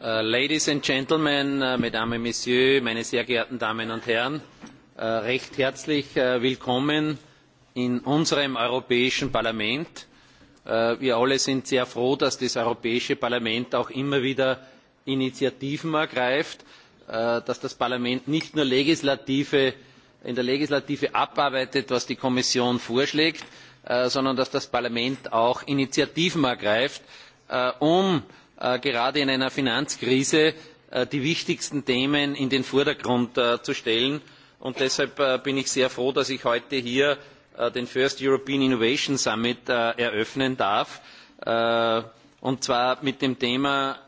Ladies and Gentlemen, Mesdames et Messieurs, meine sehr geehrten Damen und Herren, recht herzlich willkommen in unserem Europäischen Parlament. Wir alle sind sehr froh, dass das Europäische Parlament auch immer wieder Initiativen ergreift, dass das Parlament nicht nur in der Legislative abarbeitet, was die Kommission vorschlägt, sondern dass das Parlament auch Initiativen ergreift, um gerade in einer Finanzkrise die wichtigsten Themen in den Vordergrund zu stellen. Und deshalb bin ich sehr froh, dass ich heute hier den First European Innovation Summit eröffnen darf. und zwar mit dem Thema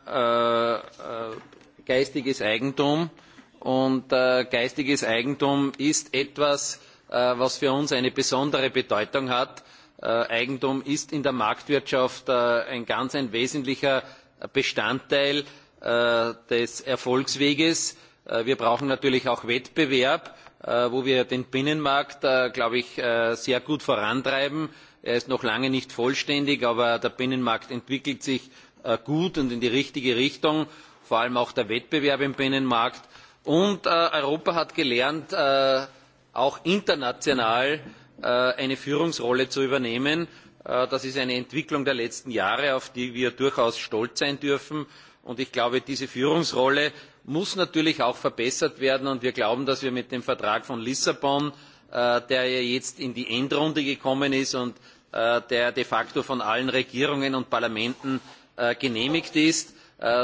geistiges Eigentum. Und geistiges Eigentum ist etwas, was für uns eine besondere bedeutung hat. eigentum ist in der marktwirtschaft ein ganz wesentlicher bestandteil des erfolgsweges. wir brauchen natürlich auch wettbewerb wo wir den binnenmarkt sehr gut vorantreiben. er ist noch lange nicht vollständig aber der binnenmarkt entwickelt sich gut und in die richtige richtung vor allem auch der wettbewerb im binnenmarkt. und europa hat gelernt auch international eine Führungsrolle zu übernehmen. Das ist eine Entwicklung der letzten Jahre, auf die wir durchaus stolz sein dürfen. ich glaube, diese Führungsrolle muss natürlich auch verbessert werden. Und wir glauben, dass wir mit dem Vertrag von Lissabon, der ja jetzt in die Endrunde gekommen ist und der de facto von allen Regierungen und Parlamenten genehmigt ist,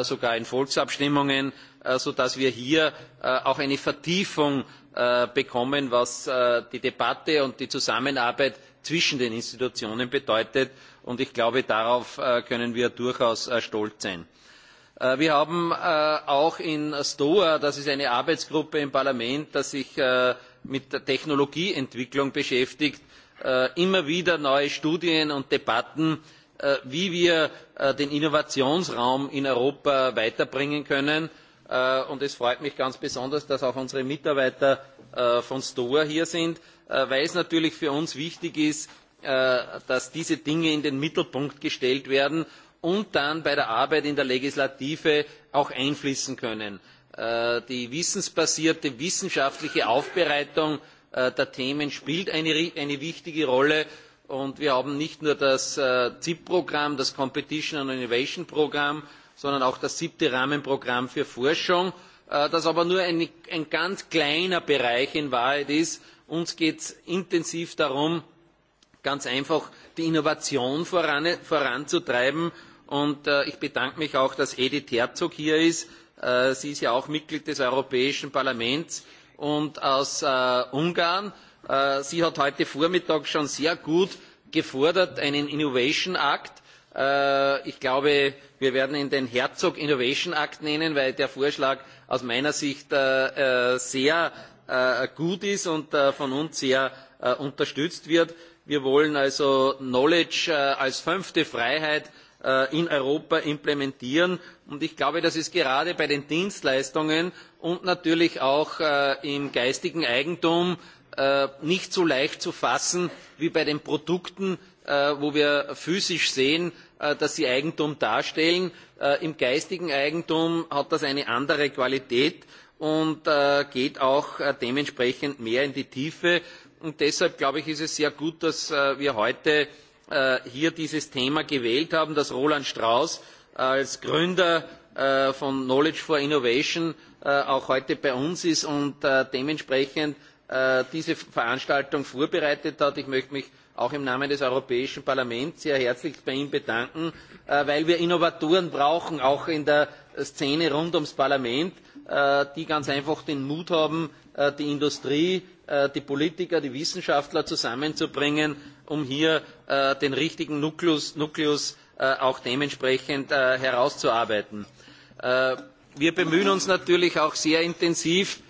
sogar in Volksabstimmungen, sodass wir hier auch eine Vertiefung bekommen was die debatte und die zusammenarbeit zwischen den institutionen bedeutet und ich glaube darauf können wir durchaus stolz sein. wir haben auch in stoa das ist eine arbeitsgruppe im parlament die sich mit der technologieentwicklung beschäftigt immer wieder neue studien und debatten wie wir den innovationsraum in europa weiterbringen können Und es freut mich ganz besonders, dass auch unsere Mitarbeiter von Stoa hier sind, weil es natürlich für uns wichtig ist, dass diese Dinge in den Mittelpunkt gestellt werden und dann bei der Arbeit in der Legislative auch einfließen können. Die wissensbasierte wissenschaftliche Aufbereitung der Themen spielt eine wichtige Rolle und wir haben nicht nur das ZIP-Programm, das Competition and Innovation Programm, sondern auch das siebte Rahmenprogramm für Forschung, das aber nur ein ganz kleiner Bereich in Wahrheit ist. Uns geht es intensiv darum, ganz einfach die Innovation voranzutreiben. Und ich bedanke mich auch, dass Edith Herzog hier ist. Sie ist ja auch Mitglied des Europäischen Parlaments und aus Ungarn. Sie hat heute Vormittag schon sehr gut gefordert, einen Innovation Act Ich glaube, wir werden ihn den Herzog Innovation Act nennen, weil der Vorschlag aus meiner Sicht sehr gut ist und von uns sehr unterstützt wird. Wir wollen also Knowledge als fünfte Freiheit in Europa implementieren. Und ich glaube, dass es gerade bei den Dienstleistungen und natürlich auch im geistigen Eigentum nicht so leicht zu fassen wie bei den Produkten wo wir physisch sehen dass sie eigentum darstellen. im geistigen eigentum hat das eine andere qualität und geht auch dementsprechend mehr in die tiefe. deshalb ist es sehr gut dass wir heute hier dieses thema gewählt haben dass roland strauß als gründer von knowledge for innovation auch heute bei uns ist und dementsprechend diese veranstaltung vorbereitet hat. ich möchte mich auch im Namen des Europäischen Parlaments sehr herzlich bei ihm bedanken, weil wir Innovatoren brauchen, auch in der Szene rund ums Parlament, die ganz einfach den Mut haben, die Industrie, die Politiker, die Wissenschaftler zusammenzubringen, um hier den richtigen Nukleus auch dementsprechend herauszuarbeiten. Wir bemühen uns natürlich auch sehr intensiv,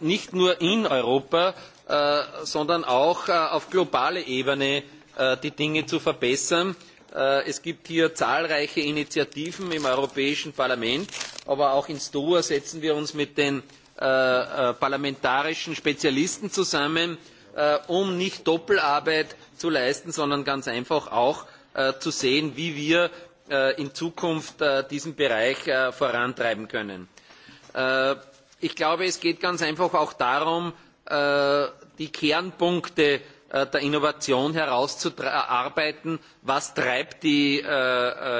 nicht nur in Europa, sondern auch auf globaler Ebene die Dinge zu verbessern. Es gibt hier zahlreiche Initiativen im Europäischen Parlament, aber auch in Stoa setzen wir uns mit den parlamentarischen Spezialisten zusammen, um nicht Doppelarbeit zu leisten, sondern ganz einfach auch zu sehen, wie wir in Zukunft diesen Bereich vorantreiben können. Ich glaube, es geht ganz einfach auch darum, die Kernpunkte der Innovation herauszuarbeiten. Was treibt die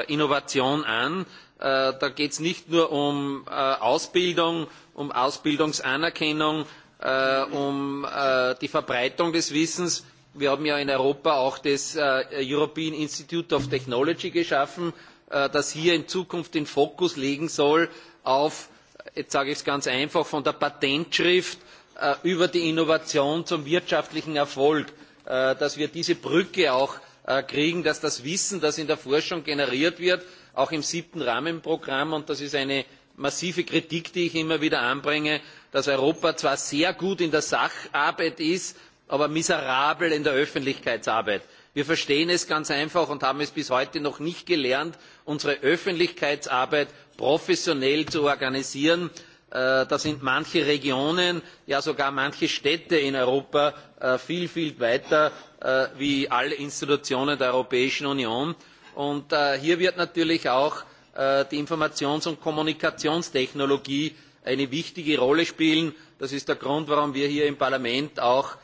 Innovation an? Da geht es nicht nur um Ausbildung, um Ausbildungsanerkennung, um die Verbreitung des Wissens. Wir haben ja in Europa auch das European Institute of Technology geschaffen, das hier in Zukunft den Fokus legen soll auf, jetzt sage ich es ganz einfach, von der Patentschrift über die innovation zum wirtschaftlichen erfolg dass wir diese brücke auch kriegen dass das wissen das in der forschung generiert wird auch im siebten rahmenprogramm und das ist eine massive kritik die ich immer wieder anbringe dass europa zwar sehr gut in der sacharbeit ist aber miserabel in der öffentlichkeitsarbeit. wir verstehen es ganz einfach und haben es bis heute noch nicht gelernt unsere öffentlichkeitsarbeit professionell zu organisieren da sind manche regionen ja sogar manche städte in europa viel viel weiter als alle institutionen der europäischen union. hier wird natürlich auch die informations und kommunikationstechnologie eine wichtige rolle spielen. das ist der grund warum wir hier im parlament auch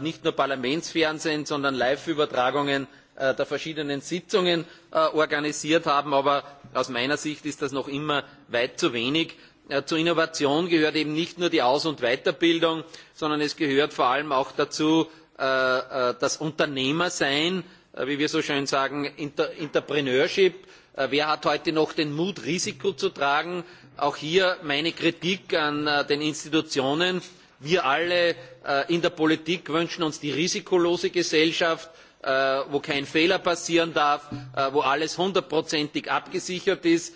nicht nur parlamentsfernsehen sondern live übertragungen der verschiedenen sitzungen organisiert haben. aber aus meiner sicht ist das noch immer weit zu wenig zur innovation gehört eben nicht nur die aus und weiterbildung sondern es gehört vor allem auch dazu das unternehmersein wie wir so schön sagen entrepreneurship wer hat heute noch den mut risiko zu tragen? auch hier meine kritik an den institutionen wir alle in der politik wünschen uns die risikolose gesellschaft wo kein fehler passieren darf wo alles hundertprozentig abgesichert ist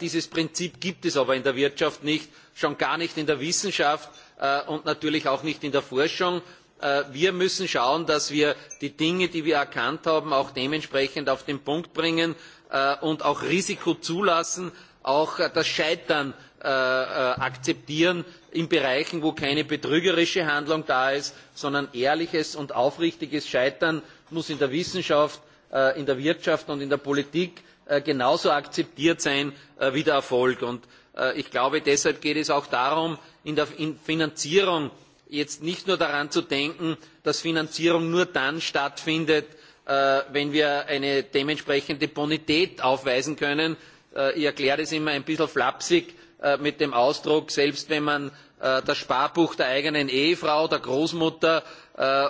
dieses prinzip gibt es aber in der wirtschaft nicht schon gar nicht in der wissenschaft und natürlich auch nicht in der forschung. wir müssen schauen dass wir die dinge die wir erkannt haben auch dementsprechend auf den punkt bringen und auch risiko zulassen auch das scheitern akzeptieren in bereichen wo keine betrügerische handlung da ist sondern ehrliches und aufrichtiges scheitern muss in der wissenschaft in der wirtschaft und in der politik genauso akzeptiert sein wie der erfolg. ich glaube deshalb geht es auch darum in der finanzierung jetzt nicht nur daran zu denken dass finanzierung nur dann stattfindet wenn wir eine dementsprechende bonität aufweisen können. ich erkläre das immer ein bisschen flapsig mit dem ausdruck selbst wenn man das sparbuch der eigenen ehefrau der großmutter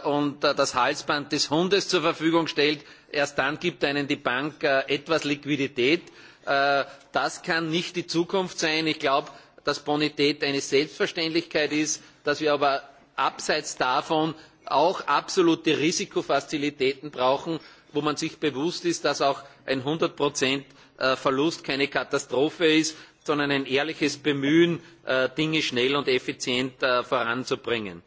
und das halsband des hundes zur verfügung stellt erst dann gibt einem die bank etwas liquidität. das kann nicht die zukunft sein. ich glaube dass bonität eine selbstverständlichkeit ist dass wir aber abseits davon auch absolute risikofazilitäten brauchen wo man sich bewusst ist dass auch ein hundert verlust keine katastrophe ist sondern ein ehrliches bemühen dinge schnell und effizient voranzubringen.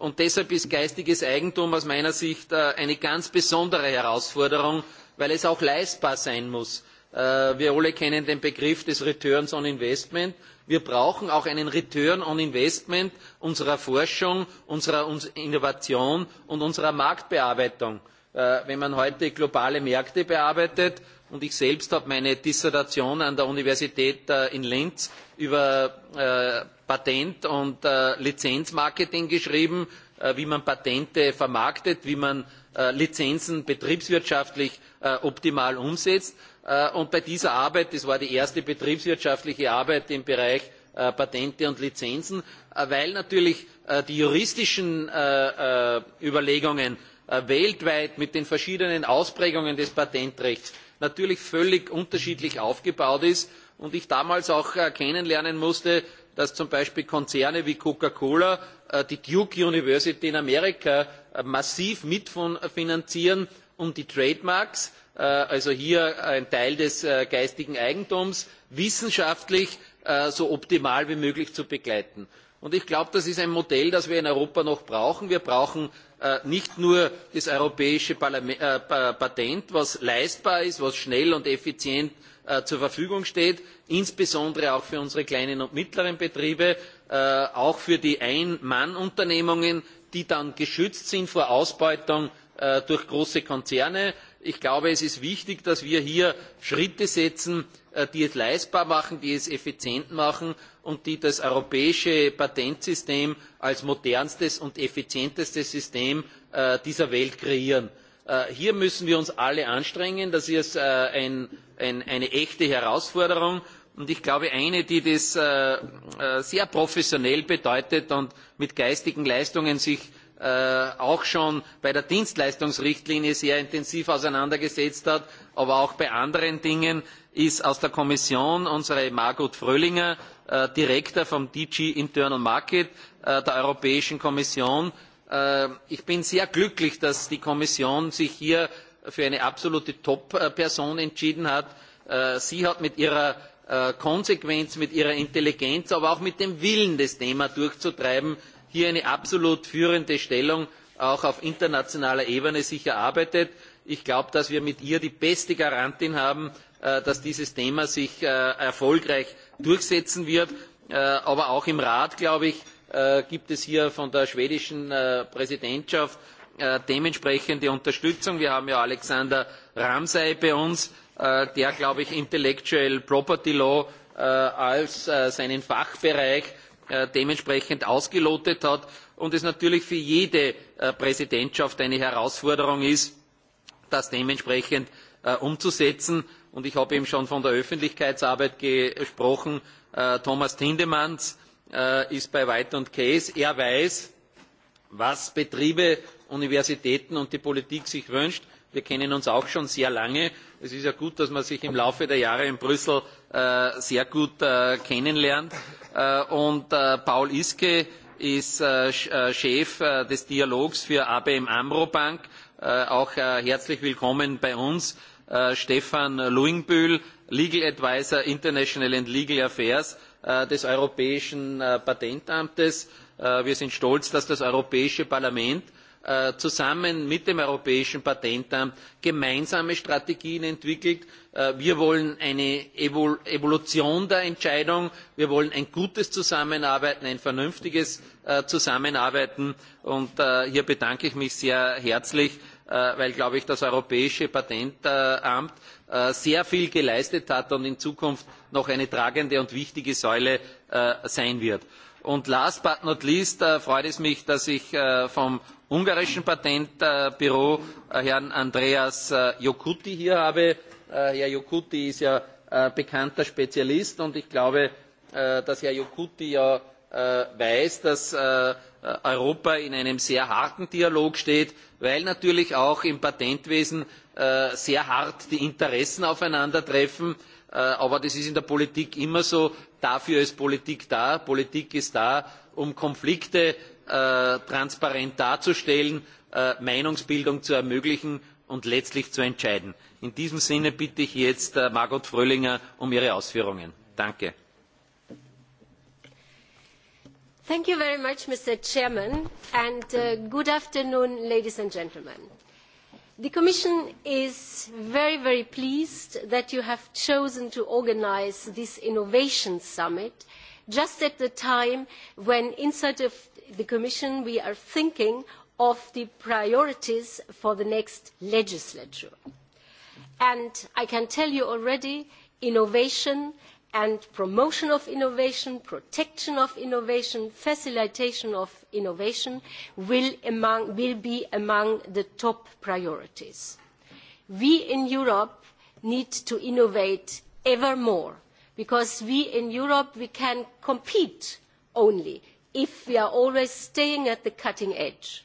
Und deshalb ist geistiges Eigentum aus meiner Sicht eine ganz besondere Herausforderung, weil es auch leistbar sein muss. Wir alle kennen den Begriff des Returns on Investment. Wir brauchen auch einen Return on Investment unserer Forschung, unserer Innovation und unserer Marktbearbeitung. Wenn man heute globale Märkte bearbeitet, und ich selbst habe meine Dissertation an der Universität in Linz über patent und lizenzmarketing geschrieben wie man patente vermarktet wie man lizenzen betriebswirtschaftlich optimal umsetzt. und bei dieser arbeit das war die erste betriebswirtschaftliche arbeit im bereich patente und lizenzen weil natürlich die juristischen überlegungen weltweit mit den verschiedenen ausprägungen des patentrechts natürlich völlig unterschiedlich aufgebaut sind und ich damals auch kennenlernen musste dass zum beispiel konzerne wie coca cola die duke university in amerika massiv mitfinanzieren um die trademarks also hier ein teil des geistigen eigentums wissenschaftlich so optimal wie möglich zu begleiten. ich glaube das ist ein modell das wir in europa noch brauchen. wir brauchen nicht nur das europäische patent das leistbar ist das schnell und effizient zur Verfügung steht, insbesondere auch für unsere kleinen und mittleren Betriebe, auch für die Ein-Mann-Unternehmungen, die dann geschützt sind vor Ausbeutung durch große Konzerne. Ich glaube, es ist wichtig, dass wir hier Schritte setzen, die es leistbar machen, die es effizient machen und die das europäische Patentsystem als modernstes und effizientestes System dieser Welt kreieren. Hier müssen wir uns alle anstrengen. Das ist ein eine echte Herausforderung und ich glaube eine, die das sehr professionell bedeutet und mit geistigen Leistungen sich auch schon bei der Dienstleistungsrichtlinie sehr intensiv auseinandergesetzt hat, aber auch bei anderen Dingen, ist aus der Kommission unsere Margot Fröhlinger, Direktor vom DG Internal Market der Europäischen Kommission. Ich bin sehr glücklich, dass die Kommission sich hier für eine absolute Top Person entschieden hat. Sie hat mit ihrer Konsequenz, mit ihrer Intelligenz, aber auch mit dem Willen, das Thema durchzutreiben, hier eine absolut führende Stellung auch auf internationaler Ebene sich erarbeitet. Ich glaube, dass wir mit ihr die beste Garantin haben, dass dieses Thema sich erfolgreich durchsetzen wird. Aber auch im Rat, glaube ich, gibt es hier von der schwedischen Präsidentschaft dementsprechende Unterstützung. Wir haben ja Alexander Ramsay bei uns, der, glaube ich, Intellectual Property Law als seinen Fachbereich dementsprechend ausgelotet hat und es natürlich für jede Präsidentschaft eine Herausforderung ist, das dementsprechend umzusetzen. Und ich habe eben schon von der Öffentlichkeitsarbeit gesprochen. Thomas Tindemans ist bei White Case. Er weiß, was Betriebe universitäten und die politik sich wünscht. wir kennen uns auch schon sehr lange. es ist ja gut dass man sich im laufe der jahre in brüssel sehr gut kennenlernt. und paul iske ist chef des dialogs für abm amro bank auch herzlich willkommen bei uns. stefan luingbühl legal adviser international and legal affairs des europäischen patentamtes. wir sind stolz dass das europäische parlament zusammen mit dem Europäischen Patentamt gemeinsame Strategien entwickelt. Wir wollen eine Evolution der Entscheidung. Wir wollen ein gutes Zusammenarbeiten, ein vernünftiges Zusammenarbeiten. Und hier bedanke ich mich sehr herzlich, weil, glaube ich, das Europäische Patentamt sehr viel geleistet hat und in Zukunft noch eine tragende und wichtige Säule sein wird. Und last but not least freut es mich, dass ich vom ungarischen Patentbüro Herrn Andreas Jokuti hier habe. Herr Jokuti ist ja bekannter Spezialist und ich glaube, dass Herr Jokuti ja weiß, dass Europa in einem sehr harten Dialog steht, weil natürlich auch im Patentwesen sehr hart die Interessen aufeinandertreffen. Aber das ist in der Politik immer so. Dafür ist Politik da. Politik ist da, um Konflikte transparent darzustellen meinungsbildung zu ermöglichen und letztlich zu entscheiden. in diesem sinne bitte ich jetzt margot fröhlinger um ihre ausführungen. danke! Mr. Chairman, and good afternoon, ladies and gentlemen. The Commission is very, very pleased that you have chosen to organise this Innovation Summit just at the time when, in of the Commission, we are thinking of the priorities for the next legislature. And I can tell you already, innovation and promotion of innovation, protection of innovation, facilitation of innovation will, be among the top priorities. We in Europe need to innovate ever more because we in Europe, we can compete only if we are always staying at the cutting edge.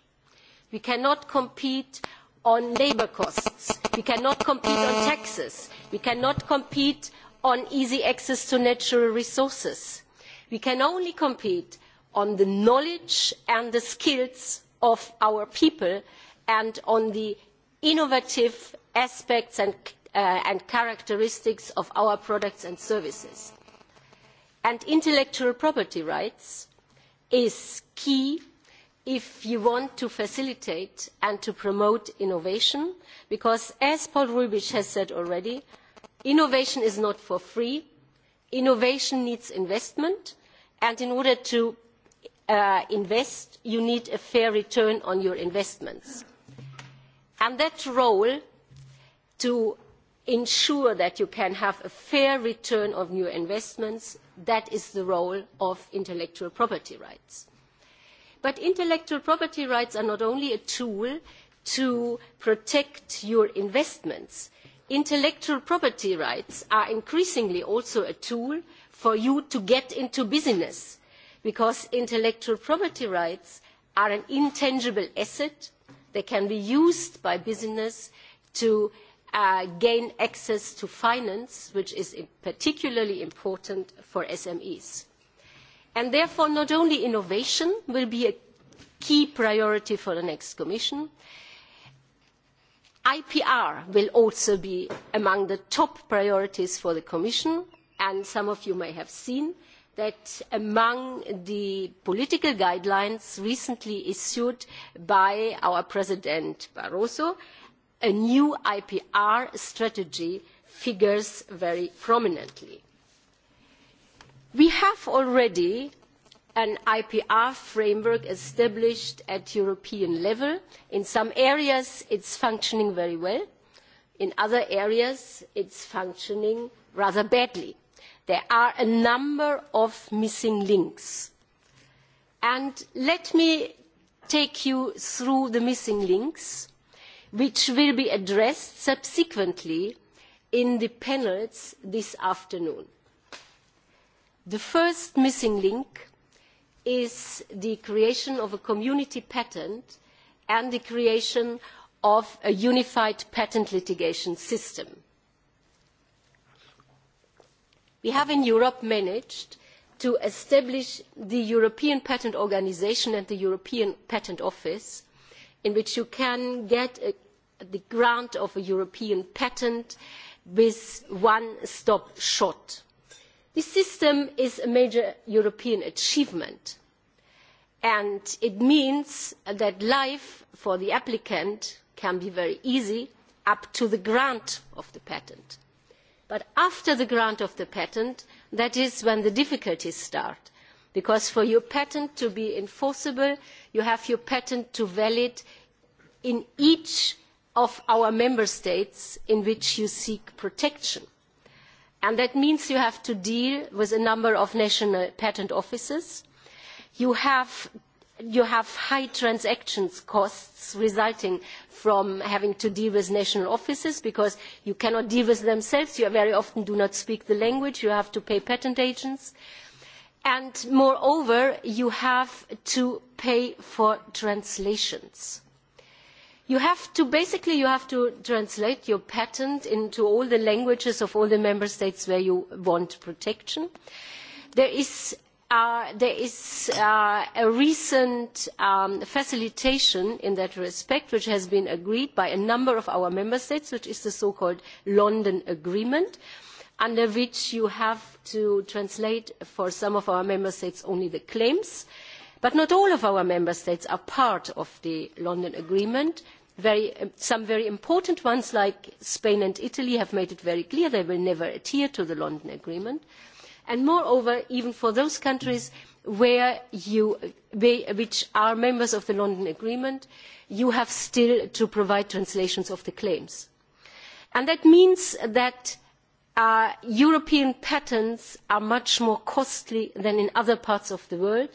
We cannot compete on labour costs. We cannot compete on taxes. We cannot compete on easy access to natural resources. We can only compete on the knowledge and the skills of our people and on the innovative aspects and characteristics of our products and services. And intellectual property rights is key if you want to facilitate and to promote innovation because as paul rubig has said already innovation is not for free innovation needs investment and in order to invest you need a fair return on your investments and that role to ensure that you can have a fair return on your investments that is the role of intellectual property rights. But intellectual property rights are not only a tool to protect your investments. Intellectual property rights are increasingly also a tool for you to get into business because intellectual property rights are an intangible asset. They can be used by business to gain access to finance, which is particularly important for SMEs. therefore, not only innovation will be a key priority for the next Commission, IPR will also be among the top priorities for the Commission, and some of you may have seen that among the political guidelines recently issued by our President Barroso, a new ipr strategy figures very prominently. we have already an ipr framework established at european level. in some areas it is functioning very well in other areas it is functioning rather badly. there are a number of missing links. and let me take you through the missing links which will be addressed subsequently in the panels this afternoon. The first missing link is the creation of a community patent and the creation of a unified patent litigation system. We have in Europe managed to establish the European Patent Organisation and the European Patent Office in which you can get a the grant of a European patent with one-stop shot. This system is a major European achievement and it means that life for the applicant can be very easy up to the grant of the patent. But after the grant of the patent, that is when the difficulties start. Because for your patent to be enforceable, you have your patent to valid in each of our member states in which you seek protection. And that means you have to deal with a number of national patent offices. You have, high transaction costs resulting from having to deal with national offices because you cannot deal with themselves. You very often do not speak the language. You have to pay patent agents. And moreover, you have to pay for translations you have to basically you have to translate your patent into all the languages of all the member states where you want protection there is a recent facilitation in that respect which has been agreed by a number of our member states which is the so called london agreement under which you have to translate for some of our member states only the claims and but not all of our member states are part of the london agreement some very important ones like spain and italy have made it very clear they will never adhere to the london agreement and moreover even for those countries which are members of the london agreement you have still to provide translations of the claims. that means that european patents are much more costly than in other parts of the world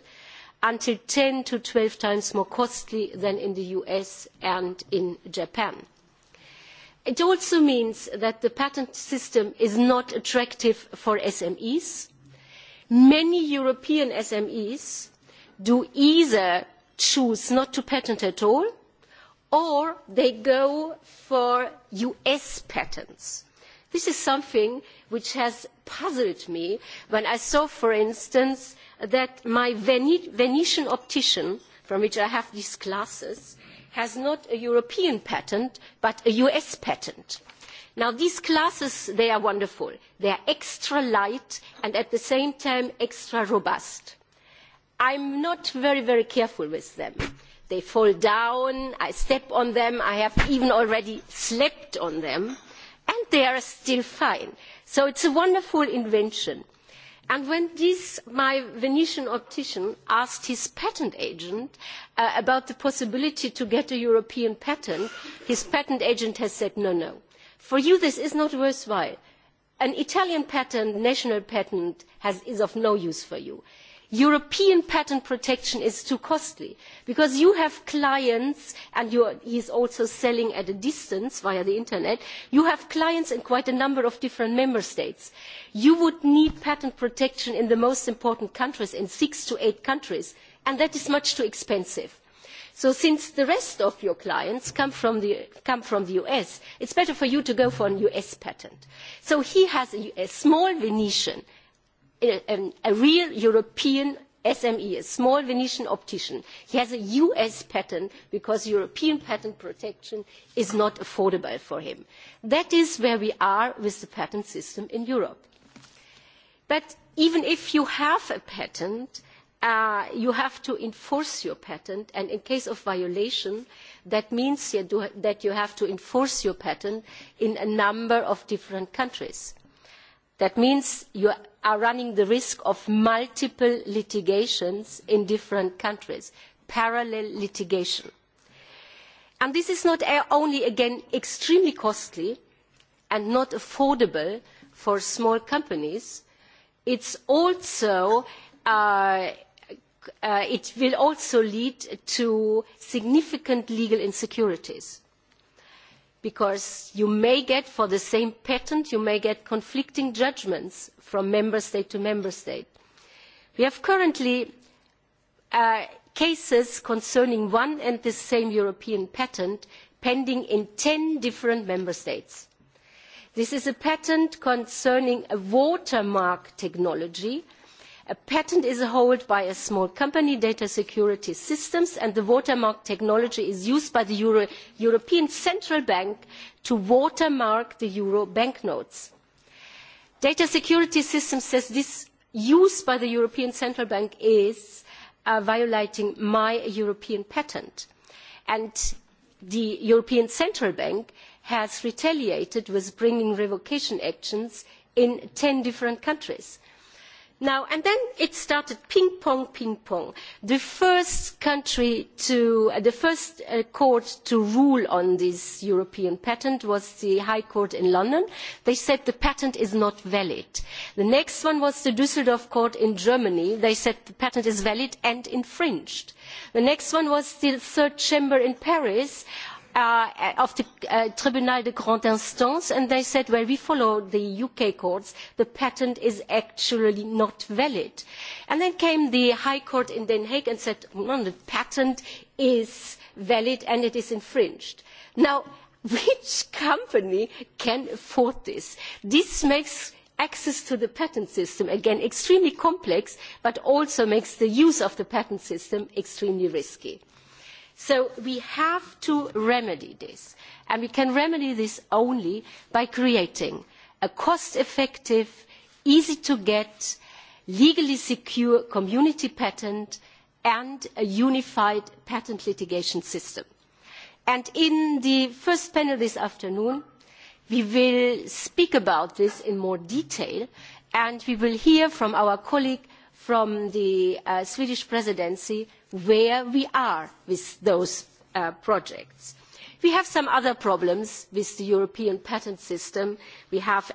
until ten to twelve times more costly than in the US and in Japan. It also means that the patent system is not attractive for SMEs. Many European SMEs do either choose not to patent at all or they go for US patents This is something which has puzzled me when I saw, for instance, that my Venetian optician, from which I have these glasses, has not a European patent, but a US patent. Now, these glasses, they are wonderful. They are extra light and at the same time extra robust. I am not very, very careful with them. They fall down, I step on them, I have even already slept on them and they are still fine. So it is a wonderful invention. And when this, my Venetian optician asked his patent agent about the possibility to get a European patent, his patent agent has said, no, no. For you, this is not worthwhile. An Italian patent, national patent, is of no use for you European patent protection is too costly because you have clients, and he is also selling at a distance via the internet, you have clients in quite a number of different member states. You would need patent protection in the most important countries, in six to eight countries, and that is much too expensive. So since the rest of your clients come from the, US, it is better for you to go for a US patent. So he has a small Venetian a real European SME, a small Venetian optician. He has a US patent because European patent protection is not affordable for him. That is where we are with the patent system in Europe. But even if you have a patent, you have to enforce your patent, and in case of violation, that means that you have to enforce your patent in a number of different countries That means you are running the risk of multiple litigations in different countries, parallel litigation. And this is not only, again, extremely costly and not affordable for small companies, it will also lead to significant legal insecurities because you may get for the same patent you may get conflicting judgments from member state to member state. we have currently cases concerning one and the same european patent pending in ten different member states. this is a patent concerning a watermark technology a patent is held by a small company data security systems and the watermark technology is used by the european central bank to watermark the euro banknotes. data security systems says this use by the european central bank is violating my european patent and the european central bank has retaliated with bringing revocation actions in ten different countries. Now, and then it started ping pong, ping pong. The first country to, the first court to rule on this European patent was the High Court in London. They said the patent is not valid. The next one was the Düsseldorf Court in Germany. They said the patent is valid and infringed. The next one was the Third Chamber in Paris of the Tribunal de Grande Instance, and they said, well, we follow the UK courts, the patent is actually not valid. And then came the High Court in Den Haag and said, no, the patent is valid and it is infringed. Now, which company can afford this? This makes access to the patent system, again, extremely complex, but also makes the use of the patent system extremely risky So we have to remedy this. And we can remedy this only by creating a cost-effective, easy-to-get, legally secure community patent and a unified patent litigation system. in the first panel this afternoon, we will speak about this in more detail and we will hear from our colleague from the Swedish presidency, where we are with those projects. We have some other problems with the European patent system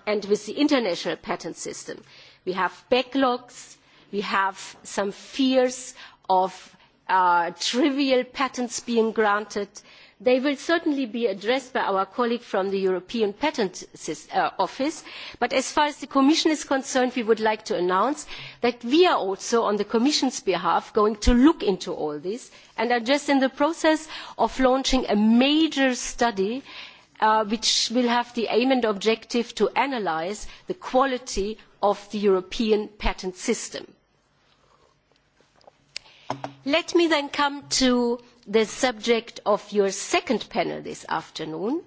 and with the international patent system. We have backlogs, we have some fears of trivial patents being granted, They will certainly be addressed by our colleague from the European Patent Office, but as far as the Commission is concerned, we would like to announce that we are also, on the Commission's behalf, going to look into all this and are just in the process of launching a major study which will have the aim and objective to analyse the quality of the European patent system. Let me then come to the subject of your second panel this afternoon,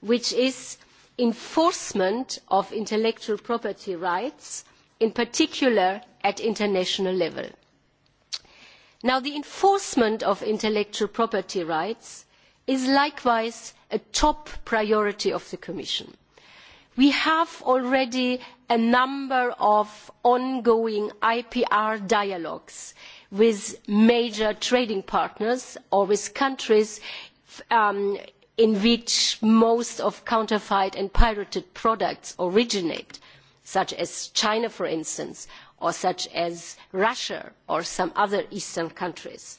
which is enforcement of intellectual property rights, in particular at international level. Now, the enforcement of intellectual property rights is likewise a top priority of the Commission. We have already a number of ongoing IPR dialogues with major trading partners or with countries in which most of counterfeit and pirated products originate, such as China, for instance, or such as Russia or some other Eastern countries.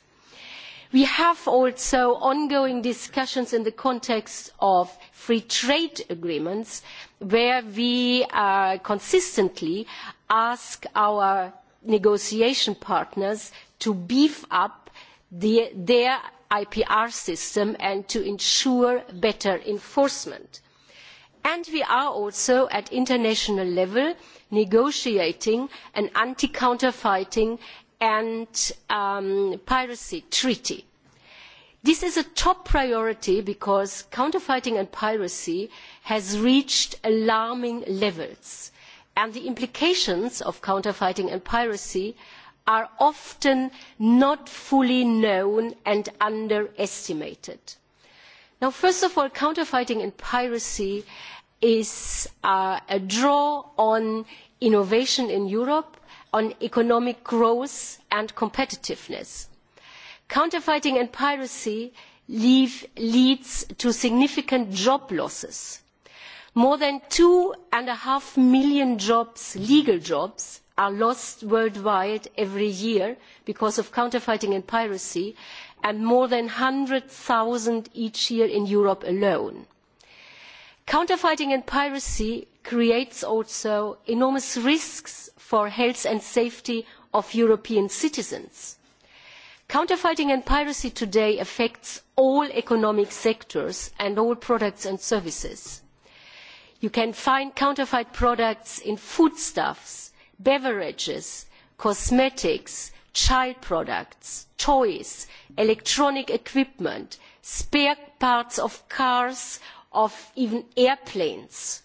We have also ongoing discussions in the context of free trade agreements where we consistently ask our negotiation partners to beef up their IPR system and to ensure better enforcement. And we are also at international level negotiating an anti-counterfeiting and piracy treaty. This is a top priority because counterfeiting and piracy has reached alarming levels and the implications of counterfeiting and piracy are often not fully known and underestimated. first of all, counterfeiting and piracy is a draw on innovation in Europe, on economic growth and competitiveness. Counterfeiting and piracy leads to significant job losses. More than two and a half million jobs, legal jobs, are lost worldwide every year because of counterfeiting and piracy and more than one hundred zero each year in europe alone. counterfeiting and piracy creates also enormous risks for the health and safety of european citizens. counterfeiting and piracy today affects all economic sectors and all products and services. you can find counterfeit products in foodstuffs beverages, cosmetics, child products, toys, electronic equipment, spare parts of cars, of even airplanes.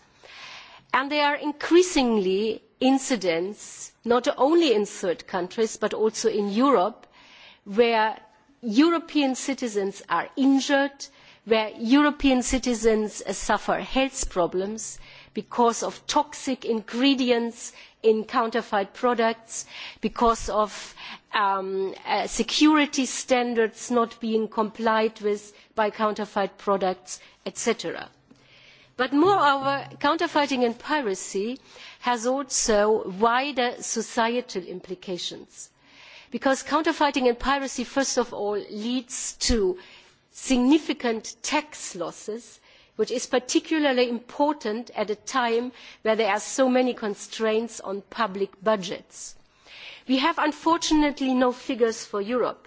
there are increasingly incidents, not only in third countries, but also in Europe, where European citizens are injured, where European citizens suffer health problems because of toxic ingredients in counterfeit products because of security standards not being complied with by counterfeit products etc. but moreover counterfeiting and piracy has also wider societal implications because counterfeiting and piracy first of all leads to significant tax losses which is particularly important at a time where there are so many constraints on public budgets. We have unfortunately no figures for Europe,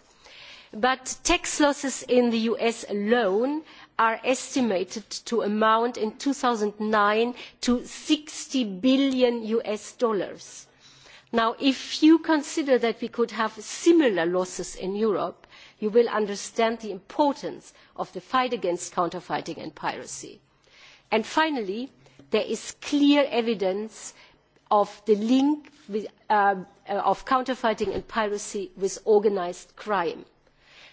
but tax losses in the US alone are estimated to amount in two 2009 to US sixty billion US dollars. Now, if you consider that we could have similar losses in Europe, you will understand the importance of the fight against counterfeiting and piracy. And finally, there is clear evidence of the link of counterfeiting and piracy with organised crime.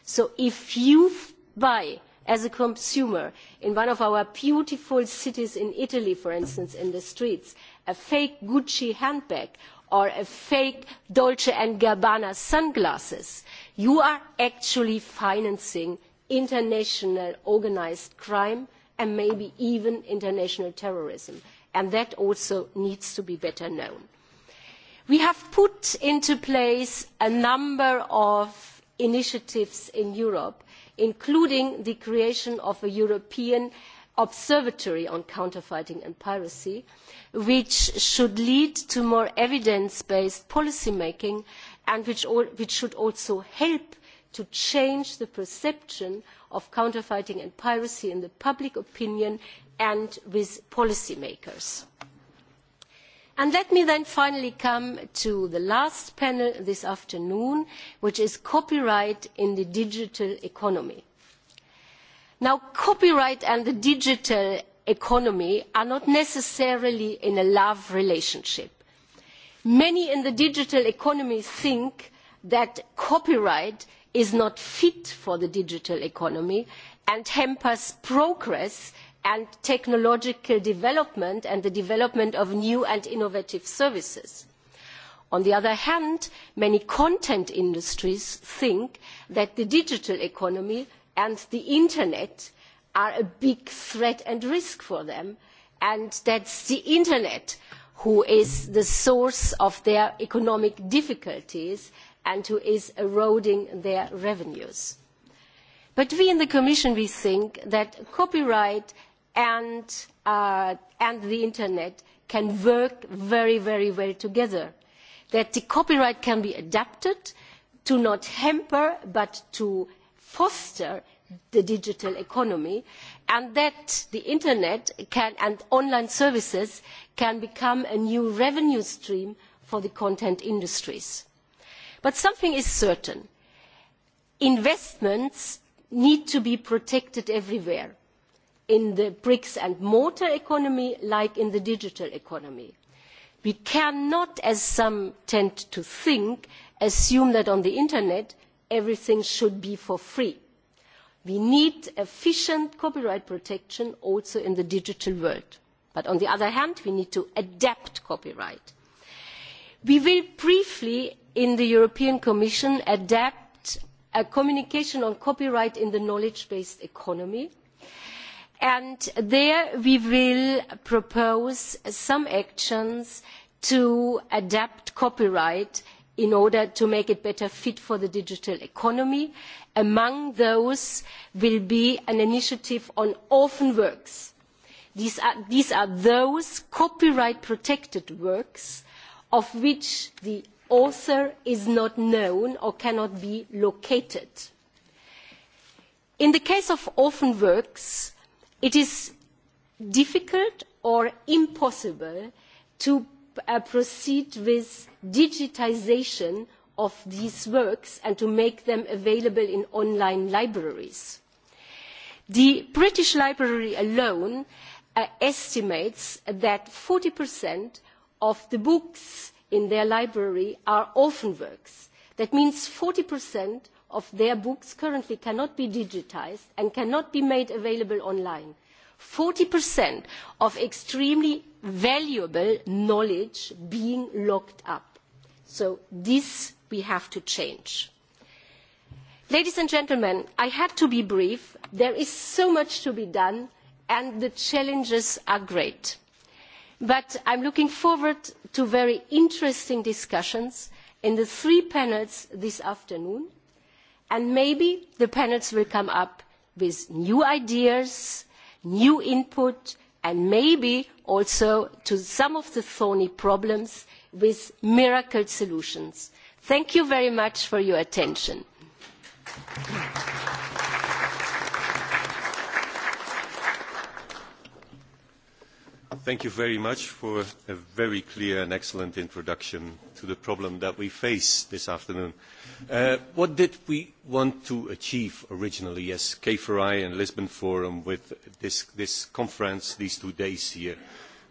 So if you buy as a consumer in one of our beautiful cities in Italy, for instance, in the streets, a fake Gucci handbag or a fake Dolce and Gabbana sunglasses, you are actually financing international organised crime and maybe even international terrorism. And that also needs to be better known. We have put into place a number of initiatives in Europe, including the creation of a European Observatory on Counterfeiting and Piracy, which should lead to more evidence-based policy making and which should also help to change the perception of counterfeiting and piracy in public opinion and with policymakers. let me then finally come to the last panel this afternoon which is copyright in the digital economy. copyright and the digital economy are not necessarily in a love relationship many in the digital economy think that copyright is not fit for the digital economy and hampers progress and technological development and the development of new and innovative services. On the other hand, many content industries think that the digital economy and the internet are a big threat and risk for them and that the internet who is the source of their economic difficulties and who is eroding their revenues. But we in the Commission, we think that copyright and, the Internet can work very, very well together. That the copyright can be adapted to not hamper but to foster the digital economy and that the internet and online services can become a new revenue stream for the content industries. But something is certain. Investments need to be protected everywhere, in the bricks and mortar economy like in the digital economy. We cannot, as some tend to think, assume that on the internet everything should be for free we need efficient copyright protection also in the digital world but on the other hand we need to adapt copyright. we will briefly in the european commission adapt a communication on copyright in the knowledge based economy and there we will propose some actions to adapt copyright in order to make it better fit for the digital economy. Among those will be an initiative on orphan works. These are, those copyright protected works of which the author is not known or cannot be located. In the case of orphan works, it is difficult or impossible to proceed with digitisation of these works and to make them available in online libraries. The British Library alone estimates that 40% of the books in their library are orphan works. That means 40% of their books currently cannot be digitised and cannot be made available online. 40% of extremely valuable knowledge being locked up. So this we have to change. Ladies and gentlemen, I had to be brief. There is so much to be done and the challenges are great. But I am looking forward to very interesting discussions in the three panels this afternoon. And maybe the panels will come up with new ideas, new input and maybe also to some of the thorny problems with miracle solutions. Thank you very much for your attention. Thank you very much for a very clear and excellent introduction to the problem that we face this afternoon. what did we want to achieve originally as K4I and Lisbon Forum with this, this conference, these two days here?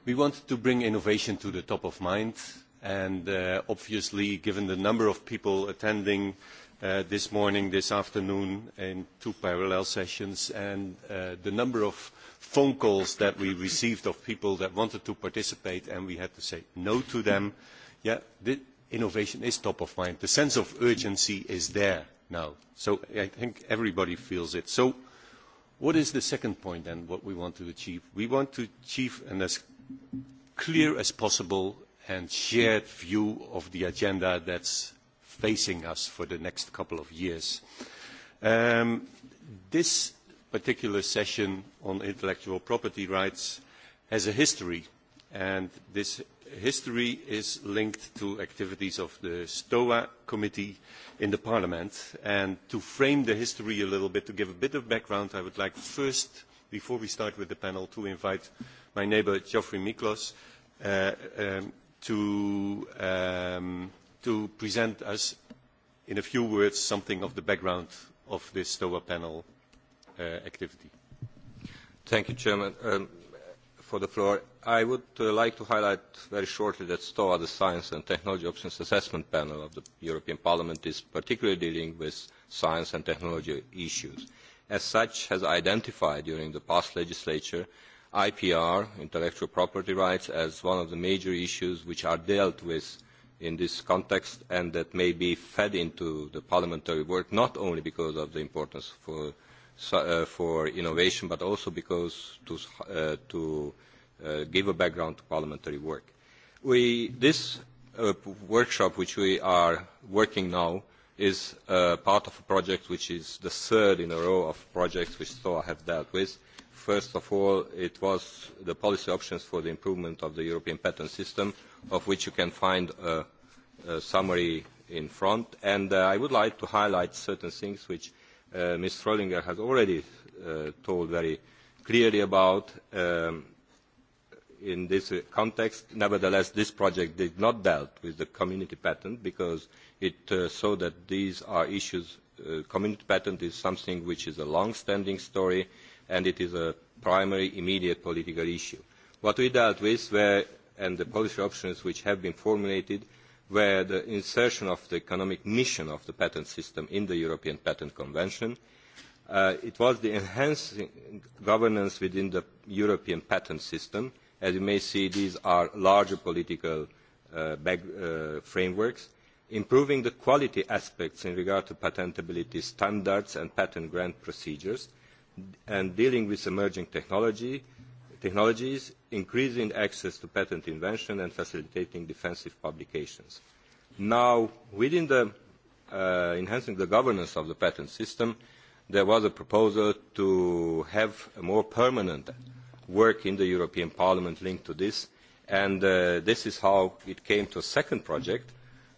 We wanted to bring innovation to the top of mind and obviously given the number of people attending this morning, this afternoon in two parallel sessions and the number of phone calls that we received of people that wanted to participate and we had to say no to them. Yeah, the innovation is top of mind. The sense of urgency is there now. So I think everybody feels it. So what is the second point then, what we want to achieve? We want to achieve an as clear as possible and shared view of the agenda that's facing us for the next couple of years. this particular session on intellectual property rights has a history, and this history is linked to activities of the STOA committee in the Parliament. And to frame the history a little bit, to give a bit of background, I would like first, before we start with the panel, to invite my neighbour Geoffrey Miklos to present us in a few words something of the background of this STOA panel activity. Thank you, Chairman. for the floor, I would like to highlight very shortly that STOA, the Science and Technology Options Assessment Panel of the European Parliament, is particularly dealing with science and technology issues. As such, has identified during the past legislature IPR, intellectual property rights, as one of the major issues which are dealt with in this context and that may be fed into the parliamentary work not only because of the importance for so, uh, for innovation, but also because to, uh, to uh, give a background to parliamentary work. We, this uh, workshop, which we are working now, is uh, part of a project which is the third in a row of projects which SOA have dealt with. First of all, it was the policy options for the improvement of the European patent system, of which you can find a, a summary in front. And uh, I would like to highlight certain things which Ms. Schrödinger has already told very clearly about in this context. Nevertheless, this project did not deal with the community patent because it saw that these are issues. Uh, community patent is something which is a long-standing story and it is a primary immediate political issue. What we dealt with were, and the policy options which have been formulated where the insertion of the economic mission of the patent system in the European Patent Convention. it was the enhancing governance within the European patent system. As you may see, these are larger political frameworks. Improving the quality aspects in regard to patentability standards and patent grant procedures, and dealing with emerging technology, technologies, increasing access to patent invention and facilitating defensive publications. Now, within the enhancing the governance of the patent system, there was a proposal to have a more permanent work in the European Parliament linked to this, and this is how it came to a second project,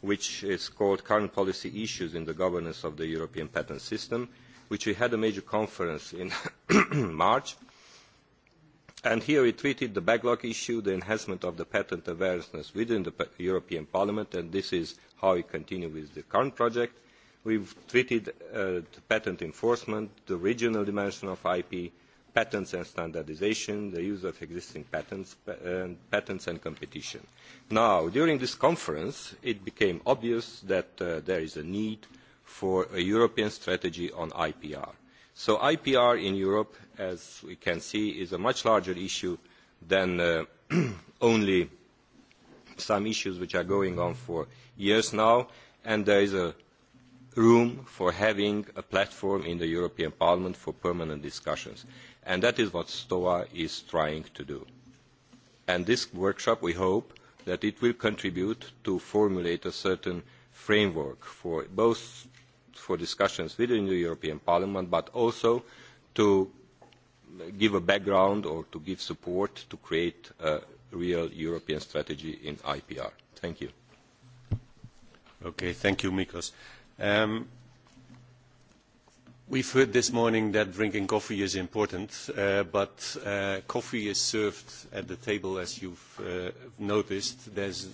which is called Current Policy Issues in the Governance of the European Patent System, which we had a major conference in March, and here we treated the backlog issue the enhancement of the patent awareness within the european parliament and this is how we continue with the current project we have treated patent enforcement the regional dimension of ip patents and standardisation the use of existing patents and competition. now during this conference it became obvious that there is a need for a european strategy on ipr So IPR in Europe, as we can see, is a much larger issue than only some issues which are going on for years now, and there is a room for having a platform in the European Parliament for permanent discussions. And that is what STOA is trying to do. And this workshop, we hope, that it will contribute to formulate a certain framework for both for discussions within the European Parliament, but also to give a background or to give support to create a real European strategy in IPR. Thank you. Okay, thank you, Mikos. Um, we've heard this morning that drinking coffee is important, uh, but uh, coffee is served at the table, as you've uh, noticed. There's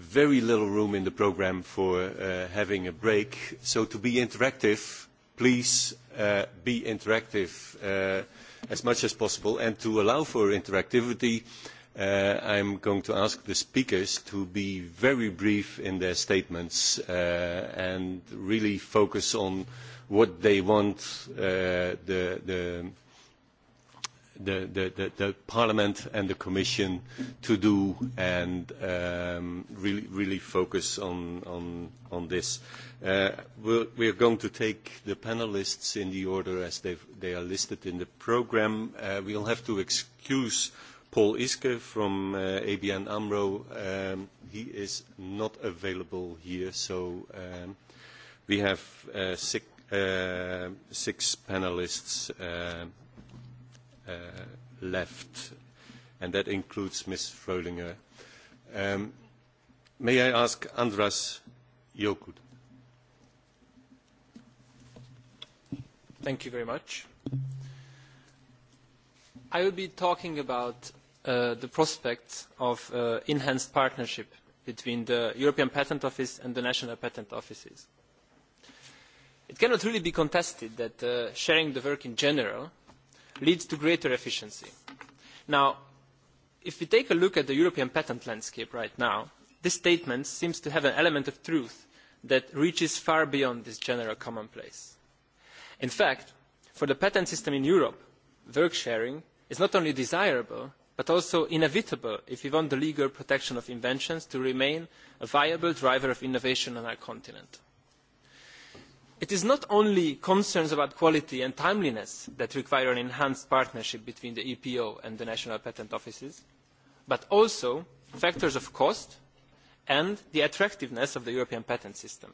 very little room in the programme for having a break. So to be interactive, please be interactive as much as possible. And to allow for interactivity, I am going to ask the speakers to be very brief in their statements and really focus on what they want the the, the, the, the Parliament and the Commission to do and um, really, really focus on, on, on this. Uh, are going to take the panelists in the order as they are listed in the programme. Uh, we'll have to excuse Paul Iske from uh, ABN AMRO. Um, he is not available here, so um, we have uh, six, uh, six panelists. Uh, left, and that includes Ms. Fröhlinger. may I ask Andras Jokud? Thank you very much. I will be talking about the prospects of enhanced partnership between the European Patent Office and the national patent offices. It cannot really be contested that sharing the work in general leads to greater efficiency. Now, if we take a look at the European patent landscape right now, this statement seems to have an element of truth that reaches far beyond this general commonplace. In fact, for the patent system in Europe, work sharing is not only desirable, but also inevitable if we want the legal protection of inventions to remain a viable driver of innovation on our continent it is not only concerns about quality and timeliness that require an enhanced partnership between the epo and the national patent offices but also factors of cost and the attractiveness of the european patent system.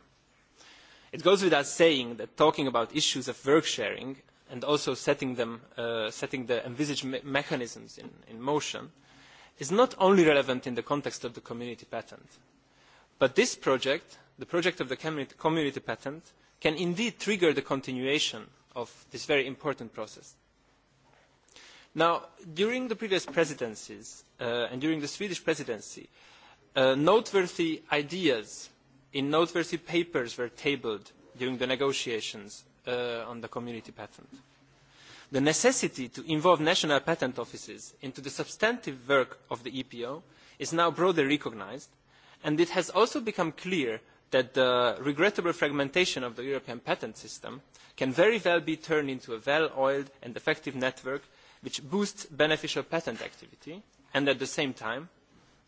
it goes without saying that talking about issues of work sharing and also setting the envisaged mechanisms in motion is not only relevant in the context of the community patent but this project the project of the community patent can indeed trigger the continuation of this very important process. during the previous presidencies and during the Swedish presidency, noteworthy ideas in noteworthy papers were tabled during the negotiations on the community patent. The necessity to involve national patent offices into the substantive work of the EPO is now broadly recognised, and it has also become clear that the regrettable fragmentation of the European patent system can very well be turned into a well-oiled and effective network which boosts beneficial patent activity and at the same time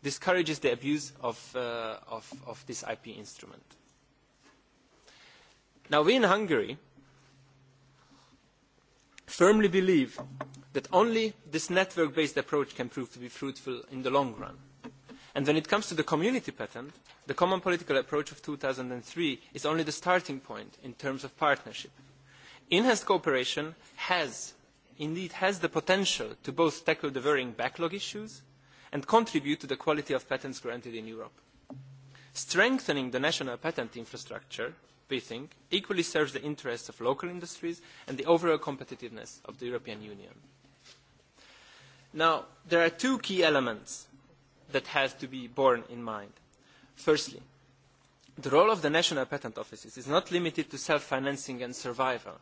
discourages the abuse of, uh, of, of this IP instrument. Now we in Hungary firmly believe that only this network-based approach can prove to be fruitful in the long run. And when it comes to the community patent, The common political approach of two thousand three is only the starting point in terms of partnership. Enhanced cooperation has, indeed has the potential to both tackle the varying backlog issues and contribute to the quality of patents granted in Europe. Strengthening the national patent infrastructure, we think, equally serves the interests of local industries and the overall competitiveness of the European Union. Now, there are two key elements that have to be borne in mind. Firstly, the role of the national patent offices is not limited to self-financing and survival.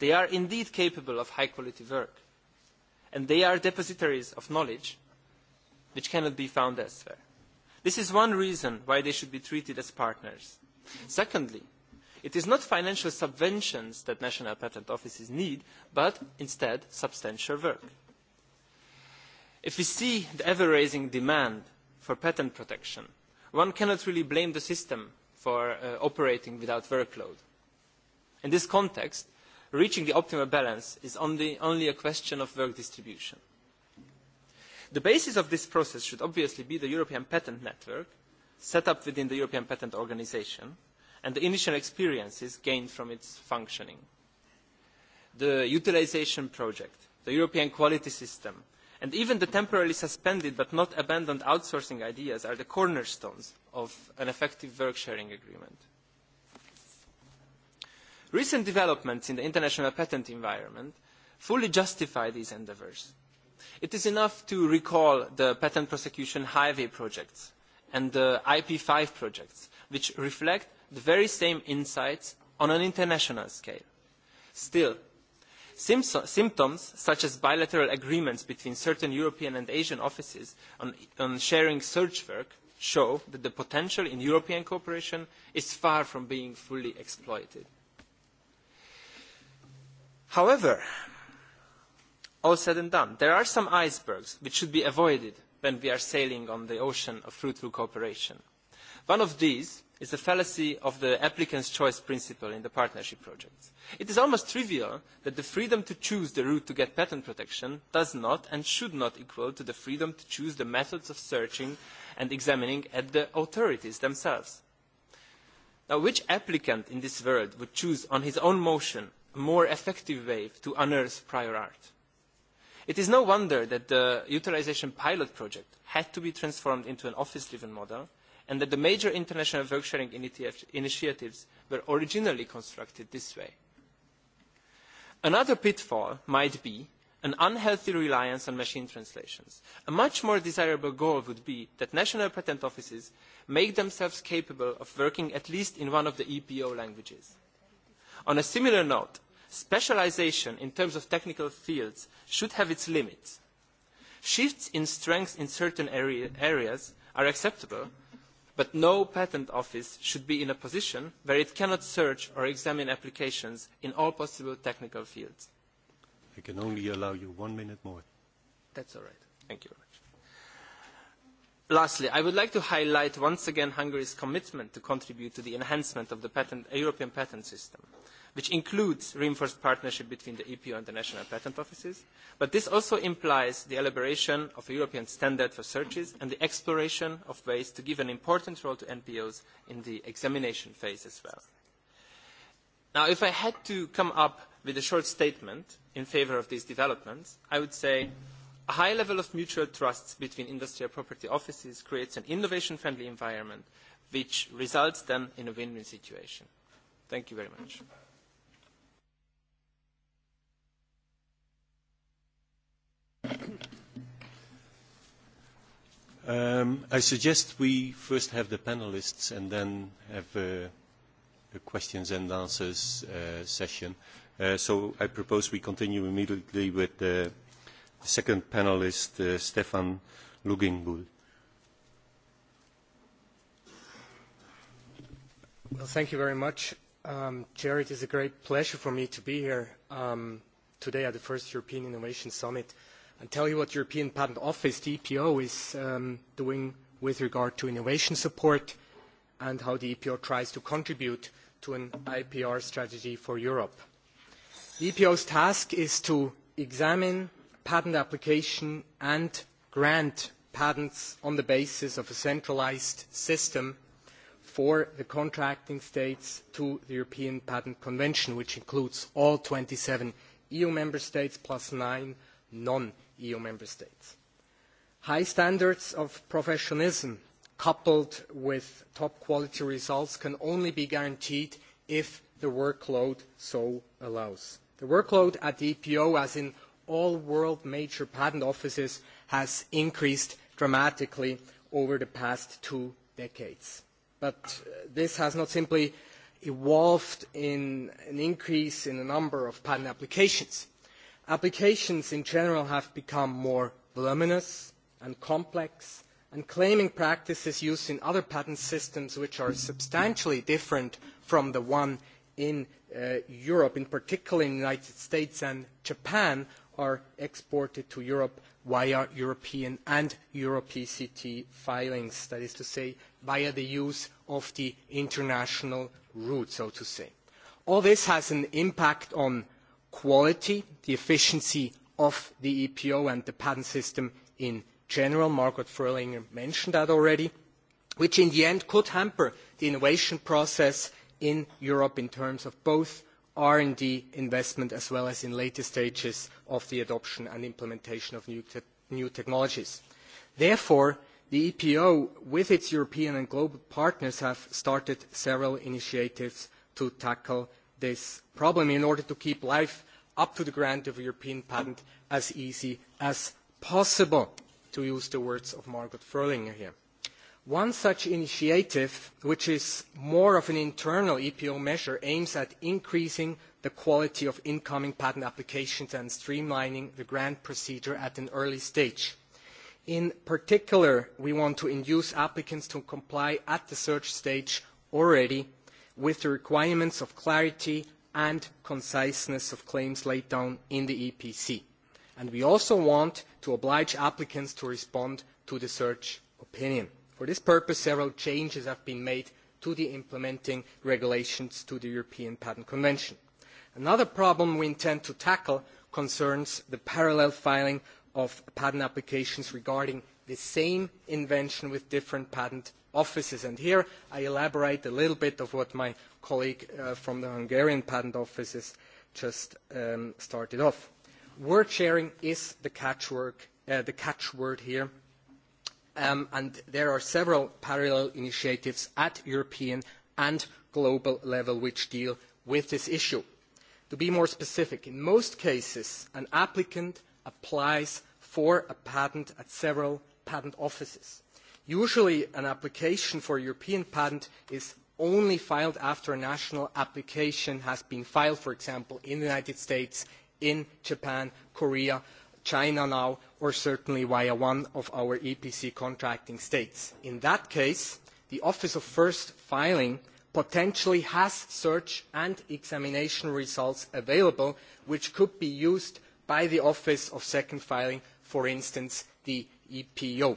They are indeed capable of high-quality work, and they are depositories of knowledge which cannot be found elsewhere. This is one reason why they should be treated as partners. Secondly, it is not financial subventions that national patent offices need, but instead substantial work. If we see the ever-raising demand for patent protection one cannot really blame the system for operating without workload. In this context, reaching the optimal balance is only a question of work distribution. The basis of this process should obviously be the European Patent Network, set up within the European Patent Organisation, and the initial experiences gained from its functioning. The utilisation project, the European quality system, And even the temporarily suspended but not abandoned outsourcing ideas are the cornerstones of an effective work sharing agreement. Recent developments in the international patent environment fully justify these endeavours. It is enough to recall the patent prosecution highway projects and the ip five projects, which reflect the very same insights on an international scale. Still, symptoms such as bilateral agreements between certain European and Asian offices on, sharing search work show that the potential in European cooperation is far from being fully exploited. However, all said and done, there are some icebergs which should be avoided when we are sailing on the ocean of fruitful cooperation. One of these is the fallacy of the applicant's choice principle in the partnership projects. It is almost trivial that the freedom to choose the route to get patent protection does not and should not equal to the freedom to choose the methods of searching and examining at the authorities themselves. Now, which applicant in this world would choose on his own motion a more effective way to unearth prior art? It is no wonder that the utilisation pilot project had to be transformed into an office-driven model and that the major international work-sharing initiatives were originally constructed this way. Another pitfall might be an unhealthy reliance on machine translations. A much more desirable goal would be that national patent offices make themselves capable of working at least in one of the EPO languages. On a similar note, specialisation in terms of technical fields should have its limits. Shifts in strength in certain areas are acceptable, but no patent office should be in a position where it cannot search or examine applications in all possible technical fields. I can only allow you one minute more. That's all right. Thank you very much. Lastly, I would like to highlight once again Hungary's commitment to contribute to the enhancement of the European patent system which includes reinforced partnership between the EPO and the national patent offices. But this also implies the elaboration of a European standard for searches and the exploration of ways to give an important role to NPOs in the examination phase as well. Now, if I had to come up with a short statement in favour of these developments, I would say a high level of mutual trust between industrial property offices creates an innovation-friendly environment which results then in a win-win situation. Thank you very much. I suggest we first have the panelists and then have a questions and answers session. So I propose we continue immediately with the second panelist, Stefan Lugingbühl. Well, thank you very much. Chair, it is a great pleasure for me to be here today at the first European Innovation Summit and tell you what the European Patent Office, EPO, is doing with regard to innovation support and how the EPO tries to contribute to an IPR strategy for Europe. The EPO's task is to examine patent application and grant patents on the basis of a centralised system for the contracting states to the European Patent Convention, which includes all twenty seven EU member states plus nine non EU member states. High standards of professionalism coupled with top quality results can only be guaranteed if the workload so allows. The workload at the EPO, as in all world major patent offices, has increased dramatically over the past two decades. But this has not simply evolved in an increase in the number of patent applications. Applications in general have become more voluminous and complex, and claiming practices used in other patent systems which are substantially different from the one in Europe, in particular in the United States and Japan, are exported to Europe via European and Euro PCT filings, that is to say, via the use of the international route, so to say. All this has an impact on quality, the efficiency of the EPO and the patent system in general. Margot Fröhlinger mentioned that already, which in the end could hamper the innovation process in Europe in terms of both R&D investment as well as in later stages of the adoption and implementation of new technologies. Therefore, the EPO, with its European and global partners, have started several initiatives to tackle this problem in order to keep life up to the grant of a European patent as easy as possible, to use the words of Margot Fröhlinger here. One such initiative, which is more of an internal EPO measure, aims at increasing the quality of incoming patent applications and streamlining the grant procedure at an early stage. In particular, we want to induce applicants to comply at the search stage already with the requirements of clarity and conciseness of claims laid down in the EPC. And we also want to oblige applicants to respond to the search opinion. For this purpose, several changes have been made to the implementing regulations to the European Patent Convention. Another problem we intend to tackle concerns the parallel filing of patent applications regarding the same invention with different patent offices. And here I elaborate a little bit on what my colleague from the Hungarian Patent Office has just started off. Word sharing is the catchword here, and there are several parallel initiatives at European and global level which deal with this issue. To be more specific, in most cases, an applicant applies for a patent at several patent offices Usually an application for a European patent is only filed after a national application has been filed, for example, in the United States, in Japan, Korea, China now, or certainly via one of our EPC contracting states. In that case, the Office of First Filing potentially has search and examination results available, which could be used by the Office of Second Filing, for instance, the EPO.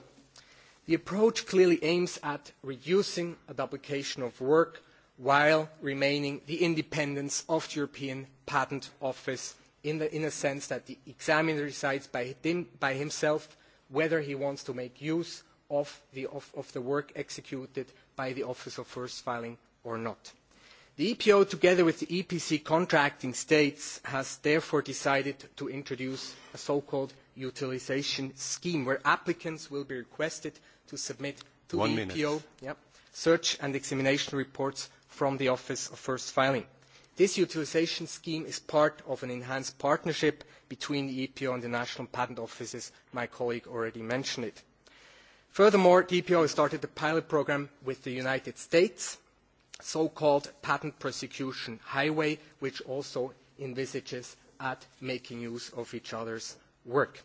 The approach clearly aims at reducing a duplication of work while remaining the independence of the European Patent Office in, the, in a sense that the examiner decides by, him, by himself whether he wants to make use of the, of, of the work executed by the Office of First Filing or not. The EPO, together with the EPC contracting states, has therefore decided to introduce a so-called utilisation scheme where applicants will be requested to submit to the EPO search and examination reports from the Office of First Filing. This utilisation scheme is part of an enhanced partnership between the EPO and the national patent offices. My colleague already mentioned it. Furthermore, the EPO has started a pilot programme with the United States, so-called Patent Prosecution Highway, which also envisages at making use of each other's work.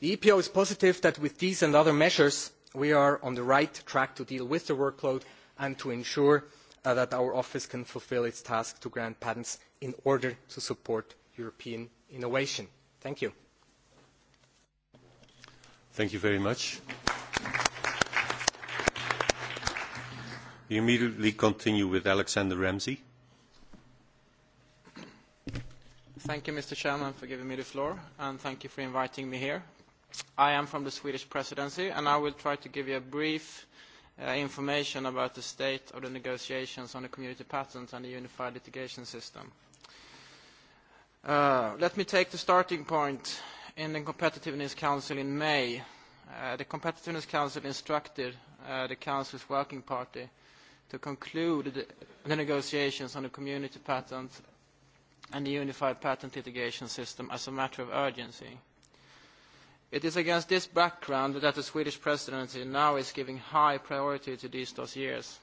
The EPO is positive that with these and other measures, we are on the right track to deal with the workload and to ensure that our office can fulfil its task to grant patents in order to support European innovation. Thank you. Thank you very much. We immediately continue with Alexander Ramsey. Thank you, Mr. Chairman, for giving me the floor, and thank you for inviting me here. I am from the Swedish presidency, and I will try to give you a brief uh, information about the state of the negotiations on the community patent and the unified litigation system. Uh, let me take the starting point in the Competitiveness Council in May. Uh, the Competitiveness Council instructed uh, the Council's working party to conclude the, the negotiations on the community patent and the unified patent litigation system as a matter of urgency It is against this background that the Swedish presidency now is giving high priority to these dossiers.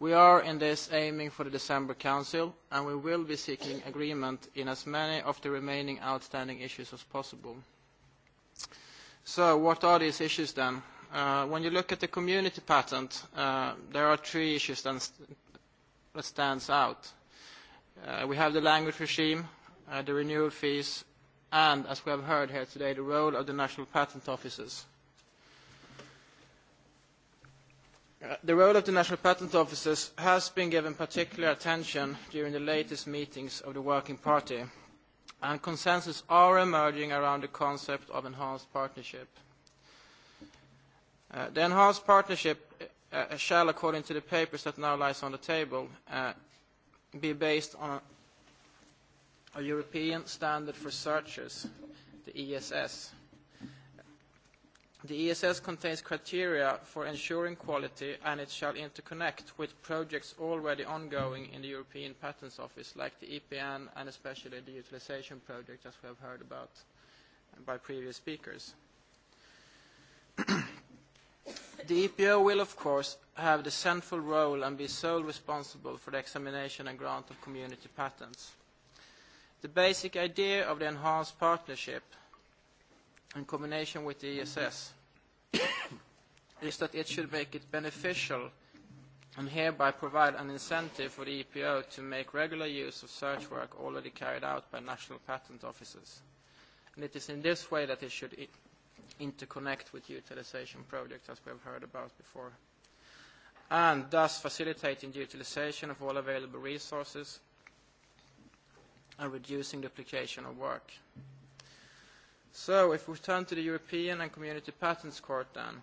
We are in this aiming for the December Council, and we will be seeking agreement in as many of the remaining outstanding issues as possible. So what are these issues then? Uh, when you look at the community patent, uh, there are three issues that, that stands out. Uh, we have the language regime, uh, the renewal fees, and, as we have heard here today, the role of the national patent offices. The role of the national patent offices has been given particular attention during the latest meetings of the Working Party, and consensus are emerging around the concept of enhanced partnership. the enhanced partnership shall, according to the papers that now lies on the table, be based on a European Standard for Searches, the ESS. The ESS contains criteria for ensuring quality, and it shall interconnect with projects already ongoing in the European Patents Office, like the EPN and especially the utilization project, as we have heard about by previous speakers. The EPO will, of course, have the central role and be sole responsible for the examination and grant of community patents. The basic idea of the enhanced partnership in combination with the ESS is that it should make it beneficial and hereby provide an incentive for the EPO to make regular use of search work already carried out by national patent offices. And it is in this way that it should interconnect with utilization projects as we have heard about before, and thus facilitating the utilization of all available resources and reducing duplication of work. So if we turn to the European and Community Patents Court then,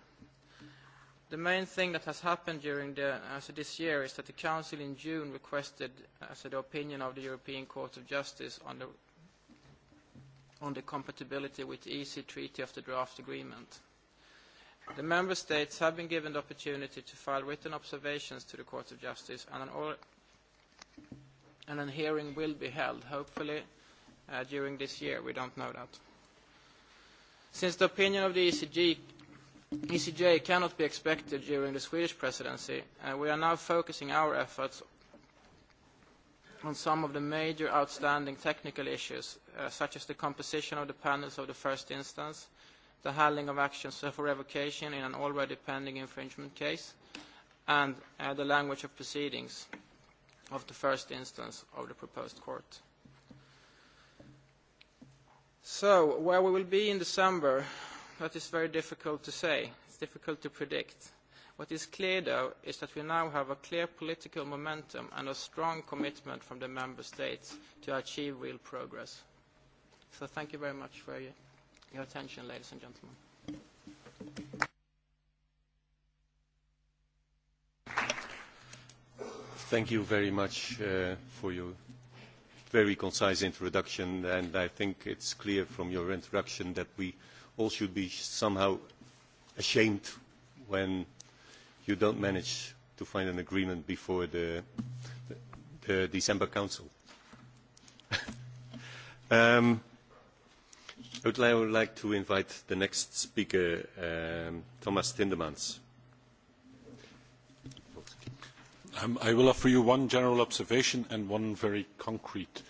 the main thing that has happened during the, uh, so this year is that the Council in June requested uh, so the opinion of the European Court of Justice on the, on the compatibility with the EC Treaty of the Draft Agreement. The Member States have been given the opportunity to file written observations to the Court of Justice and an and a hearing will be held, hopefully uh, during this year. We don't know that. Since the opinion of the ECG, ECJ cannot be expected during the Swedish presidency, uh, we are now focusing our efforts on some of the major outstanding technical issues, uh, such as the composition of the panels of the first instance, the handling of actions for revocation in an already pending infringement case, and uh, the language of proceedings of the first instance of the proposed court. So, where we will be in December, that is very difficult to say. It's difficult to predict. What is clear, though, is that we now have a clear political momentum and a strong commitment from the member states to achieve real progress. So thank you very much for your attention, ladies and gentlemen. Thank you very much for your very concise introduction, and I think it's clear from your introduction that we all should be somehow ashamed when you don't manage to find an agreement before the, the December Council. um, I would like to invite the next speaker, um, Thomas Tindemans. I will offer you one general observation and one very concrete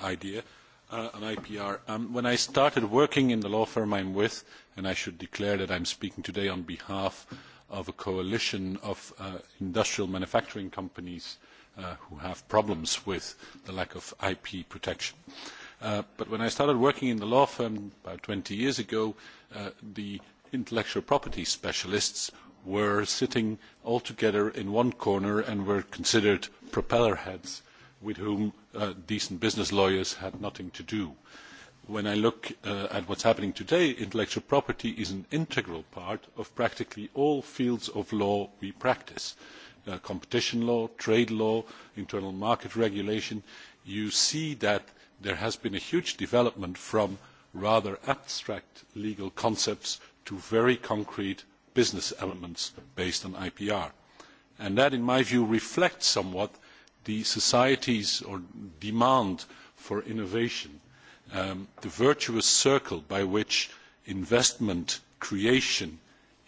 idea on IPR. when I started working in the law firm I am with, and I should declare that I am speaking today on behalf of a coalition of industrial manufacturing companies who have problems with the lack of IP protection. but when I started working in the law firm about twenty years ago, the intellectual property specialists were sitting all together in one corner and were considered propeller heads with whom decent business lawyers had nothing to do. When I look at what is happening today, intellectual property is an integral part of practically all fields of law we practice. competition law, trade law, internal market regulation, you see that there has been a huge development from rather abstract legal concepts to very concrete business elements based on IPR. And that, in my view, reflects somewhat the society's demand for innovation, the virtuous circle by which investment, creation,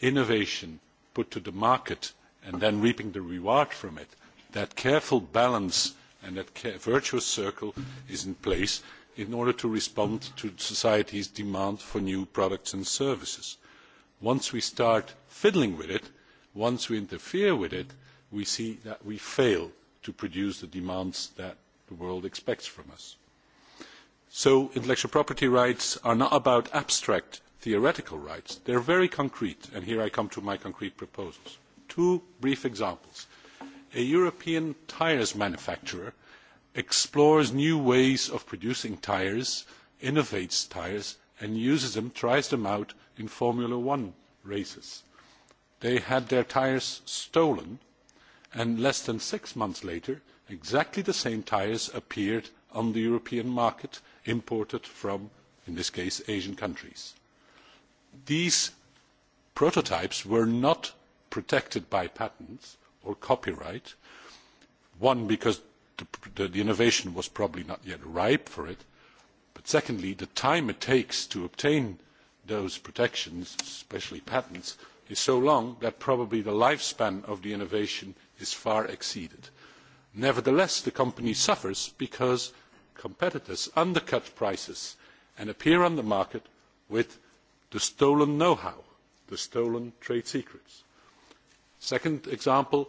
innovation put to the market and then reaping the reward from it, that careful balance and that virtuous circle is in place in order to respond to society's demand for new products and services once we start fiddling with it, once we interfere with it, we see that we fail to produce the demands that the world expects from us. So intellectual property rights are not about abstract theoretical rights. They are very concrete, and here I come to my concrete proposals. Two brief examples. A European tyres manufacturer explores new ways of producing tyres, innovates tyres, and uses them, tries them out in Formula One races. They had their tyres stolen, and less than six months later, exactly the same tyres appeared on the European market, imported from, in this case, Asian countries. These prototypes were not protected by patents or copyright, one, because the, the innovation was probably not yet ripe for it, but secondly, the time it takes to obtain those protections, especially patents, is so long that probably the lifespan of the innovation is far exceeded. Nevertheless, the company suffers because competitors undercut prices and appear on the market with the stolen know-how, the stolen trade secrets. Second example,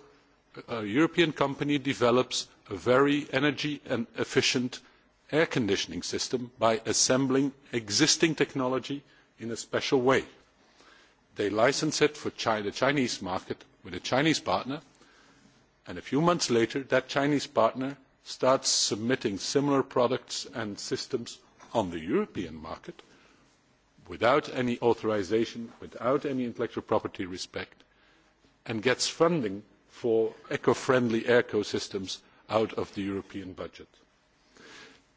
a European company develops a very energy and efficient air conditioning system by assembling existing technology in a special way. They license it for the Chinese market with a Chinese partner, and a few months later, that Chinese partner starts submitting similar products and systems on the European market without any authorisation, without any intellectual property respect, and gets funding for eco-friendly ecosystems out of the European budget.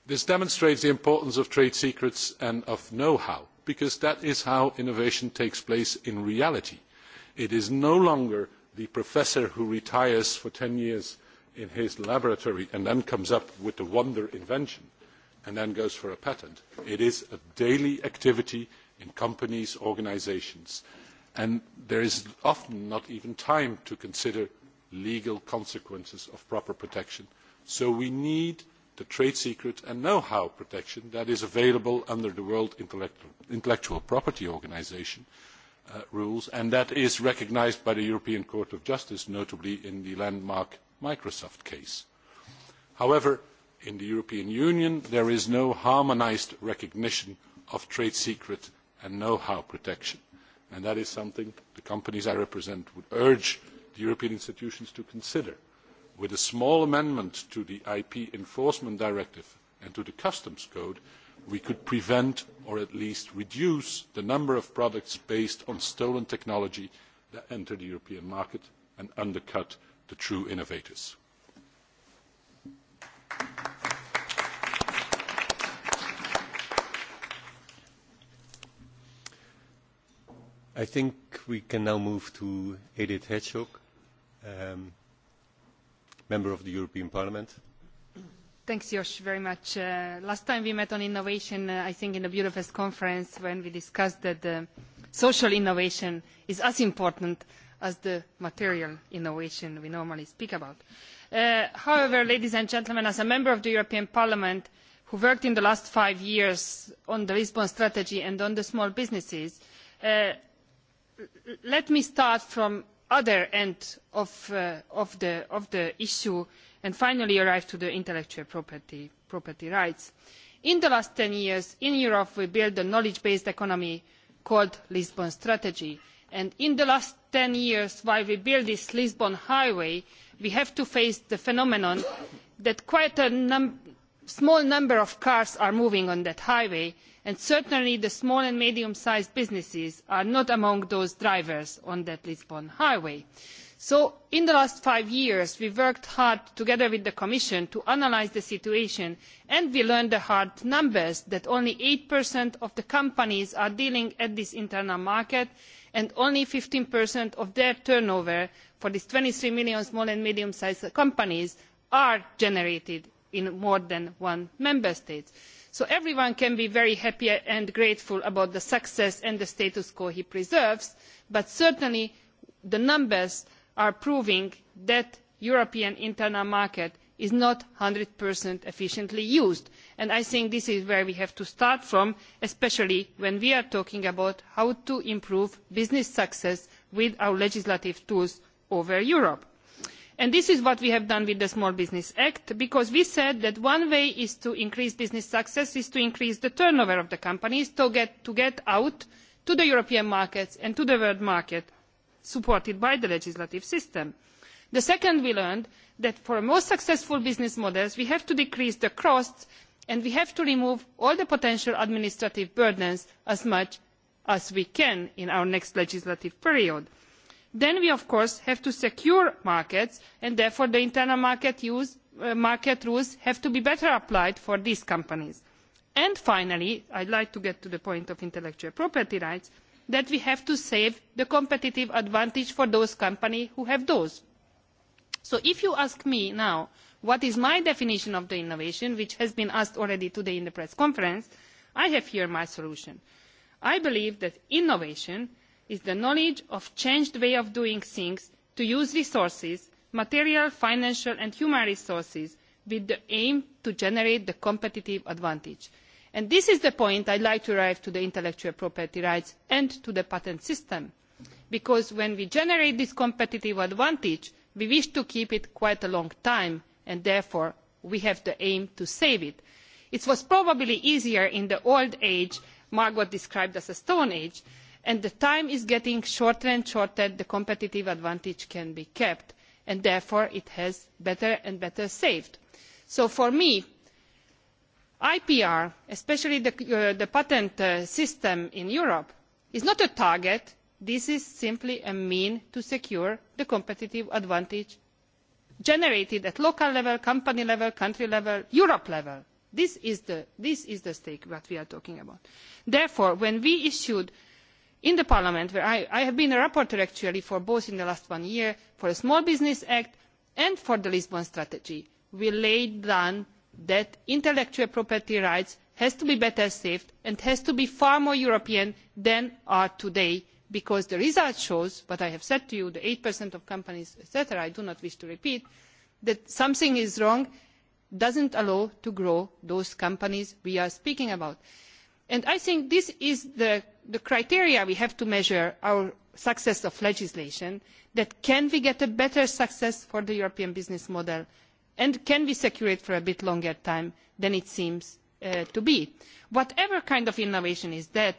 This demonstrates the importance of trade secrets and of know-how because that is how innovation takes place in reality. It is no longer the professor who retires for ten years in his laboratory and then comes up with the wonder invention and then goes for a patent. It is a daily activity in companies, organisations, and there is often not even time to consider legal consequences of proper protection. So we need the trade secret and know-how protection that is available under the World Intellectual Property Organisation rules, and that is recognised by the European Court of Justice, notably in the landmark Microsoft case. However, in the European Union, there is no harmonised recognition of trade secret and know-how protection, and that is something the companies I represent would urge the European institutions to consider with a small amendment to the ip enforcement directive and to the customs code we could prevent or at least reduce the number of products based on stolen technology that enter the european market and undercut the true innovators. i think we can now move to edith hedgehog member of the European Parliament. Thanks, Josh, very much. last time we met on innovation, I think in the Budapest conference, when we discussed that social innovation is as important as the material innovation we normally speak about. however, ladies and gentlemen, as a member of the European Parliament who worked in the last five years on the Lisbon strategy and on the small businesses, let me start from other end of, the, issue and finally arrive to the intellectual property, rights. In the last ten years, in Europe, we built a knowledge-based economy called the Lisbon Strategy. And in the last ten years, while we build this Lisbon highway, we have to face the phenomenon that quite a small number of cars are moving on that highway and certainly the small and medium sized businesses are not among those drivers on that lisbon highway. so in the last five years we worked hard together with the commission to analyse the situation and we learned the hard numbers that only eight of the companies are dealing at this internal market and only fifteen of their turnover for these twenty three million small and medium sized companies are generated in more than one member state. so everyone can be very happy and grateful about the success and the status quo he preserves but certainly the numbers are proving that the european internal market is not one hundred efficiently used and i think this is where we have to start from especially when we are talking about how to improve business success with our legislative tools over europe this is what we have done with the small business act because we said that one way to increase business success is to increase the turnover of the companies to get out to the european markets and to the world market supported by the legislative system. the second we learned is that for more successful business models we have to decrease the costs and we have to remove all the potential administrative burdens as much as we can in our next legislative period then we of course have to secure markets and therefore the internal market rules have to be better applied for these companies. and finally i would like to get to the point of intellectual property rights that we have to save the competitive advantage for those companies who have those. so if you ask me now what is my definition of innovation which has been asked already today in the press conference i have here my solution. i believe that innovation is the knowledge of changed way of doing things to use resources material financial and human resources with the aim to generate the competitive advantage. And this is the point i would like to arrive to the intellectual property rights and to the patent system because when we generate this competitive advantage we wish to keep it quite a long time and therefore we have the aim to save it. it was probably easier in the old age margot described as the stone age and the time is getting shorter and shorter the competitive advantage can be kept and therefore it has better and better saved. so for me ipr especially the patent system in europe is not a target this is simply a means to secure the competitive advantage generated at local level company level country level europe level. this is the stake that we are talking about. therefore when we issued in the parliament where i have been a rapporteur actually for both in the last one year for the small business act and for the lisbon strategy we laid down that intellectual property rights has to be better saved and has to be far more european than are today because the result shows what i have said to you the eight of companies etc. i do not wish to repeat that something is wrong does not allow to grow those companies we are speaking about i think this is the criteria we have to measure our success of legislation that can we get a better success for the european business model and can we secure it for a bit longer time than it seems to be? whatever kind of innovation is that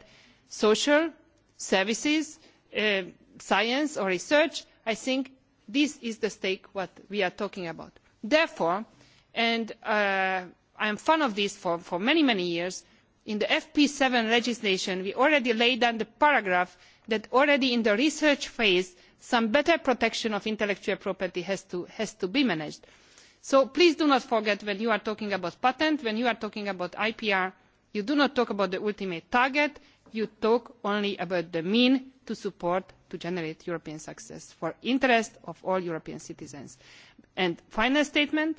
social services science or research i think this is the stake what we are talking about. therefore and i am a fan of this for many many years in the fp seven legislation we already laid down the paragraph that already in the research phase some better protection of intellectual property has to be managed. so please do not forget when you are talking about patents when you are talking about ipr you do not talk about the ultimate target you talk only about the means to support to generate european success for the interest of all european citizens. and final statement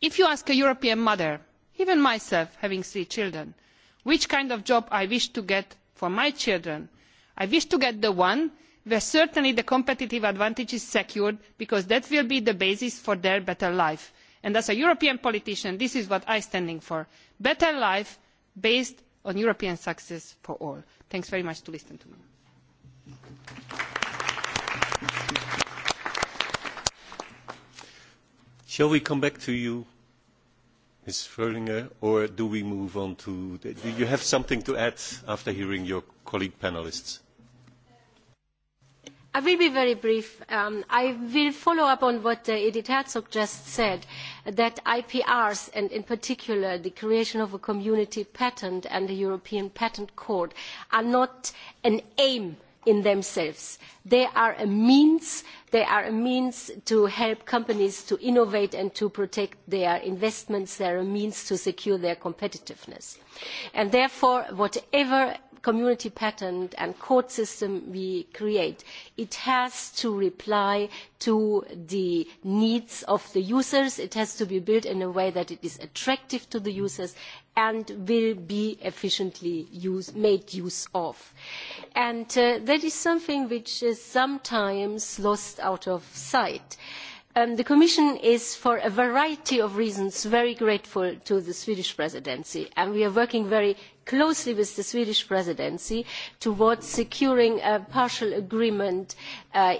if you ask a european mother even myself having three children which kind of job i wish to get for my children. i wish to get the one where certainly the competitive advantage is secured because that will be the basis for their better life and as a european politician this is what i stand for a better life based on european success for all. thanks very much for listening to me. shall we come back to you Ms. Fröhlinger, or do we move on to... Do you have something to add after hearing your colleague panelists? I will be very brief. I will follow up on what Edith Herzog just said, that IPRs, and in particular the creation of a community patent and the European Patent Court, are not an aim in themselves. They are a means they are a means to help companies to innovate and to protect their investments. They are a means to secure their competitiveness. And therefore, whatever community patent and court system we create, it has to reply to the needs of the users. It has to be built in a way that it is attractive to the users and will be efficiently made use of. that is something which is sometimes lost out of sight. the Commission is, for a variety of reasons, very grateful to the Swedish presidency, and we are working very closely with the Swedish presidency towards securing a partial agreement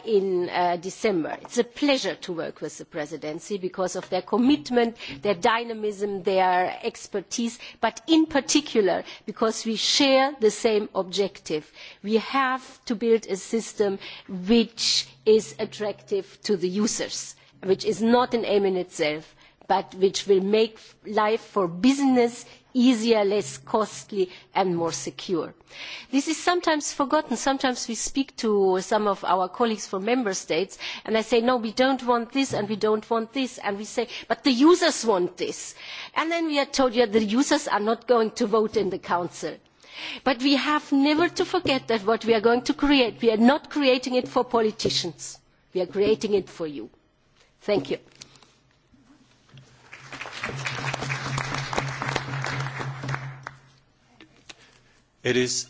in December. It is a pleasure to work with the presidency because of their commitment, their dynamism, their expertise, but in particular because we share the same objective. We have to build a system which is attractive to the users, which is not an aim in itself, but which will make life for business easier, less costly and more secure. This is sometimes forgotten. Sometimes we speak to some of our colleagues from member states and they say, no, we don't want this and we don't want this. And we say, but the users want this. And then we are told, yeah, the users are not going to vote in the council. But we have never to forget that what we are going to create, we are not creating it for politicians. We are creating it for you. Thank you. It is,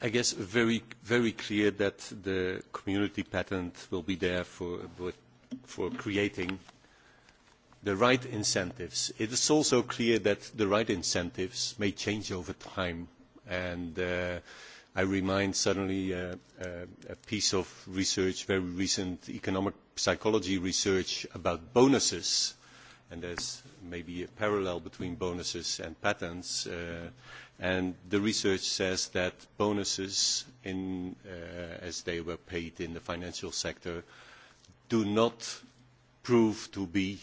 I guess, very, very clear that the community patent will be there for, for creating the right incentives. It is also clear that the right incentives may change over time. And uh, I remind suddenly uh, a piece of research, very recent economic psychology research about bonuses. And there's maybe a parallel between bonuses and patents. Uh, and the research says that bonuses, in, as they were paid in the financial sector, do not prove to be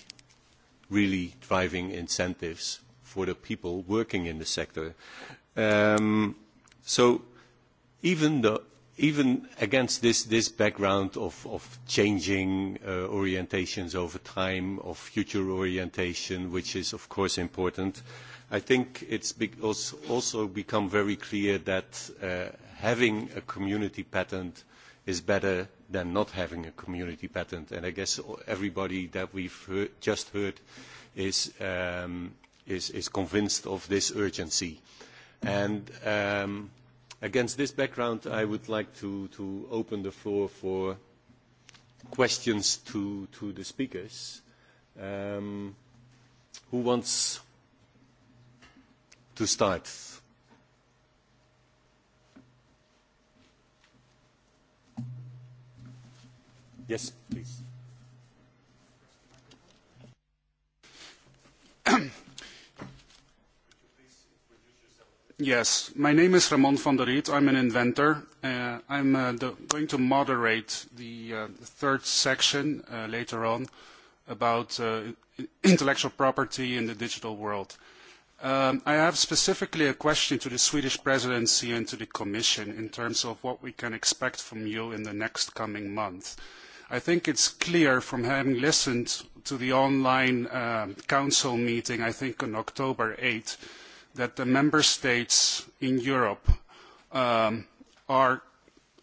really driving incentives for the people working in the sector. so even, the, even against this, this background of, of changing orientations over time, of future orientation, which is of course important, uh, I think it's also become very clear that having a community patent is better than not having a community patent. And I guess everybody that we've heard, just heard is, convinced of this urgency. And against this background, I would like to, open the floor for questions to, the speakers. who wants to start. Yes, please. Yes, my name is Ramon van der Riet. I'm an inventor. Uh, I'm uh, the, going to moderate the uh, third section uh, later on about uh, intellectual property in the digital world. Uh, I have specifically a question to the Swedish presidency and to the Commission in terms of what we can expect from you in the next coming month. I think it's clear from having listened to the online council meeting, I think on October 8, that the member states in Europe are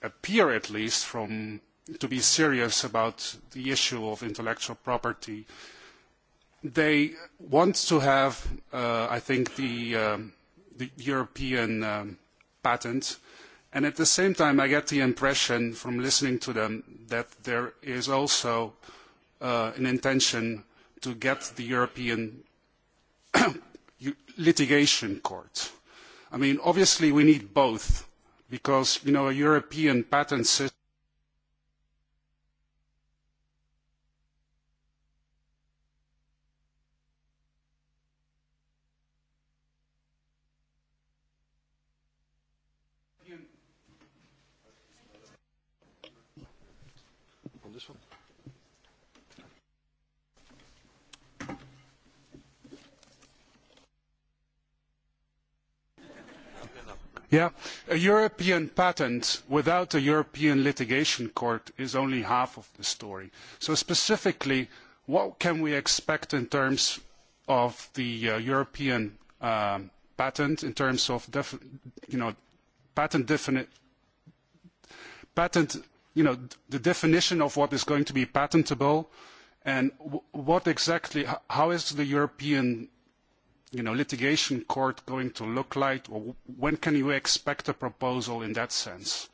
appear at least from to be serious about the issue of intellectual property uh, they want to have, I think, the, European patent. And at the same time, I get the impression from listening to them that there is also an intention to get the European litigation court. I mean, obviously, we need both because, you know, a European patent system A European patent without a European litigation court is only half of the story. So specifically, what can we expect in terms of the European patent, in terms of patent the definition of what is going to be patentable, and what exactly, how is the European you know, litigation court going to look like? Or when can you expect a proposal in that sense?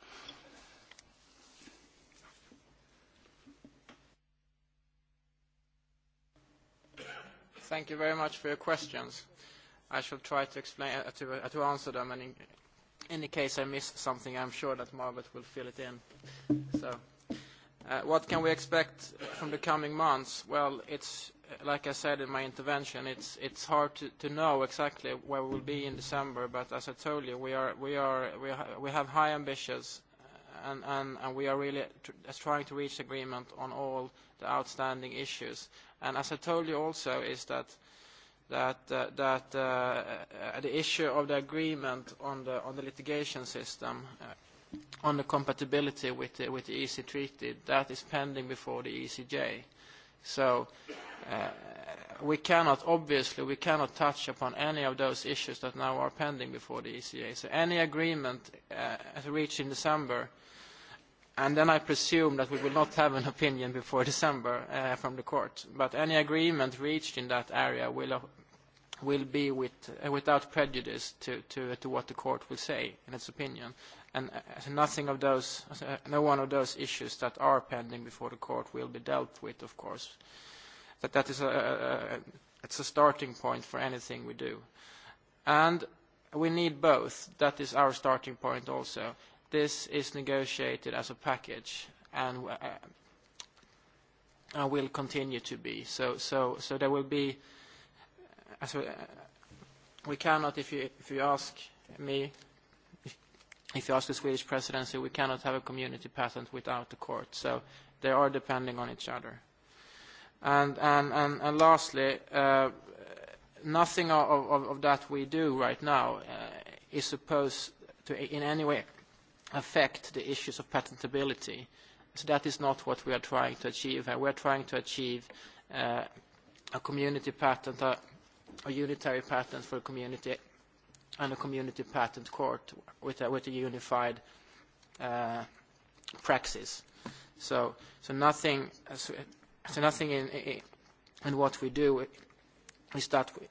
Thank you very much for your questions. I shall try to explain uh, to, uh, to answer them, and in, in the case I miss something, I'm sure that Margaret will fill it in. So, uh, what can we expect from the coming months? Well, it's like I said in my intervention, it's it's hard to to know exactly where we'll be in December, but as I told you, we are we are we ha we have high ambitions, and and and we are really tr trying to reach agreement on all the outstanding issues. And as I told you also, is that that uh that uh uh the issue of the agreement on the on the litigation system uh on the compatibility with the with the EC treaty, that is pending before the ECJ. So we cannot, obviously, we cannot touch upon any of those issues that now are pending before the ECA. So any agreement reached in December, and then I presume that we will not have an opinion before December from the court, but any agreement reached in that area will will be without prejudice to what the court will say in its opinion. and nothing of those No one of those issues that are pending before the court will be dealt with, of course that that is a, a, it's a starting point for anything we do. And we need both. That is our starting point also. This is negotiated as a package, and uh, and will continue to be. So so so there will be, as we, we cannot, if you if you ask me, if you ask the Swedish presidency, we cannot have a community patent without the court. So they are depending on each other. And, and, and, and lastly, uh, nothing of, of, of that we do right now uh, is supposed to in any way affect the issues of patentability. So that is not what we are trying to achieve. We are trying to achieve uh, a community patent, a, a unitary patent for a community, and a community patent court with a, with a unified uh, praxis. So, so nothing, So nothing in, in what we do is, that we,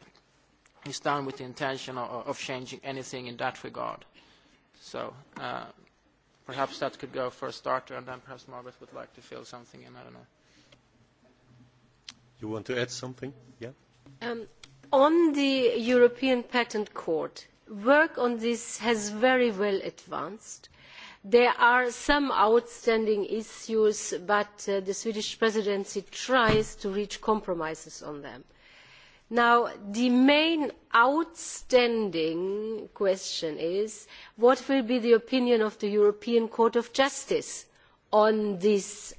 is done with the intention of, of changing anything in that regard. So uh, perhaps that could go for a starter, and then perhaps Margaret would like to fill something in. I don't know. You want to add something? Yeah. Um, on the European Patent Court, work on this has very well advanced there are some outstanding issues but the swedish presidency tries to reach compromises on them. the main outstanding question is what will be the opinion of the european court of justice on this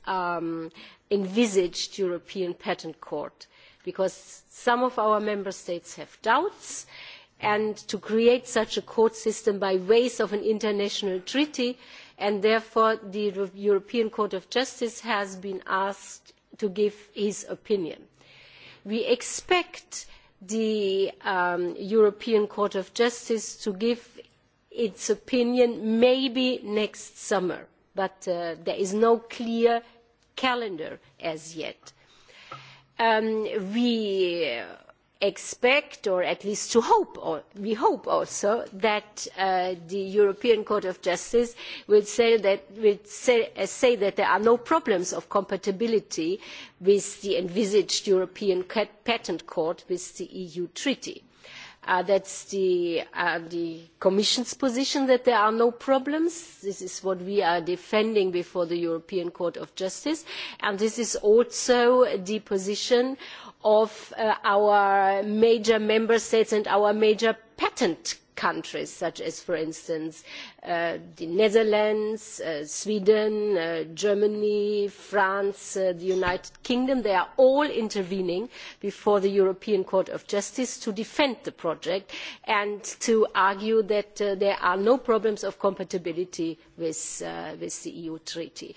envisaged european patent court because some of our member states have doubts and and to create such a court system by ways of an international treaty and therefore the European Court of Justice has been asked to give his opinion. We expect the European Court of Justice to give its opinion maybe next summer, but there is no clear calendar as yet. we expect or at least to hope or we hope also that the European Court of Justice will say that there are no problems of compatibility with the envisaged European Patent Court with the EU Treaty That is the Commission's position that there are no problems. This is what we are defending before the European Court of Justice. And this is also the position of our major member states and our major patent countries such as, for instance, the Netherlands, Sweden, Germany, France, the United Kingdom. They are all intervening before the European Court of Justice to defend the project and to argue that there are no problems of compatibility with, the EU treaty.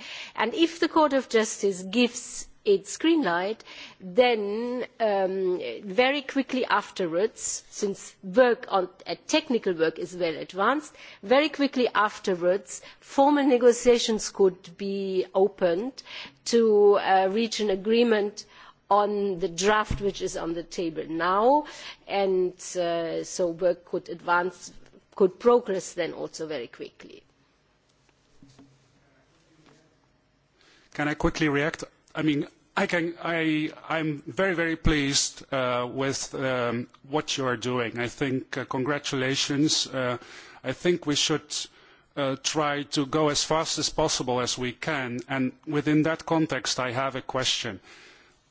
if the Court of Justice gives its green light, then very quickly afterwards, since work on technical work is well advanced, very quickly afterwards, formal negotiations could be opened to reach an agreement on the draft which is on the table now, and so work could advance, could progress then also very quickly. Can I quickly react? I mean, I can, I, I'm very, very pleased uh, with um, what you are doing. I think uh, congratulations. Uh, I think we should uh, try to go as fast as possible as we can. And within that context, I have a question.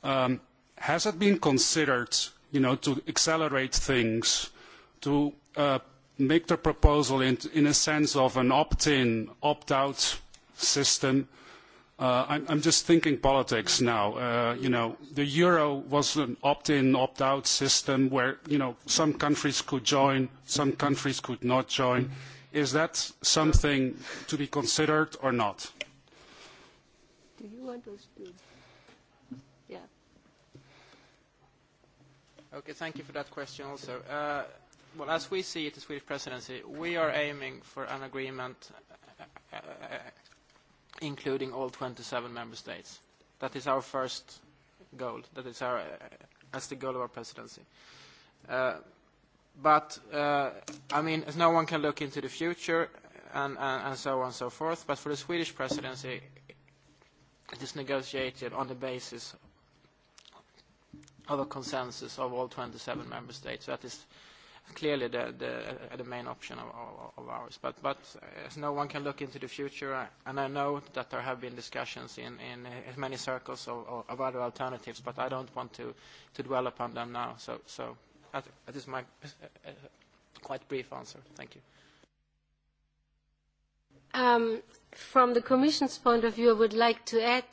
Um, has it been considered, you know, to accelerate things, to uh, make the proposal in, in a sense of an opt-in, opt-out system? I'm, I'm just thinking politics now. you know, the euro was an opt-in, opt-out system where you know some countries could join, some countries could not join. Is that something to be considered or not? Do you want us to? Yeah. Okay, thank you for that question. Also, well, as we see it, the Swedish presidency, we are aiming for an agreement including all 27 member states. That is our first goal. That is our, uh that's the goal of our presidency. Uh, but, uh, I mean, as no one can look into the future and, and, and so on and so forth, but for the Swedish presidency, it is negotiated on the basis of a consensus of all 27 member states. That is clearly the, the, the main option of, of, of ours. But, but as no one can look into the future, and I know that there have been discussions in, in many circles of, of other alternatives, but I don't want to, to dwell upon them now. So, so that, that is my quite brief answer. Thank you. Um, from the Commission's point of view, I would like to add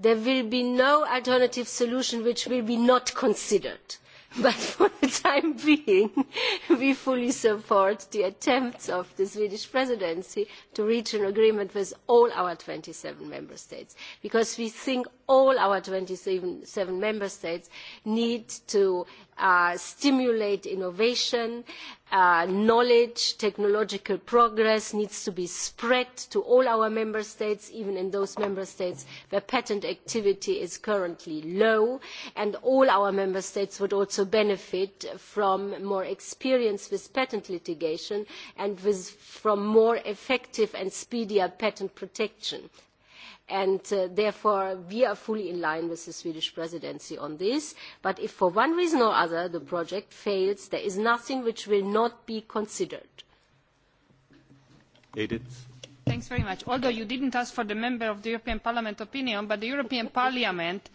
there will be no alternative solution which will be not considered But for the time being, we fully support the attempts of the Swedish presidency to reach an agreement with all our twenty seven member states, because we think all our twenty seven member states need to stimulate innovation, knowledge, technological progress needs to be spread to all our member states, even in those member states where patent activity is currently low. And all our member states would also benefit from more experience with patent litigation and from more effective and speedier patent protection and therefore we are fully in line with the Swedish presidency on this. But if for one reason or other the project fails, there is nothing which will not be considered. Edith. Thanks very much. Although you didn't ask for the member of the European Parliament opinion, but the European Parliament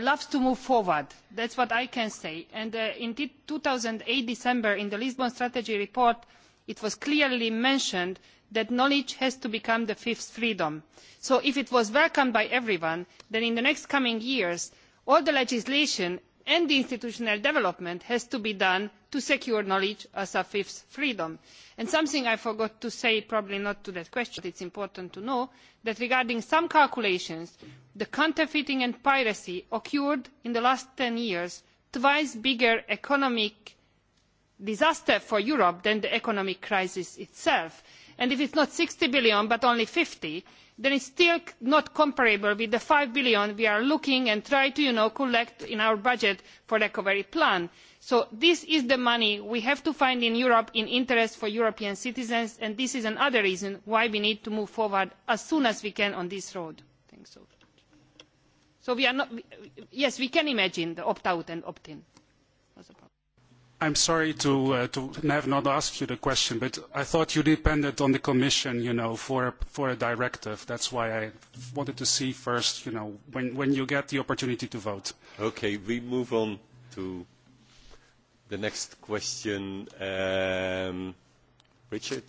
loves to move forward. That is what I can say. And indeed, two thousand eight December, in the Lisbon Strategy report, it was clearly mentioned that knowledge has to become the fifth freedom. so if it was welcomed by everyone then in the next coming years all the legislation and the institutional development has to be done to secure knowledge as a fifth freedom. something i forgot to say probably not to that question but it is important to know that regarding some calculations the counterfeiting and piracy occurred in the last ten years twice bigger economic disaster for europe than the economic crisis itself and if it is not eur sixty billion but only eur fifty then it is still not comparable with the eur five billion we are looking and trying to collect in our budget for the recovery plan. so this is the money we have to find in europe in the interest of european citizens and this is another reason why we need to move forward as soon as we can on this road. yes we can imagine the opt out and opt in. I'm sorry to, uh, to have not asked you the question, but I thought you depended on the Commission, you know, for a, for a directive. That's why I wanted to see first, you know, when, when you get the opportunity to vote. Okay, we move on to the next question. Um, Richard,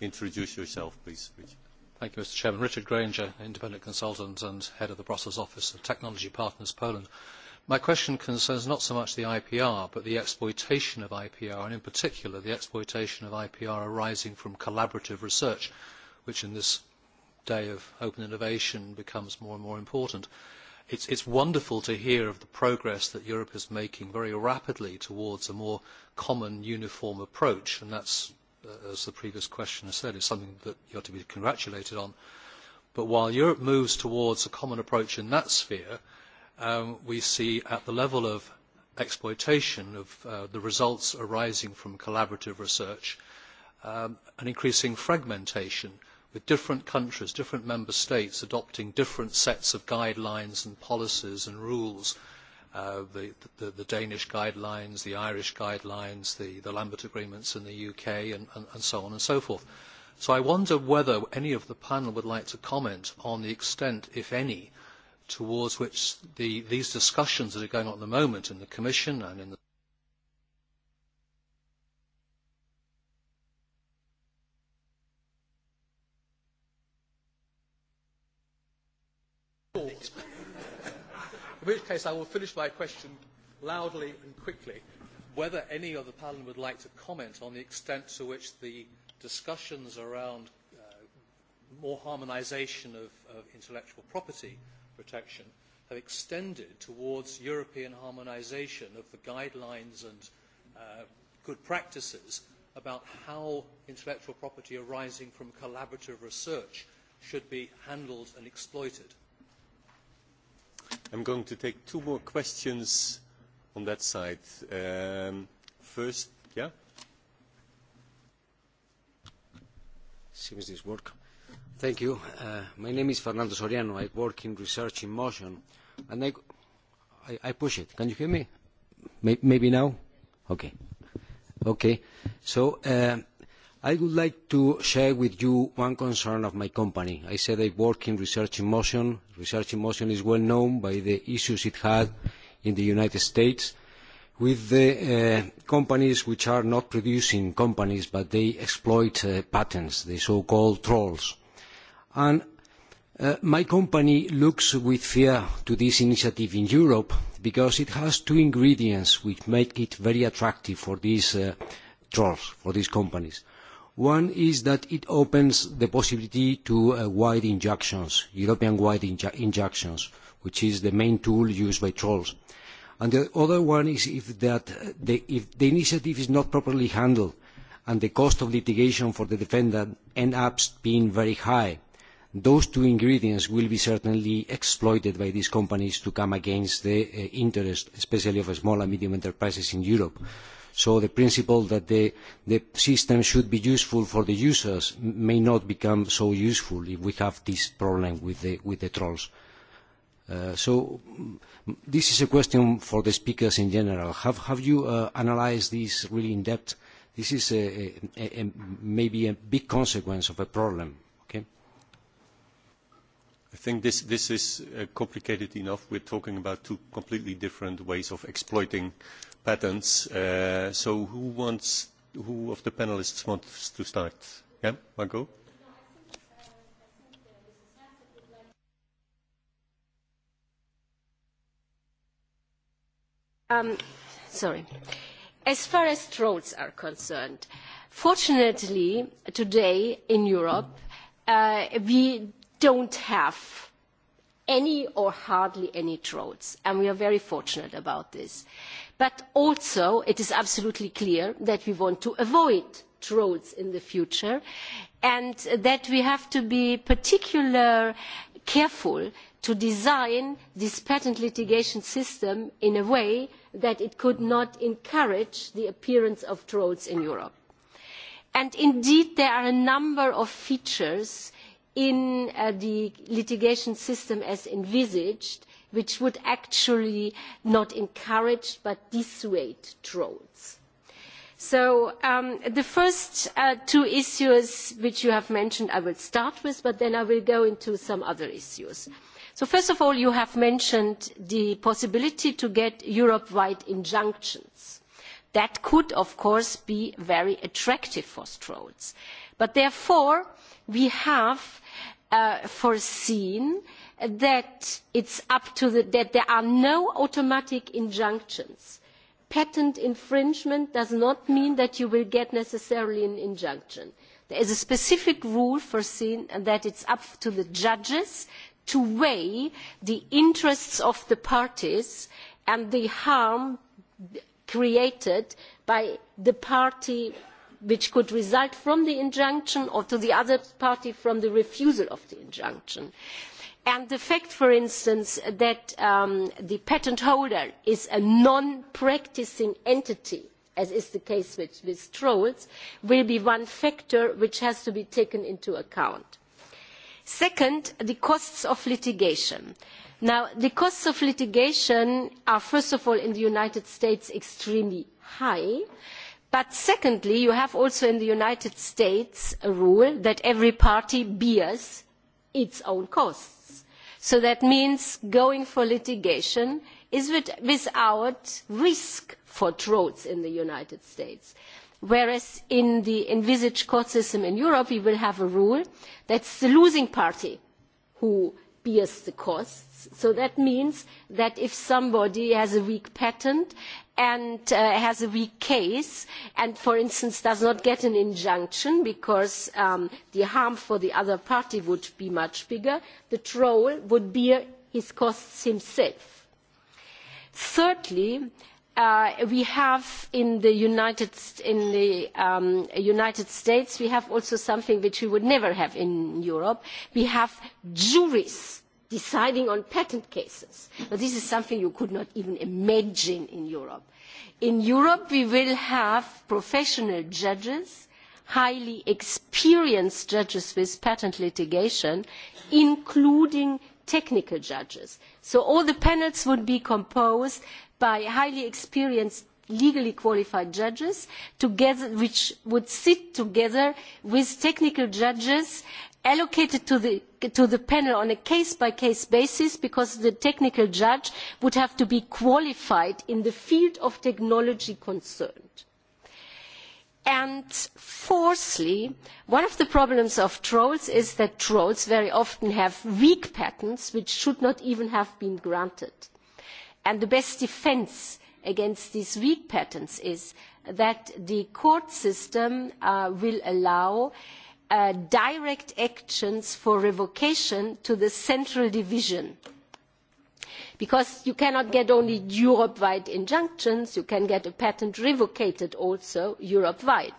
introduce yourself, please. Richard. Thank you, Mr. Chairman. Richard Granger, independent consultant and head of the Brussels office of Technology Partners Poland. Uh, My question concerns not so much the IPR, but the exploitation of IPR, and in particular the exploitation of IPR arising from collaborative research, which in this day of open innovation becomes more and more important. It is wonderful to hear of the progress that Europe is making very rapidly towards a more common, uniform approach, and that is, as the previous questioner said, is something that you ought to be congratulated on. But while Europe moves towards a common approach in that sphere, we see at the level of exploitation of the results arising from collaborative research an increasing fragmentation with different countries, different member states adopting different sets of guidelines and policies and rules. the, Danish guidelines, the Irish guidelines, the, Lambert agreements in the UK, and, so on and so forth. So I wonder whether any of the panel would like to comment on the extent, if any, towards which the, these discussions that are going on at the moment in the Commission and in the In which case I will finish my question loudly and quickly whether any of the panel would like to comment on the extent to which the discussions around more harmonisation of, intellectual property protection have extended towards European harmonisation of the guidelines and good practices about how intellectual property arising from collaborative research should be handled and exploited. I'm going to take two more questions on that side. first, yeah? Seems this work. Thank you. Uh, my name is Fernando Soriano. I work in research in motion, and I, I, I push it. Can you hear me? Maybe now. Okay. Okay. So uh, I would like to share with you one concern of my company. I said I work in research in motion. Research in motion is well known by the issues it had in the United States with the companies which are not producing companies, but they exploit patents, the so-called trolls And my company looks with fear to this initiative in Europe because it has two ingredients which make it very attractive for these trolls, for these companies. One is that it opens the possibility to wide injunctions, European-wide injunctions, which is the main tool used by trolls. And the other one is if, that if the initiative is not properly handled and the cost of litigation for the defendant ends up being very high, those two ingredients will be certainly exploited by these companies to come against the interest, especially of small and medium enterprises in Europe. So the principle that the, system should be useful for the users may not become so useful if we have this problem with the, with the trolls. so this is a question for the speakers in general. Have, have you analysed this really in depth? This is a, maybe a big consequence of a problem I think this, this is uh, complicated enough. We're talking about two completely different ways of exploiting patents. Uh, so who wants, who of the panelists wants to start? Yeah, Margot? Um, sorry. As far as trolls are concerned, fortunately, today in Europe, uh, we don't have any or hardly any droughts, and we are very fortunate about this. But also, it is absolutely clear that we want to avoid droughts in the future, and that we have to be particularly careful to design this patent litigation system in a way that it could not encourage the appearance of droughts in Europe. And indeed, there are a number of features in the litigation system as envisaged, which would actually not encourage but dissuade trolls. So the first two issues which you have mentioned I will start with, but then I will go into some other issues. So first of all, you have mentioned the possibility to get Europe-wide injunctions. That could, of course, be very attractive for trolls. But therefore, we have foreseen that it's up to the, that there are no automatic injunctions. Patent infringement does not mean that you will get necessarily an injunction. There is a specific rule foreseen that it's up to the judges to weigh the interests of the parties and the harm created by the party which could result from the injunction or to the other party from the refusal of the injunction. And the fact, for instance, that the patent holder is a non-practising entity, as is the case with trolls, will be one factor which has to be taken into account. Second, the costs of litigation. Now, the costs of litigation are, first of all, in the United States extremely high but secondly you have also in the united states a rule that every party bears its own costs so that means going for litigation is without risk for trolls in the united states whereas in the envisaged court system in europe we will have a rule that it is the losing party who bears the cost So that means that if somebody has a weak patent and has a weak case and, for instance, does not get an injunction because the harm for the other party would be much bigger, the troll would bear his costs himself. Thirdly, we have in the United, States, we have also something which we would never have in Europe. We have juries deciding on patent cases. this is something you could not even imagine in Europe. In Europe, we will have professional judges, highly experienced judges with patent litigation, including technical judges. So all the panels would be composed by highly experienced legally qualified judges which would sit together with technical judges allocated to the panel on a case by case basis because the technical judge would have to be qualified in the field of technology concerned. fourthly one of the problems of trolls is that trolls very often have weak patents which should not even have been granted and the best defence against these weak patents is that the court system will allow direct actions for revocation to the central division because you cannot get only europe wide injunctions you can get a patent revocated also europe wide.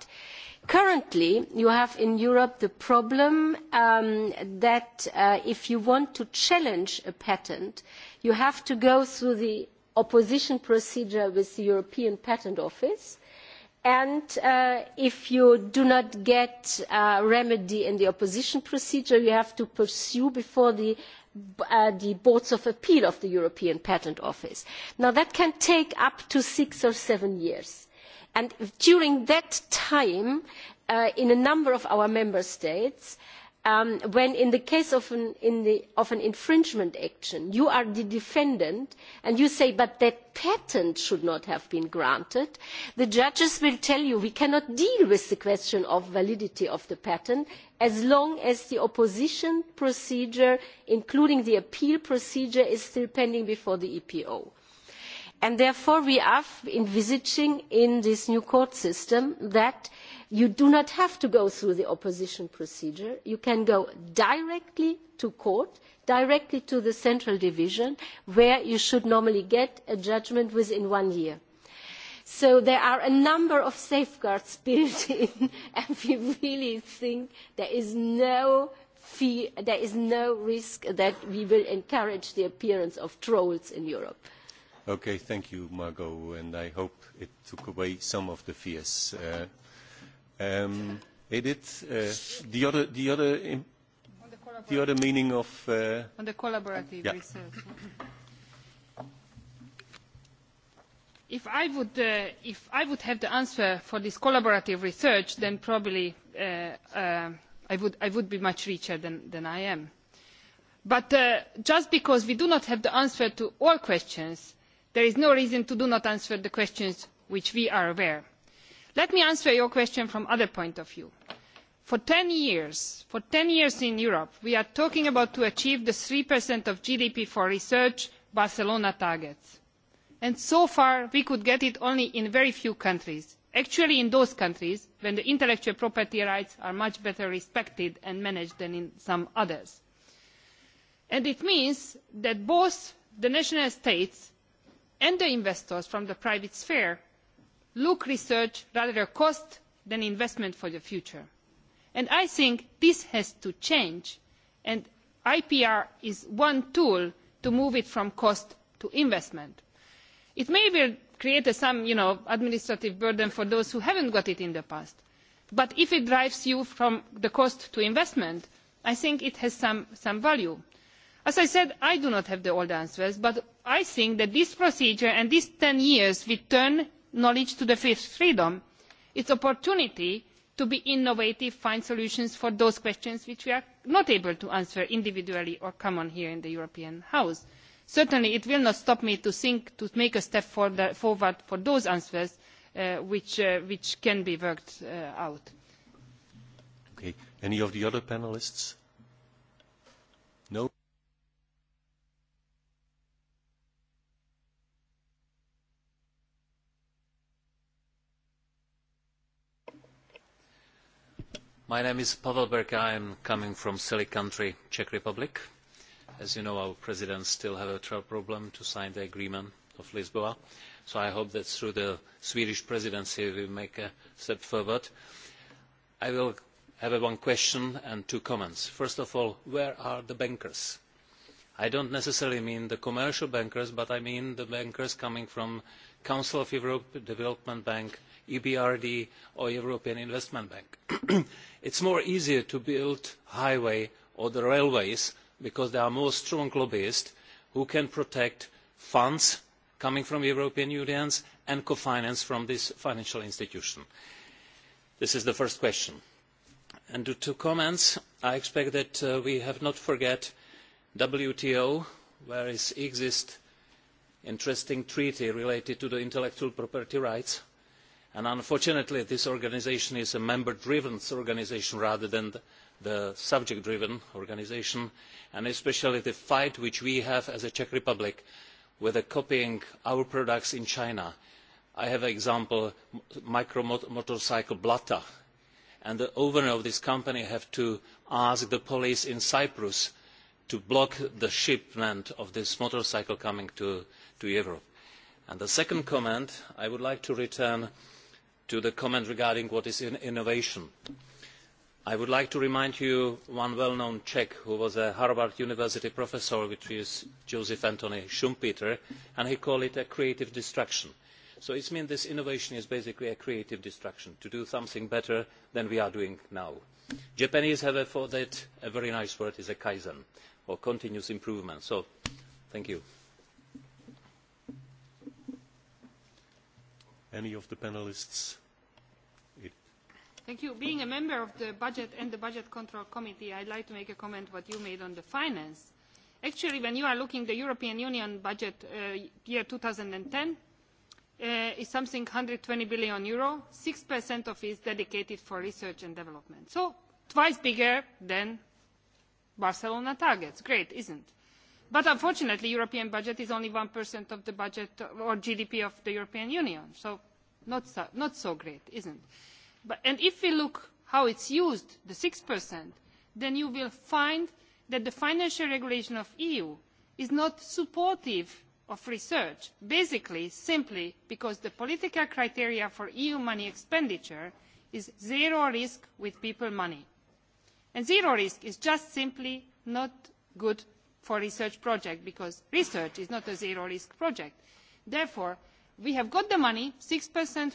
currently you have in europe the problem that if you want to challenge a patent you have to go through the opposition procedure with the european patent office and if you do not get a remedy in the opposition procedure you have to pursue before the boards of appeal of the european patent office. that can take up to six or seven years and during that time in a number of our member states when in the case of an, infringement action, you are the defendant and you say, but that patent should not have been granted, the judges will tell you we cannot deal with the question of validity of the patent as long as the opposition procedure, including the appeal procedure, is still pending before the EPO. therefore, we are envisaging in this new court system that you do not have to go through the opposition procedure you can go directly to court directly to the central division where you should normally get a judgment within one year so there are a number of safeguards built in and we really think there is no there is no risk that we will encourage the appearance of trolls in Europe. Okay, thank you, Margot, and I hope it took away some of the fears. Edith, uh, the other, the other, the other meaning of uh, on the collaborative yeah. research. If I would, uh, if I would have the answer for this collaborative research, then probably uh, uh, I would, I would be much richer than, than I am. But uh, just because we do not have the answer to all questions, there is no reason to do not answer the questions which we are aware let me answer your question from another point of view. for ten years for ten years in europe we have been talking about achieving the three of gdp for research barcelona targets and so far we could get it only in very few countries actually in those countries when the intellectual property rights are much better respected and managed than in some others. it means that both the national states and the investors from the private sphere look research rather a cost than investment for the future. And I think this has to change, and IPR is one tool to move it from cost to investment. It may well create some administrative burden for those who haven't got it in the past, but if it drives you from the cost to investment, I think it has some, some value. As I said, I do not have the old answers, but I think that this procedure and these ten years will turn knowledge to the fifth freedom it is an opportunity to be innovative and find solutions for those questions which we are not able to answer individually or common here in the european house. certainly it will not stop me from thinking to make a step forward for those answers which can be worked out. any of the other no? My name is Pavel Berka. I am coming from silly country, Czech Republic. As you know, our presidents still have a problem to sign the agreement of Lisboa. So I hope that through the Swedish presidency we make a step forward. I will have one question and two comments. First of all, where are the bankers? I don't necessarily mean the commercial bankers, but I mean the bankers coming from Council of Europe, Development Bank, EBRD or European Investment Bank. It is more easier to build highways or railways because there are more strong lobbyists who can protect funds coming from European Union and co-finance from this financial institution. This is the first question. And the two comments, I expect that we have not the WTO, where exists an interesting treaty related to intellectual property rights unfortunately this organisation is a member driven organisation rather than the subject driven organisation and especially the fight which we have as the czech republic with copying our products in china i have an example micro motorcycle blatta and the owner of this company had to ask the police in cyprus to block the shipment of this motorcycle coming to europe. the second comment i would like to return to to the comment regarding what is innovation. I would like to remind you of one well-known Czech who was a Harvard University professor, which is Joseph Anthony Schumpeter, and he called it a creative destruction. So it means this innovation is basically a creative destruction, to do something better than we are doing now. Japanese have for that a very nice word, is a kaizen, or continuous improvement. So, thank you. Any of the panelists? Thank you. Being a member of the Budget and the Budget Control Committee, I'd like to make a comment what you made on the finance. Actually, when you are looking at the European Union budget uh, year 2010, uh, is something 120 billion euro. 6% of it is dedicated for research and development. So twice bigger than Barcelona targets. Great, isn't it? But unfortunately, the European budget is only one percent of the budget or GDP of the European Union, so not so, not so great, isn't it? But, and if we look how it's used, the six percent, then you will find that the financial regulation of the EU is not supportive of research, basically simply because the political criteria for EU money expenditure is zero risk with people money. And zero risk is just simply not good for research projects because research is not a zero risk project. therefore we have got the money a six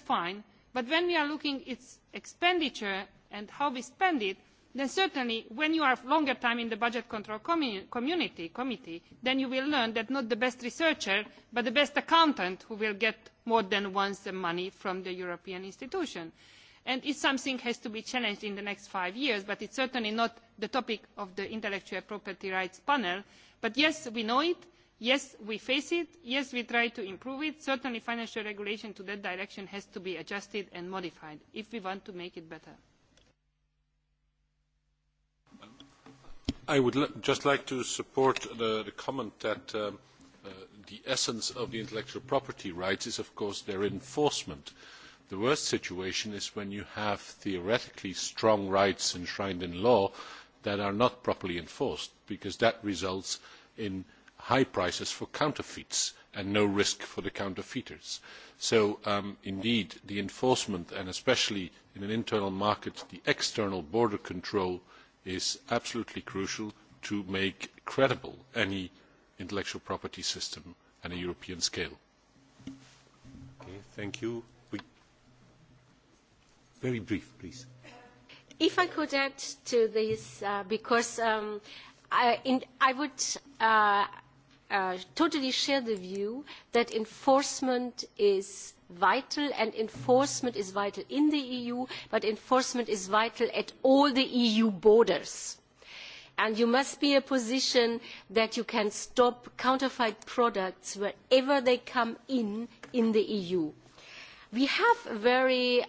fine but when we are looking at its expenditure and how we spend it then certainly when you are a longer time in the budget control committee then you will learn that not the best researcher but the best accountant who will get more than once the money from the european institution. and if something has to be challenged in the next five years but it is certainly not the topic of the intellectual property rights panel but yes we know it yes we face it yes we try to improve it certainly financial regulation to that direction has to be adjusted and modified if we want to make it better i would just like to support the, the comment that the essence of the intellectual property rights is of course their enforcement the worst situation is when you have theoretically strong rights enshrined in law that are not properly enforced because that results in high prices for counterfeits and no risk for the counterfeiters. So indeed, the enforcement and especially in an internal market, the external border control is absolutely crucial to make credible any intellectual property system at a European scale. Very brief, please. If I could add to this, uh, because um, I, in, I would uh, uh, totally share the view that enforcement is vital and enforcement is vital in the EU, but enforcement is vital at all the EU borders. And you must be in a position that you can stop counterfeit products wherever they come in in the EU We have a very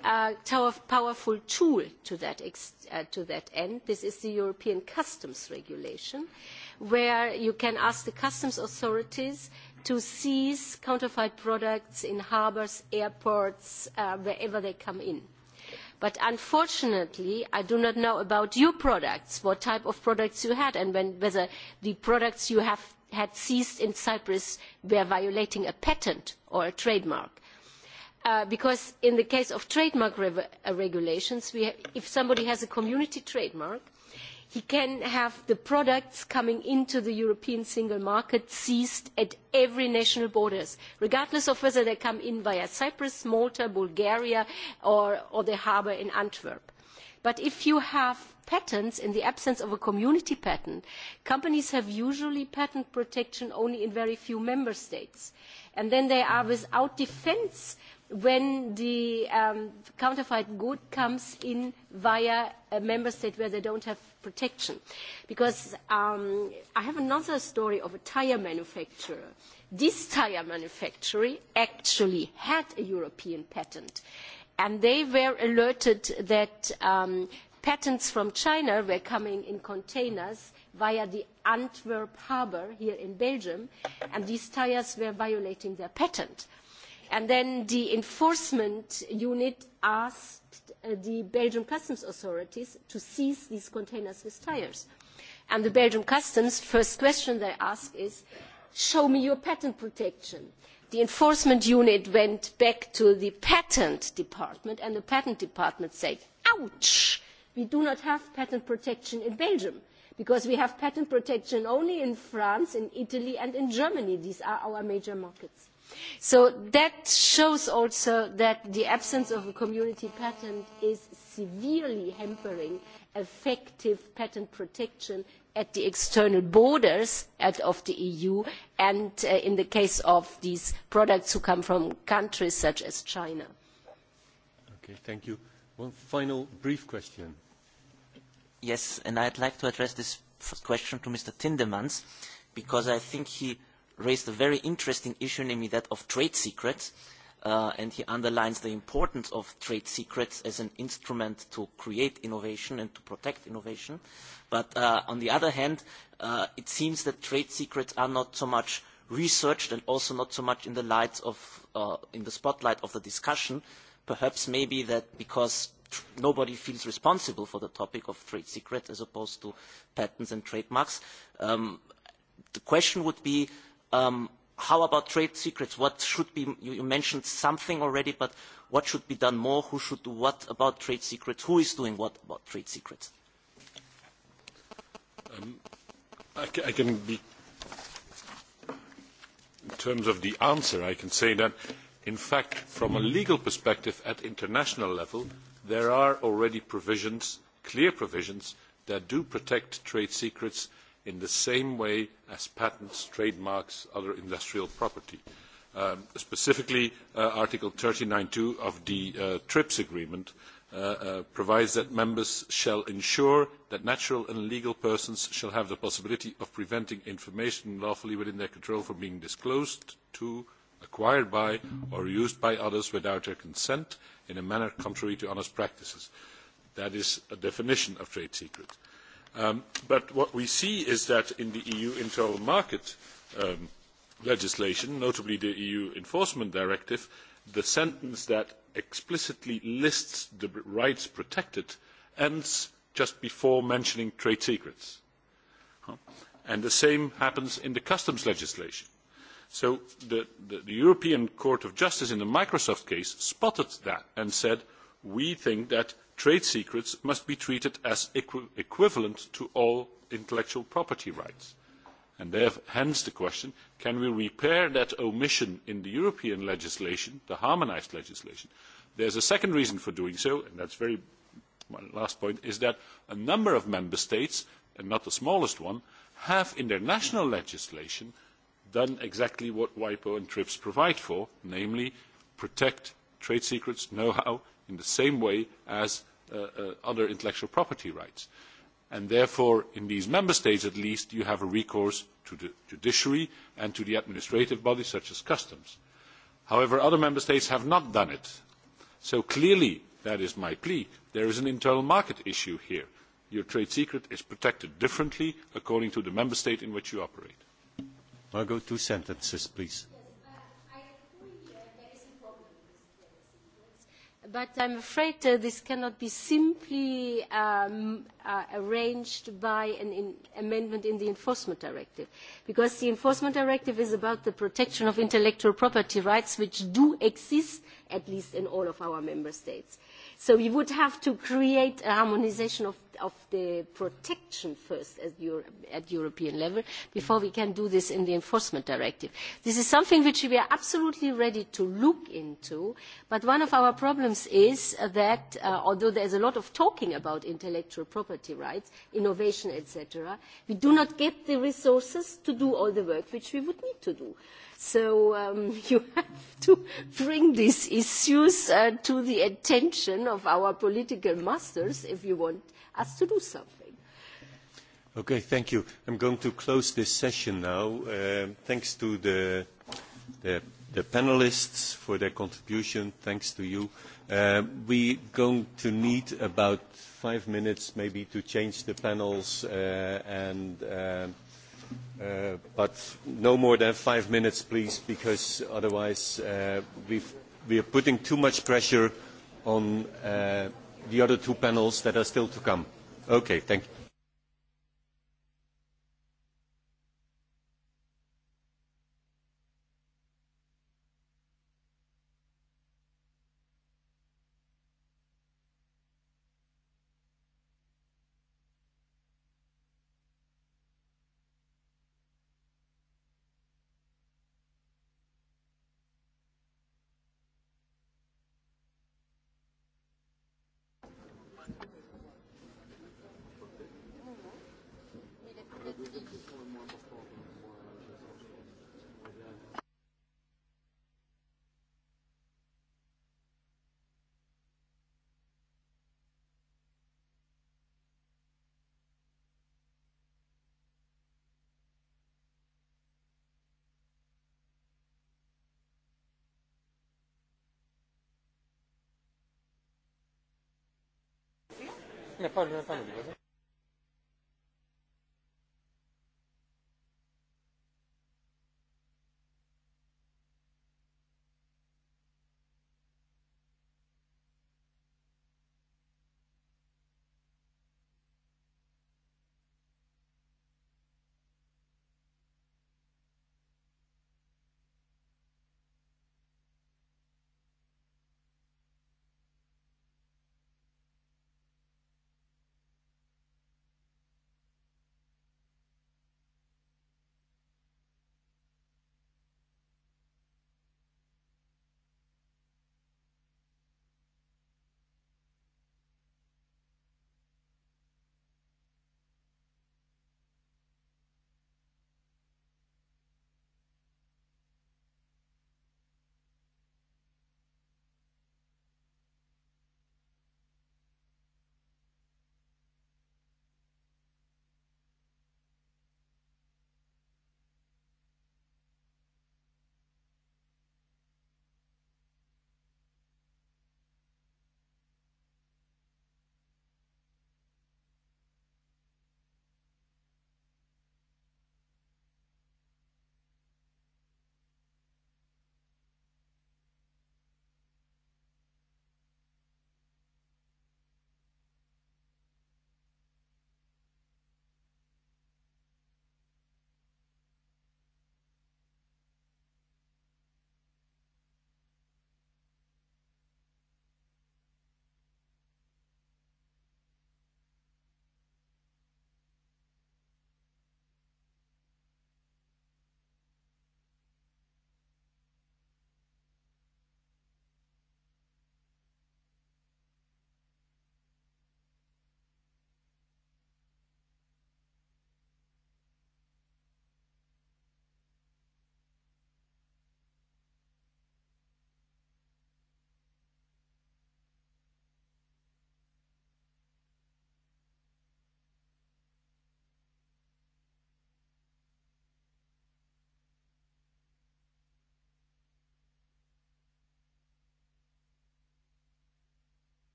powerful tool to that, end. This is the European Customs Regulation, where you can ask the customs authorities to seize counterfeit products in harbours, airports, wherever they come in. But unfortunately, I do not know about your products, what type of products you had, and whether the products you have had seized in Cyprus were violating a patent or a trademark because in the case of trademark regulations, if somebody has a community trademark, he can have the products coming into the European single market seized at every national border, regardless of whether they come in via Cyprus, Malta, Bulgaria, or, the harbour in Antwerp. But if you have patents in the absence of a community patent, companies have usually patent protection only in very few member states. And then they are without defence when the um, counterfeit good comes in via a member state where they don't have protection. Because um, I have another story of a tyre manufacturer. This tyre manufacturer actually had a European patent. And they were alerted that um, patents from China were coming in containers via the Antwerp harbour here in Belgium, and these tyres were violating their patent And then the enforcement unit asked the Belgian customs authorities to seize these containers with tyres. And the Belgian customs first question they ask is, show me your patent protection. The enforcement unit went back to the patent department and the patent department said, ouch, we do not have patent protection in Belgium because we have patent protection only in France, in Italy and in Germany. These are our major markets So that shows also that the absence of a community patent is severely hampering effective patent protection at the external borders of the EU and in the case of these products who come from countries such as China. One final brief question. Yes, and would like to address this question to Mr. Tindemans because I think he raised a very interesting issue, namely that of trade secrets, and he underlines the importance of trade secrets as an instrument to create innovation and to protect innovation. But on the other hand, it seems that trade secrets are not so much researched and also not so much in the, light of, in the spotlight of the discussion. Perhaps maybe that because nobody feels responsible for the topic of trade secrets as opposed to patents and trademarks. the question would be, how about trade secrets? What should be, you, you mentioned something already, but what should be done more? Who should do what about trade secrets? Who is doing what about trade secrets? I can be in terms of the answer, I can say that, in fact, from a legal perspective at international level, there are already provisions, clear provisions, that do protect trade secrets in the same way as patents, trademarks, and other industrial property. specifically, Article thirty nine two of the TRIPS agreement provides that members shall ensure that natural and legal persons shall have the possibility of preventing information lawfully within their control from being disclosed to, acquired by, or used by others without their consent in a manner contrary to honest practices. That is a definition of trade secret but what we see is that in the EU internal market legislation, notably the EU Enforcement Directive, the sentence that explicitly lists the rights protected ends just before mentioning trade secrets. And the same happens in the customs legislation. So the, European Court of Justice in the Microsoft case spotted that and said, we think that trade secrets must be treated as equivalent to all intellectual property rights. And hence the question, can we repair that omission in the European legislation, the harmonised legislation? There is a second reason for doing so, and that is very my last point, is that a number of member states, and not the smallest one, have in their national legislation done exactly what WIPO and TRIPS provide for, namely protect trade secrets, know-how, in the same way as other intellectual property rights. And therefore, in these member states at least, you have a recourse to the judiciary and to the administrative bodies such as customs. However, other member states have not done it. So clearly, that is my plea, there is an internal market issue here. Your trade secret is protected differently according to the member state in which you operate. two sentences, please but I am afraid this cannot be simply arranged by an amendment in the Enforcement Directive, because the Enforcement Directive is about the protection of intellectual property rights, which do exist, at least in all of our member states. So we would have to create a harmonisation of of the protection first at, European level before we can do this in the enforcement directive. This is something which we are absolutely ready to look into, but one of our problems is that although there is a lot of talking about intellectual property rights, innovation, etc., we do not get the resources to do all the work which we would need to do. So you have to bring these issues to the attention of our political masters if you want us to do something. Okay, thank you. I'm going to close this session now. thanks to the, the, the panelists for their contribution. Thanks to you. we're going to need about five minutes maybe to change the panels and but no more than five minutes, please, because otherwise we've we are putting too much pressure on uh the other two panels that are still to come. Okay, thank you. Il n'y a pas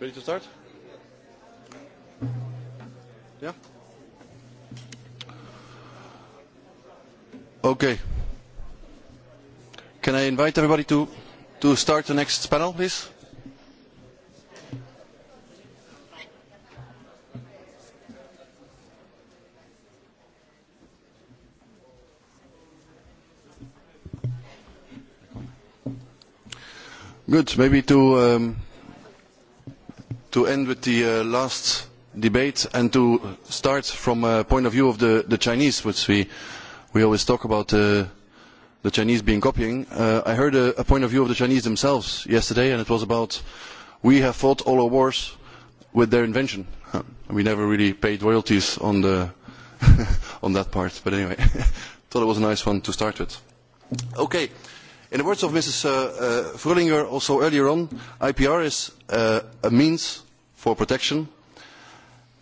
Ready to start? Yeah? Okay. Can I invite everybody to, to start the next panel, please? Good. Maybe to um, to end with the last debate and to start from a point of view of the, the Chinese, which we, we always talk about uh, the Chinese being copying. Uh, I heard a, a point of view of the Chinese themselves yesterday, and it was about we have fought all our wars with their invention. We never really paid royalties on the on that part, but anyway, thought it was a nice one to start with. Okay. In the words of Mrs. Uh, Frullinger also earlier on, IPR is a means for protection,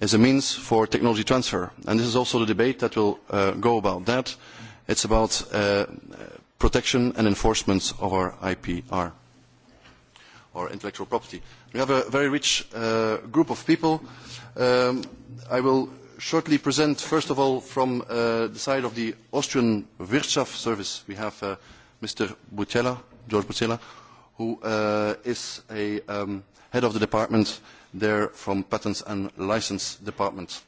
is a means for technology transfer. And this is also the debate that will go about that. It's about protection and enforcement of our IPR or intellectual property. We have a very rich group of people. I will shortly present, first of all, from the side of the Austrian Wirtschaft Service, we have Mr. Butella, George Butella, who uh, is a um, head of the department there from Patents and License Department.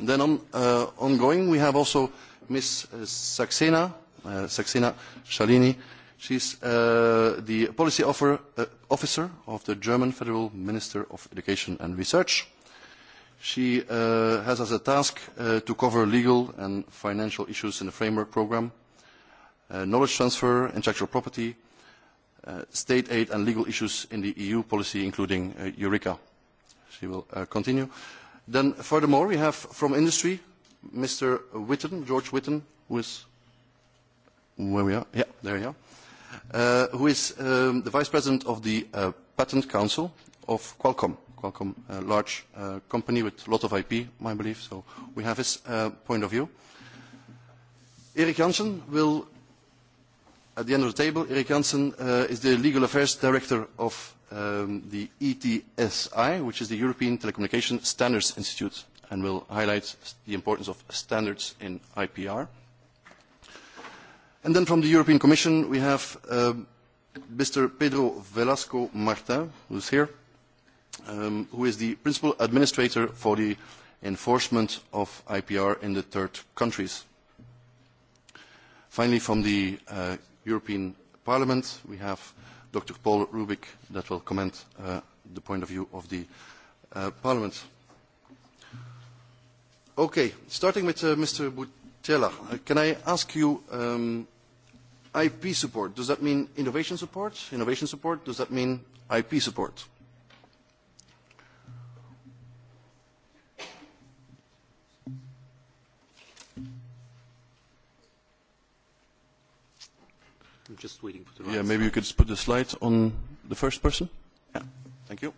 Then on, uh, ongoing, we have also Ms. Saxena, uh, Saxena Shalini. She's uh, the policy offer, uh, officer of the German Federal Minister of Education and Research. She uh, has as a task uh, to cover legal and financial issues in the framework programme knowledge transfer, intellectual property, state aid and legal issues in the EU policy, including Eureka. She will continue. Then furthermore, we have from industry, Mr. Witten, George Witten, who is where we are. Yeah, there we are. who is the Vice President of the Patent Council of Qualcomm. Qualcomm, a large company with a lot of IP, I believe, so we have his point of view. Erik Jansen will at the end of the table, Erik Janssen uh, is the Legal Affairs Director of um, the ETSI, which is the European Telecommunication Standards Institute, and will highlight the importance of standards in IPR. And then from the European Commission, we have um, Mr. Pedro Velasco Martin, who is here, um, who is the Principal Administrator for the enforcement of IPR in the third countries. Finally, from the uh, European Parliament. We have Dr. Paul Rubik that will comment on the point of view of the Parliament. Okay, starting with Mr. Butella, can I ask you IP support, does that mean innovation support? Innovation support, does that mean IP support? I'm just waiting for the right. Yeah, maybe you could just put the slide on the first person. Yeah, thank you.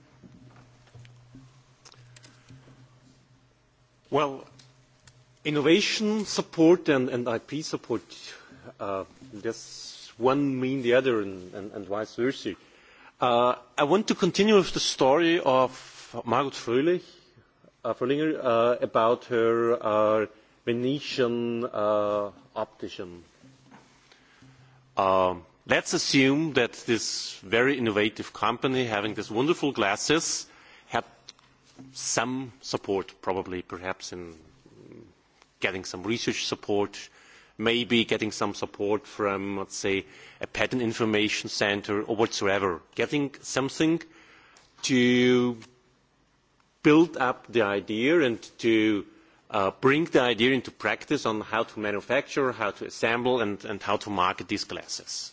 Well, innovation support and, and IP support, uh, that's one mean the other and, and, and vice versa. Uh, I want to continue with the story of Margot Fröhlich, uh, Fröhlinger uh, about her uh, Venetian uh, optician let us assume that this very innovative company having these wonderful glasses had some support probably perhaps in getting some research support maybe getting some support from let's say a patent information centre or whatsoever getting something to build up the idea and to bring the idea into practice on how to manufacture, how to assemble, and, how to market these glasses.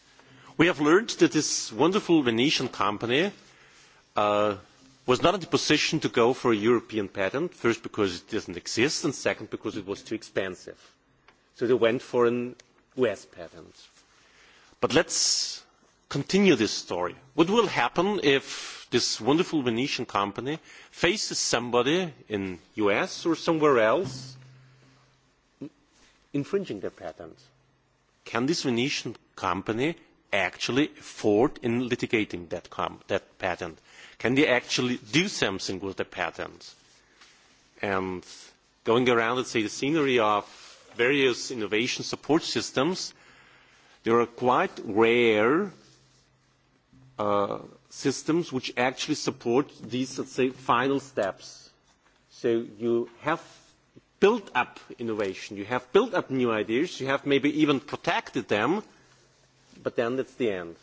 We have learned that this wonderful Venetian company was not in the position to go for a European patent, first because it does not exist, and second because it was too expensive. So they went for an US patent. But let us continue this story. What will happen if this wonderful Venetian company faces somebody in the US or somewhere else infringing their patent. Can this Venetian company actually afford in litigating that, com- that patent? Can they actually do something with the patent? And going around, let's say, the scenery of various innovation support systems, there are quite rare uh, systems which actually support these, let's say, final steps. So you have built up innovation, you have built up new ideas, you have maybe even protected them, but then that's the end.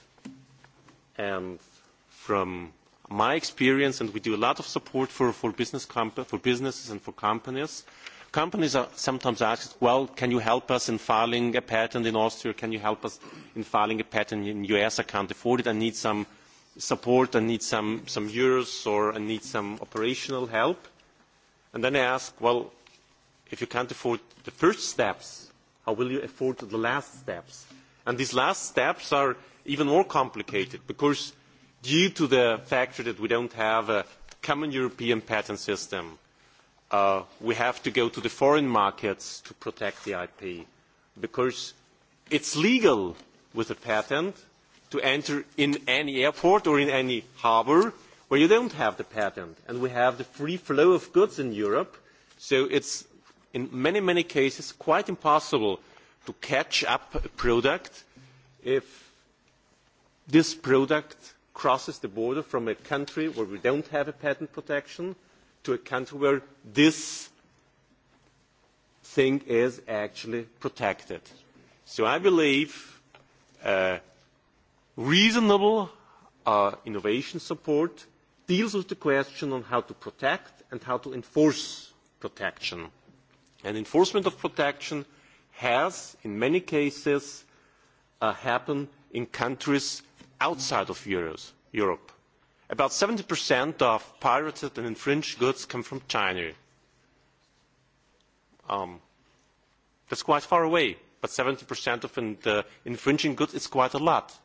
And from my experience, and we do a lot of support for, for, business comp- for businesses and for companies, companies are sometimes asked, well, can you help us in filing a patent in Austria? Can you help us in filing a patent in the US? I can't afford it. I need some support and need some, some euros or and need some operational help. And then I ask, well, if you can't afford the first steps, how will you afford the last steps? And these last steps are even more complicated because due to the fact that we don't have a common European patent system, we have to go to the foreign markets to protect the IP because it's legal with a patent – to enter in any airport or in any harbour where you don't have the patent. And we have the free flow of goods in Europe, so it's in many, many cases quite impossible to catch up a product if this product crosses the border from a country where we don't have a patent protection to a country where this thing is actually protected. So I believe uh, reasonable innovation support deals with the question on how to protect and how to enforce protection. And enforcement of protection has, in many cases, happened in countries outside of Europe. About 70% of pirated and infringed goods come from China. Um, that's quite far away, but 70% of infringing goods is quite a lot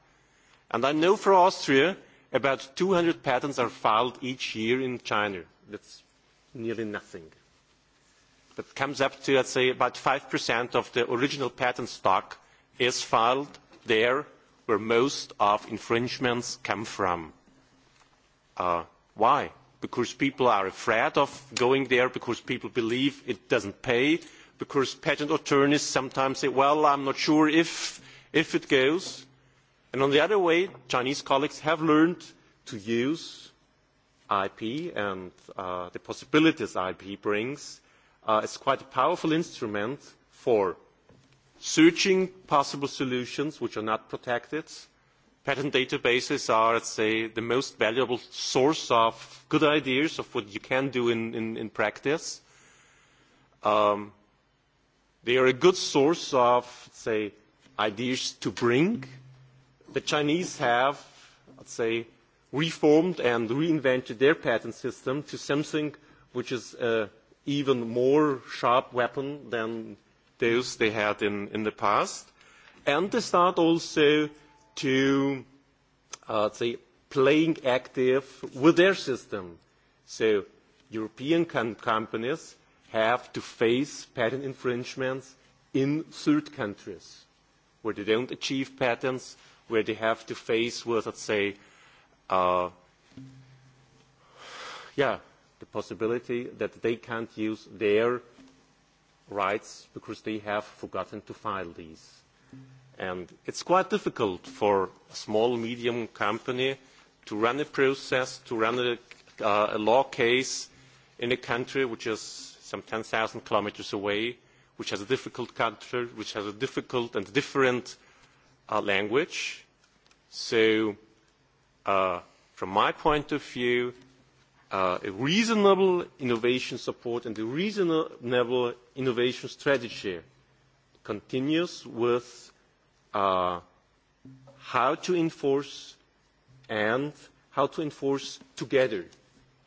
i know for austria about two hundred patents are filed each year in china is nearly nothing that comes up to let's say about five of the original patent stock is filed there where most of infringements come from. why? Because people are afraid of going there, because people believe it doesn't pay, because patent attorneys sometimes say, well, I'm not sure if, if it goes on the other way chinese colleagues have learned to use ip and the possibilities ip brings as quite a powerful instrument for searching possible solutions which are not protected. patent databases are let us say the most valuable source of good ideas of what you can do in practice. they are a good source of say ideas to bring the Chinese have, let's say, reformed and reinvented their patent system to something which is an even more sharp weapon than those they had in, in the past. And they start also to, uh, let's say, playing active with their system. So European companies have to face patent infringements in third countries where they don't achieve patents where they have to face with, let's say, uh, yeah, the possibility that they can't use their rights because they have forgotten to file these. And it's quite difficult for a small, medium company to run a process, to run a, uh, a law case in a country which is some 10,000 kilometers away, which has a difficult culture, which has a difficult and different uh, language. So, uh, from my point of view, uh, a reasonable innovation support and a reasonable innovation strategy continues with uh, how to enforce and how to enforce together.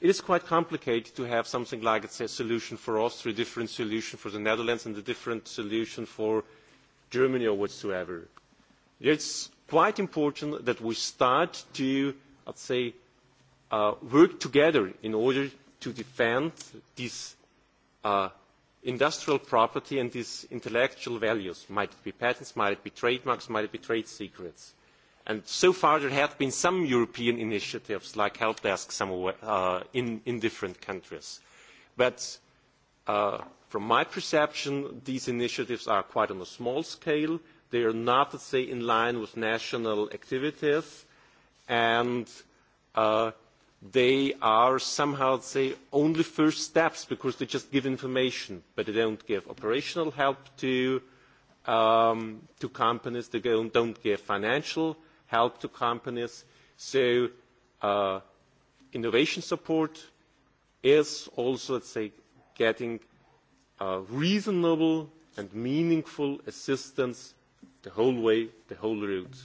It is quite complicated to have something like it's a solution for Austria, a different solution for the Netherlands, and a different solution for Germany or whatsoever It is quite important that we start to, let's say, work together in order to defend this industrial property and these intellectual values. Might it be patents, might it be trademarks, might it be trade secrets. And so far there have been some European initiatives like help desk somewhere uh, in, in different countries. But uh, from my perception, these initiatives are quite on a small scale They are not, let's say, in line with national activities, and uh, they are somehow, let's say, only first steps because they just give information, but they don't give operational help to um, to companies. They don't, don't give financial help to companies. So uh, innovation support is also, let's say, getting uh, reasonable and meaningful assistance the whole way, the whole route.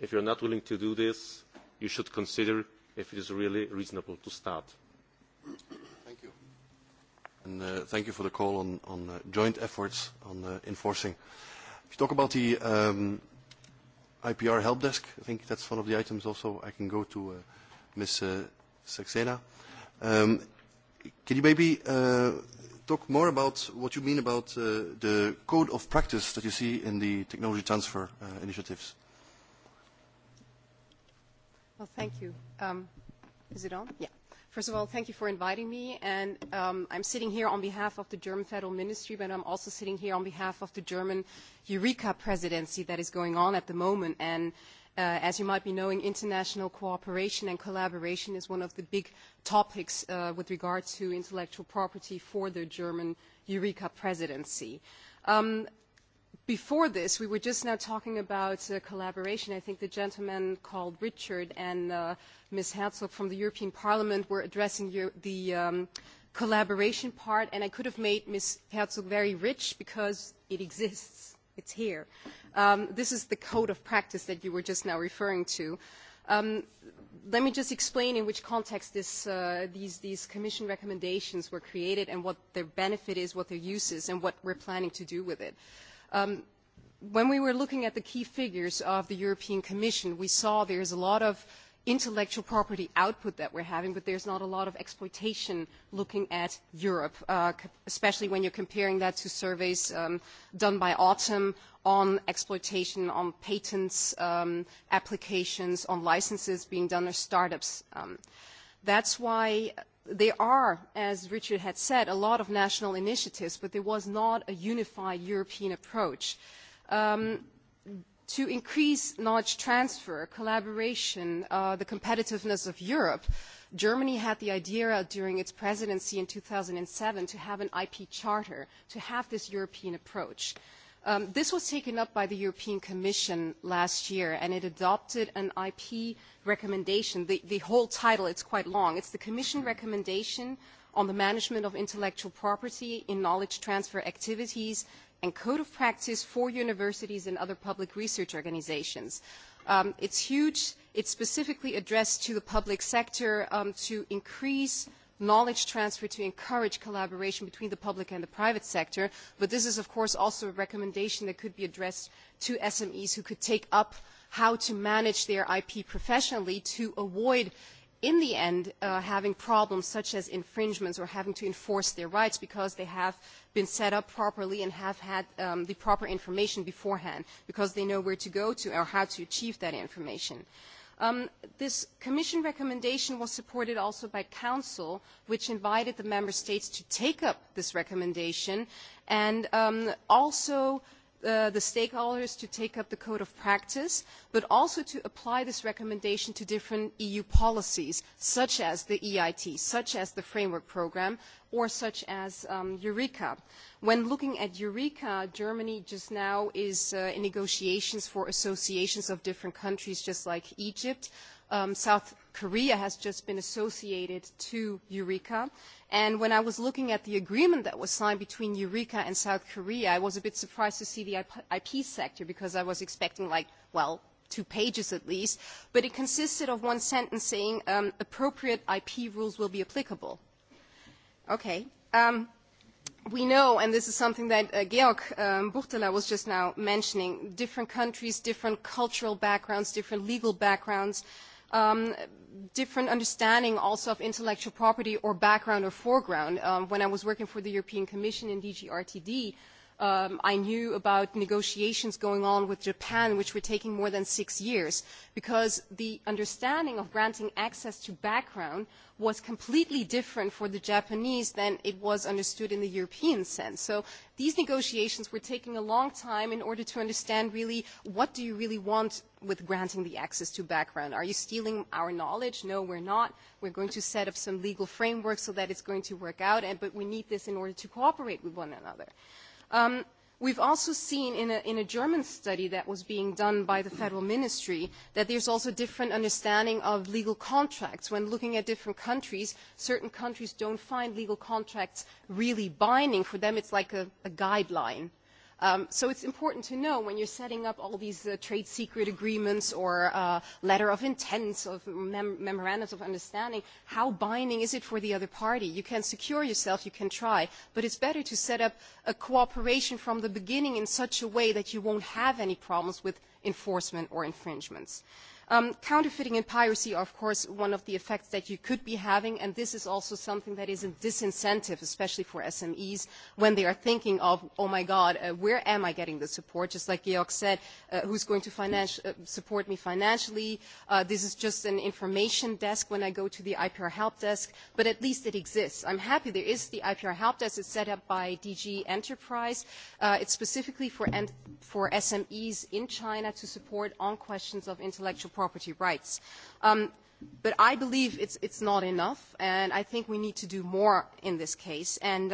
If you are not willing to do this, you should consider if it is really reasonable to start. Thank you. And uh, thank you for the call on, on uh, joint efforts on uh, enforcing. If you talk about the um, IPR help desk, I think that's one of the items also I can go to uh, Ms. Uh, Saxena. Um, can you maybe uh, talk more about what you mean about the code of practice that you see in the technology transfer initiatives. Well, thank you. Um, is it on? Yeah. First of all, thank you for inviting me. And um, I'm sitting here on behalf of the German Federal Ministry, but I'm also sitting here on behalf of the German Eureka presidency that is going on at the moment. And as you might be knowing, international cooperation and collaboration is one of the big topics with regard to intellectual property for the German Eureka presidency. before this, we were just now talking about collaboration. I think the gentleman called Richard and Ms. Herzog from the European Parliament were addressing the collaboration part, and I could have made Ms. Herzog very rich because it exists it's here. Um, this is the code of practice that you were just now referring to. Um, let me just explain in which context this, uh, these, these commission recommendations were created and what their benefit is, what their use is, and what we're planning to do with it. Um, when we were looking at the key figures of the European Commission, we saw there's a lot of intellectual property output that we're having, but there's not a lot of exploitation looking at Europe, especially when you're comparing that to surveys done by Autumn on exploitation, on patents applications, on licenses being done or startups. That's why there are, as Richard had said, a lot of national initiatives, but there was not a unified European approach. Um, to increase knowledge transfer, collaboration, the competitiveness of Europe, Germany had the idea during its presidency in two thousand seven to have an IP charter, to have this European approach. this was taken up by the European Commission last year, and it adopted an IP recommendation. The, the whole title, is quite long. It's the Commission recommendation on the management of intellectual property in knowledge transfer activities and code of practice for universities and other public research organisations. It is huge. It is specifically addressed to the public sector to increase knowledge transfer to encourage collaboration between the public and the private sector. But this is, of course, also a recommendation that could be addressed to SMEs who could take up how to manage their IP professionally to avoid in the end having problems such as infringements or having to enforce their rights because they have been set up properly and have had um, the proper information beforehand because they know where to go to or how to achieve that information. Um, this Commission recommendation was supported also by Council, which invited the Member States to take up this recommendation and um, also the stakeholders to take up the code of practice, but also to apply this recommendation to different EU policies, such as the EIT, such as the Framework Programme, or such as Eureka. When looking at Eureka, Germany just now is in negotiations for associations of different countries, just like Egypt South Korea has just been associated to Eureka. And when I was looking at the agreement that was signed between Eureka and South Korea, I was a bit surprised to see the IP sector because I was expecting, like, well, two pages at least. But it consisted of one sentence saying appropriate IP rules will be applicable. Okay. Um, we know, and this is something that uh, Georg um, Buchtela was just now mentioning, different countries, different cultural backgrounds, different legal backgrounds um, different understanding also of intellectual property or background or foreground. Um, when I was working for the European Commission in DG RTD, I knew about negotiations going on with Japan, which were taking more than six years, because the understanding of granting access to background was completely different for the Japanese than it was understood in the European sense. So these negotiations were taking a long time in order to understand really what do you really want with granting the access to background. Are you stealing our knowledge? No, we're not. We're going to set up some legal framework so that it's going to work out, and, but we need this in order to cooperate with one another. Um, We've also seen in a, in a German study that was being done by the federal ministry that there's also different understanding of legal contracts. When looking at different countries, certain countries don't find legal contracts really binding. For them, it's like a, a guideline Um, so it's important to know when you're setting up all these uh, trade secret agreements or uh, letter of intents of mem- memorandums of understanding, how binding is it for the other party? You can secure yourself, you can try, but it's better to set up a cooperation from the beginning in such a way that you won't have any problems with enforcement or infringements counterfeiting and piracy are, of course, one of the effects that you could be having, and this is also something that is a disincentive, especially for SMEs, when they are thinking of, oh my God, uh, where am I getting the support? Just like Georg said, uh, who's going to uh, support me financially? Uh, this is just an information desk when I go to the IPR help desk, but at least it exists. I'm happy there is the IPR help desk. It's set up by DG Enterprise. Uh, it's specifically for, for SMEs in China to support on questions of intellectual property rights. but I believe it's, it's not enough, and I think we need to do more in this case. And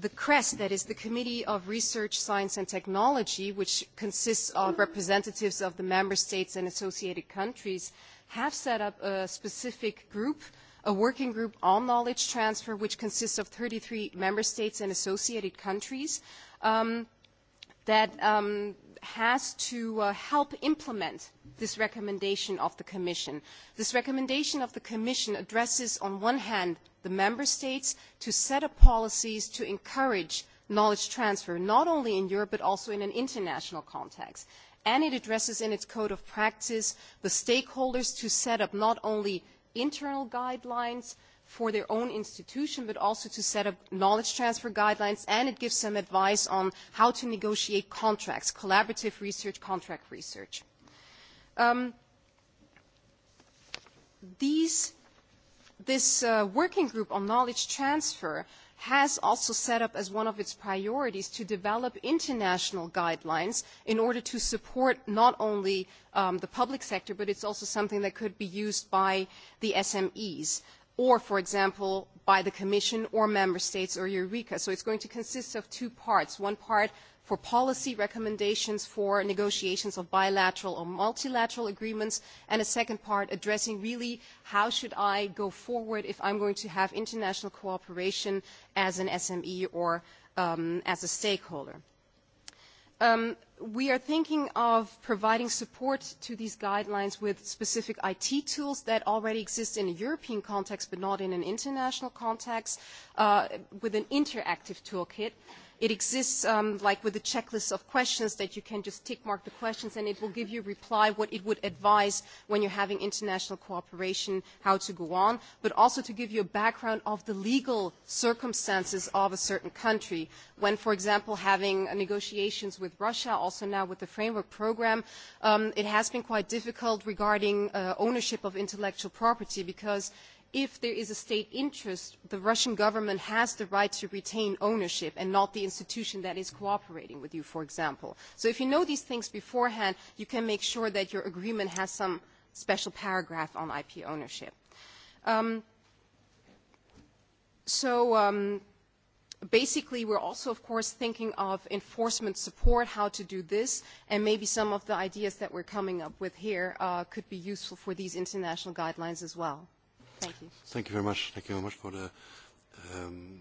the CREST, that is the Committee of Research, Science and Technology, which consists of representatives of the member states and associated countries, have set up a specific group, a working group on knowledge transfer, which consists of thirty three member states and associated countries that has to help implement this recommendation of the Commission. This recommendation of the Commission addresses, on one hand, the Member States to set up policies to encourage knowledge transfer, not only in Europe but also in an international context. And it addresses in its code of practice the stakeholders to set up not only internal guidelines, for their own institution, but also to set up knowledge transfer guidelines, and it gives some advice on how to negotiate contracts, collaborative research, contract research. this working group on knowledge transfer has also set up as one of its priorities to develop international guidelines in order to support not only the public sector, but it is also something that could be used by the SMEs or, for example, by the Commission or Member States or Eureka. So it's going to consist of two parts. One part for policy recommendations for negotiations of bilateral or multilateral agreements, and a second part addressing really how should I go forward if I'm going to have international cooperation as an SME or as a stakeholder we are thinking of providing support to these guidelines with specific IT tools that already exist in a European context but not in an international context with an interactive toolkit It exists um, like with a checklist of questions that you can just tick mark the questions and it will give you a reply what it would advise when you're having international cooperation, how to go on, but also to give you a background of the legal circumstances of a certain country. When, for example, having negotiations with Russia, also now with the framework program, um, it has been quite difficult regarding uh, ownership of intellectual property because if there is a state interest, the Russian government has the right to retain ownership and not the institution that is cooperating with you, for example. So if you know these things beforehand, you can make sure that your agreement has some special paragraph on IP ownership. so basically we're also of course thinking of enforcement support how to do this and maybe some of the ideas that we're coming up with here could be useful for these international guidelines as well Thank you. Thank you very much. Thank you very much for the um,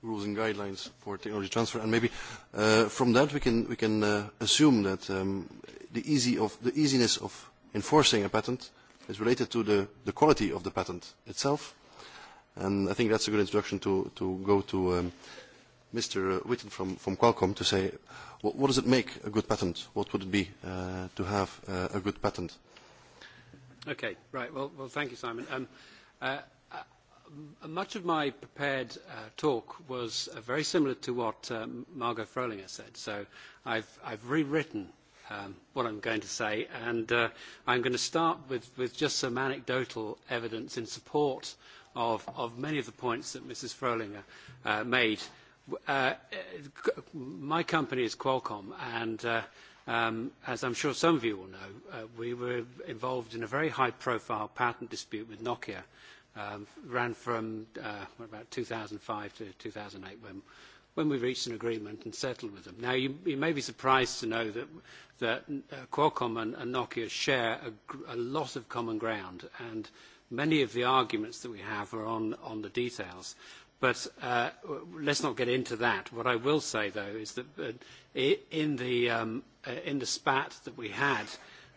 rules and guidelines for technology transfer. And maybe uh, from that we can we can uh, assume that um, the easy of the easiness of enforcing a patent is related to the, the quality of the patent itself. And I think that's a good introduction to, to go to um, Mr. Witten from, from Qualcomm to say, what, what does it make a good patent? What would it be uh, to have uh, a good patent? Okay. Right. Well, well thank you, Simon. Um, uh, uh, much of my prepared uh, talk was uh, very similar to what um, Margot Frolinger said. So I've, I've rewritten um, what I'm going to say, and uh, I'm going to start with, with just some anecdotal evidence in support of, of many of the points that Mrs. Frolinger uh, made. Uh, my company is Qualcomm, and uh, as I am sure some of you will know, we were involved in a very high-profile patent dispute with Nokia, ran from uh, what about 2005 to 2008 when when we reached an agreement and settled with them. Now, you, you may be surprised to know that, that uh, Qualcomm and, and Nokia share a, a lot of common ground, and many of the arguments that we have are on, on the details. But uh, let's not get into that. What I will say, though, is that in the, um, in the spat that we had,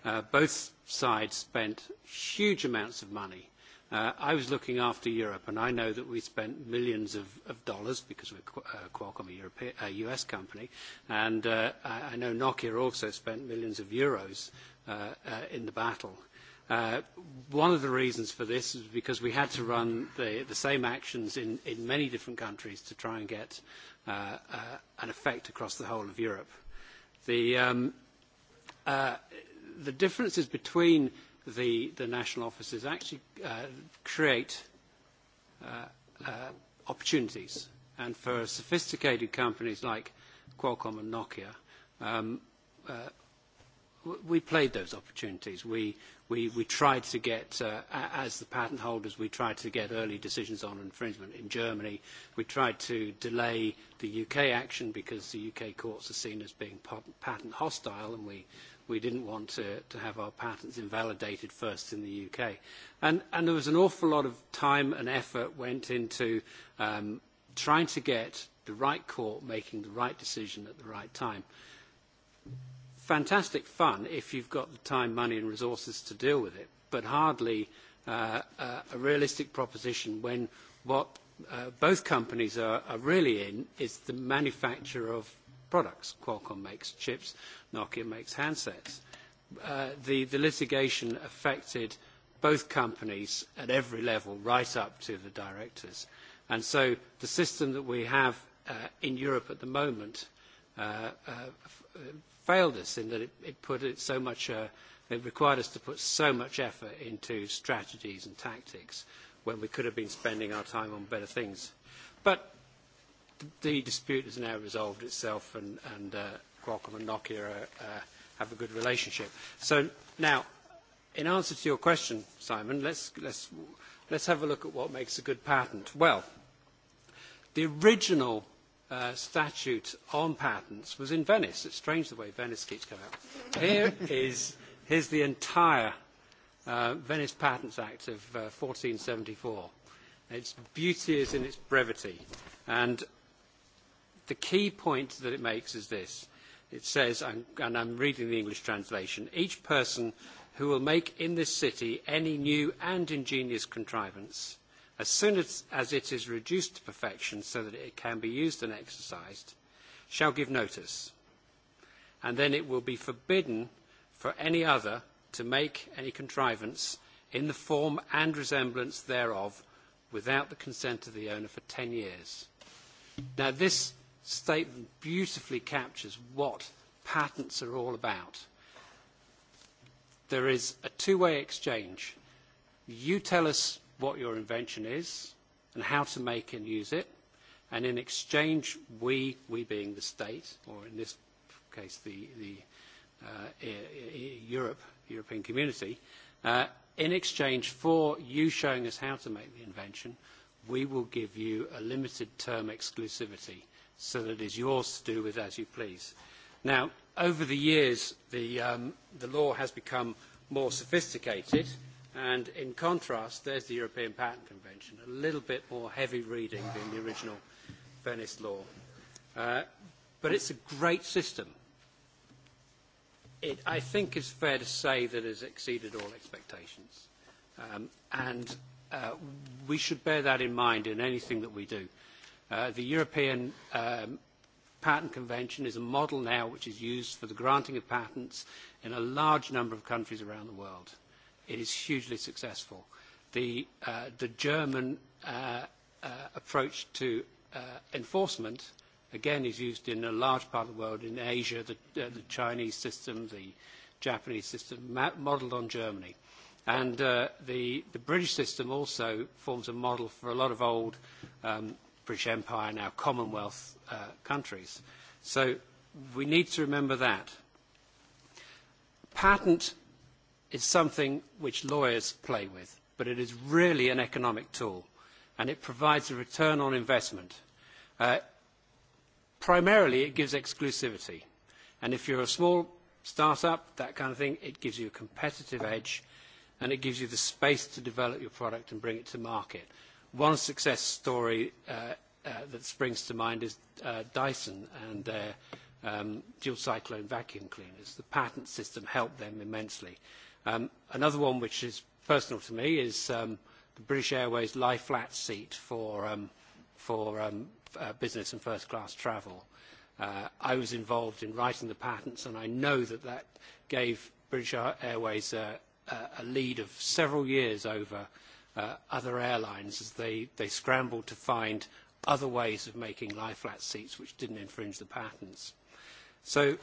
uh, both sides spent huge amounts of money. Uh, I was looking after Europe, and I know that we spent millions of, of dollars because we're uh, Qualcomm, a, European, US company, and uh, I, I know Nokia also spent millions of euros uh, uh, in the battle. One of the reasons for this is because we had to run the, the same actions in, in many different countries to try and get uh, uh, an effect across the whole of Europe. The, um, uh, the differences between the, the national offices actually uh, create uh, uh, opportunities. And for sophisticated companies like Qualcomm and Nokia, um, uh, we played those opportunities. We, we, we tried to get, uh, as the patent holders, we tried to get early decisions on infringement in Germany. We tried to delay the UK action because the UK courts are seen as being patent hostile and we, we didn't want to, to have our patents invalidated first in the UK. And, and there was an awful lot of time and effort went into um, trying to get the right court making the right decision at the right time fantastic fun if you've got the time, money and resources to deal with it, but hardly uh, a realistic proposition when what uh, both companies are, are really in is the manufacture of products. Qualcomm makes chips, Nokia makes handsets. Uh, the, the litigation affected both companies at every level, right up to the directors. And so the system that we have uh, in Europe at the moment uh, uh, failed us in that it, it put it so much, uh, it required us to put so much effort into strategies and tactics when we could have been spending our time on better things. But the dispute has now resolved itself and, and uh, Qualcomm and Nokia uh, have a good relationship. So now, in answer to your question, Simon, let's, let's, let's have a look at what makes a good patent. Well, the original statute on patents was in Venice. It's strange the way Venice keeps coming up. Here is here's the entire uh, Venice Patents Act of uh, 1474. Its beauty is in its brevity. And the key point that it makes is this. It says, and I'm reading the English translation, each person who will make in this city any new and ingenious contrivance – As soon as it is reduced to perfection so that it can be used and exercised, shall give notice. And then it will be forbidden for any other to make any contrivance in the form and resemblance thereof without the consent of the owner for ten years. Now, this statement beautifully captures what patents are all about. There is a two-way exchange. You tell us what your invention is and how to make and use it. And in exchange, we, we being the state, or in this case, the, the uh, Europe, European community, uh, in exchange for you showing us how to make the invention, we will give you a limited term exclusivity so that it is yours to do with as you please. Now, over the years, the, um, the law has become more sophisticated. And in contrast, there's the European Patent Convention, a little bit more heavy reading than the original Venice law. Uh, but it's a great system. It, I think it's fair to say that it has exceeded all expectations. Um, and uh, we should bear that in mind in anything that we do. Uh, the European um, Patent Convention is a model now which is used for the granting of patents in a large number of countries around the world It is hugely successful. The, uh, the German uh, uh, approach to uh, enforcement, again, is used in a large part of the world, in Asia, the, uh, the Chinese system, the Japanese system, modelled on Germany. And uh, the, the British system also forms a model for a lot of old um, British Empire, now Commonwealth uh, countries. So we need to remember that. Patent is something which lawyers play with, but it is really an economic tool, and it provides a return on investment. primarily, it gives exclusivity, and if you're a small start-up, that kind of thing, it gives you a competitive edge, and it gives you the space to develop your product and bring it to market. One success story that springs to mind is Dyson and their dual cyclone vacuum cleaners. The patent system helped them immensely another one which is personal to me is the British Airways lie flat seat for, business and first class travel. I was involved in writing the patents and I know that that gave British Airways a, lead of several years over other airlines as they, they scrambled to find other ways of making lie flat seats which didn't infringe the patents. So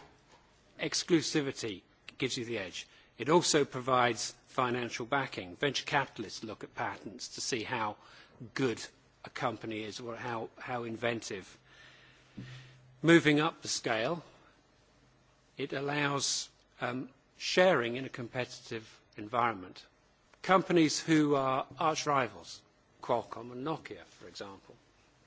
exclusivity gives you the edge It also provides financial backing. Venture capitalists look at patents to see how good a company is or how, how inventive. Moving up the scale, it allows um, sharing in a competitive environment. Companies who are arch rivals, Qualcomm and Nokia, for example,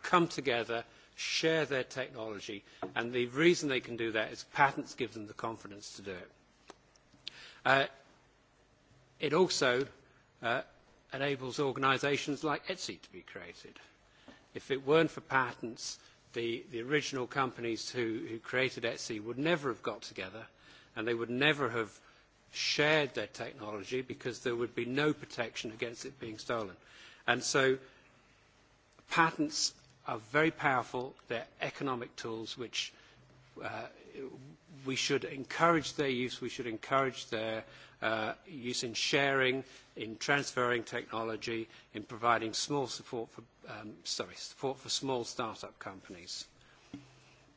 come together, share their technology, and the reason they can do that is patents give them the confidence to do it it also enables organisations like Etsy to be created. If it weren't for patents, the, the original companies who, who created Etsy would never have got together and they would never have shared their technology because there would be no protection against it being stolen. And so patents are very powerful. They're economic tools which uh, we should encourage their use, we should encourage their use in sharing, in transferring technology, in providing small support for, um, sorry, support for small startup companies.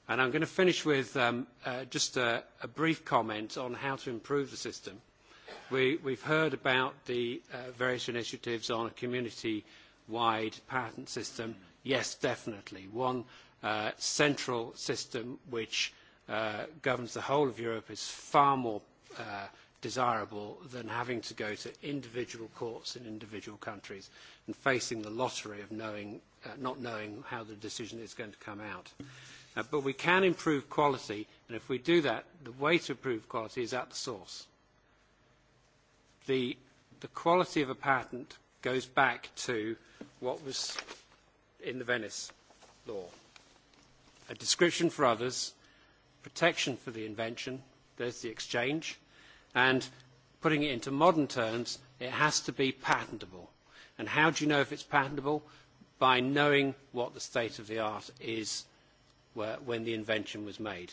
And I'm going to finish with um, uh, just a, a brief comment on how to improve the system. We, we've heard about the uh, various initiatives on a community-wide patent system. Yes, definitely. One uh, central system which governs the whole of Europe is far more desirable than having to go to individual courts in individual countries and facing the lottery of knowing, uh, not knowing how the decision is going to come out. Uh, but we can improve quality, and if we do that, the way to improve quality is at the source. The, the quality of a patent goes back to what was in the Venice law. A description for others, protection for the invention, there's the exchange, and putting it into modern terms, it has to be patentable. And how do you know if it's patentable? By knowing what the state of the art is when the invention was made.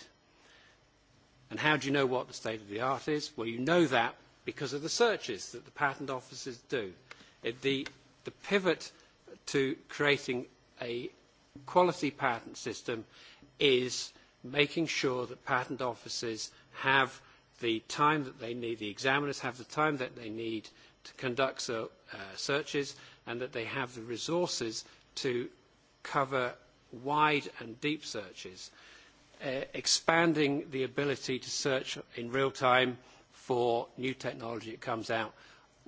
And how do you know what the state of the art is? Well, you know that because of the searches that the patent offices do. It, the, the pivot to creating a quality patent system is – making sure that patent offices have the time that they need, the examiners have the time that they need to conduct so uh searches and that they have the resources to cover wide and deep searches, uh expanding the ability to search in real time for new technology that comes out.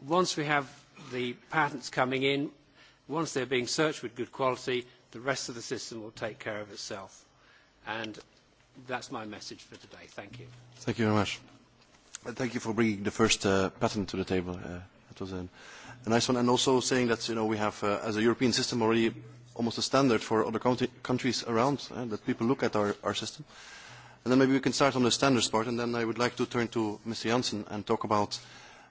Once we have the patents coming in, once they're being searched with good quality, the rest of the system will take care of itself. And that's my message for today. Thank you. Thank you very much. Thank you for bringing the first uh, patent to the table. Uh, that was a, a nice one. And also saying that you know, we have, uh, as a European system, already almost a standard for other country, countries around, uh, that people look at our, our system. And then maybe we can start on the standards part, and then I would like to turn to Mr. Janssen and talk about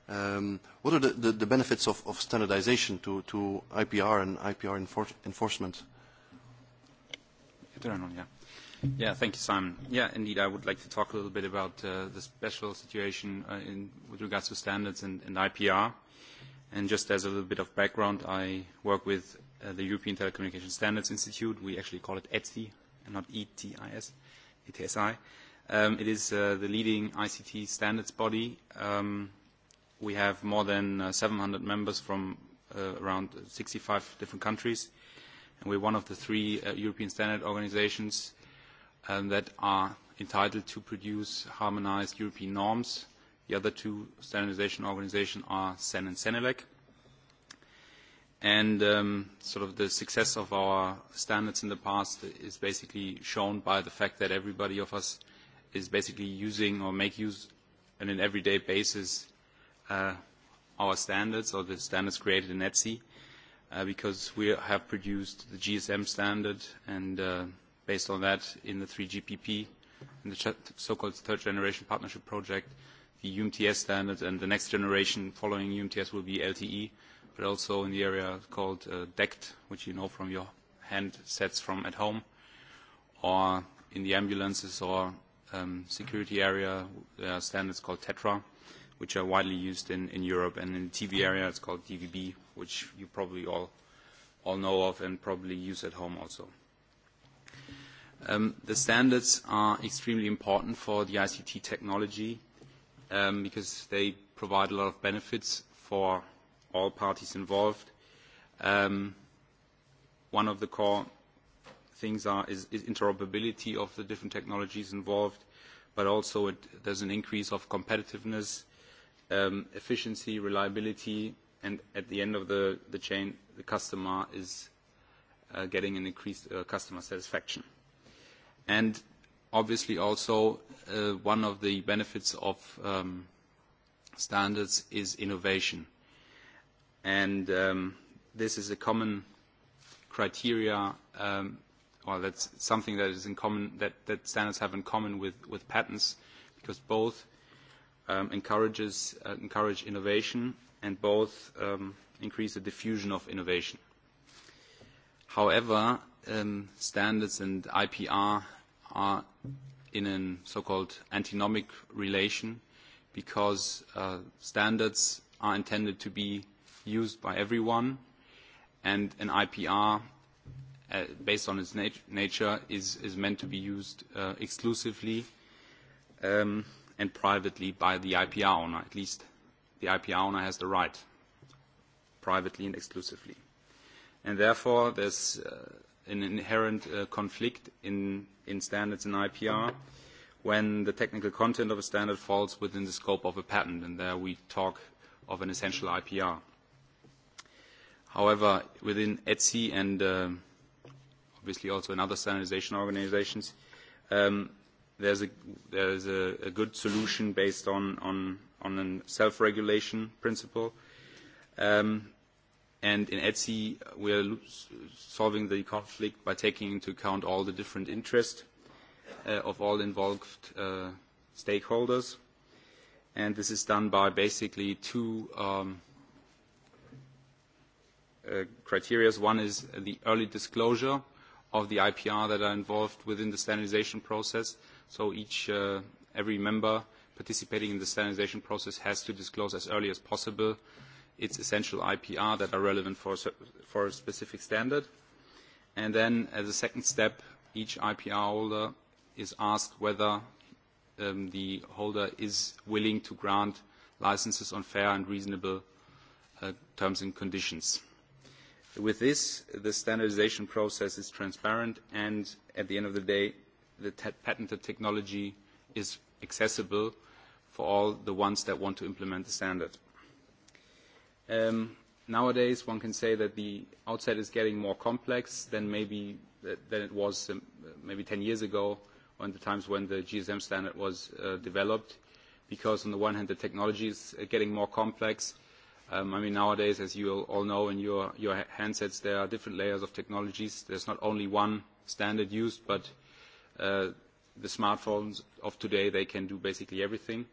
um, what are the, the, the benefits of, of standardization to, to IPR and IPR enfor enforcement? Yeah. Yeah, thank you, Simon. Yeah, indeed, I would like to talk a little bit about uh, the special situation uh, in, with regards to standards and, and IPR. And just as a little bit of background, I work with uh, the European Telecommunication Standards Institute. We actually call it ETSI, and not ETIS, ETSI. Um, it is uh, the leading ICT standards body. Um, we have more than uh, 700 members from uh, around 65 different countries, and we're one of the three uh, European standard organizations – that are entitled to produce harmonised European norms. The other two standardisation organisations are CEN and CENELEC. And um, sort of the success of our standards in the past is basically shown by the fact that everybody of us is basically using or make use on an everyday basis uh, our standards or the standards created in ETSI uh, because we have produced the GSM standard and uh, based on that in the 3GPP, in the so-called third generation partnership project, the UMTS standard and the next generation following UMTS will be LTE, but also in the area called uh, DECT, which you know from your handsets from at home, or in the ambulances or um, security area, there are standards called TETRA, which are widely used in, in Europe, and in the TV area it's called DVB, which you probably all, all know of and probably use at home also the standards are extremely important for the ICT technology because they provide a lot of benefits for all parties involved. one of the core things are, is, interoperability of the different technologies involved, but also it, there's an increase of competitiveness, efficiency, reliability, and at the end of the, chain, the customer is getting an increased customer satisfaction and obviously also one of the benefits of standards is innovation. And this is a common criteria, or that's something that is in common, that, standards have in common with, with patents, because both encourages, uh, encourage innovation and both increase the diffusion of innovation. However, standards and IPR are in a so-called antinomic relation because uh, standards are intended to be used by everyone and an IPR uh, based on its nat nature is, is meant to be used uh, exclusively um, and privately by the IPR owner. At least the IPR owner has the right privately and exclusively. And therefore there's uh, an inherent uh, conflict in, in standards in IPR when the technical content of a standard falls within the scope of a patent, and there we talk of an essential IPR. However, within ETSI and uh, obviously also in other standardization organizations, um, there's, a, there's a, a good solution based on, on, on a self-regulation principle. Um, And in ETSI, we are solving the conflict by taking into account all the different interests of all involved stakeholders. And this is done by basically two criteria. One is the early disclosure of the IPR that are involved within the standardisation process. So each, every member participating in the standardisation process has to disclose as early as possible uh, its essential IPR that are relevant for, for a specific standard. And then as a second step, each IPR holder is asked whether um, the holder is willing to grant licenses on fair and reasonable uh, terms and conditions. With this, the standardization process is transparent and at the end of the day, the te patented technology is accessible for all the ones that want to implement the standard nowadays, one can say that the outset is getting more complex than maybe than it was maybe 10 years ago on the times when the GSM standard was developed, because on the one hand, the technology is getting more complex. I mean, nowadays, as you all know, in your your handsets, there are different layers of technologies. There's not only one standard used, but the smartphones of today, they can do basically everything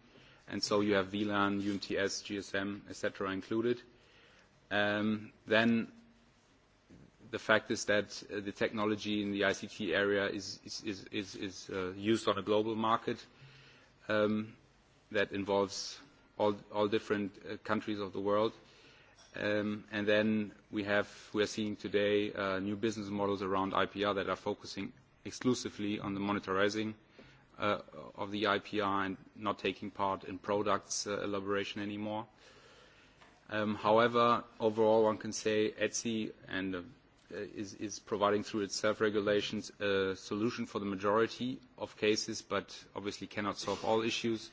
and so you have VLAN, UMTS, GSM, etc. included. Then the fact is that the technology in the ICT area is used on a global market that involves all different countries of the world. And then we have we are seeing today new business models around IPR that are focusing exclusively on the monetizing of the IPR and not taking part in products elaboration anymore. However, overall, one can say ETSI and is providing through its self-regulations a solution for the majority of cases, but obviously cannot solve all issues.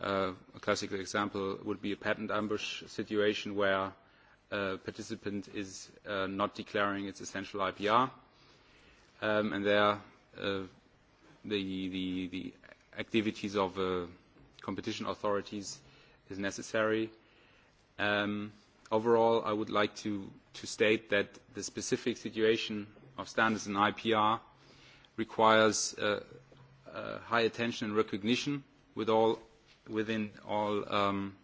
A classical example would be a patent ambush situation where a participant is not declaring its essential IPR. And there, the, the, the activities of uh, competition authorities is necessary. Um, overall, I would like to, to state that the specific situation of standards in IPR requires uh, uh, high attention and recognition with all, within all um,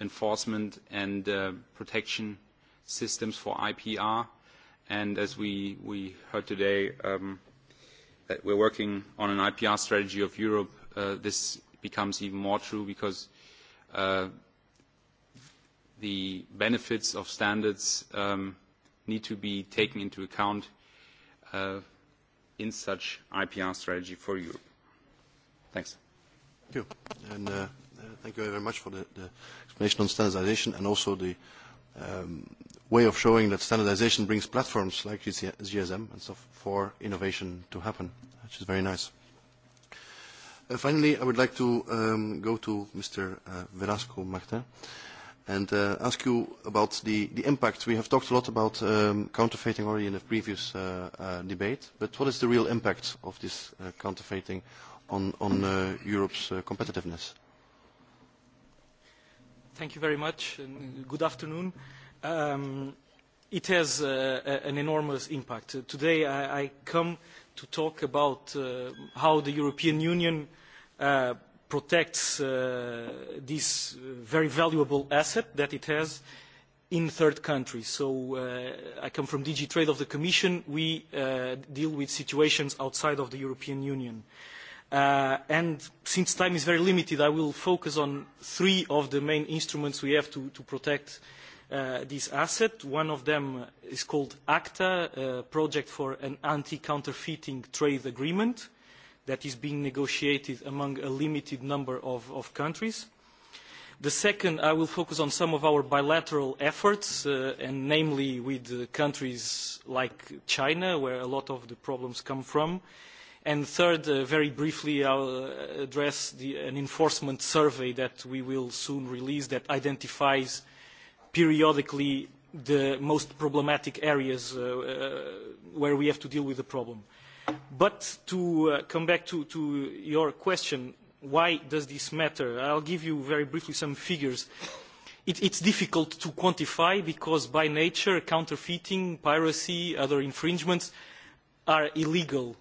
enforcement and uh, protection systems for IPR. And as we, we heard today, um, that we're working on an IPR strategy of Europe, this becomes even more true because the benefits of standards need to be taken into account in such IPR strategy for Europe. Thanks. Thank you. And uh, thank you very much for the, the explanation on standardization and also the um, way of showing that standardization brings platforms like GSM and stuff for innovation to happen, which is very nice. Uh, finally, I would like to um, go to Mr. Uh, Velasco Martin and uh, ask you about the, the impact. We have talked a lot about um, counterfeiting already in the previous uh, uh, debate, but what is the real impact of this uh, counterfeiting on, on uh, Europe's uh, competitiveness? Thank you very much, and good afternoon it has an enormous impact. Today I, come to talk about how the European Union protects this very valuable asset that it has in third countries. So I come from DG Trade of the Commission. We deal with situations outside of the European Union. and since time is very limited, I will focus on three of the main instruments we have to, protect uh, this asset. One of them is called ACTA, a project for an anti-counterfeiting trade agreement that is being negotiated among a limited number of, countries. The second, I will focus on some of our bilateral efforts, and namely with countries like China, where a lot of the problems come from. And third, very briefly, I will address an enforcement survey that we will soon release that identifies periodically the most problematic areas where we have to deal with the problem. But to come back to, to your question, why does this matter? I'll give you very briefly some figures. It, it's difficult to quantify because by nature counterfeiting, piracy, other infringements are illegal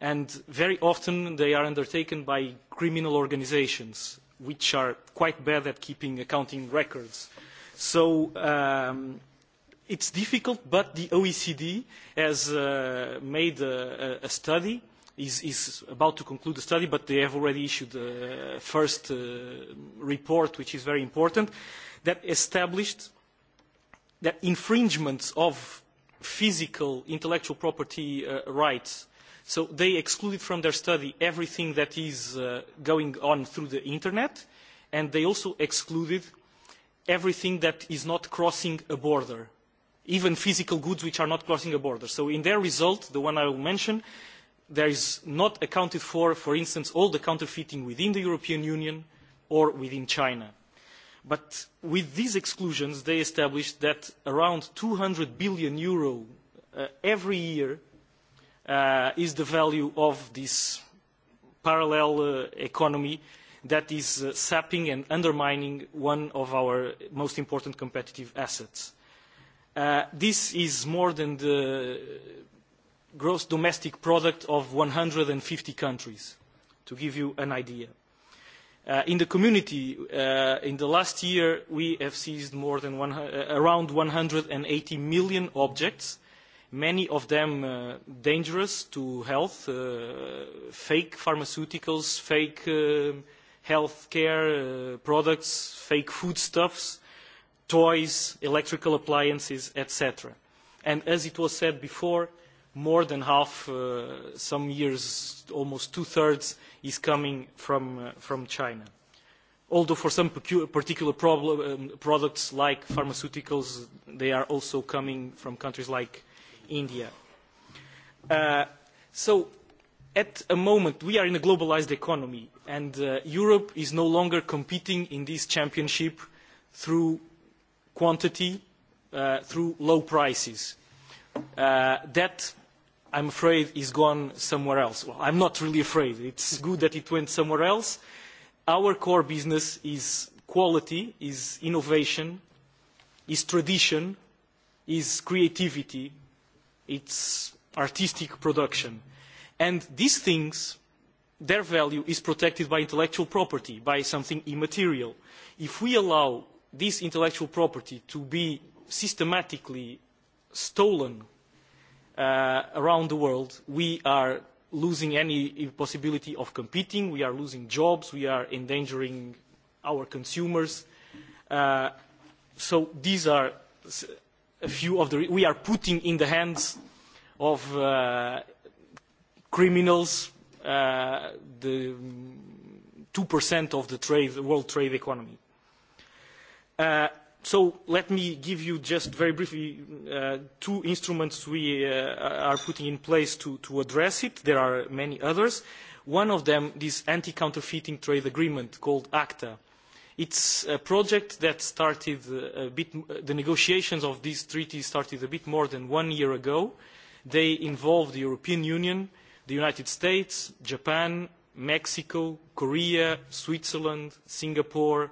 and very often they are undertaken by criminal organisations which are quite bad at keeping accounting records So um, it's difficult, but the OECD has uh, made a, a study is, is about to conclude the study, but they have already issued the first uh, report, which is very important, that established that infringements of physical intellectual property uh, rights. So they excluded from their study everything that is uh, going on through the Internet, and they also excluded uh, everything that is not crossing a border, even physical goods which are not crossing a border. So in their result, the one I will mention, there is not accounted for, for instance, all the counterfeiting within the European Union or within China. But with these exclusions, they established that around EUR two hundred billion every year is the value of this parallel economy that is sapping and undermining one of our most important competitive assets. this is more than the gross domestic product of one hundred and fifty countries, to give you an idea. in the community, in the last year, we have seized more than one, uh, around 180 million objects, many of them dangerous to health, fake pharmaceuticals, fake healthcare products, fake foodstuffs, toys, electrical appliances, etc. And as it was said before, more than half, some years, almost two-thirds, is coming from, China. Although for some particular products like pharmaceuticals, they are also coming from countries like India. so at a moment we are in a globalised economy and Europe is no longer competing in this championship through quantity, through low prices. that, I am afraid, is gone somewhere else. Well, I am not really afraid. It is good that it went somewhere else. Our core business is quality, is innovation, is tradition, is creativity, it's artistic production And these things, their value is protected by intellectual property, by something immaterial. If we allow this intellectual property to be systematically stolen around the world, we are losing any possibility of competing, we are losing jobs, we are endangering our consumers. so these are a few of the... We are putting in the hands of criminals, uh, the percent of the trade, the world trade economy. Uh, so let me give you just very briefly uh, two instruments we uh, are putting in place to, to address it. There are many others. One of them, this anti-counterfeiting trade agreement called ACTA. It's a project that started a bit, the negotiations of this treaty started a bit more than one year ago. They involved the European Union, uh, the united states japan mexico korea switzerland singapore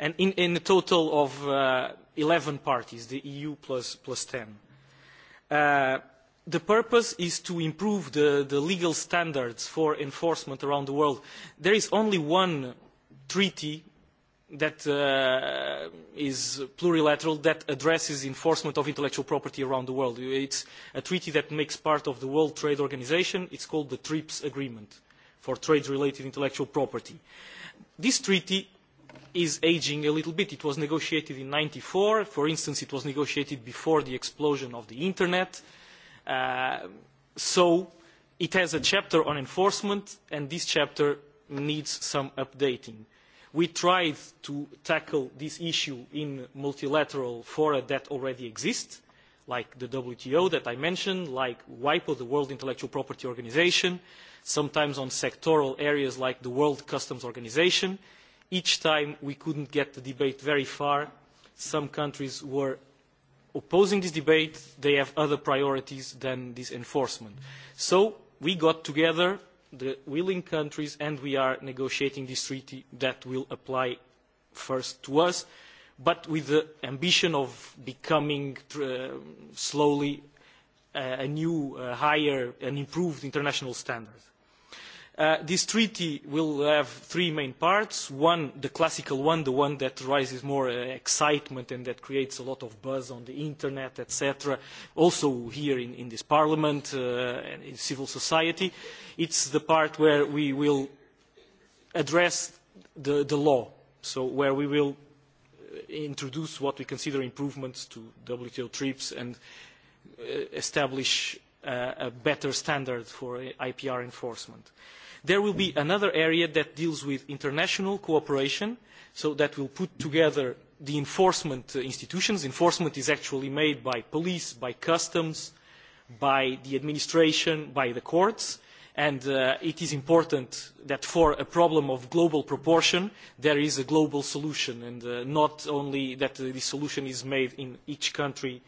and in, in a total of uh, 11 parties the eu plus, plus 10 uh, the purpose is to improve the, the legal standards for enforcement around the world. There is only one treaty that uh, is plurilateral that addresses enforcement of intellectual property around the world. It's a treaty that makes part of the World Trade Organization. It's called the TRIPS Agreement for trade-related intellectual property. This treaty is aging a little bit. It was negotiated in 94. For instance, it was negotiated before the explosion of the Internet. Uh, so it has a chapter on enforcement, and this chapter needs some updating we tried to tackle this issue in multilateral fora that already exist, like the WTO that I mentioned, like WIPO, the World Intellectual Property Organization, sometimes on sectoral areas like the World Customs Organization. Each time we couldn't get the debate very far. Some countries were opposing this debate. They have other priorities than this enforcement. So we got together the willing countries, and we are negotiating this treaty that will apply first to us, but with the ambition of becoming slowly a new, higher, and improved international standard this treaty will have three main parts. One, the classical one, the one that rises more excitement and that creates a lot of buzz on the internet, etc., also here in, this parliament and in civil society. It's the part where we will address the, the law, so where we will introduce what we consider improvements to WTO TRIPS and establish a better standard for IPR enforcement. Uh, There will be another area that deals with international cooperation, so that will put together the enforcement institutions. Enforcement is actually made by police, by customs, by the administration, by the courts, and it is important that for a problem of global proportion, there is a global solution, and not only that the solution is made in each country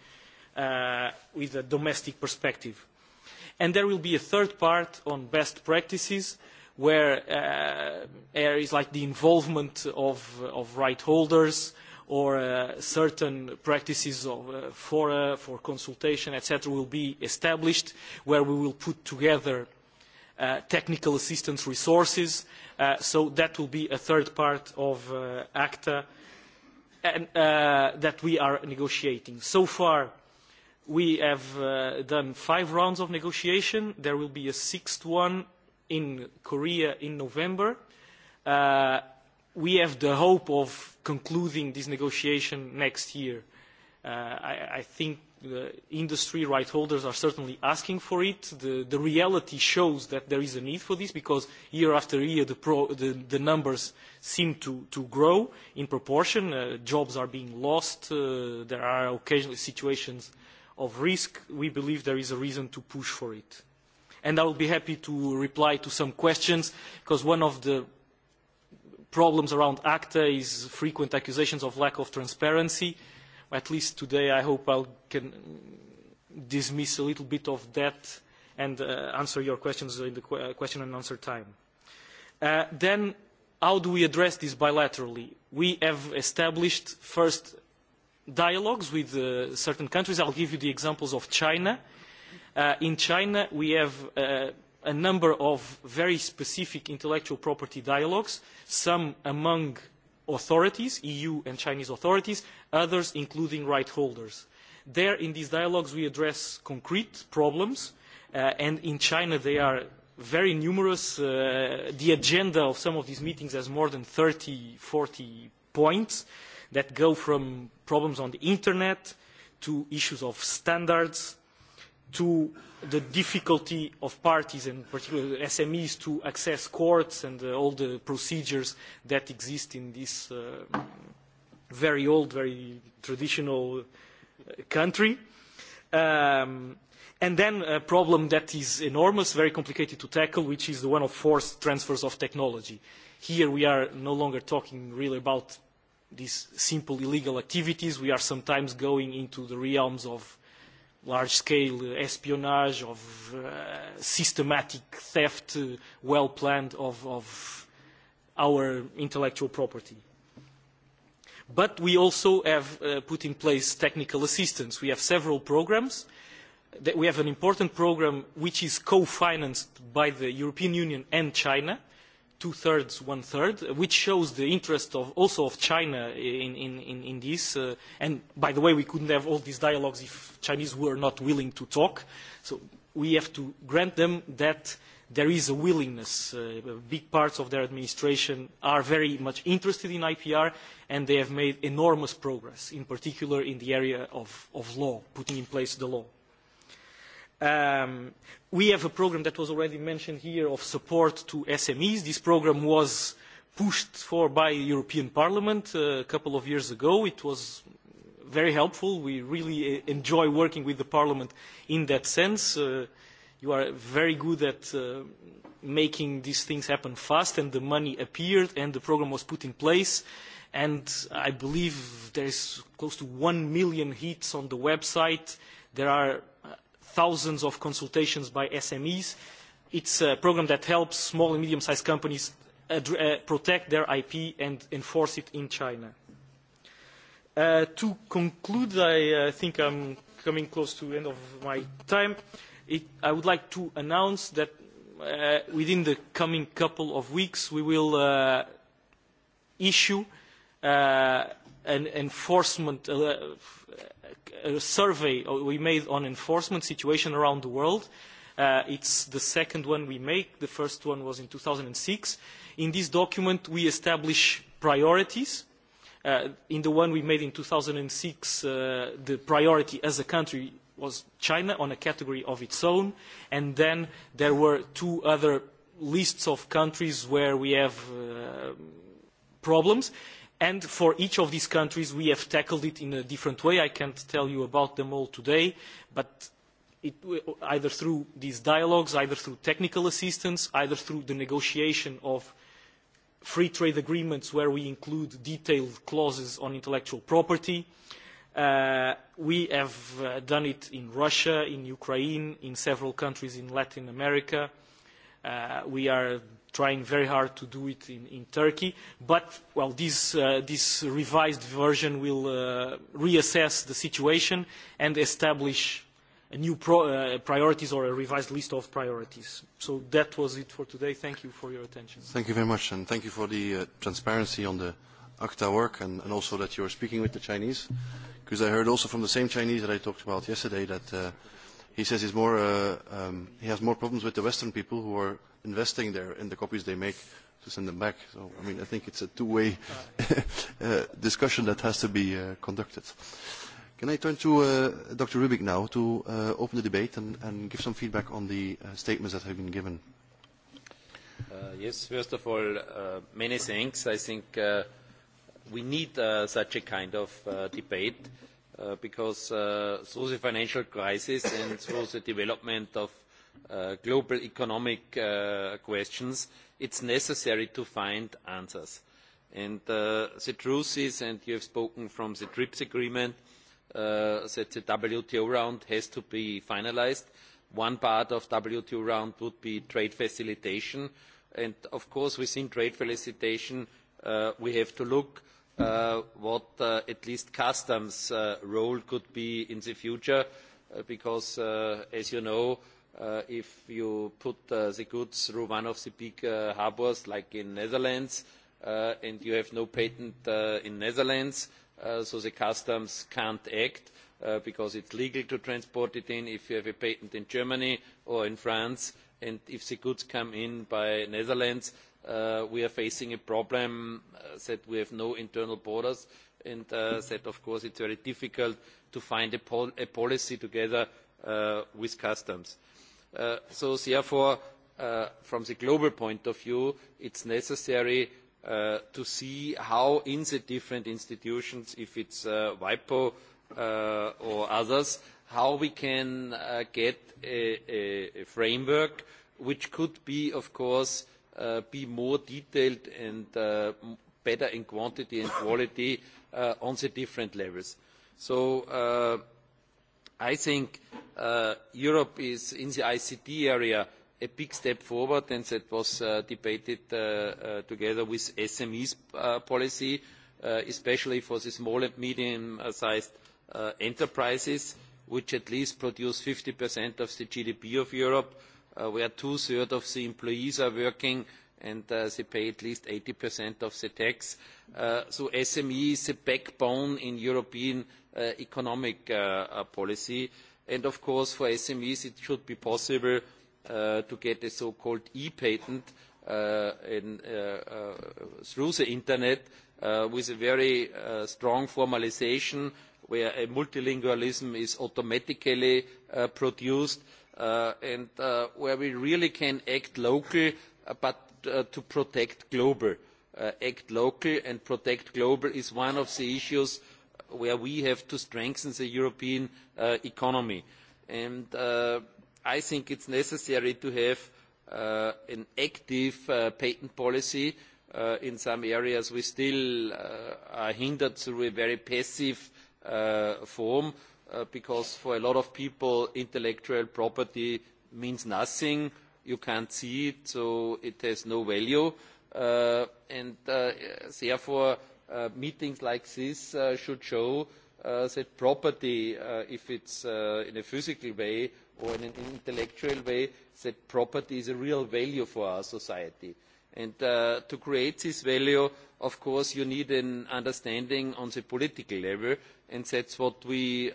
with a domestic perspective And there will be a third part on best practices where areas like the involvement of, right holders or certain practices of for, consultation, etc., will be established, where we will put together technical assistance resources. so that will be a third part of ACTA that we are negotiating. So far, We have done five rounds of negotiation. There will be a sixth one in Korea in November. we have the hope of concluding this negotiation next year. I, think the industry right holders are certainly asking for it. The, reality shows that there is a need for this because year after year the, numbers seem to, grow in proportion. jobs are being lost. there are occasionally situations uh, of risk, we believe there is a reason to push for it. And I will be happy to reply to some questions, because one of the problems around ACTA is frequent accusations of lack of transparency. At least today, I hope I can dismiss a little bit of that and answer your questions in the question and answer time. then, how do we address this bilaterally? We have established, first, dialogues with certain countries. I will give you the examples of China. in China, we have a number of very specific intellectual property dialogues, some among authorities, EU and Chinese authorities, others including right holders. There, in these dialogues, we address concrete problems, and in China they are very numerous. the agenda of some of these meetings has more than thirty, forty points. Uh, that go from problems on the internet to issues of standards to the difficulty of parties and particularly SMEs to access courts and all the procedures that exist in this very old, very traditional country. and then a problem that is enormous, very complicated to tackle, which is the one of forced transfers of technology. Here we are no longer talking really about these simple illegal activities. We are sometimes going into the realms of large-scale espionage, of systematic theft, well-planned of, our intellectual property. But we also have put in place technical assistance. We have several programmes. We have an important programme which is co-financed by the European Union and China – two-thirds, one-third, which shows the interest of also of China in, in, in, in this. Uh, and by the way, we couldn't have all these dialogues if Chinese were not willing to talk. So we have to grant them that there is a willingness. Uh, big parts of their administration are very much interested in IPR, and they have made enormous progress, in particular in the area of, of law, putting in place the law we have a programme that was already mentioned here of support to SMEs. This programme was pushed for by the European Parliament a couple of years ago. It was very helpful. We really enjoy working with the Parliament in that sense. you are very good at making these things happen fast, and the money appeared, and the programme was put in place. And I believe there is close to one million hits on the website. There are thousands of consultations by SMEs. It's a program that helps small and medium-sized companies protect their IP and enforce it in China. to conclude, I think I am coming close to the end of my time. I would like to announce that within the coming couple of weeks, we will issue an enforcement a survey we made on enforcement situation around the world. Uh, it's the second one we make. The first one was in 2006. In this document, we establish priorities. Uh, in the one we made in 2006, uh, the priority as a country was China on a category of its own. And then there were two other lists of countries where we have uh, problems. Uh, and for each of these countries we have tackled it in a different way. I can't tell you about them all today, but either through these dialogues, either through technical assistance, either through the negotiation of free trade agreements where we include detailed clauses on intellectual property. we have done it in Russia, in Ukraine, in several countries in Latin America. we are trying very hard to do it in, in Turkey. But, well, this, uh, this revised version will uh, reassess the situation and establish a new pro, uh, priorities or a revised list of priorities. So that was it for today. Thank you for your attention. Thank you very much, and thank you for the uh, transparency on the ACTA work and, and also that you are speaking with the Chinese, because I heard also from the same Chinese that I talked about yesterday that uh, he says he's more, uh, um, he has more problems with the Western people who are investing there in the copies they make to send them back. So, I mean, I think it's a two-way uh, discussion that has to be uh, conducted. Can I turn to uh, Dr. Rubik now to uh, open the debate and, and give some feedback on the uh, statements that have been given? Uh, yes, first of all, uh, many thanks. I think uh, we need uh, such a kind of uh, debate. Uh, because through the financial crisis and through the development of global economic questions it is necessary to find answers. the truth is and you have spoken from the trips agreement that the wto round has to be finalised. one part of the wto round would be trade facilitation and of course within trade facilitation we have to look what at least customs' role could be in the future because as you know if you put the goods through one of the big harbours like in the Netherlands and you have no patent in the Netherlands so the customs cannot act because it is legal to transport it in if you have a patent in Germany or in France and if the goods come in by the Netherlands we are facing a problem that we have no internal borders and that of course it is very difficult to find a policy together with customs. so therefore from the global point of view it is necessary to see how in the different institutions if it is wipo or others how we can get a framework which could be of course be more detailed and better in quantity and quality on the different levels. So I think Europe is in the ICT area a big step forward, and that was debated together with the SMEs policy, especially for the small and medium-sized enterprises, which at least produce 50% of the GDP of Europe where two-thirds of the employees are working and they pay at least 80% of the tax. So SME is the backbone in European economic policy. And of course, for SMEs, it should be possible to get a so-called e-patent through the internet with a very strong formalisation where multilingualism is automatically produced and where we really can act local but to protect global. act local and protect global is one of the issues where we have to strengthen the European economy. And I think it is necessary to have an active patent policy. in some areas, we still are hindered through a very passive form because for a lot of people intellectual property means nothing you can't see it so it has no value and therefore meetings like this should show that property if it is in a physical way or in an intellectual way that property is a real value for our society and to create this value of course you need an understanding on the political level and that's what we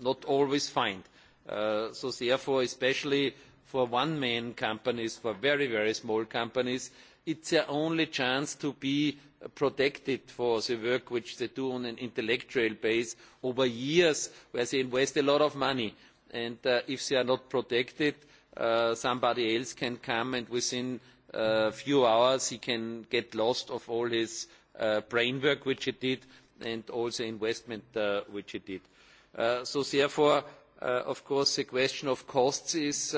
not always find. so therefore, especially for one-man companies, for very, very small companies, it's their only chance to be protected for the work which they do on an intellectual base over years where they invest a lot of money. And if they are not protected, somebody else can come and within a few hours he can get lost of all his brain work which he did and also investment which it did. So Therefore, of course, the question of costs is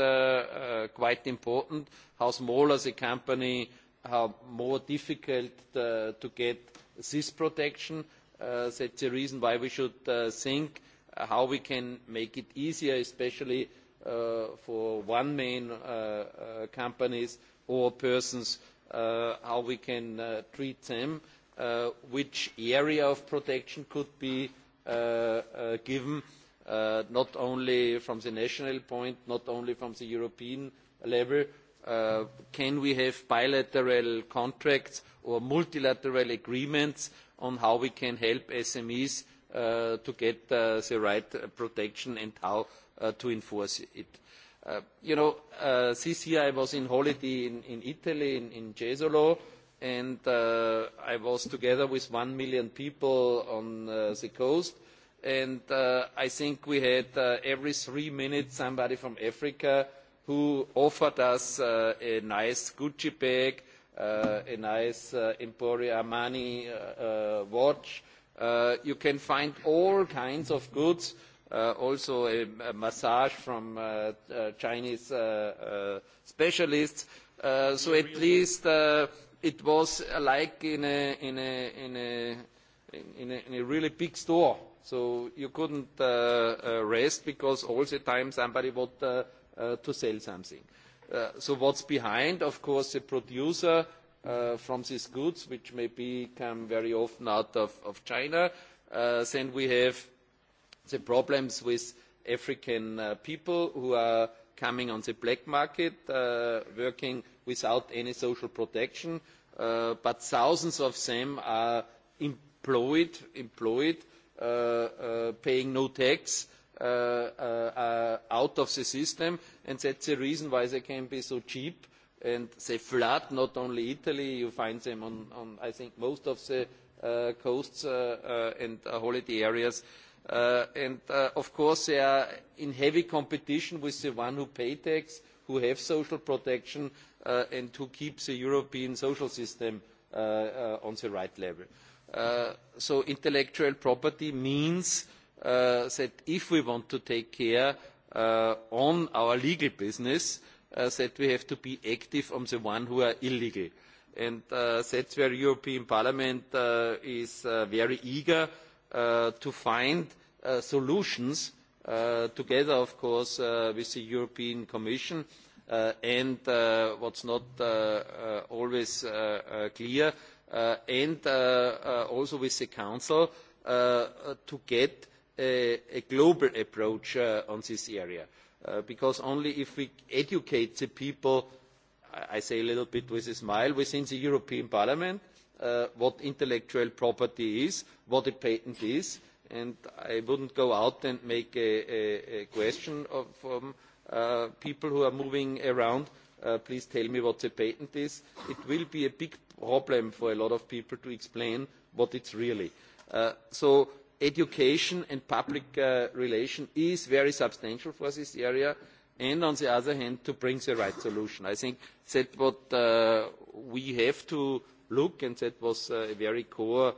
quite important. How smaller the company, how more difficult to get this protection. That's the reason why we should think how we can make it easier, especially for one-man companies or persons, how we can treat them which area of protection could be given not only from the national point, not only from the European level. Can we have bilateral contracts or multilateral agreements on how we can help SMEs to get the right protection and how to enforce it? This year I was on holiday in Italy, in Jesolo, and I was together with one million people on the coast, and I think we had every three minutes somebody from Africa who offered us a nice Gucci bag, a nice Emporio Armani watch. You can find all kinds of goods, also a massage from Chinese specialists. So at least it was like in a, in a, in a, in a, in a really big store. So you couldn't uh, uh, rest because all the time somebody wanted uh, uh, to sell something. Uh, so what's behind? Of course, the producer uh, from these goods, which may come very often out of, of China. Uh, then we have the problems with African uh, people who are coming on the black market, uh, working without any social protection, but thousands of them are employed, employed paying no tax, out of the system, and that's the reason why they can be so cheap. And they flood not only Italy, you find them on, on I think, most of the coasts and holiday areas. and of course, they are in heavy competition with the one who pay tax who have social protection and to keep the European social system on the right level. so intellectual property means that if we want to take care of our legal business, that we have to be active on the ones who are illegal. And is that's where the European Parliament is very eager to find solutions together of course with the european commission and what is not always clear and also with the council to get a global approach on this area because only if we educate the people i say a little bit with a smile within the european parliament what intellectual property is what a patent is and I wouldn't go out and make a, question from people who are moving around. please tell me what the patent is. It will be a big problem for a lot of people to explain what it is really. so education and public relations is very substantial for this area and on the other hand to bring the right solution. I think that what we have to look and that was a very core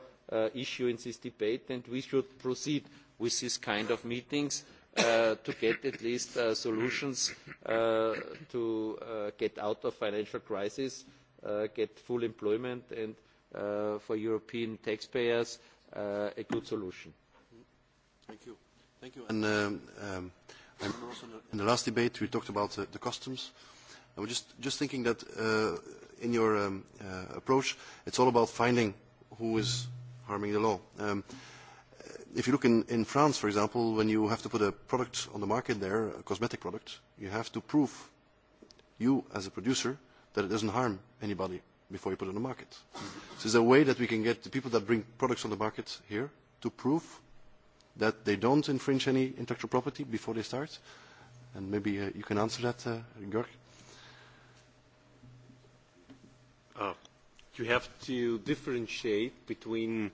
issue in this debate, and we should proceed with these kind of meetings to get at least solutions to get out of financial crisis, get full employment, and for European taxpayers a good solution. Thank you. Thank you. And um, in the last debate we talked about uh, the customs. I was just just thinking that uh, in your um, uh, approach, it's all about finding who is harming the law. Um, if you look in, in France, for example, when you have to put a product on the market there, a cosmetic product, you have to prove, you as a producer, that it doesn't harm anybody before you put it on the market. So there's a way that we can get the people that bring products on the market here to prove that they don't infringe any intellectual property before they start. And maybe uh, you can answer that, uh, Georg you have to differentiate between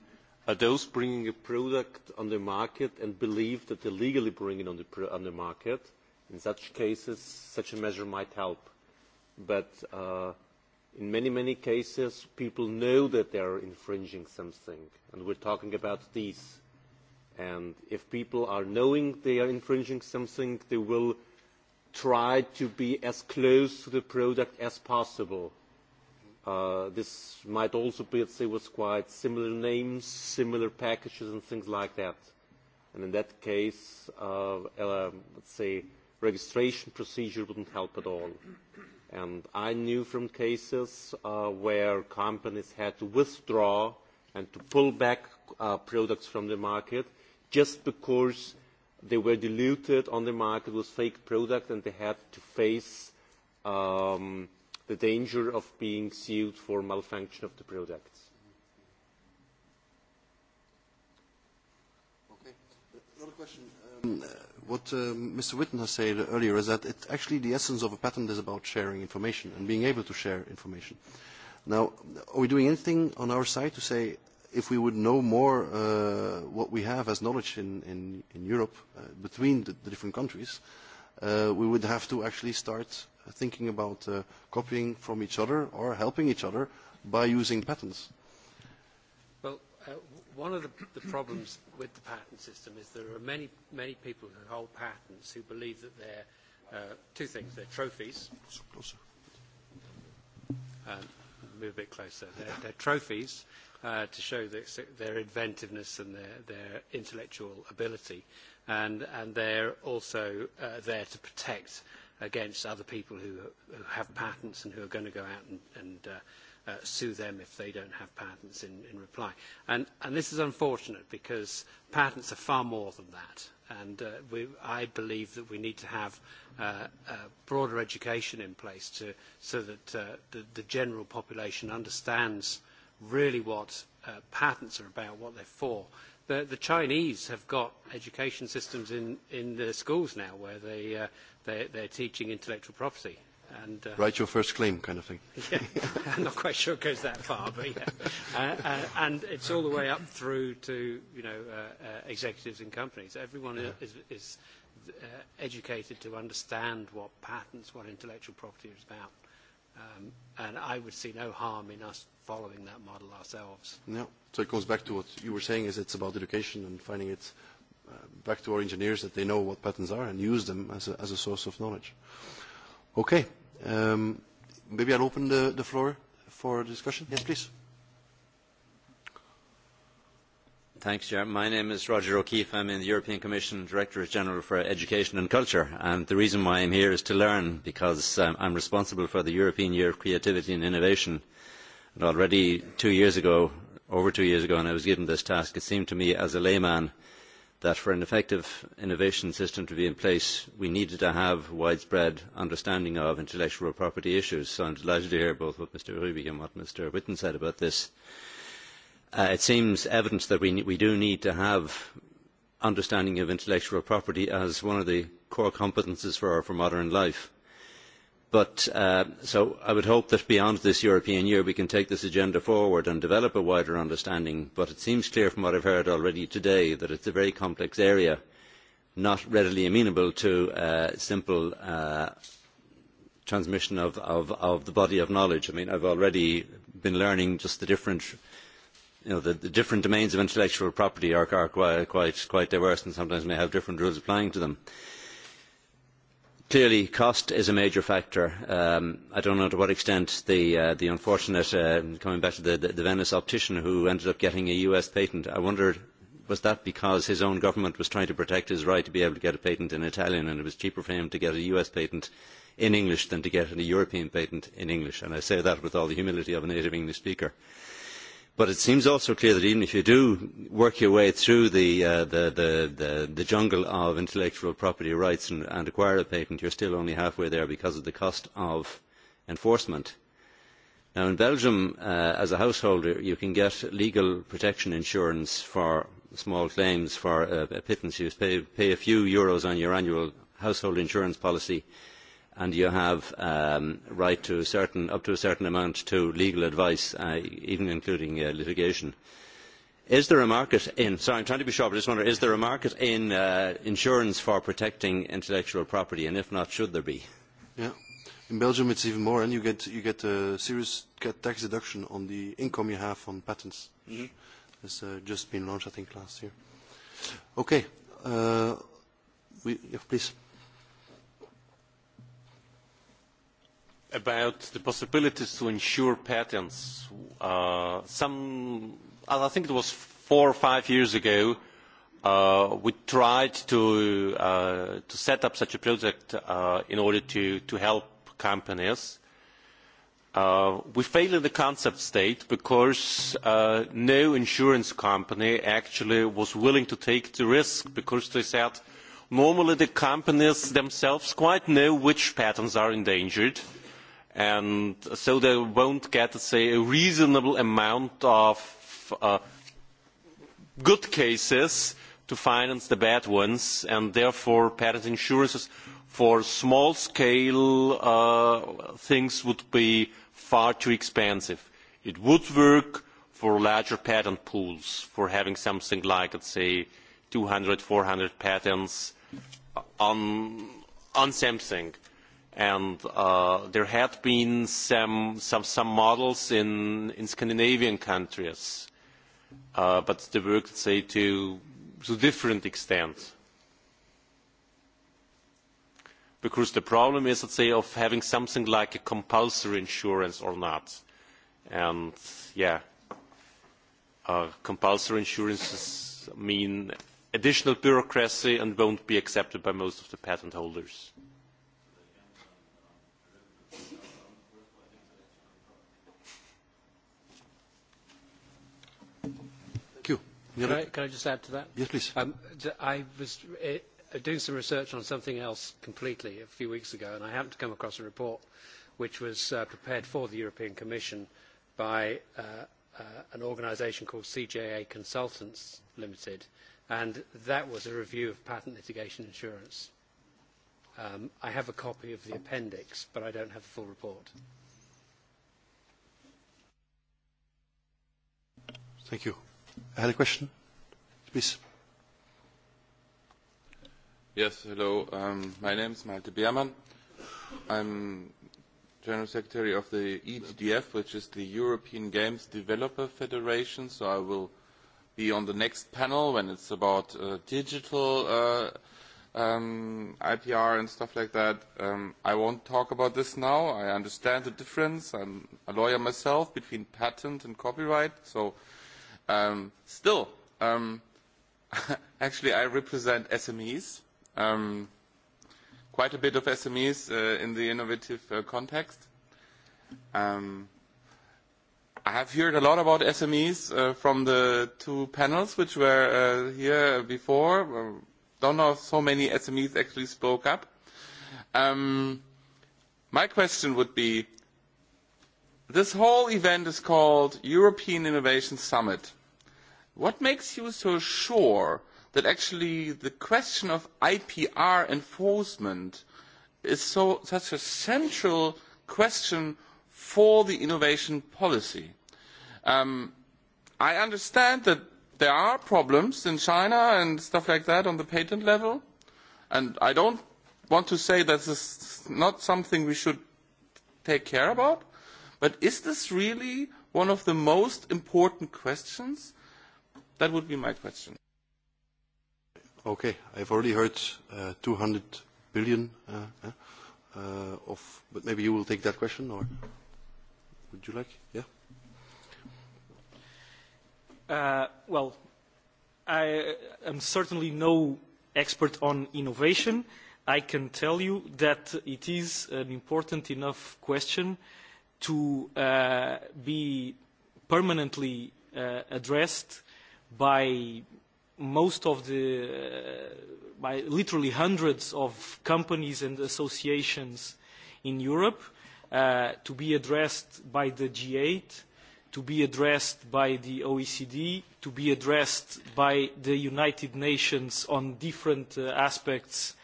those bringing a product on the market and believe that they legally bring it on the, on the market. In such cases, such a measure might help. But uh, in many, many cases, people know that they are infringing something. And we're talking about these. And if people are knowing they are infringing something, they will try to be as close to the product as possible this might also be, let's say, with quite similar names, similar packages and things like that. And in that case, uh, uh, let's say, registration procedure wouldn't help at all. And I knew from cases uh, where companies had to withdraw and to pull back uh, products from the market just because they were diluted on the market with fake products and they had to face um, – the danger of being sued for malfunction of the products. Another question. What Mr. Witten has said earlier is that it actually the essence of a patent is about sharing information and being able to share information. Now, are we doing anything on our side to say if we would know more uh, what we have as knowledge in, in, in Europe uh, between the, the different countries, uh, we would have to actually start thinking about copying from each other or helping each other by using patents. Well, one of the, the problems with the patent system is there are many, many people who hold patents who believe that they're uh, two things: they're trophies. Closer, closer. move a bit closer. They're, they're trophies to show their inventiveness and their, their intellectual ability. And, and they're also uh, there to protect against other people who, who have patents and who are going to go out and, and uh, uh, sue them if they don't have patents in, in reply. And, and this is unfortunate because patents are far more than that. And uh, we, I believe that we need to have uh, uh, broader education in place to, so that uh, the, the general population understands really what uh, patents are about, what they're for. The, the Chinese have got education systems in, in their schools now where they, uh, they, they're teaching intellectual property. And, uh, Write your first claim, kind of thing. yeah, I'm not quite sure it goes that far, but yeah. Uh, uh, and it's all the way up through to you know uh, uh, executives in companies. Everyone is, is uh, educated to understand what patents, what intellectual property is about Um, and I would see no harm in us following that model ourselves. Yeah. So it goes back to what you were saying is it's about education and finding it uh, back to our engineers that they know what patterns are and use them as a, as a source of knowledge. Okay. Um, maybe I'll open the, the floor for discussion. Yes, please. My name is Roger O'Keefe. I am in the European Commission Directorate General for Education and Culture. And the reason why I am here is to learn, because I am responsible for the European Year of Creativity and Innovation. And already two years ago, over two years ago, when I was given this task, it seemed to me as a layman that for an effective innovation system to be in place, we needed to have widespread understanding of intellectual property issues. So I am delighted to hear both what Mr. Rubig and what Mr. Whitten said about this it seems evident that we do need to have understanding of intellectual property as one of the core competences for our modern life. But so I would hope that beyond this European year we can take this agenda forward and develop a wider understanding. But it seems clear from what I have heard already today that it is a very complex area, not readily amenable to simple transmission of, the body of knowledge. I mean, I've already been learning just the different you know, the, the different domains of intellectual property are, are quite, quite, quite diverse and sometimes may have different rules applying to them. Clearly, cost is a major factor. Um, I don't know to what extent the, uh, the unfortunate, uh, coming back to the, the, the Venice optician who ended up getting a US patent, I wondered, was that because his own government was trying to protect his right to be able to get a patent in Italian and it was cheaper for him to get a US patent in English than to get a European patent in English? And I say that with all the humility of a native English speaker. But it seems also clear that even if you do work your way through the, uh, the, the, the, the jungle of intellectual property rights and, and acquire a patent, you're still only halfway there because of the cost of enforcement. Now in Belgium, uh, as a householder, you can get legal protection insurance for small claims for a, a pittance. You pay, pay a few euros on your annual household insurance policy and you have um, right to certain, up to a certain amount to legal advice, uh, even including uh, litigation. Is there a market in, sorry, I'm trying to be sharp, I just wonder, is there a market in uh, insurance for protecting intellectual property, and if not, should there be? Yeah. In Belgium, it's even more, and you get, you get a serious tax deduction on the income you have on patents. Mm-hmm. It's uh, just been launched, I think, last year. Okay. Uh, we, yeah, please. about the possibilities to ensure patents. some, I think it was four or five years ago, we tried to, set up such a project in order to, help companies. we failed in the concept state because no insurance company actually was willing to take the risk because they said normally the companies themselves quite know which patents are endangered uh, and so they won't get, say, a reasonable amount of good cases to finance the bad ones, and therefore patent insurances for small-scale things would be far too expensive. It would work for larger patent pools, for having something like, let's say, 200, 400 patents on something and there had been some models in Scandinavian countries, but they worked, say, to to different extent. Because the problem is, let's say, of having something like a compulsory insurance or not. And yeah, compulsory insurances mean additional bureaucracy and won't be accepted by most of the patent holders. Can I, just add to that? Yes, please. I was uh, doing some research on something else completely a few weeks ago, and I happened to come across a report which was uh, prepared for the European Commission by uh, an organisation called CJA Consultants Limited, and that was a review of patent litigation insurance. Um, I have a copy of the appendix, but I don't have the full report. Thank you. I had a question. Please. Yes, hello. Um, my name is Malte Biermann. I'm General Secretary of the EGDF, which is the European Games Developer Federation. So I will be on the next panel when it's about uh, digital uh, um, IPR and stuff like that. Um, I won't talk about this now. I understand the difference. I'm a lawyer myself between patent and copyright. So Um, still, actually, I represent SMEs, quite a bit of SMEs in the innovative uh, context. Um, I have heard a lot about SMEs uh, from the two panels which were uh, here before. Don't know if so many SMEs actually spoke up. Um, my question would be, this whole event is called European Innovation Summit What makes you so sure that actually the question of IPR enforcement is so, such a central question for the innovation policy? Um, I understand that there are problems in China and stuff like that on the patent level, and I don't want to say that this is not something we should take care about, but is this really one of the most important questions? That would be my question. Okay. I've already heard uh, 200 billion uh, uh, of, but maybe you will take that question, or would you like? Yeah. Uh, well, I am certainly no expert on innovation. I can tell you that it is an important enough question to uh, be permanently uh, addressed by most of the, by literally hundreds of companies and associations in Europe to be addressed by the g eight, to be addressed by the OECD, to be addressed by the United Nations on different aspects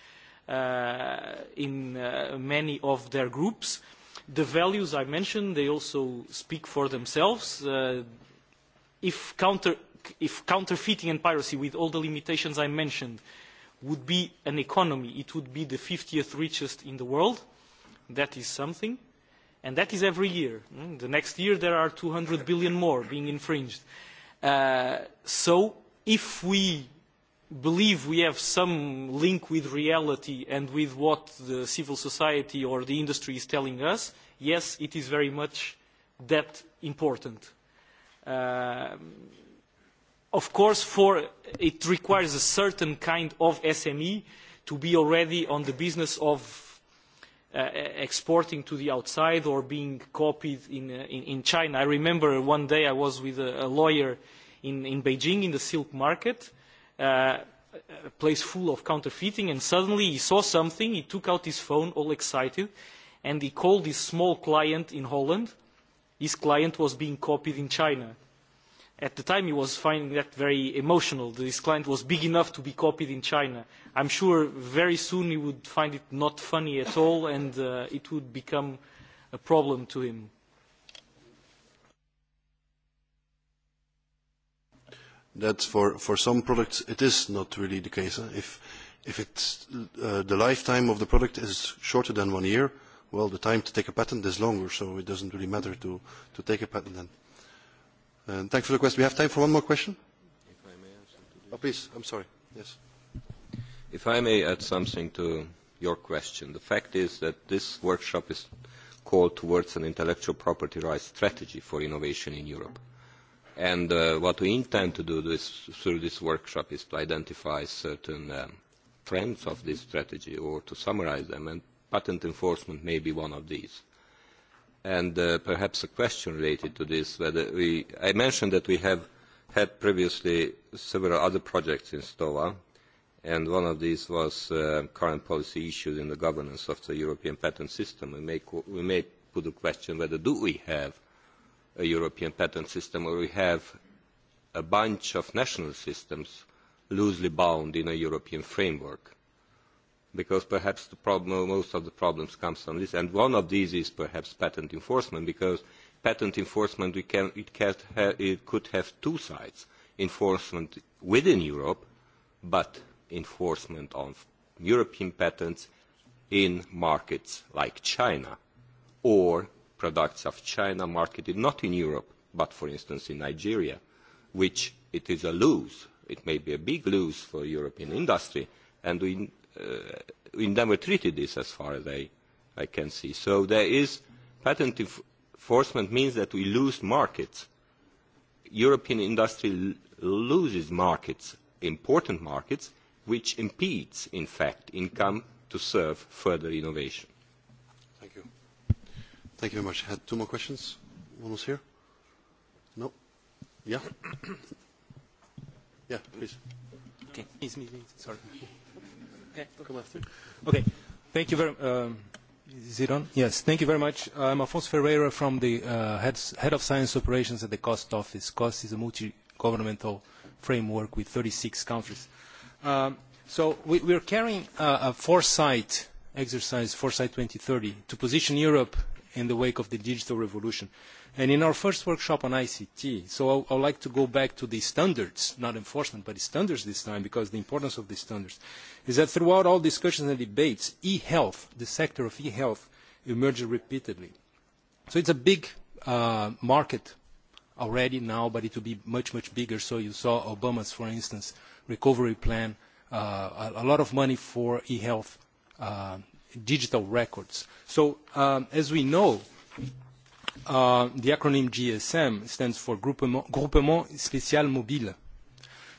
in many of their groups. The values I mentioned, they also speak for themselves. if counter if counterfeiting and piracy, with all the limitations I mentioned, would be an economy, it would be the 50th richest in the world. That is something. And that is every year. The next year there are 200 billion more being infringed. so if we believe we have some link with reality and with what the civil society or the industry is telling us, yes, it is very much that important of course it requires a certain kind of sme to be already on the business of exporting to the outside or being copied in china. i remember one day i was with a lawyer in beijing in the silk market a place full of counterfeiting and suddenly he saw something he took out his phone all excited and he called his small client in holland his client was being copied in china at the time he was finding that very emotional. that This client was big enough to be copied in China. I'm sure very soon he would find it not funny at all and uh, it would become a problem to him. That for, for some products it is not really the case. If, if it's, uh, the lifetime of the product is shorter than one year, well, the time to take a patent is longer, so it doesn't really matter to, to take a patent then. Thanks for the question. We have time for one more question? If I may add something. Oh, please. I'm sorry. Yes. If I may add something to your question. The fact is that this workshop is called towards an intellectual property rights strategy for innovation in Europe. And uh, what we intend to do this, through this workshop is to identify certain um, trends of this strategy or to summarize them, and patent enforcement may be one of these and perhaps a question related to this. Whether we, I mentioned that we have had previously several other projects in STOA, and one of these was current policy issues in the governance of the European patent system. We may, we may put the question whether do we have a European patent system or we have a bunch of national systems loosely bound in a European framework because perhaps the problem, most of the problems come from this. And one of these is perhaps patent enforcement, because patent enforcement, we can, it, can have, it could have two sides. Enforcement within Europe, but enforcement on European patents in markets like China, or products of China marketed not in Europe, but for instance in Nigeria, which it is a lose. It may be a big lose for European industry, and we we never treated this as far as I, I can see. So there is patent enforcement means that we lose markets. European industry loses markets, important markets, which impedes, in fact, income to serve further innovation. Thank you. Thank you very much. I had two more questions. One was here. No? Yeah? Yeah, please. Okay. Sorry. Okay. Thank you very much. Is it on? Yes. Thank you very much. I'm Afonso Ferreira from the uh, head, head of Science Operations at the COST Office. COST is a multi-governmental framework with 36 countries. Um, so we, we are carrying a foresight exercise, Foresight 2030, to position Europe in the wake of the digital revolution. And in our first workshop on ICT, so I would like to go back to the standards, not enforcement, but the standards this time, because the importance of the standards is that throughout all discussions and debates, e-health, the sector of e-health, emerged repeatedly. So it's a big uh, market already now, but it will be much, much bigger. So you saw Obama's, for instance, recovery plan, uh, a, a lot of money for e-health uh, digital records. So as we know, the acronym GSM stands for Groupement Spécial Mobile.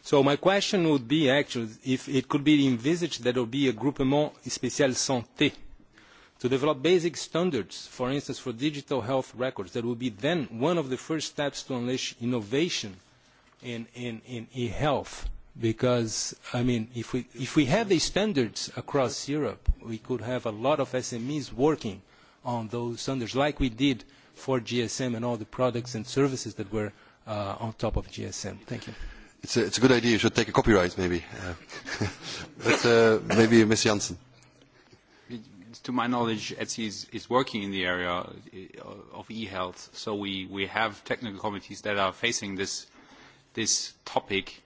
So my question would be actually if it could be envisaged that there would be a Groupement Spécial Santé to develop basic standards, for instance, for digital health records. That would be then one of the first steps to unleash innovation in, in, in e-health because I mean, if we if we have these standards across Europe, we could have a lot of SMEs working on those standards, like we did for GSM and all the products and services that were uh, on top of GSM. Thank you. It's a, it's a good idea. You should take a copyright, maybe. Uh, but uh, maybe Ms. Janssen. To my knowledge, Etsy is, is working in the area of e-health, so we, we have technical committees that are facing this, this topic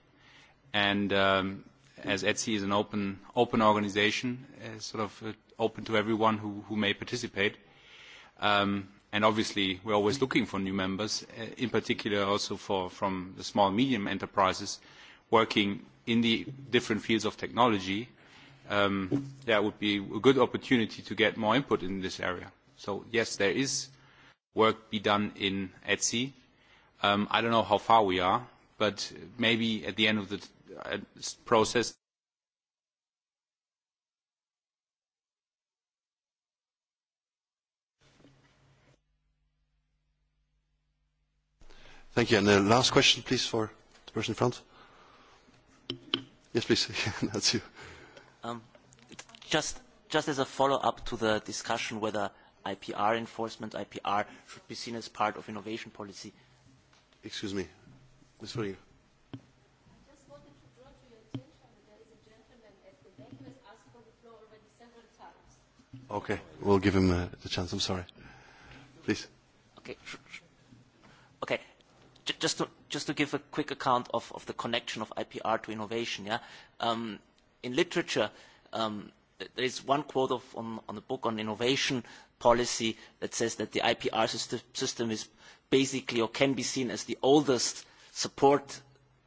And um, as Etsy is an open, open organization, uh, sort of uh, open to everyone who, who may participate. Um, and obviously, we're always looking for new members, uh, in particular also for, from the small and medium enterprises working in the different fields of technology. Um, that would be a good opportunity to get more input in this area. So yes, there is work be done in Etsy. Um, I don't know how far we are, but maybe at the end of the process Thank you. And the last question, please, for the person in front. Yes, please. That's you. Um, just, just as a follow-up to the discussion whether IPR enforcement, IPR, should be seen as part of innovation policy. Excuse me, Ms. Verrier. Okay, we'll give him uh, the chance. I'm sorry. Please. Okay. Okay. Just to, just to give a quick account of, of the connection of IPR to innovation, yeah? Um, in literature, um, there is one quote of, on, on the book on innovation policy that says that the IPR system, system is basically or can be seen as the oldest support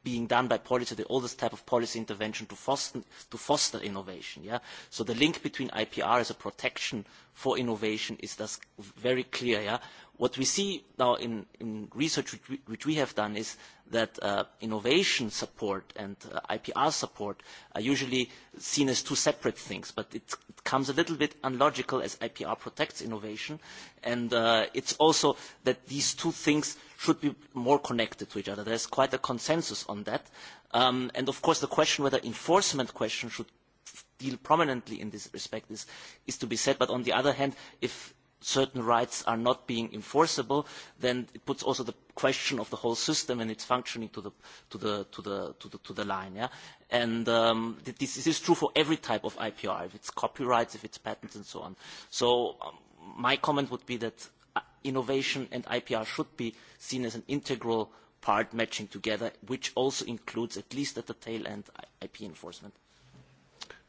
being done by policy, the oldest type of policy intervention to foster, to foster innovation. Yeah? So the link between IPR as a protection for innovation is thus very clear. Yeah? What we see now in, in research which we, which we have done is that uh, innovation support and uh, IPR support are usually seen as two separate things, but it, it comes a little bit unlogical as IPR protects innovation, and uh, it's also that these two things should be more connected to each other. There's quite a consensus on that, um, and of course the question whether enforcement question should deal prominently in this respect is, is to be said, but on the other hand, if certain rights are not being enforceable, then it puts also the question of the whole system and its functioning to the to the to the to the, to the line. Yeah, and um, this, this is true for every type of IPR, if it's copyrights, if it's patents, and so on. So um, my comment would be that innovation and IPR should be seen as an integral part matching together, which also includes, at least at the tail end, IP enforcement.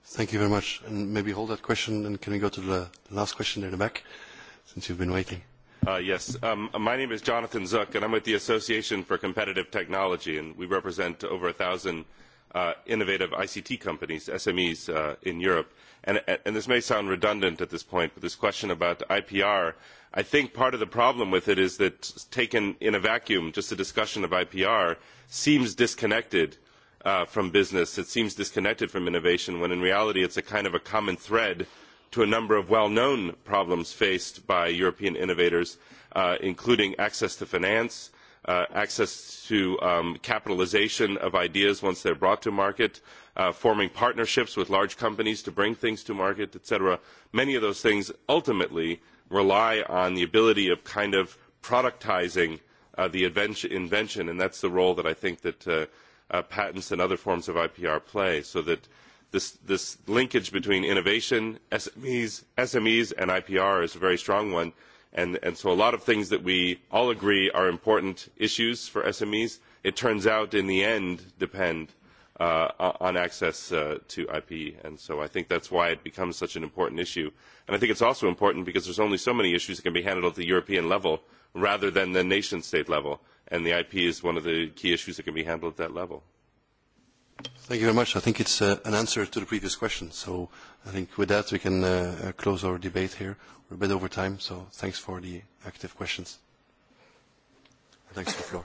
Thank you very much. And maybe hold that question, and can we go to the last question in the back? since you've been waiting. yes, my name is Jonathan Zook, and I'm with the Association for Competitive Technology, and we represent over a thousand innovative ICT companies, SMEs, in Europe. And, this may sound redundant at this point, but this question about IPR, I think part of the problem with it is that taken in a vacuum, just a discussion of IPR seems disconnected from business. It seems disconnected from innovation, when in reality it's a kind of a common thread to a number of well known problems faced by European innovators, including access to finance, access to capitalisation of ideas once they are brought to market, forming partnerships with large companies to bring things to market, etc. Many of those things ultimately rely on the ability of kind of productising the invention, and that is the role that I think that patents and other forms of IPR play, so that this, linkage between innovation, SMEs, SMEs and IPR is a very strong one. And, and so a lot of things that we all agree are important issues for SMEs, it turns out in the end depend on access to IP. And so I think that's why it becomes such an important issue. And I think it's also important because there's only so many issues that can be handled at the European level rather than the nation state level. And the IP is one of the key issues that can be handled at that level. Thank you very much. I think it's uh, an answer to the previous question. So I think with that we can uh, uh, close our debate here. We're a bit over time, so thanks for the active questions. Thanks for the floor.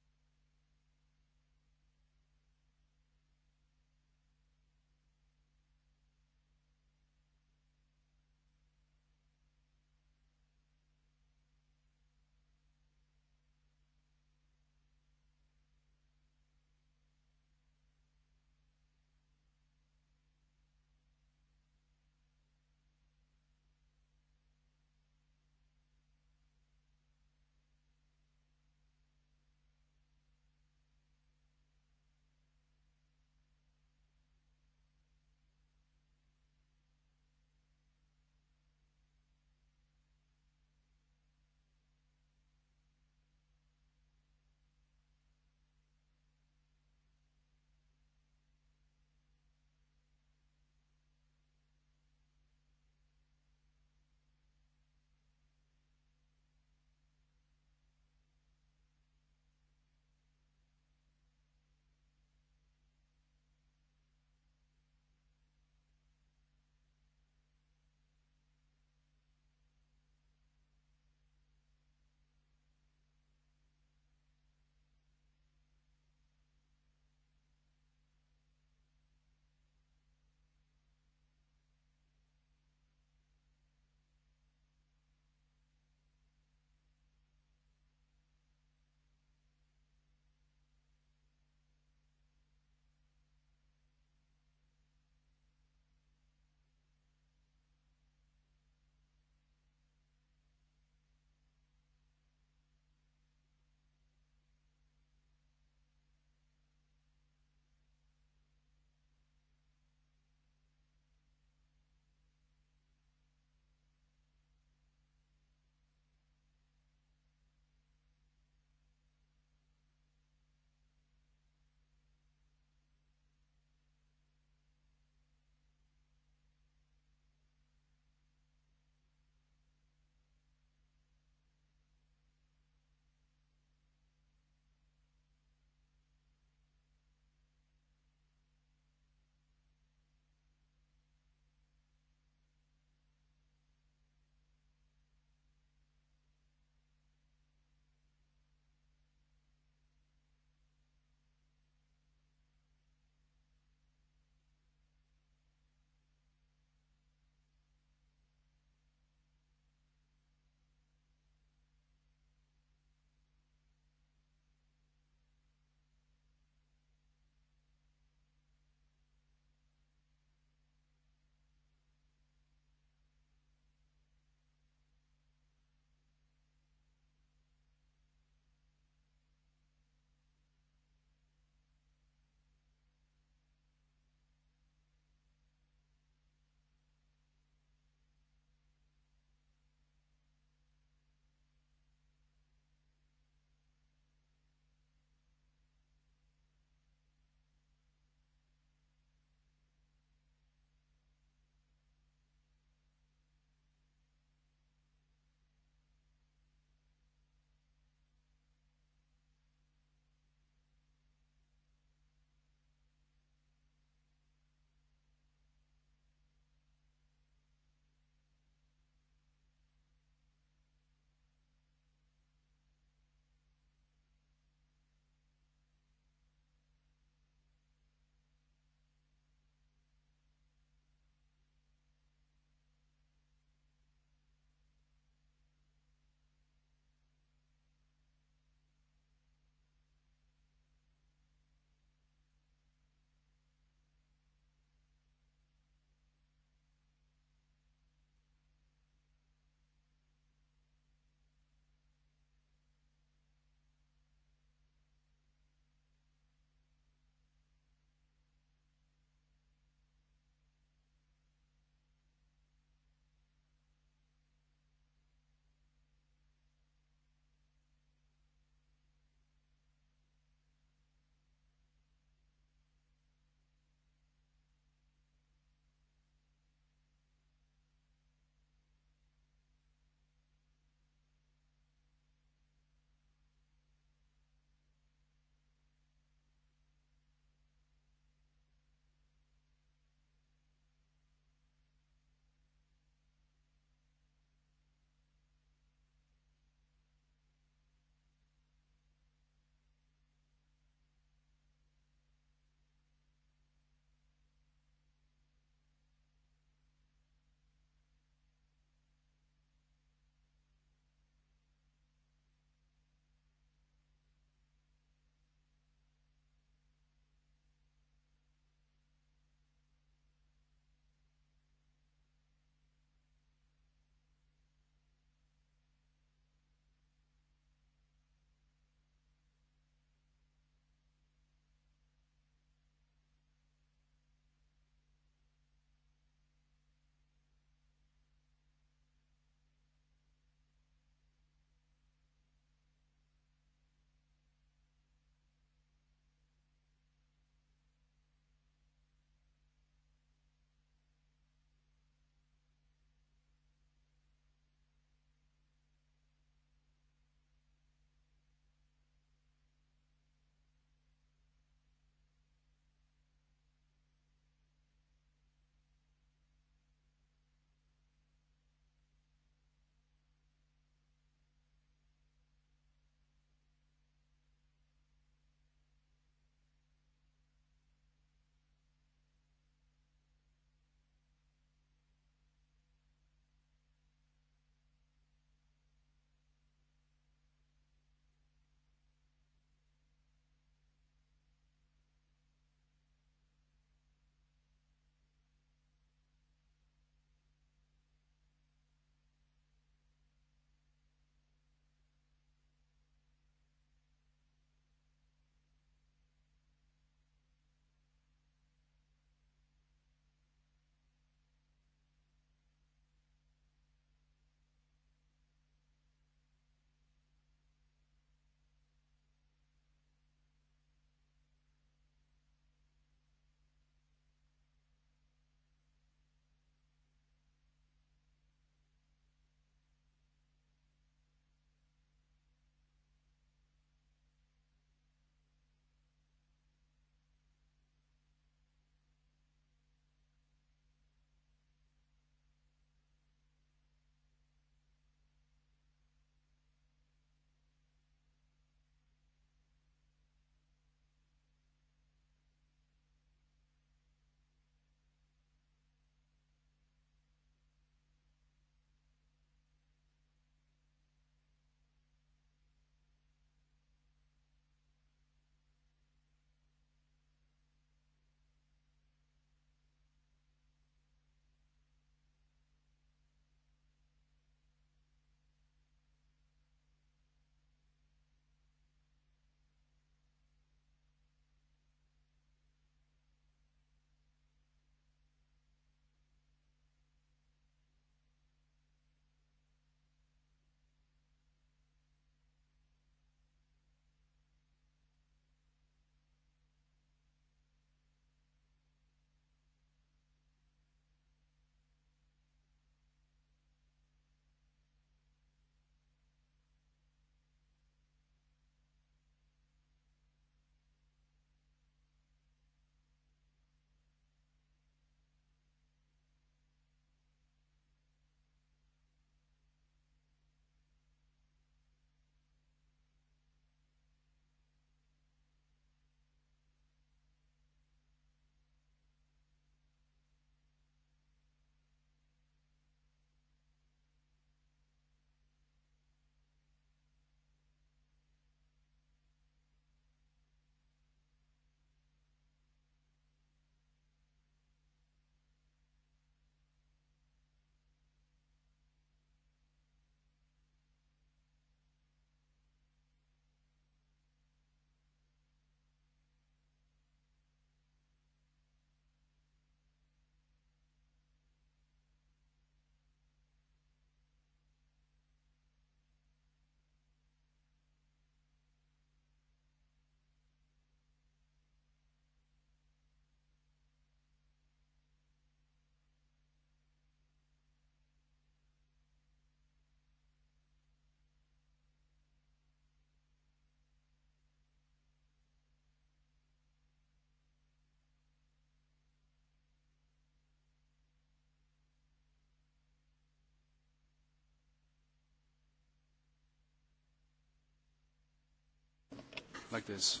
like this.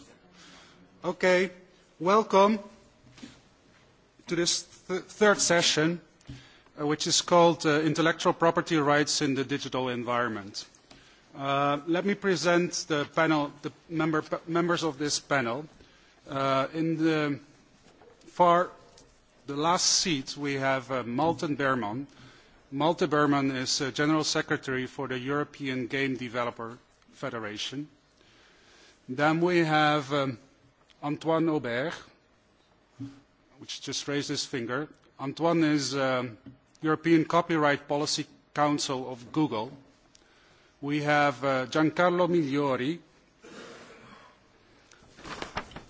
Okay, welcome to this th third session, uh, which is called uh, Intellectual Property Rights in the Digital Environment. Uh, let me present the panel, the member, members of this panel. Uh, in the far, the last seat, we have uh, Malten Berman. Malte Berman is uh, General Secretary for the European Game Developer Federation Then we have um, Antoine Aubert, which just raised his finger. Antoine is um, European Copyright Policy Council of Google. We have uh, Giancarlo Migliori,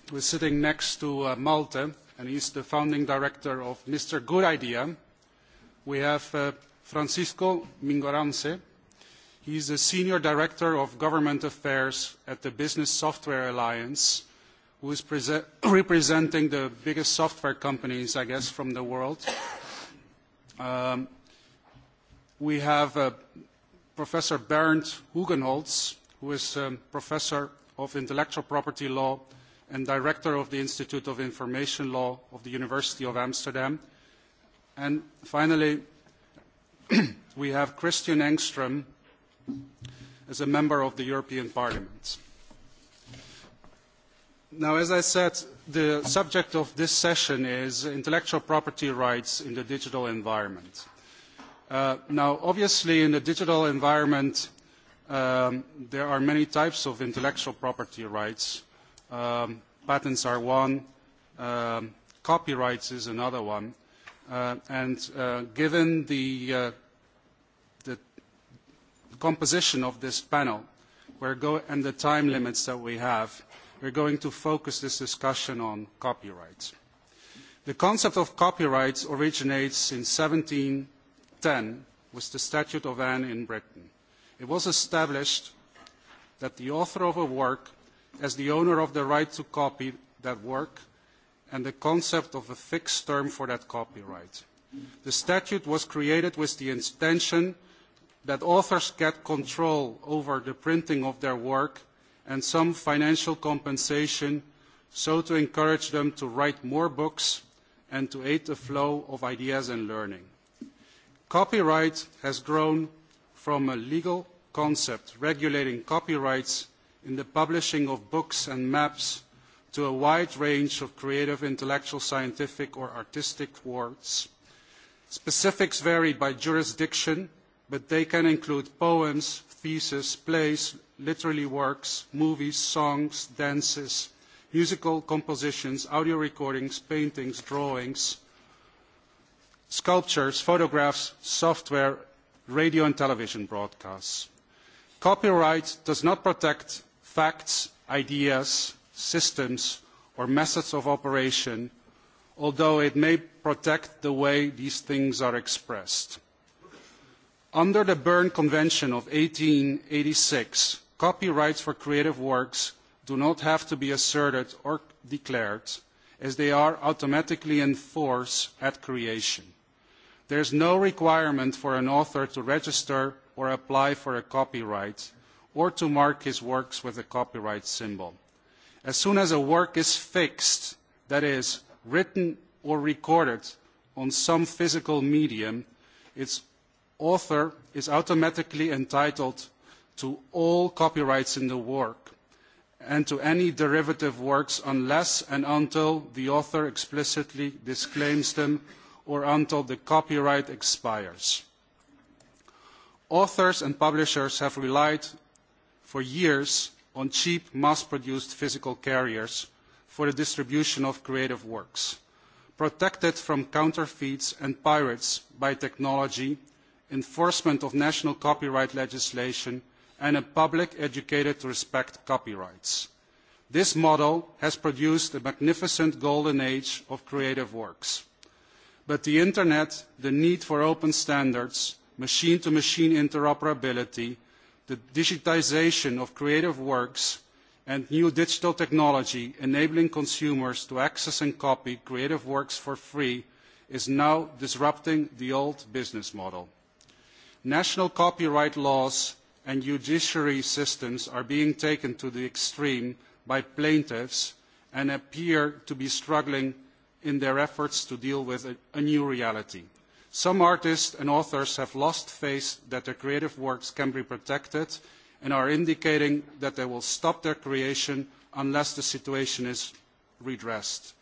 who is sitting next to uh, Malte, and he's the founding director of Mr. Good Idea. We have uh, Francisco Mingorance, He is the Senior Director of Government Affairs at the Business Software Alliance, who is representing the biggest software companies, I guess, from the world. we have Professor Bernd Hugenholz, who is Professor of Intellectual Property Law and Director of the Institute of Information Law of the University of Amsterdam. And finally, we have Christian Engström, as a member of the European Parliament. Now, as I said, the subject of this session is intellectual property rights in the digital environment. now, obviously, in the digital environment, there are many types of intellectual property rights. patents are one, copyrights is another one. and given the composition of this panel and the time limits that we have, we are going to focus this discussion on copyright. The concept of copyright originates in ten with the Statute of Anne in Britain. It was established that the author of a work as the owner of the right to copy that work and the concept of a fixed term for that copyright. The statute was created with the intention that authors get control over the printing of their work and some financial compensation, so to encourage them to write more books and to aid the flow of ideas and learning. Copyright has grown from a legal concept regulating copyrights in the publishing of books and maps to a wide range of creative, intellectual, scientific or artistic works. Specifics vary by jurisdiction but they can include poems, theses, plays, literary works, movies, songs, dances, musical compositions, audio recordings, paintings, drawings, sculptures, photographs, software, radio and television broadcasts. Copyright does not protect facts, ideas, systems, or methods of operation, although it may protect the way these things are expressed Under the Berne Convention of eighty six, copyrights for creative works do not have to be asserted or declared, as they are automatically in force at creation. There is no requirement for an author to register or apply for a copyright or to mark his works with a copyright symbol. As soon as a work is fixed, that is, written or recorded on some physical medium, its author is automatically entitled to all copyrights in the work and to any derivative works unless and until the author explicitly disclaims them or until the copyright expires. Authors and publishers have relied for years on cheap mass-produced physical carriers for the distribution of creative works, protected from counterfeits and pirates by technology enforcement of national copyright legislation, and a public educated to respect copyrights. This model has produced a magnificent golden age of creative works. But the Internet, the need for open standards, machine-to-machine interoperability, the digitisation of creative works, and new digital technology enabling consumers to access and copy creative works for free is now disrupting the old business model. National copyright laws and judiciary systems are being taken to the extreme by plaintiffs and appear to be struggling in their efforts to deal with a new reality. Some artists and authors have lost faith that their creative works can be protected and are indicating that they will stop their creation unless the situation is redressed.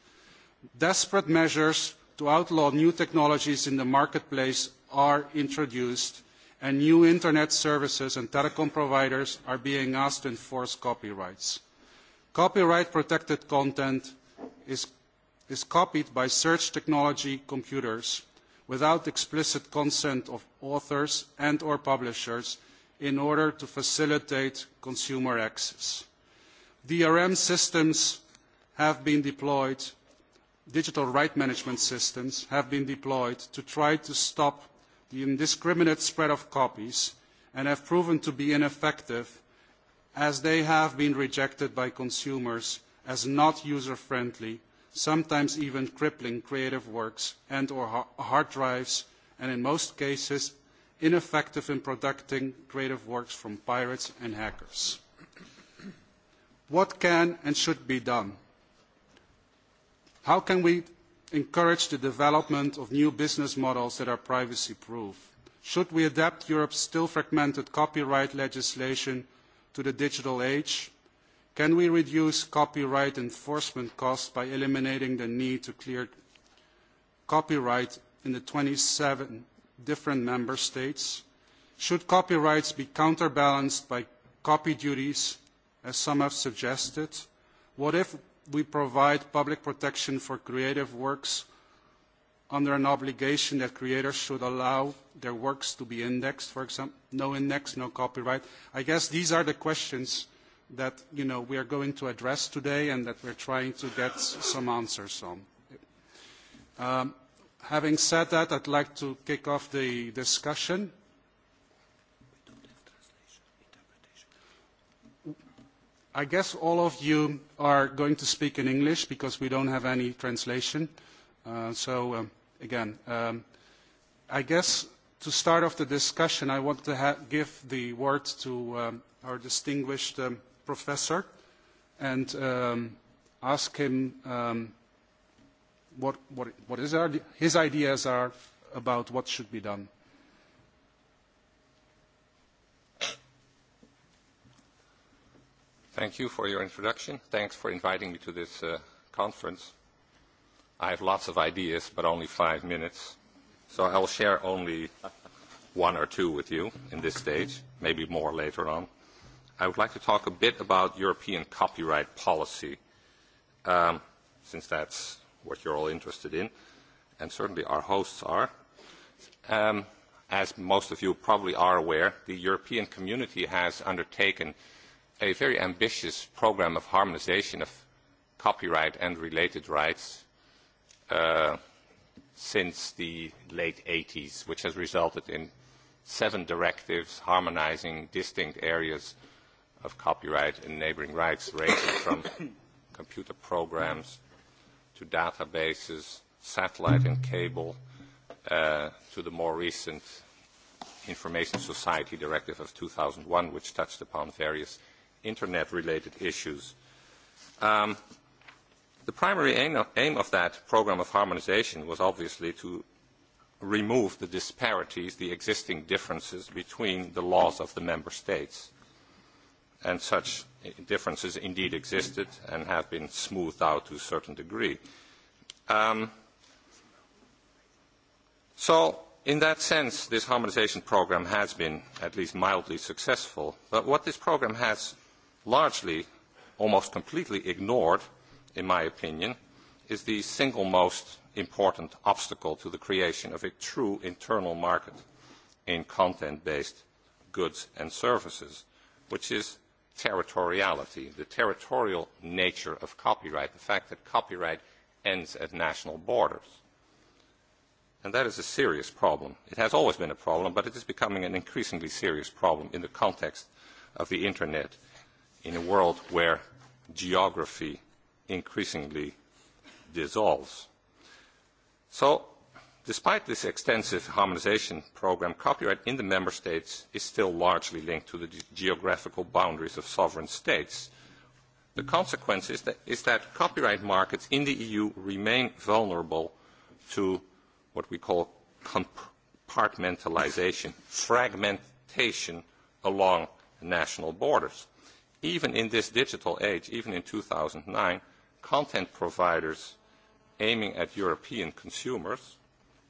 Desperate measures to outlaw new technologies in the marketplace are introduced and new internet services and telecom providers are being asked to enforce copyrights. Copyright protected content is, copied by search technology computers without explicit consent of authors and or publishers in order to facilitate consumer access. DRM systems have been deployed, digital right management systems have been deployed to try to stop the indiscriminate spread of copies and have proven to be ineffective as they have been rejected by consumers as not user friendly, sometimes even crippling creative works and or hard drives, and in most cases ineffective in protecting creative works from pirates and hackers. What can and should be done? How can we encourage the development of new business models that are privacy-proof? Should we adapt Europe's still fragmented copyright legislation to the digital age? Can we reduce copyright enforcement costs by eliminating the need to clear copyright in the twenty seven different member states? Should copyrights be counterbalanced by copy duties, as some have suggested? What if we provide public protection for creative works under an obligation that creators should allow their works to be indexed, for example. No index, no copyright. I guess these are the questions that you know we are going to address today and that we're trying to get some answers on. having said that, I'd like to kick off the discussion. I guess all of you are going to speak in English because we don't have any translation. so again, I guess to start off the discussion, I want to give the word to our distinguished professor and ask him what, what, what is our, his ideas are about what should be done. Thank you for your introduction. Thanks for inviting me to this uh, conference. I have lots of ideas, but only five minutes, so I will share only one or two with you in this stage, maybe more later on. I would like to talk a bit about European copyright policy, um, since that's what you're all interested in, and certainly our hosts are. Um, as most of you probably are aware, the European community has undertaken – a very ambitious programme of harmonisation of copyright and related rights since the late 80s, which has resulted in seven directives harmonising distinct areas of copyright and neighbouring rights, ranging from computer programmes to databases, satellite and cable, to the more recent Information Society Directive of two thousand one, which touched upon various internet-related issues. the primary aim of, that programme of harmonisation was obviously to remove the disparities, the existing differences between the laws of the member states. And such differences indeed existed and have been smoothed out to a certain degree. so in that sense, this harmonisation programme has been at least mildly successful. But what this programme has largely, almost completely ignored, in my opinion, is the single most important obstacle to the creation of a true internal market in content-based goods and services, which is territoriality, the territorial nature of copyright, the fact that copyright ends at national borders. And that is a serious problem. It has always been a problem, but it is becoming an increasingly serious problem in the context of the Internet in a world where geography increasingly dissolves. So, despite this extensive harmonisation programme, copyright in the member states is still largely linked to the geographical boundaries of sovereign states. The consequence is that, is that copyright markets in the EU remain vulnerable to what we call compartmentalisation, fragmentation along national borders even in this digital age, even in 2009, content providers aiming at European consumers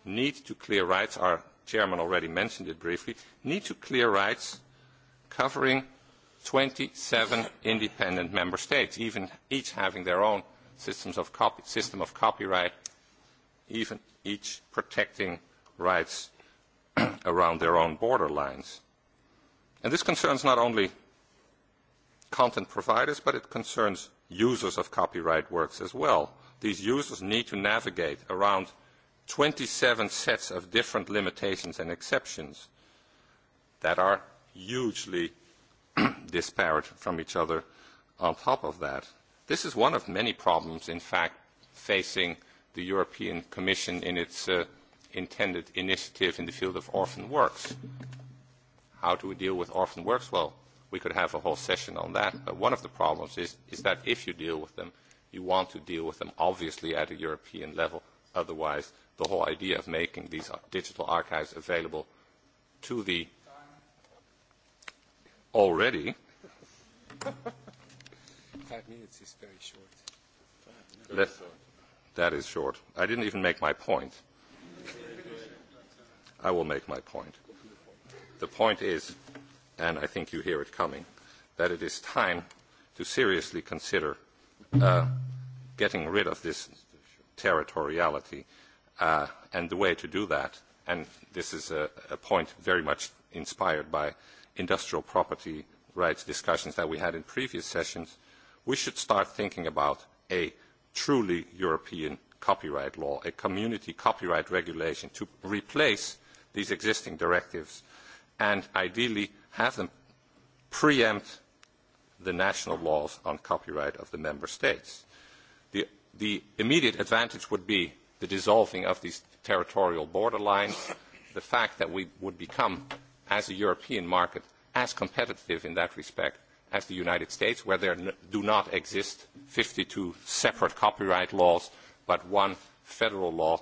need to clear rights, our chairman already mentioned it briefly, need to clear rights covering 27 independent member states, even each having their own systems of copy, system of copyright, even each protecting rights around their own borderlines. And this concerns not only content providers, but it concerns users of copyright works as well. These users need to navigate around 27 sets of different limitations and exceptions that are hugely disparate from each other on top of that. This is one of many problems, in fact, facing the European Commission in its uh, intended initiative in the field of orphan works. How do we deal with orphan works? Well, We could have a whole session on that. But one of the problems is, is that if you deal with them, you want to deal with them obviously at a European level. Otherwise, the whole idea of making these digital archives available to the already five minutes is very short. Let, that is short. I didn't even make my point. I will make my point. The point is and I think you hear it coming, that it is time to seriously consider getting rid of this territoriality. and the way to do that, and this is a, a point very much inspired by industrial property rights discussions that we had in previous sessions, we should start thinking about a truly European copyright law, a community copyright regulation to replace these existing directives and ideally have them preempt the national laws on copyright of the member states. The, the immediate advantage would be the dissolving of these territorial borderlines, the fact that we would become, as a European market, as competitive in that respect as the United States, where there do not exist fifty two separate copyright laws, but one federal law.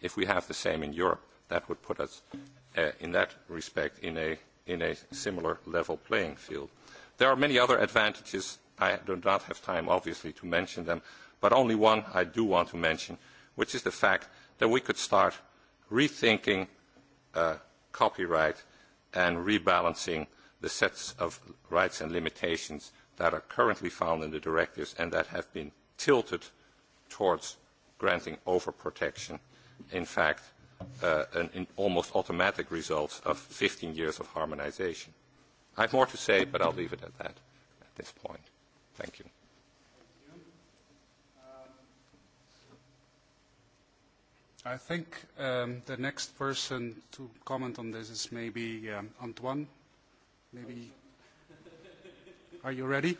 If we have the same in Europe, that would put us, in that respect, in a in a similar level playing field. There are many other advantages. I do not have time, obviously, to mention them, but only one I do want to mention, which is the fact that we could start rethinking copyright and rebalancing the sets of rights and limitations that are currently found in the directives and that have been tilted towards granting overprotection, in fact, an almost automatic result of 15 years of harmonization. I have more to say, but I'll leave it at that at this point. Thank you. I think um, the next person to comment on this is maybe um, Antoine. Maybe. Are you ready?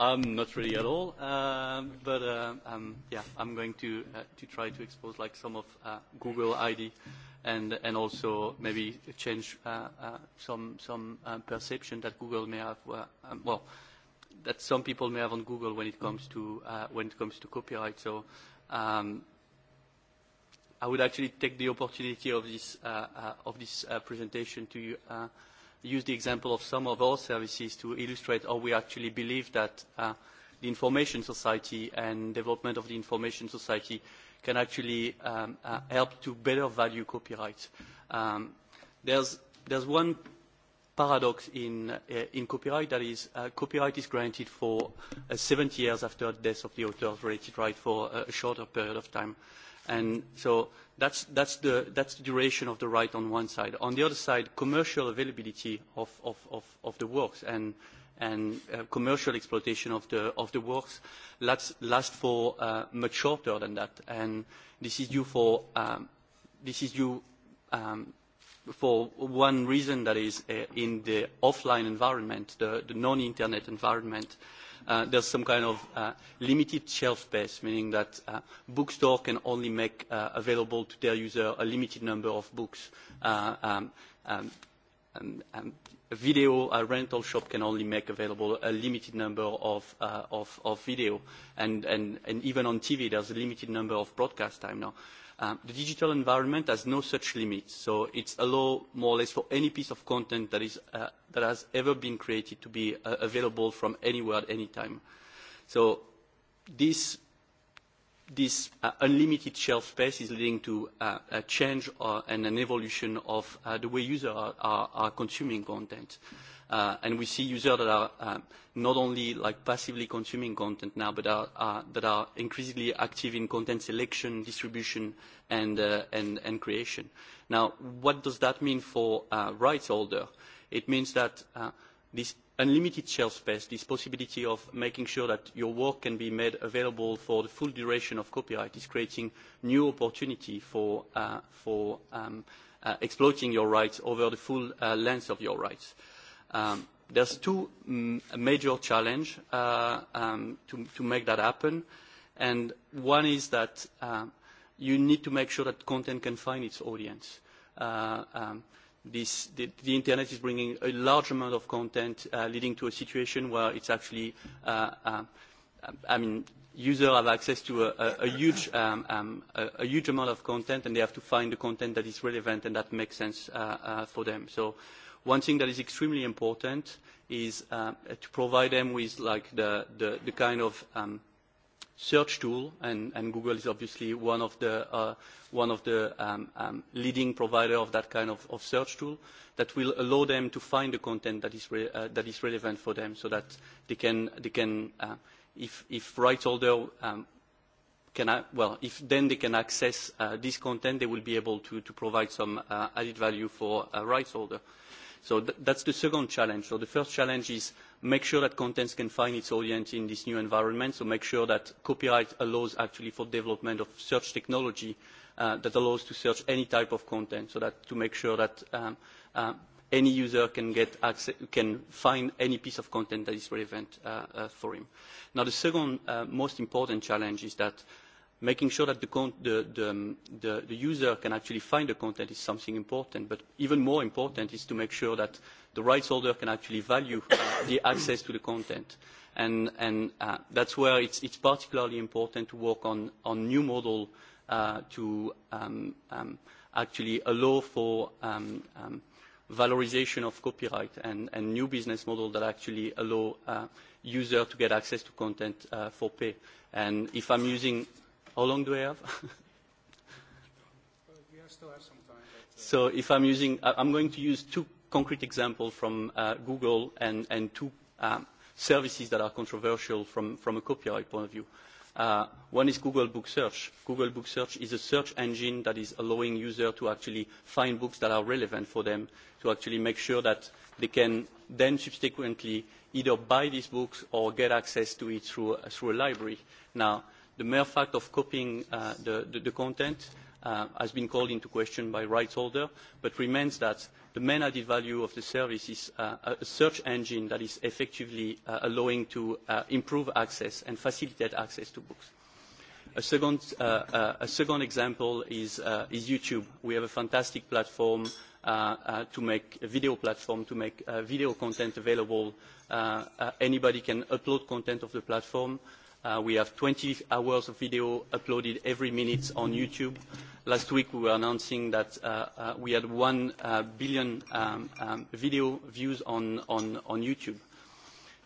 Um, not really at all. Um, but uh, um, yeah, I'm going to uh, to try to expose like some of uh, Google ID, and and also maybe change uh, uh, some some um, perception that Google may have. Uh, um, well, that some people may have on Google when it comes to uh, when it comes to copyright. So. Um, I would actually take the opportunity of this uh, uh, of this uh, presentation to uh, use the example of some of our services to illustrate how we actually believe that uh, the information society and development of the information society can actually um, uh, help to better value copyright. Um, there's, there's one paradox in, uh, in copyright that is uh, copyright is granted for uh, 70 years after the death of the author's related right for a, a shorter period of time And so that's, that's, the, that's the duration of the right on one side. On the other side, commercial availability of, of, of, of the works and, and uh, commercial exploitation of the, of the works lasts, for uh, much shorter than that. And this is due for, um, this is due um, for one reason that is uh, in the offline environment, the, the non-internet environment, uh, uh, there's some kind of uh, limited shelf space, meaning that uh, bookstore can only make uh, available to their user a limited number of books. Uh, um, um, um, um, video a rental shop can only make available a limited number of uh, of, of video and, and and even on TV there's a limited number of broadcast time now the digital environment has no such limits, so it's allows more or less for any piece of content that, is, uh, that has ever been created to be uh, available from anywhere at any time. So this, this uh, unlimited shelf space is leading to uh, a change uh, and an evolution of uh, the way users are, are, are consuming content. Mm-hmm Uh, and we see users that are not only like passively consuming content now, but are, are, that are increasingly active in content selection, distribution, and, uh, and, and creation. Now, what does that mean for uh, rights holder? It means that uh, this unlimited shelf space, this possibility of making sure that your work can be made available for the full duration of copyright is creating new opportunity for, uh, for um, uh, exploiting your rights over the full uh, length of your rights. Uh, Um, there's two um, major challenges uh, um, to, to make that happen. And one is that um, you need to make sure that content can find its audience. Uh, um, this, the, the internet is bringing a large amount of content, uh, leading to a situation where it's actually, uh, uh, I mean, users have access to a, a, a huge um, um, a, a huge amount of content, and they have to find the content that is relevant and that makes sense uh, uh, for them. So One thing that is extremely important is uh, to provide them with like the, the, the kind of um, search tool, and, and Google is obviously one of the, uh, one of the um, um, leading provider of that kind of, of search tool that will allow them to find the content that is, re uh, that is relevant for them so that they can, they can uh, if, if rights holder um, can, well, if then they can access uh, this content, they will be able to, to provide some uh, added value for a rights holder. Uh, So th that's the second challenge. So the first challenge is make sure that content can find its audience in this new environment, so make sure that copyright allows actually for development of search technology uh, that allows to search any type of content, so that to make sure that um, uh, any user can get access, can find any piece of content that is relevant uh, uh, for him. Now the second uh, most important challenge is that making sure that the, the, the, the, the user can actually find the content is something important, but even more important is to make sure that the rights holder can actually value the access to the content. And, and uh, that's where it's, it's particularly important to work on, on new model uh, to um, um, actually allow for um, um, valorization of copyright and, and new business model that actually allow uh, user to get access to content uh, for pay. And if I'm using How long do I have? We still have some time. So if I'm using, I'm going to use two concrete examples from uh, Google and, and two um, services that are controversial from, from a copyright point of view. Uh, one is Google Book Search. Google Book Search is a search engine that is allowing users to actually find books that are relevant for them, to actually make sure that they can then subsequently either buy these books or get access to it through, through a library. Now, the mere fact of copying uh, the, the, the content uh, has been called into question by rights holder, but remains that the main added value of the service is uh, a search engine that is effectively uh, allowing to uh, improve access and facilitate access to books. A second, uh, uh, a second example is, uh, is YouTube. We have a fantastic platform uh, uh, to make a video platform to make uh, video content available. Uh, uh, anybody can upload content of the platform we have twenty hours of video uploaded every minute on YouTube. Last week we were announcing that we had one billion video views on, YouTube.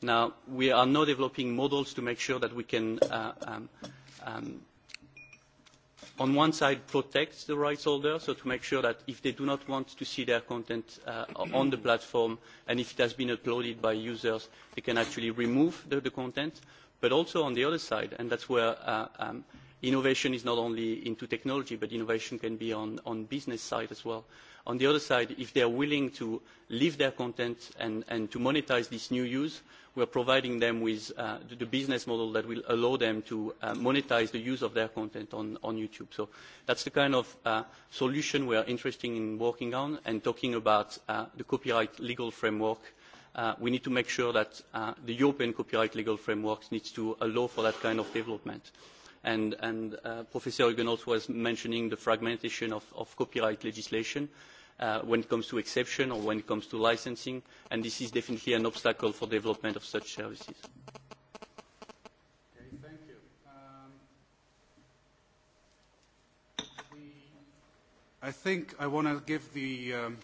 Now, we are now developing models to make sure that we can, on one side, protect the rights holder, so to make sure that if they do not want to see their content on the platform and if it has been uploaded by users, they can actually remove the content but also on the other side, and that's where uh, um, innovation is not only into technology, but innovation can be on, on business side as well. On the other side, if they are willing to leave their content and, and to monetize this new use, we are providing them with uh, the, the business model that will allow them to uh, monetize the use of their content on, on YouTube. So that's the kind of uh, solution we are interested in working on and talking about uh, the copyright legal framework we need to make sure that the European copyright legal framework needs to allow for that kind of development. And, and uh, Professor Huguenot was mentioning the fragmentation of, of copyright legislation uh, when it comes to exception or when it comes to licensing, and this is definitely an obstacle for development of such services. I think I want to give the, um,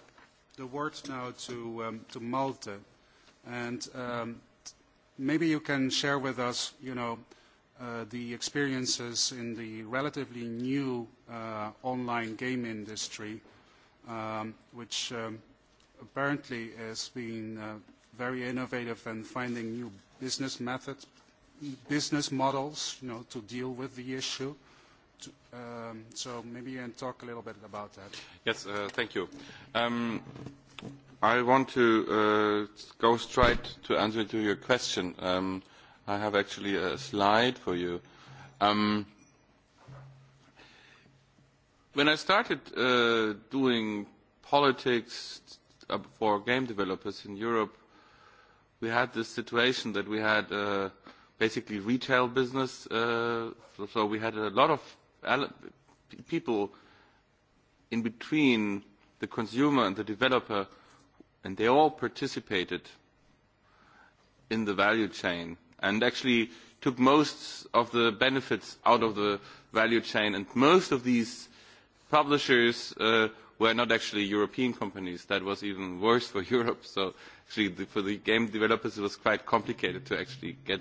the words now to, um, to Malte And um, maybe you can share with us, you know, uh, the experiences in the relatively new uh, online game industry, um, which um, apparently is being uh, very innovative and finding new business methods, business models, you know, to deal with the issue. Um, so maybe you can talk a little bit about that. Yes, uh, thank you. Um, I want to uh, go straight to answer to your question. Um, I have actually a slide for you. Um, when I started uh, doing politics for game developers in Europe, we had this situation that we had uh, basically retail business. Uh, so we had a lot of people in between the consumer and the developer and they all participated in the value chain and actually took most of the benefits out of the value chain. And most of these publishers uh, were not actually European companies. That was even worse for Europe. So actually, the, for the game developers, it was quite complicated to actually get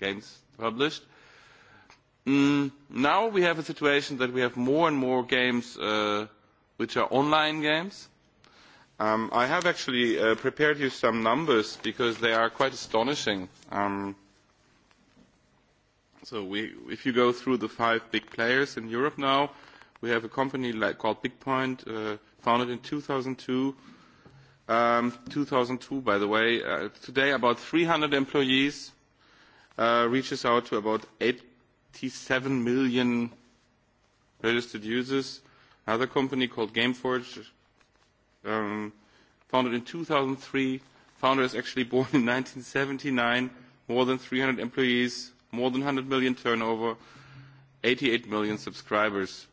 games published. Mm, now we have a situation that we have more and more games uh, which are online games I have actually prepared you some numbers because they are quite astonishing. so we, if you go through the five big players in Europe now, we have a company like, called BigPoint, uh, founded in 2002. Um, 2002, by the way. Uh, today, about 300 employees uh, reaches out to about 87 million registered users. Another company called GameForge um, founded in 2003, founders actually born in 1979, more than 300 employees, more than 100 million turnover, 88 million subscribers.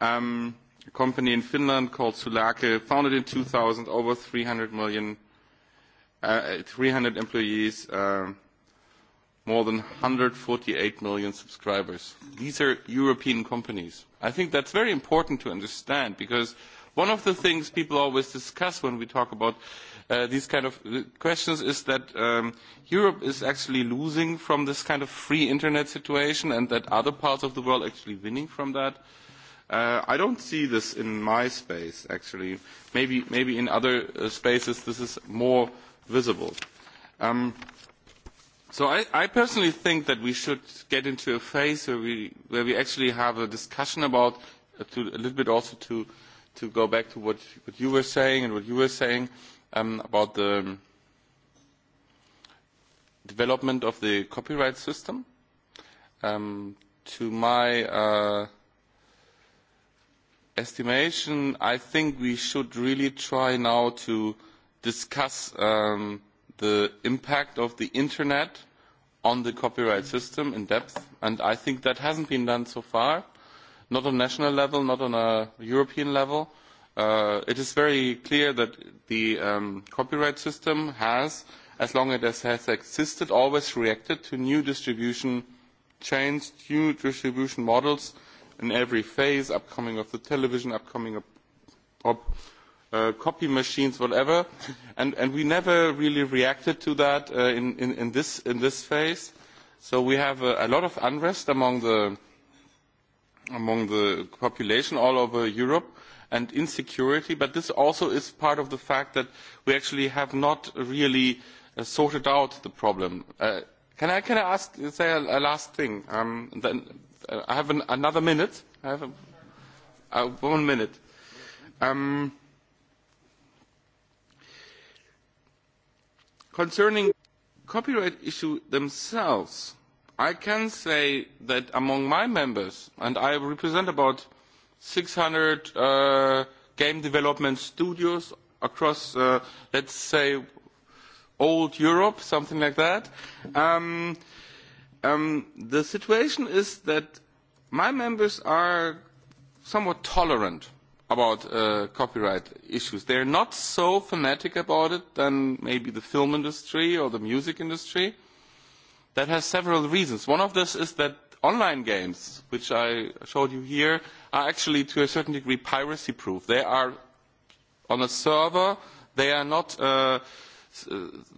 Um, a company in Finland called Sulake, founded in 2000, over 300 million, uh, 300 employees, uh, more than 148 million subscribers. These are European companies. I think that's very important to understand because – One of the things people always discuss when we talk about these kind of questions is that Europe is actually losing from this kind of free internet situation and that other parts of the world are actually winning from that. I don't see this in my space, actually. Maybe, maybe in other spaces this is more visible. so I, I personally think that we should get into a phase where we, where we actually have a discussion about, to, a little bit also to to go back to what, what you were saying and what you were saying um, about the development of the copyright system. Um, to my uh, estimation, I think we should really try now to discuss um, the impact of the internet on the copyright system in depth, and I think that hasn't been done so far not on national level, not on a European level. it is very clear that the copyright system has, as long as it has existed, always reacted to new distribution chains, new distribution models in every phase, upcoming of the television, upcoming of copy machines, whatever. And we never really reacted to that in this phase. So we have a lot of unrest among the among the population all over Europe and insecurity, but this also is part of the fact that we actually have not really sorted out the problem. can, I, can I ask, say a, a last thing? Um, then I have an, another minute. I have a, uh, one minute. Um, concerning copyright issue themselves, I can say that among my members, and I represent about six hundred game development studios across, uh, let's say, old Europe, something like that. the situation is that my members are somewhat tolerant about copyright issues. They are not so fanatic about it than maybe the film industry or the music industry That has several reasons. One of this is that online games, which I showed you here, are actually to a certain degree piracy proof. They are on a server, they are not, uh,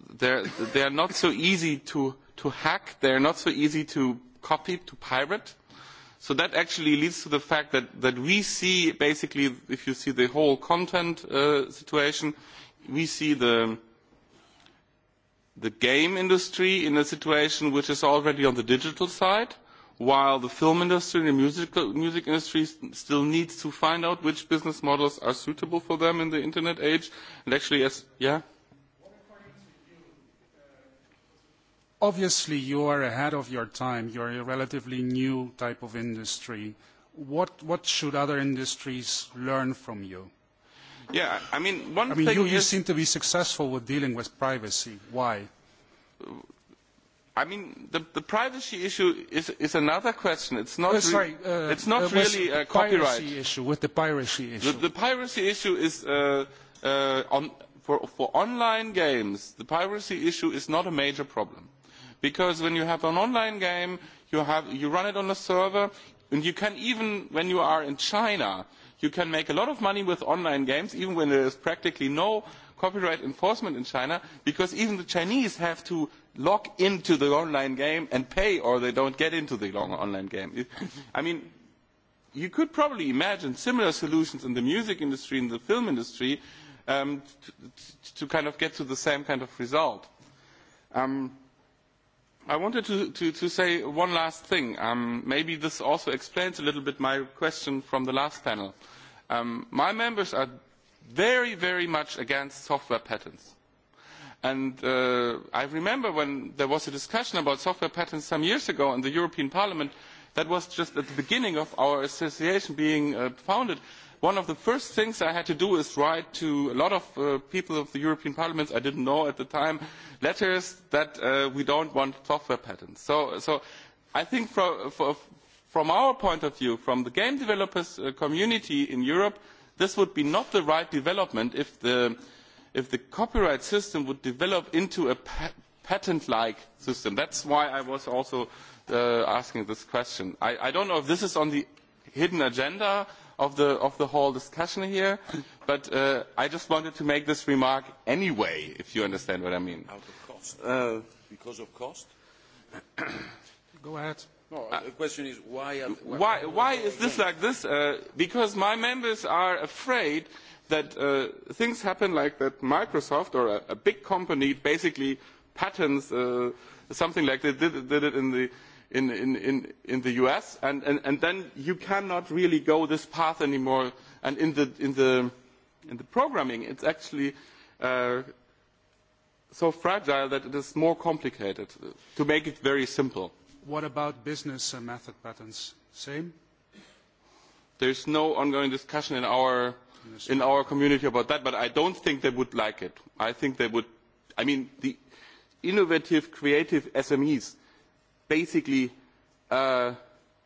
they're, they are not so easy to, to hack, they are not so easy to copy, to pirate. So that actually leads to the fact that, that we see basically, if you see the whole content uh, situation, we see the, the game industry in a situation which is already on the digital side, while the film industry and the music industry still needs to find out which business models are suitable for them in the internet age. And actually, as yeah. Obviously, you are ahead of your time. you are a relatively new type of industry. What, what should other industries learn from you? Yeah, I mean, one I mean, thing you, you seem to be successful with dealing with privacy. Why? I mean, the, the privacy issue is, is another question. It's not, oh, sorry, uh, it's not uh, really a copyright issue. With the piracy issue, the, the piracy issue is uh, uh, on, for, for online games. The piracy issue is not a major problem because when you have an online game, you, have, you run it on a server, and you can even when you are in China you can make a lot of money with online games even when there is practically no copyright enforcement in china because even the chinese have to log into the online game and pay or they don't get into the online game i mean you could probably imagine similar solutions in the music industry and the film industry to kind of get to the same kind of result um, I wanted to, to, to say one last thing. Um, maybe this also explains a little bit my question from the last panel. Um, my members are very, very much against software patents. And uh, I remember when there was a discussion about software patents some years ago in the European Parliament, that was just at the beginning of our association being uh, founded, one of the first things I had to do is write to a lot of people of the European Parliament, I didn't know at the time, letters that uh, we don't want software patents. So, so I think from, from our point of view, from the game developers community in Europe, this would be not the right development if the, if the copyright system would develop into a patent-like system. That is why I was also asking this question. I, I don't know if this is on the hidden agenda of the, of the whole discussion here, but uh, I just wanted to make this remark anyway, if you understand what I mean. Out of cost. Uh, because of cost? Go ahead. No, the question is why, are, why, why is this like this? Uh, because my members are afraid that uh, things happen like that Microsoft or a, a big company basically patents uh, something like they did, did it in the in, in, in, in the US, and, and, and then you cannot really go this path anymore. And in the, in the, in the programming, it's actually uh, so fragile that it is more complicated to make it very simple. What about business method patterns? Same? There's no ongoing discussion in our, in our community about that, but I don't think they would like it. I think they would, I mean, the innovative, creative SMEs basically uh,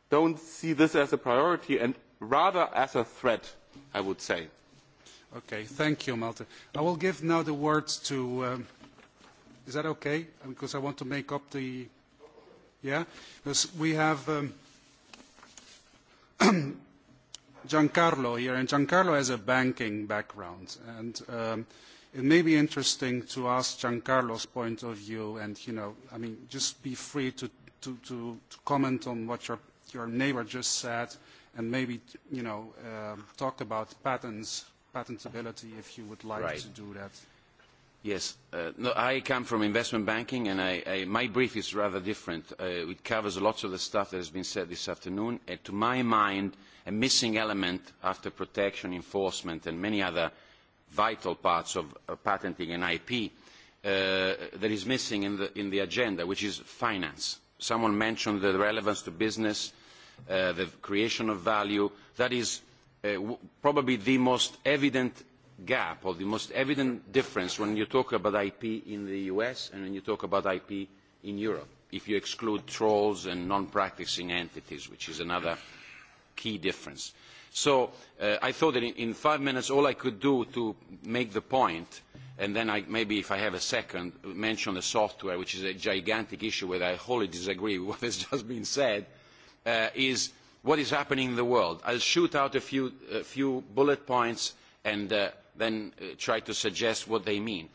don't see this as a priority and rather as a threat, I would say. Okay, thank you, Malte. I will give now the words to. Um, is that okay? Because I want to make up the. Yeah, because we have um, Giancarlo here, and Giancarlo has a banking background, and um, it may be interesting to ask Giancarlo's point of view, and you know, I mean, just be free to to, to, to comment on what your, your neighbor just said and maybe, you know, uh, talk about patents, patentability, if you would like to do that. Yes. no, I come from investment banking, and I, I, my brief is rather different. Uh, it covers lots of the stuff that has been said this afternoon. And to my mind, a missing element after protection, enforcement, and many other vital parts of uh, patenting and IP uh, that is missing in the, in the agenda, which is finance Someone mentioned the relevance to business, the creation of value. That is probably the most evident gap or the most evident difference when you talk about IP in the US and when you talk about IP in Europe, if you exclude trolls and non-practicing entities, which is another key difference. So I thought that in five minutes all I could do to make the point, and then I, maybe if I have a second, mention the software, which is a gigantic issue where I wholly disagree with what has just been said, is what is happening in the world. I'll shoot out a few, bullet points and then try to suggest what they mean.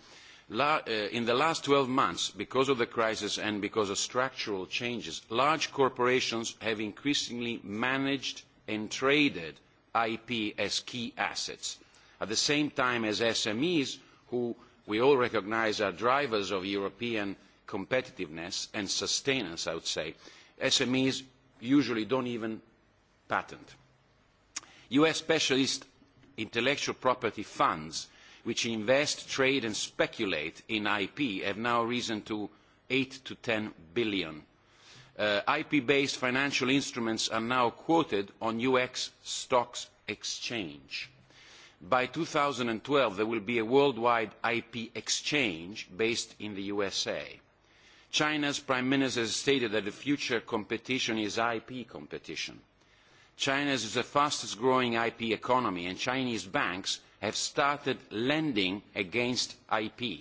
in the last twelve months, because of the crisis and because of structural changes, large corporations have increasingly managed and traded IP as key assets. At the same time as SMEs, who we all recognise are drivers of European competitiveness and sustenance, I would say, SMEs usually don't even patent. US specialist intellectual property funds which invest, trade and speculate in IP have now risen to eight to ten billion IP-based financial instruments are now quoted on UX stocks exchange. By twelve there will be a worldwide IP exchange based in the USA. China's Prime Minister has stated that the future competition is IP competition. China is the fastest growing IP economy and Chinese banks have started lending against IP.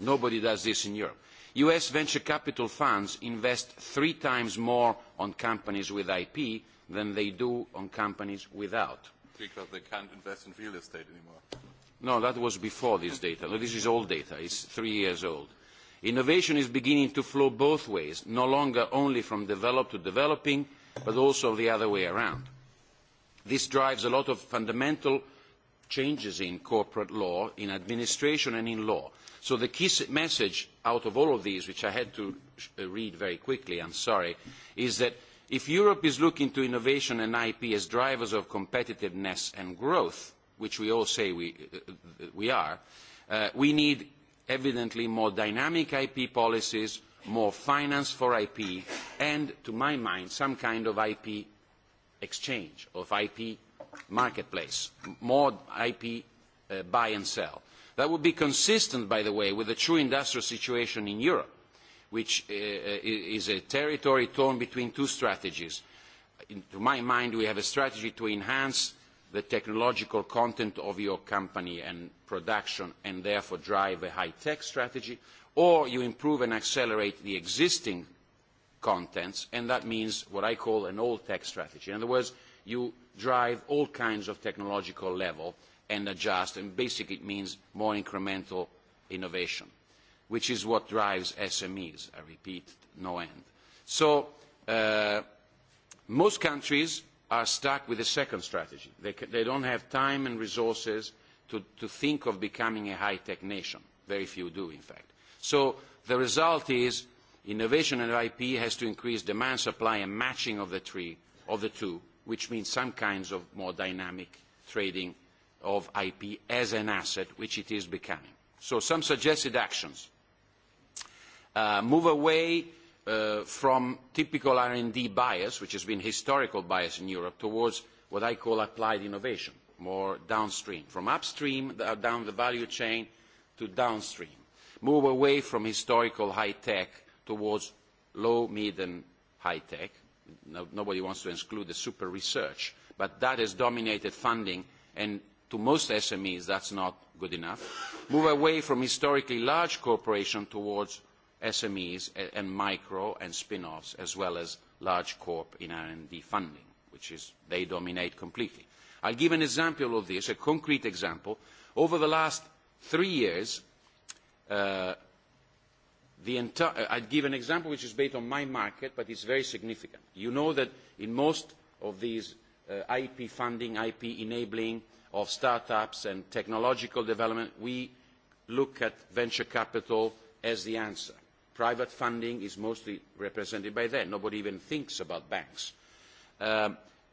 Nobody does this in Europe. US venture capital funds invest three times more on companies with IP than they do on companies without. Because they can't invest in real estate anymore. No, that was before this data. This is old data. It's three years old. Innovation is beginning to flow both ways, no longer only from developed to developing, but also the other way around. This drives a lot of fundamental changes in corporate law, in administration and in law. So the key message out of all of these, which I had to read very quickly, I'm sorry, is that if Europe is looking to innovation and IP as drivers of competitiveness and growth, which we all say we are, we need evidently more dynamic IP policies, more finance for IP, and, to my mind, some kind of IP exchange, of IP marketplace, more IP buy and sell That would be consistent, by the way, with the true industrial situation in Europe, which is a territory torn between two strategies. to my mind, we have a strategy to enhance the technological content of your company and production and therefore drive a high-tech strategy, or you improve and accelerate the existing contents, and that means what I call an old-tech strategy. In other words, you drive all kinds of technological level and adjust, and basically it means more incremental innovation, which is what drives SMEs, I repeat, no end. So most countries are stuck with a second strategy. They, they don't have time and resources to, to think of becoming a high-tech nation. Very few do, in fact. So the result is innovation and IP has to increase demand, supply, and matching of the, three, of the two, which means some kinds of more dynamic trading of IP as an asset, which it is becoming. So some suggested actions. move away from typical R&D bias, which has been historical bias in Europe, towards what I call applied innovation, more downstream, from upstream down the value chain to downstream. Move away from historical high-tech towards low, mid, and high-tech. Nobody wants to exclude the super research, but that has dominated funding and to most SMEs, that's not good enough. Move away from historically large corporations towards SMEs and micro and spin-offs, as well as large corp in R&D funding, which is they dominate completely. I'll give an example of this, a concrete example. Over the last three years, uh, the entire, I'd give an example which is based on my market, but it's very significant. You know that in most of these uh, IP funding, IP enabling, of start-ups and technological development, we look at venture capital as the answer. Private funding is mostly represented by that. Nobody even thinks about banks.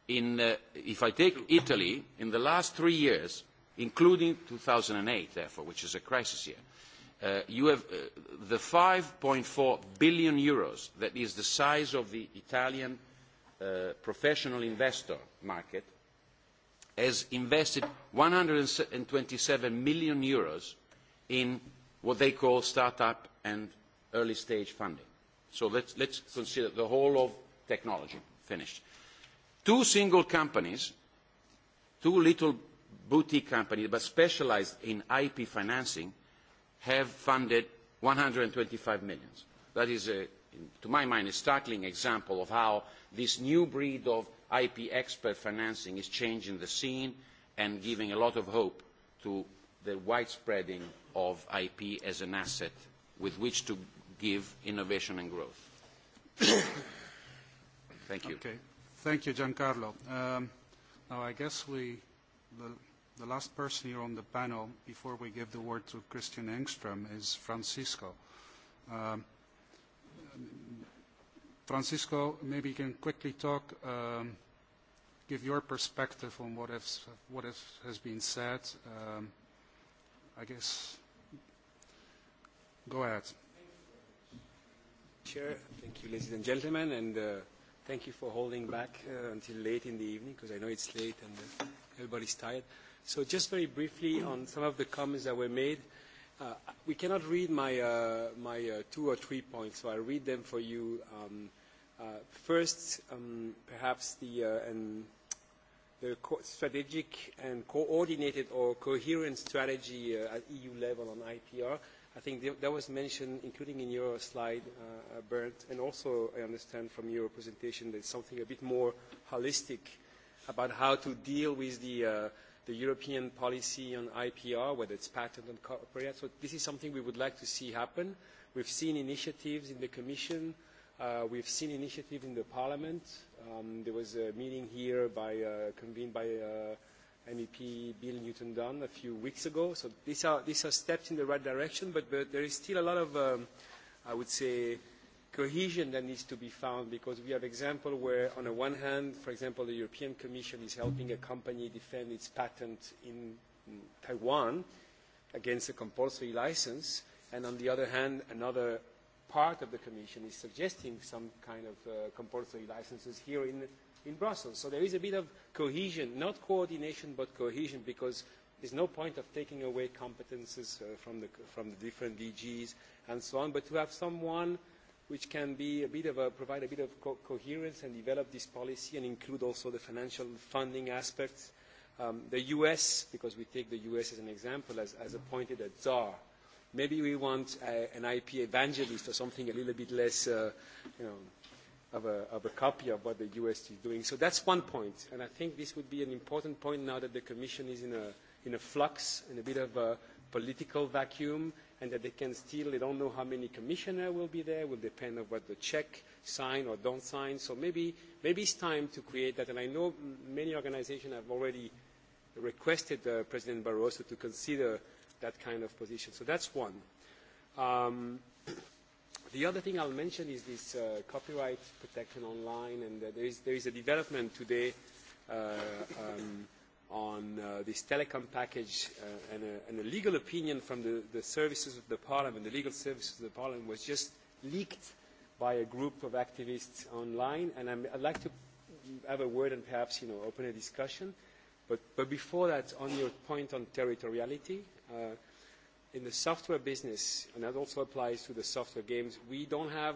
if I take Italy, in the last three years, including two thousand eight, therefore, which is a crisis year, you have the EUR five four billion that is the size of the Italian professional investor market has invested EUR one hundred and twenty seven million in what they call start up and early stage funding. So let's, let's consider the whole of technology finished. Two single companies, two little boutique companies but specialised in IP financing have funded one hundred and twenty five million. That is, to my mind, a startling example of how this new breed of IP expert financing is changing the scene and giving a lot of hope to the widespreading of IP as an asset with which to give innovation and growth. Thank you. Okay. Thank you, Giancarlo. Um, now, I guess we, the, the last person here on the panel before we give the word to Christian Engström is Francisco. Um, Francisco, maybe you can quickly talk, um, give your perspective on what has, what has been said. Um, I guess, go ahead. Chair, thank you, ladies and gentlemen, and uh, thank you for holding back uh, until late in the evening, because I know it's late and uh, everybody's tired. So just very briefly on some of the comments that were made. Uh, we cannot read my, uh, my uh, two or three points, so I'll read them for you. Um, First, perhaps the strategic and coordinated or coherent strategy at EU level on IPR. I think that was mentioned, including in your slide, Bernd, and also I understand from your presentation there's something a bit more holistic about how to deal with the European policy on IPR, whether it's patent and copyright. So this is something we would like to see happen. We've seen initiatives in the Commission We have seen initiative in the Parliament. There was a meeting here by, convened by MEP Bill Newton-Dunn a few weeks ago. So these are, these are steps in the right direction, but, but there is still a lot of, I would say, cohesion that needs to be found because we have examples where, on the one hand, for example, the European Commission is helping a company defend its patent in Taiwan against a compulsory license, and on the other hand, another part of the Commission is suggesting some kind of uh, compulsory licenses here in, in Brussels. So there is a bit of cohesion, not coordination, but cohesion, because there's no point of taking away competences uh, from, the, from the different DGs and so on, but to have someone which can be a bit of a, provide a bit of co coherence and develop this policy and include also the financial funding aspects. Um, the U.S., because we take the U.S. as an example, has, has appointed a czar, Maybe we want a, an IP evangelist or something a little bit less, uh, you know, of a, of a copy of what the US is doing. So that's one point, and I think this would be an important point now that the Commission is in a, in a flux in a bit of a political vacuum, and that they can still, they don't know how many commissioners will be there, will depend on what the Czech sign or don't sign. So maybe, maybe it's time to create that, and I know many organizations have already requested uh, President Barroso to consider that kind of position. So that's one. Um, the other thing I'll mention is this uh, copyright protection online, and uh, there, is, there is a development today uh, um, on uh, this telecom package uh, and, a, and a legal opinion from the, the services of the parliament, the legal services of the parliament was just leaked by a group of activists online, and I'm, I'd like to have a word and perhaps you know, open a discussion. But before that, on your point on territoriality, in the software business, and that also applies to the software games, we don't have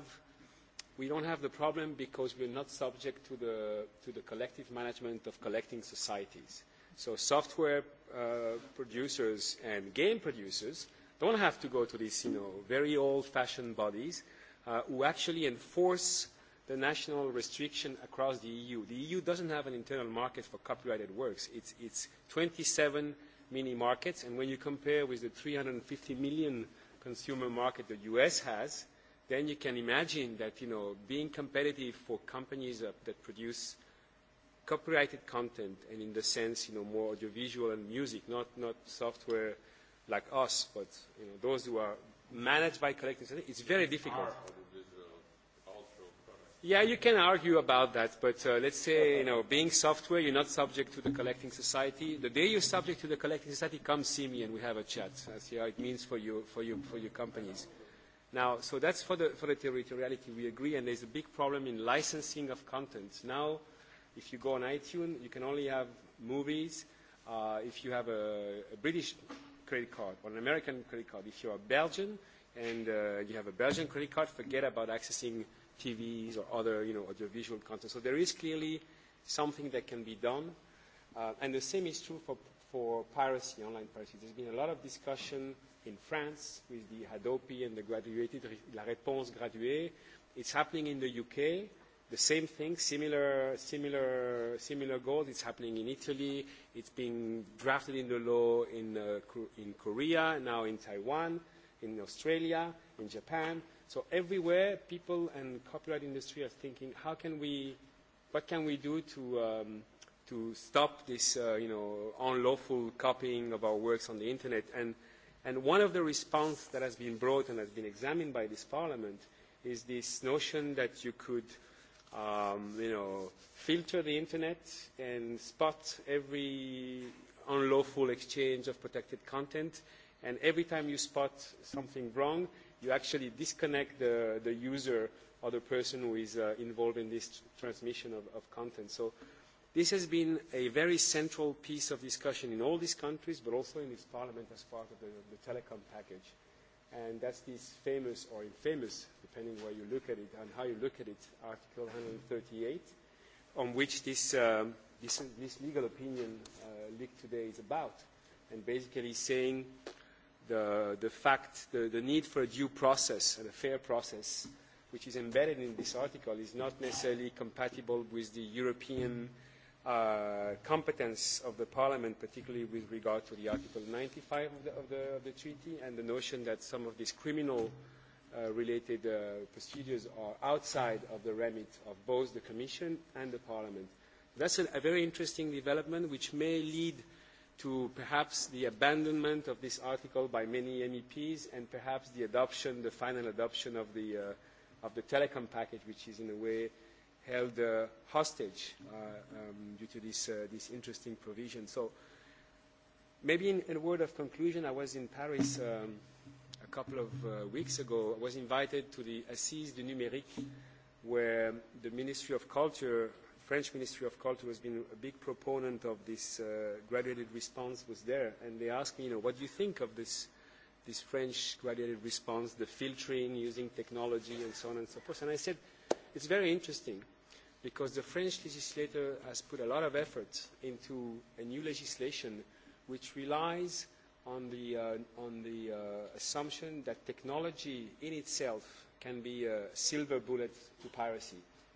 we don't have the problem because we're not subject to the to the collective management of collecting societies. So software uh, producers and game producers don't have to go to these you know very old-fashioned bodies uh, who actually enforce the national restriction across the EU. The EU doesn't have an internal market for copyrighted works. It's, it's 27 mini-markets, and when you compare with the 350 million consumer market the US has, then you can imagine that you know, being competitive for companies that, that produce copyrighted content, and in the sense you know, more audiovisual and music, not, not software like us, but you know, those who are managed by collective it's very difficult. Yeah, you can argue about that, but uh, let's say, you know, being software, you're not subject to the collecting society. The day you're subject to the collecting society, come see me and we have a chat. I see how it means for you, for you, for your companies. Now, so that's for the, for the territoriality. We agree, and there's a big problem in licensing of content. Now, if you go on iTunes, you can only have movies uh, if you have a, a British credit card or an American credit card. If you're a Belgian and uh, you have a Belgian credit card, forget about accessing TVs or other you know, audiovisual content. So there is clearly something that can be done. Uh, and the same is true for, for piracy, online piracy. There's been a lot of discussion in France with the Hadopi and the graduated, la réponse graduée. It's happening in the UK. The same thing, similar, similar, similar goals. It's happening in Italy. It's being drafted in the law in, uh, in Korea, now in Taiwan, in Australia, in Japan. So everywhere, people and copyright industry are thinking, how can we, what can we do to um, to stop this, uh, you know, unlawful copying of our works on the internet? And and one of the response that has been brought and has been examined by this parliament is this notion that you could, um, you know, filter the internet and spot every unlawful exchange of protected content, and every time you spot something wrong you actually disconnect the, the user or the person who is uh, involved in this transmission of, of content. So this has been a very central piece of discussion in all these countries, but also in this parliament as part of the, the telecom package. And that's this famous or infamous, depending where you look at it and how you look at it, Article 138, on which this, um, this, this legal opinion uh, leaked today is about. And basically saying the, the fact, the, the need for a due process and a fair process, which is embedded in this article, is not necessarily compatible with the European uh, competence of the Parliament, particularly with regard to the Article 95 of the, of the, of the treaty and the notion that some of these criminal uh, related uh, procedures are outside of the remit of both the Commission and the Parliament. That's a, a very interesting development which may lead to perhaps the abandonment of this article by many MEPs and perhaps the adoption, the final adoption of the, uh, of the telecom package, which is in a way held uh, hostage uh, um, due to this, uh, this interesting provision. So maybe in, in a word of conclusion, I was in Paris um, a couple of uh, weeks ago. I was invited to the Assise du Numérique, where the Ministry of Culture French Ministry of Culture has been a big proponent of this uh, graduated response was there, and they asked me, you know, what do you think of this, this French graduated response, the filtering, using technology, and so on and so forth. And I said, it's very interesting because the French legislator has put a lot of effort into a new legislation which relies on the, uh, on the uh, assumption that technology in itself can be a silver bullet to piracy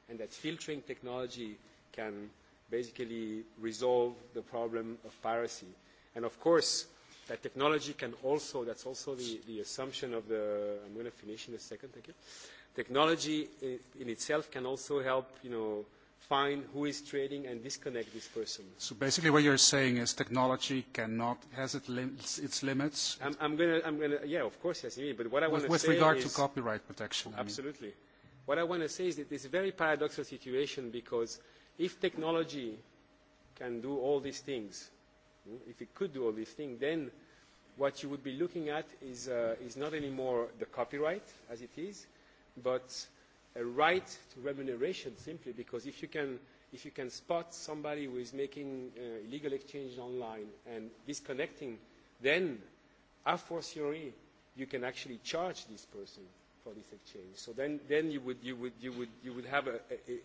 and that filtering technology can basically resolve the problem of piracy. And of course, that technology can also, that's also the, the assumption of the, I'm going to finish in a second, thank you. Technology in itself can also help, you know, find who is trading and disconnect this person. So basically what you're saying is technology cannot, has it lim its limits? I'm, I'm going to, I'm gonna, yeah, of course yes, but what I want to say is With regard to copyright protection. Absolutely. I mean What I want to say is that this is a very paradoxical situation because if technology can do all these things, if it could do all these things, then what you would be looking at is, uh, is not anymore the copyright as it is, but a right to remuneration simply because if you can, if you can spot somebody who is making uh, illegal exchange online and disconnecting, then a fortiori you can actually charge this person policy exchange. So then, then you, would, you, would, you, would, you would have a,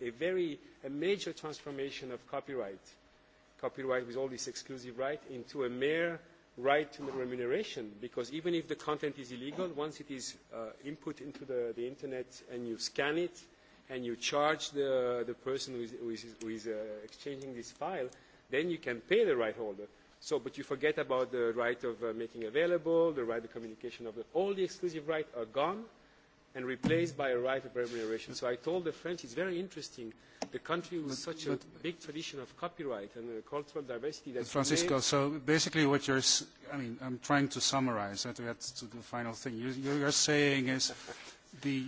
a, a very a major transformation of copyright, copyright with all this exclusive right, into a mere right to remuneration because even if the content is illegal, once it is uh, input into the, the internet and you scan it and you charge the, the person who is, who is, who is uh, exchanging this file, then you can pay the right holder. So, but you forget about the right of uh, making available, the right of communication of the, all the exclusive rights are gone and replaced by a right of remuneration. So I told the French, it's very interesting, the country with such a big tradition of copyright and cultural diversity that... Francisco, so basically what you're... I mean, I'm trying to summarize that. to the final thing. You, you're saying is the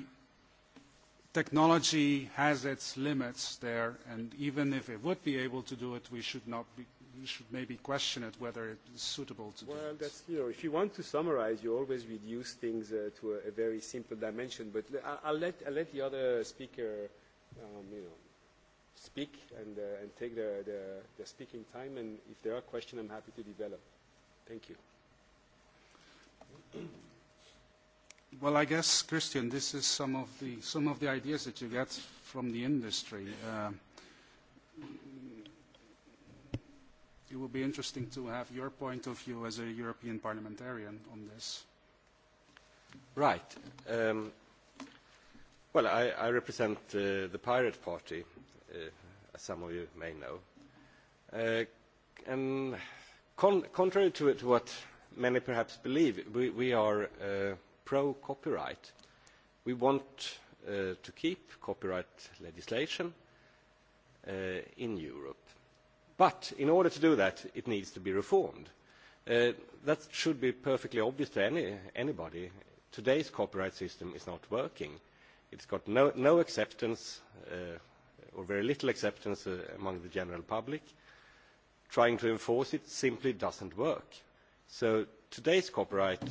technology has its limits there, and even if it would be able to do it, we should not be we should maybe question it whether it is suitable to do well, that. that's, you know, if you want to summarize, you always reduce things uh, to a, a very simple dimension. But I, I'll, let, I'll let the other speaker, um, you know, speak and, uh, and take the, the, the speaking time. And if there are questions, I'm happy to develop. Thank you. Well, I guess, Christian, this is some of the, some of the ideas that you get from the industry. Uh, it will be interesting to have your point of view as a European parliamentarian on this. Right. Um, well, I, I represent uh, the Pirate Party, uh, as some of you may know. Uh, and con contrary to, to what many perhaps believe, we, we are uh, pro-copyright. We want uh, to keep copyright legislation uh, in Europe But in order to do that, it needs to be reformed. that should be perfectly obvious to anybody. Today's copyright system is not working. It's got no, no acceptance or very little acceptance among the general public. Trying to enforce it simply doesn't work. So today's copyright,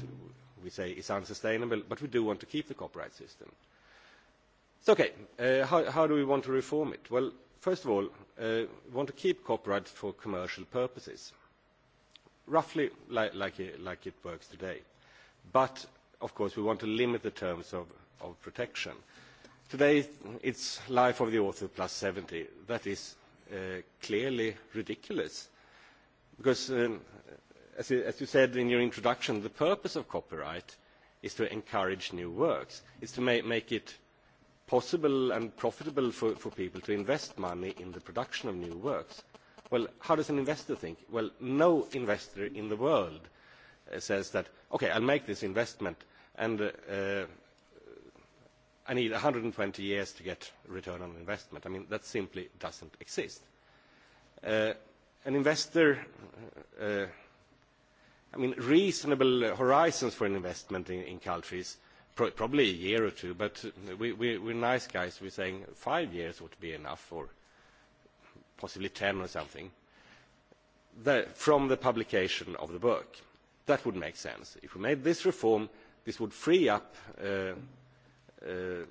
we say, is unsustainable, but we do want to keep the copyright system. So, okay, how, how do we want to reform it? Well, First of all, we want to keep copyright for commercial purposes, roughly like, like, it, like it works today. But, of course, we want to limit the terms of, of protection. Today, it's life of the author plus 70. That is uh, clearly ridiculous. Because, as, you, as you said in your introduction, the purpose of copyright is to encourage new works. It's to ma- make it possible and profitable for, for people to invest money in the production of new works. Well, how does an investor think? Well, no investor in the world says that, okay, I'll make this investment and uh, I need one hundred and twenty years to get return on investment. I mean, that simply doesn't exist. an investor, I mean, reasonable horizons for an investment in, in countries probably a year or two, but we, we, we're nice guys. We're saying five years would be enough, or possibly ten or something, the from the publication of the book. That would make sense. If we made this reform, this would free up uh, uh,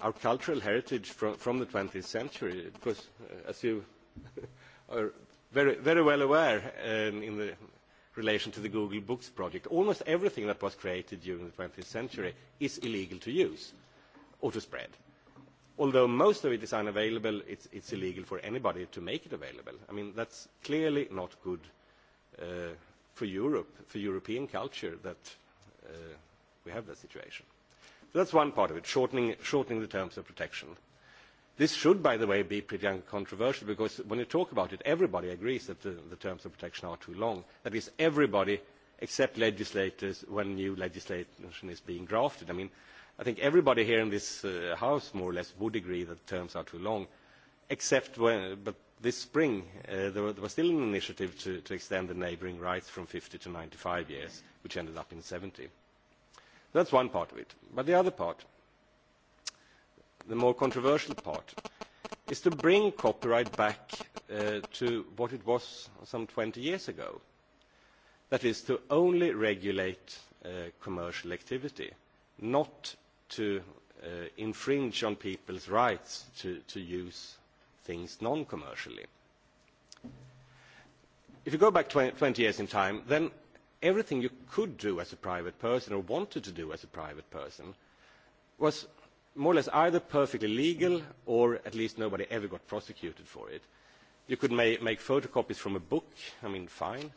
our cultural heritage from, from the 20th century, because uh, as you are very, very well aware um, in the relation to the Google Books project. Almost everything that was created during the 20th century is illegal to use or to spread. Although most of it is unavailable, it's, it's illegal for anybody to make it available. I mean, that's clearly not good uh, for Europe, for European culture, that uh, we have that situation. So that's one part of it, shortening, shortening the terms of protection. Uh, This should, by the way, be pretty uncontroversial because when you talk about it, everybody agrees that the, the terms of protection are too long. That is, everybody except legislators when new legislation is being drafted. I mean, I think everybody here in this uh, House more or less would agree that terms are too long, except when, but this spring uh, there, were, there was still an initiative to, to extend the neighbouring rights from 50 to 95 years, which ended up in 70. That's one part of it. But the other part, the more controversial part, is to bring copyright back to what it was some twenty years ago. That is to only regulate commercial activity, not to infringe on people's rights to use things non-commercially. If you go back twenty years in time, then everything you could do as a private person or wanted to do as a private person was more or less either perfectly legal or at least nobody ever got prosecuted for it. You could ma make photocopies from a book, I mean, fine.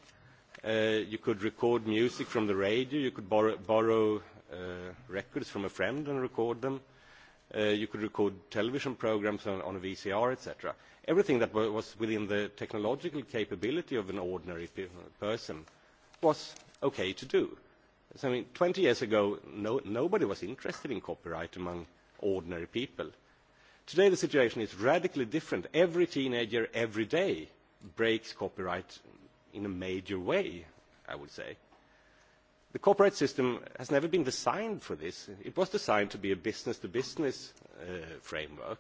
Uh, you could record music from the radio. You could borrow, borrow uh, records from a friend and record them. Uh, you could record television programs on, on a VCR, etc. Everything that was within the technological capability of an ordinary pe person was okay to do. So, I mean, 20 years ago, no, nobody was interested in copyright among ordinary people. Today the situation is radically different. Every teenager, every day, breaks copyright in a major way, I would say. The copyright system has never been designed for this. It was designed to be a business-to-business uh, framework.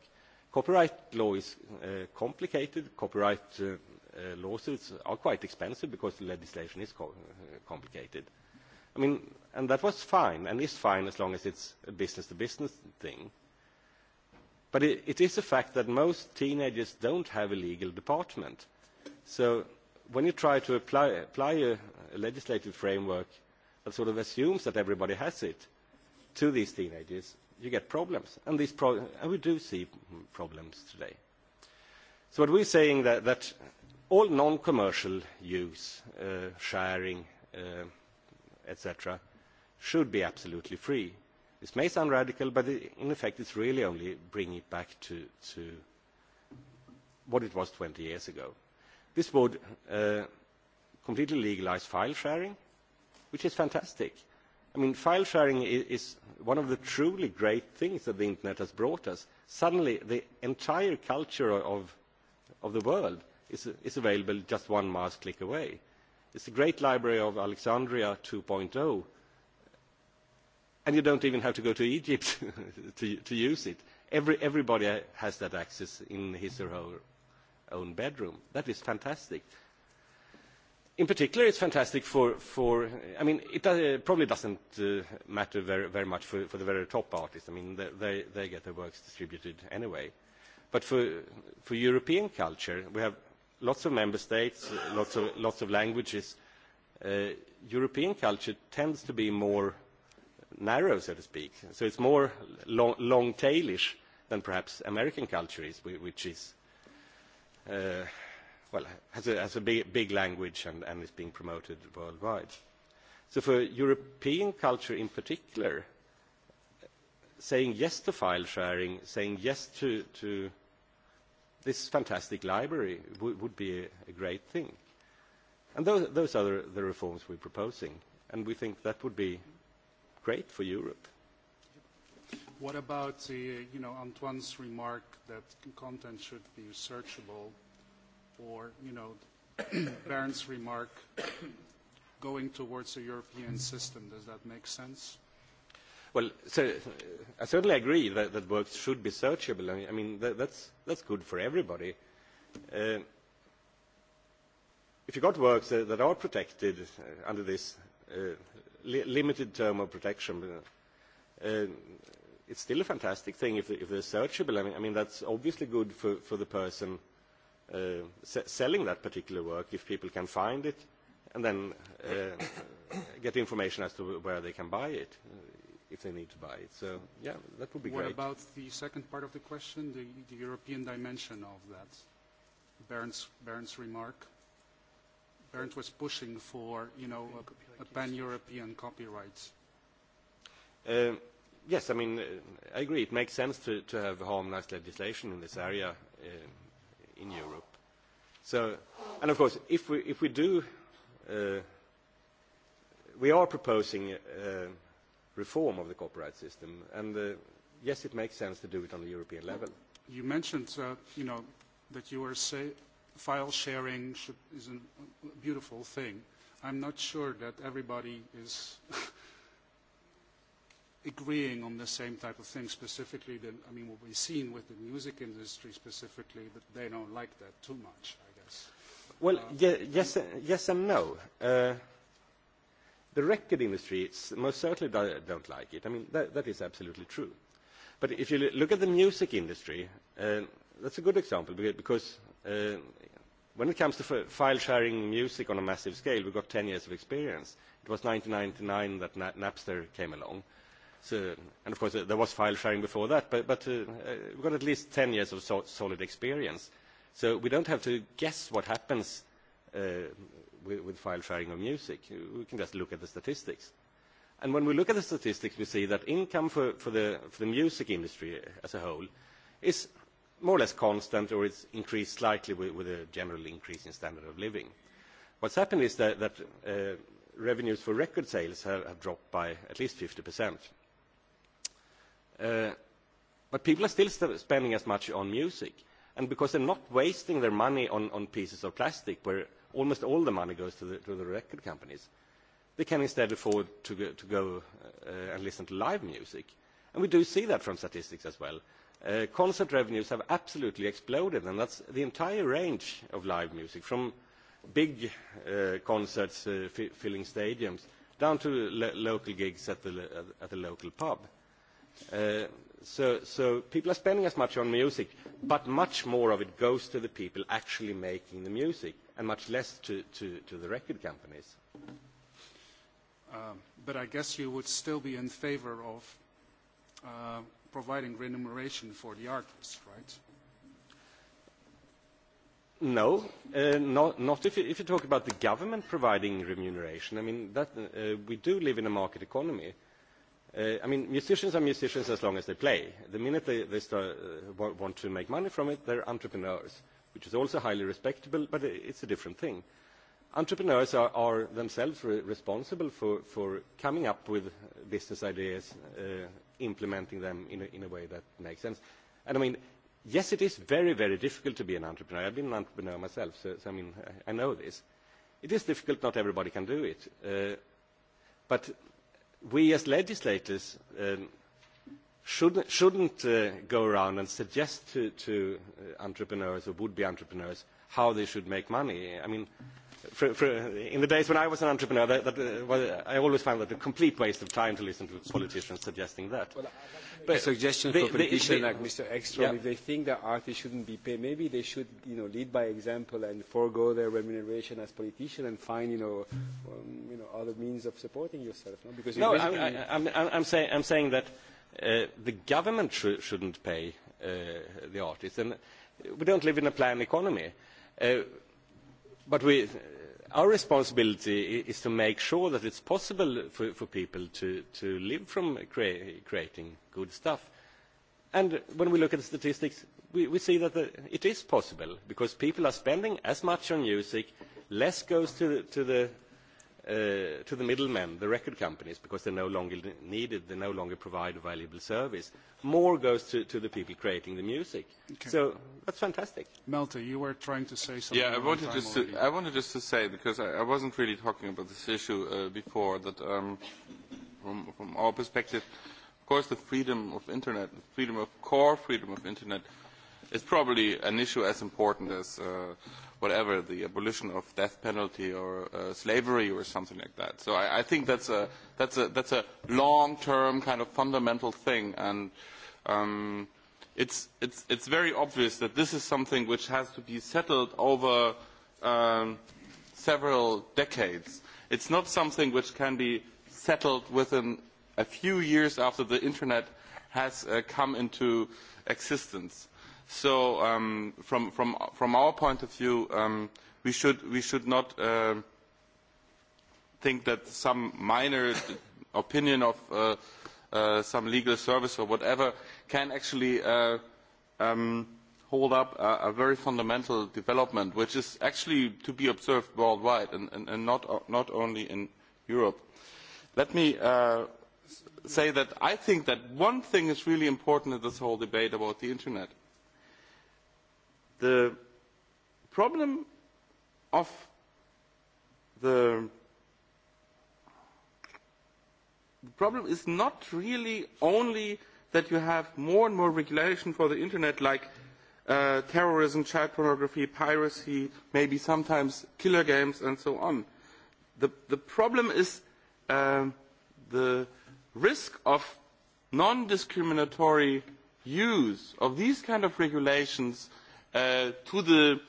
Copyright law is uh, complicated. Copyright uh, uh, lawsuits are quite expensive because the legislation is co complicated. Uh, I mean, and that was fine and is fine as long as it's a business-to-business thing. But it, it is a fact that most teenagers don't have a legal department. So when you try to apply, apply a, a legislative framework that sort of assumes that everybody has it to these teenagers, you get problems. And, these pro- and we do see problems today. So what we're saying that, that all non-commercial use, uh, sharing, uh, etc., should be absolutely free. This may sound radical, but in effect it's really only bringing it back to, to what it was 20 years ago. This would uh, completely legalise file sharing, which is fantastic. I mean, file sharing is one of the truly great things that the internet has brought us. Suddenly, the entire culture of, of the world is, is available just one mouse click away It's the Great Library of Alexandria 2.0, and you don't even have to go to Egypt to, to use it. Every, everybody has that access in his or her own bedroom. That is fantastic. In particular, it's fantastic for, for I mean, it uh, probably doesn't uh, matter very, very much for, for the very top artists. I mean, they, they, they get their works distributed anyway. But for, for European culture, we have lots of member states, lots of, lots of languages. European culture tends to be more narrow, so to speak. So it's more long, long tailish than perhaps American culture is, which is, uh, well, has a, has a big, big language and, and is being promoted worldwide. So for European culture in particular, saying yes to file sharing, saying yes to, to uh, this fantastic library would, would be a, a great thing. And those, those are the, the reforms we're proposing, and we think that would be great for Europe. What about the, you know, Antoine's remark that content should be searchable, or you know, Baron's remark going towards a European system? Does that make sense? Well, so, uh I certainly agree that, that works should be searchable. I mean, I mean that, that's, that's good for everybody. Uh, if you got works that, that are protected uh, under this uh, li limited term of protection, uh, it's still a fantastic thing if, if they're searchable. I mean, I mean that's obviously good for, for the person uh, s selling that particular work if people can find it and then uh, get information as to where they can buy it if they need to buy it. So, yeah, that would be what great. What about the second part of the question, the, the European dimension of that? Bernd's, Bernd's remark. Bernd was pushing for, you know, a, a pan-European copyright. Uh, yes, I mean, uh, I agree. It makes sense to, to have harmonized legislation in this area uh, in Europe. So, and of course, if we, if we do, uh, we are proposing uh, reform of the copyright system. And uh yes, it makes sense to do it on the European level. You mentioned uh you know, that you were say file sharing should, is a beautiful thing. I'm not sure that everybody is agreeing on the same type of thing specifically that I mean what we've seen with the music industry specifically that they don't like that too much I guess well yes yes and no Uh The record industry most certainly do, don't like it. I mean, that, that is absolutely true. But if you look at the music industry, uh, that's a good example because uh, when it comes to file sharing music on a massive scale, we've got 10 years of experience. It was 1999 that Na Napster came along. So, and of course, uh, there was file sharing before that, but, but uh, uh, we've got at least 10 years of so solid experience. So we don't have to guess what happens uh, with, with file sharing of music. We can just look at the statistics. And when we look at the statistics, we see that income for, for, the, for the music industry as a whole is more or less constant or it's increased slightly with, with a general increase in standard of living. What's happened is that, that uh, revenues for record sales have, have dropped by at least 50%. Uh, but people are still st spending as much on music. And because they're not wasting their money on, on pieces of plastic where almost all the money goes to the, to the record companies. They can instead afford to go, to go uh, and listen to live music. And we do see that from statistics as well. Uh, concert revenues have absolutely exploded, and that's the entire range of live music, from big uh, concerts uh, f- filling stadiums down to lo- local gigs at the, at the local pub. Uh, so, so people are spending as much on music, but much more of it goes to the people actually making the music and much less to, to, to the record companies. Um, but I guess you would still be in favor of uh, providing remuneration for the artists, right? No, uh, not, not if, you, if you talk about the government providing remuneration. I mean, that, uh, we do live in a market economy, uh, Uh, I mean, musicians are musicians as long as they play. The minute they, they start, uh, want to make money from it, they're entrepreneurs, which is also highly respectable, but it's a different thing. Entrepreneurs are, are themselves re responsible for, for coming up with business ideas, uh, implementing them in a, in a way that makes sense. And I mean, yes, it is very, very difficult to be an entrepreneur. I've been an entrepreneur myself, so, so I mean, I, I know this. It is difficult. Not everybody can do it. Uh, but we as legislators um, shouldn't, shouldn't uh, go around and suggest to, to entrepreneurs who would be entrepreneurs how they should make money. I mean, in the days when I was an entrepreneur, that, that, well, I always found that a complete waste of time to listen to politicians suggesting that. But a suggestion for politicians like Mr. Ekstrom, if they think that artists shouldn't be paid, maybe they should, you know, lead by example and forego their remuneration as politicians and find, you know, um, you know, other means of supporting yourself. No, because no I'm, I'm, I'm, I'm, say, I'm saying that uh, the government sh- shouldn't pay uh, the artists, and we don't live in a planned economy. Uh, but we, our responsibility is to make sure that it's possible for, for people to, to live from crea creating good stuff. And when we look at the statistics, we, we see that the, it is possible because people are spending as much on music, less goes to the, to the to the middlemen, the record companies, because they are no longer needed, they no longer provide a valuable service. More goes to, to the people creating the music. Okay. So that's fantastic. Melter, you were trying to say something. Yeah, I wanted, just to, I wanted just to say, because I, I wasn't really talking about this issue uh, before, that um, from, from our perspective, of course, the freedom of Internet, the freedom of core freedom of Internet, is probably an issue as important as. Uh, whatever, the abolition of death penalty or uh, slavery or something like that. So I, I think that's a, that's a, that's a long-term kind of fundamental thing. And um, it's, it's, it's very obvious that this is something which has to be settled over um, several decades. It's not something which can be settled within a few years after the Internet has uh, come into existence So from, from, from our point of view, um, we, should, we should not uh, think that some minor opinion of uh, uh, some legal service or whatever can actually uh, um, hold up a, a very fundamental development, which is actually to be observed worldwide and, and, and not, not only in Europe. Let me uh, say that I think that one thing is really important in this whole debate about the Internet the problem of the the problem is not really only that you have more and more regulation for the internet like uh, terrorism, child pornography, piracy, maybe sometimes killer games and so on. The, the problem is uh, the risk of non-discriminatory use of these kind of regulations to the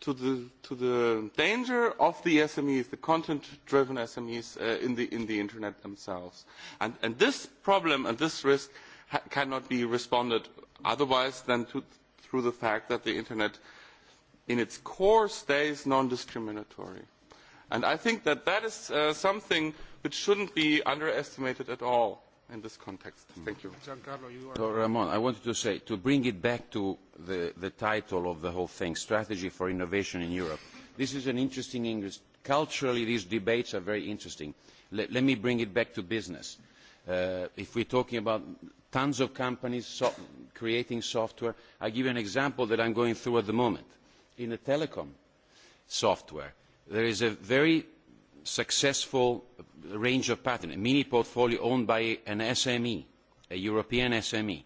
to the to the danger of the SMEs, the content-driven SMEs uh, in the in the internet themselves, and and this problem and this risk ha cannot be responded otherwise than to, through the fact that the internet, in its core, stays non-discriminatory, and I think that that is uh, something which shouldn't be underestimated at all in this context. Thank you. So Ramon, I wanted to say, to bring it back to the, the title of the whole thing, Strategy for Innovation in Europe. This is an interesting English. Culturally, these debates are very interesting. Let, let me bring it back to business. Uh, if we're talking about tons of companies so creating software, I give you an example that I'm going through at the moment. In the telecom software, there is a very successful range of patents, a mini portfolio owned by an SME, a European SME.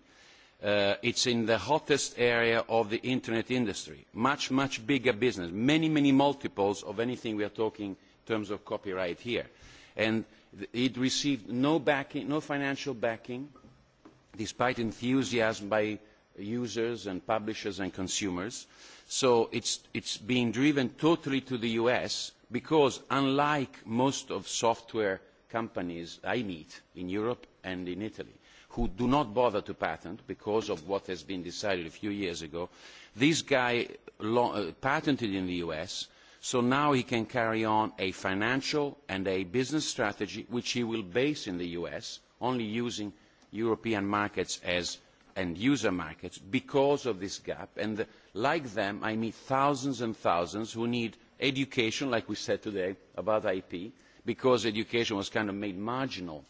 It is in the hottest area of the internet industry. Much, much bigger business. Many, many multiples of anything we are talking in terms of copyright here. And it received no backing, no financial backing, despite enthusiasm by users and publishers and consumers. So it is being driven totally to the US because unlike most of software companies I meet in Europe and in Italy, who do not bother to patent because of what has been decided a few years ago, this guy patented in the US, so now he can carry on a financial and a business strategy which he will base in the US, only using European markets as and user markets because of this gap. And like them, I meet thousands and thousands who need education, like we said today about IP, because education was kind of made marginal.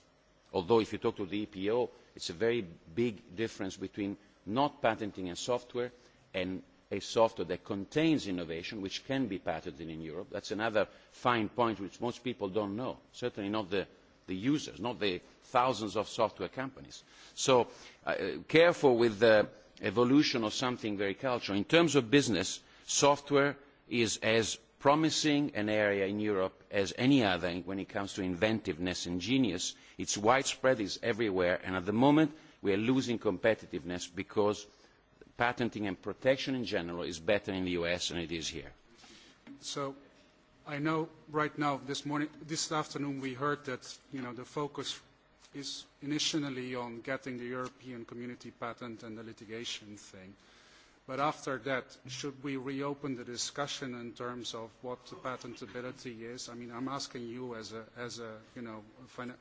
Although if you talk to the EPO, it's a very big difference between not patenting a software and a software that contains innovation, which can be patented in Europe. That's another fine point which most people don't know, certainly not the, the users, not the thousands of software companies. So uh, careful with the evolution of something very cultural. In terms of business, software is as promising an area in Europe as any other when it comes to inventiveness and genius. It is widespread, it is everywhere, and at the moment we are losing competitiveness because patenting and protection in general is better in the US than it is here. So I know right now, this, morning, this afternoon, we heard that you know, the focus is initially on getting the European Community patent and the litigation thing. But after that, should we reopen the discussion in terms of what patentability is? I mean, I'm asking you as a, as a you know,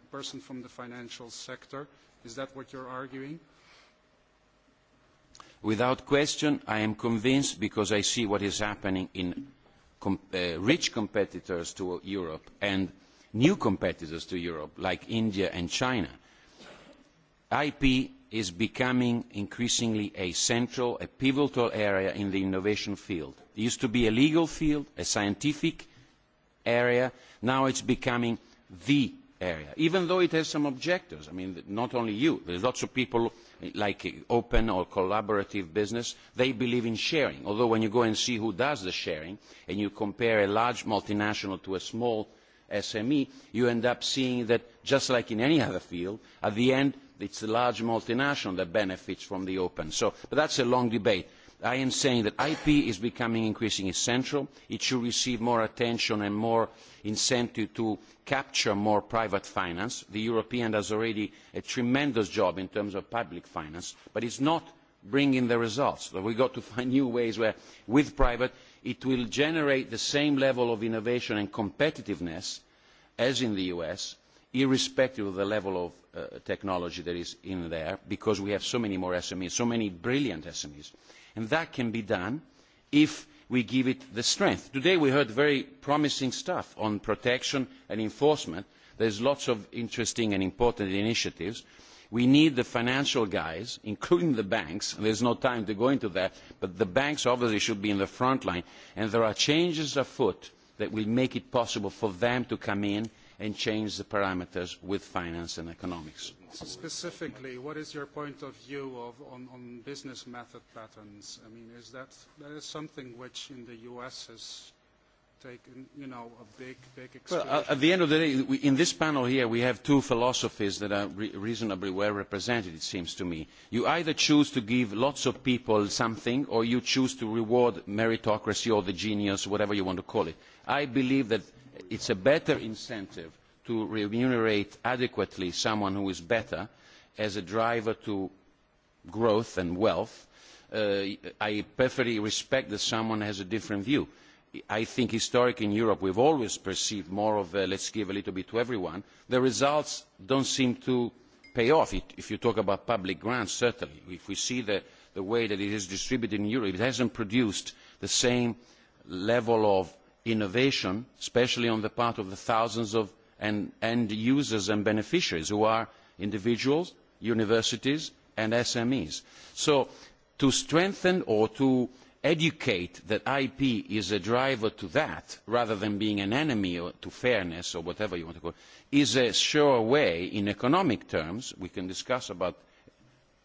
person from the financial sector, is that what you're arguing? Without question, I am convinced because I see what is happening in rich competitors to Europe and new competitors to Europe, like India and China. IP is becoming increasingly a central, a pivotal area in the innovation field. It used to be a legal field, a scientific area. Now it's becoming the area, even though it has some objectors. I mean, not only you. There's lots of people like open or collaborative business. They believe in sharing, although when you go and see who does the sharing and you compare a large multinational to a small SME, you end up seeing that, just like in any other field, at the end, It is the large multinational that benefits from the open. So, but is a long debate. I am saying that IP is becoming increasingly central. It should receive more attention and more incentive to capture more private finance. The European does already a tremendous job in terms of public finance, but it is not bringing the results. So have got to find new ways where, with private, it will generate the same level of innovation and competitiveness as in the US, irrespective of the level of technology that is in there, because we have so many more SMEs, so many brilliant SMEs. And that can be done if we give it the strength. Today we heard very promising stuff on protection and enforcement. There are lots of interesting and important initiatives. We need the financial guys, including the banks. and There's no time to go into that, but the banks obviously should be in the front line. And there are changes afoot that will make it possible for them to come in and change the parameters with finance and economics. Specifically, what is your point of view on, business method patterns? I mean, is that, that is something which in the U.S. has taken, you know, a big, big experience? Well, at the end of the day, we, in this panel here, we have two philosophies that are re reasonably well represented, it seems to me. You either choose to give lots of people something, or you choose to reward meritocracy or the genius, whatever you want to call it. I believe that it is a better incentive to remunerate adequately someone who is better as a driver to growth and wealth. I perfectly respect that someone has a different view. I think historically in Europe we have always perceived more of a let's give a little bit to everyone. The results don't seem to pay off. If you talk about public grants, certainly. If we see the, way that it is distributed in Europe, it has not produced the same level of innovation, especially on the part of the thousands of end users and beneficiaries who are individuals, universities and SMEs. So to strengthen or to educate that IP is a driver to that rather than being an enemy or to fairness or whatever you want to call it is a sure way in economic terms we can discuss about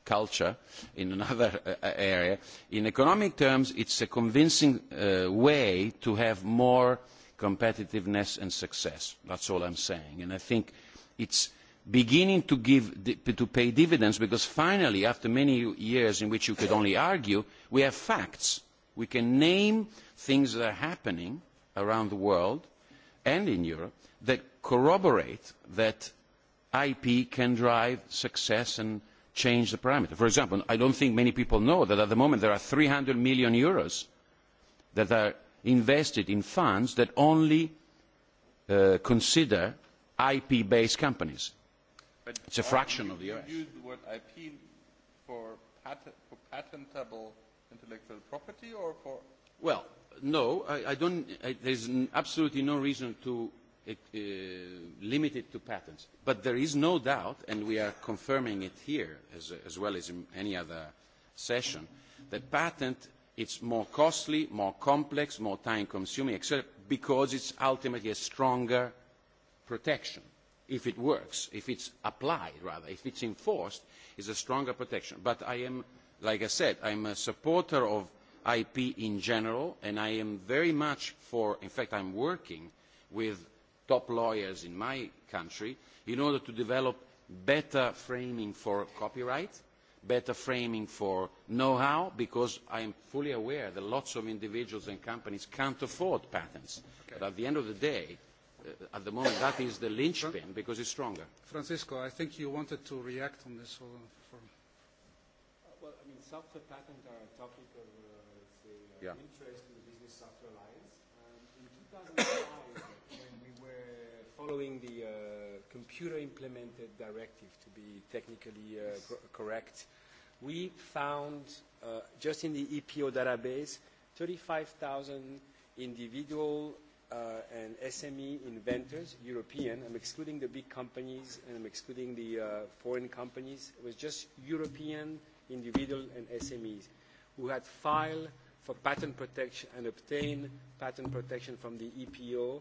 culture in another area. In economic terms, it is a convincing way to have more competitiveness and success. That is all I am saying. And I think it is beginning to, give, to pay dividends because finally, after many years in which you could only argue, we have facts. We can name things that are happening around the world and in Europe that corroborate that IP can drive success and change the parameter. For example, I don't think many people know that at the moment there are 300 million euros that are invested in funds that only consider IP-based companies. But it's a fraction of the US. You use the word IP for, patent, for patentable intellectual property or for... Well, no, I, I don't, I, there's absolutely no reason to limited to patents. But there is no doubt, and we are confirming it here as, as well as in any other session, that patent is more costly, more complex, more time-consuming, except because it's ultimately a stronger protection. If it works, if it's applied, rather, if it's enforced, it's a stronger protection. But I am, like I said, I am a supporter of IP in general, and I am very much for, in fact, I'm working with top lawyers in my country in order to develop better framing for copyright, better framing for know-how, because I am fully aware that lots of individuals and companies can't afford patents. But at the end of the day, uh at the moment, that is the linchpin because it's stronger. Francisco, I think you wanted to react on this. For... Well, I mean, software patents are a topic of uh, say, uh, interest in the Business Software Alliance. Um, in 2005, following the uh, computer-implemented directive, to be technically uh, co correct, we found uh, just in the EPO database 35,000 individual uh, and SME inventors, European. I'm excluding the big companies and I'm excluding the uh, foreign companies. It was just European individual and SMEs who had filed for patent protection and obtained patent protection from the EPO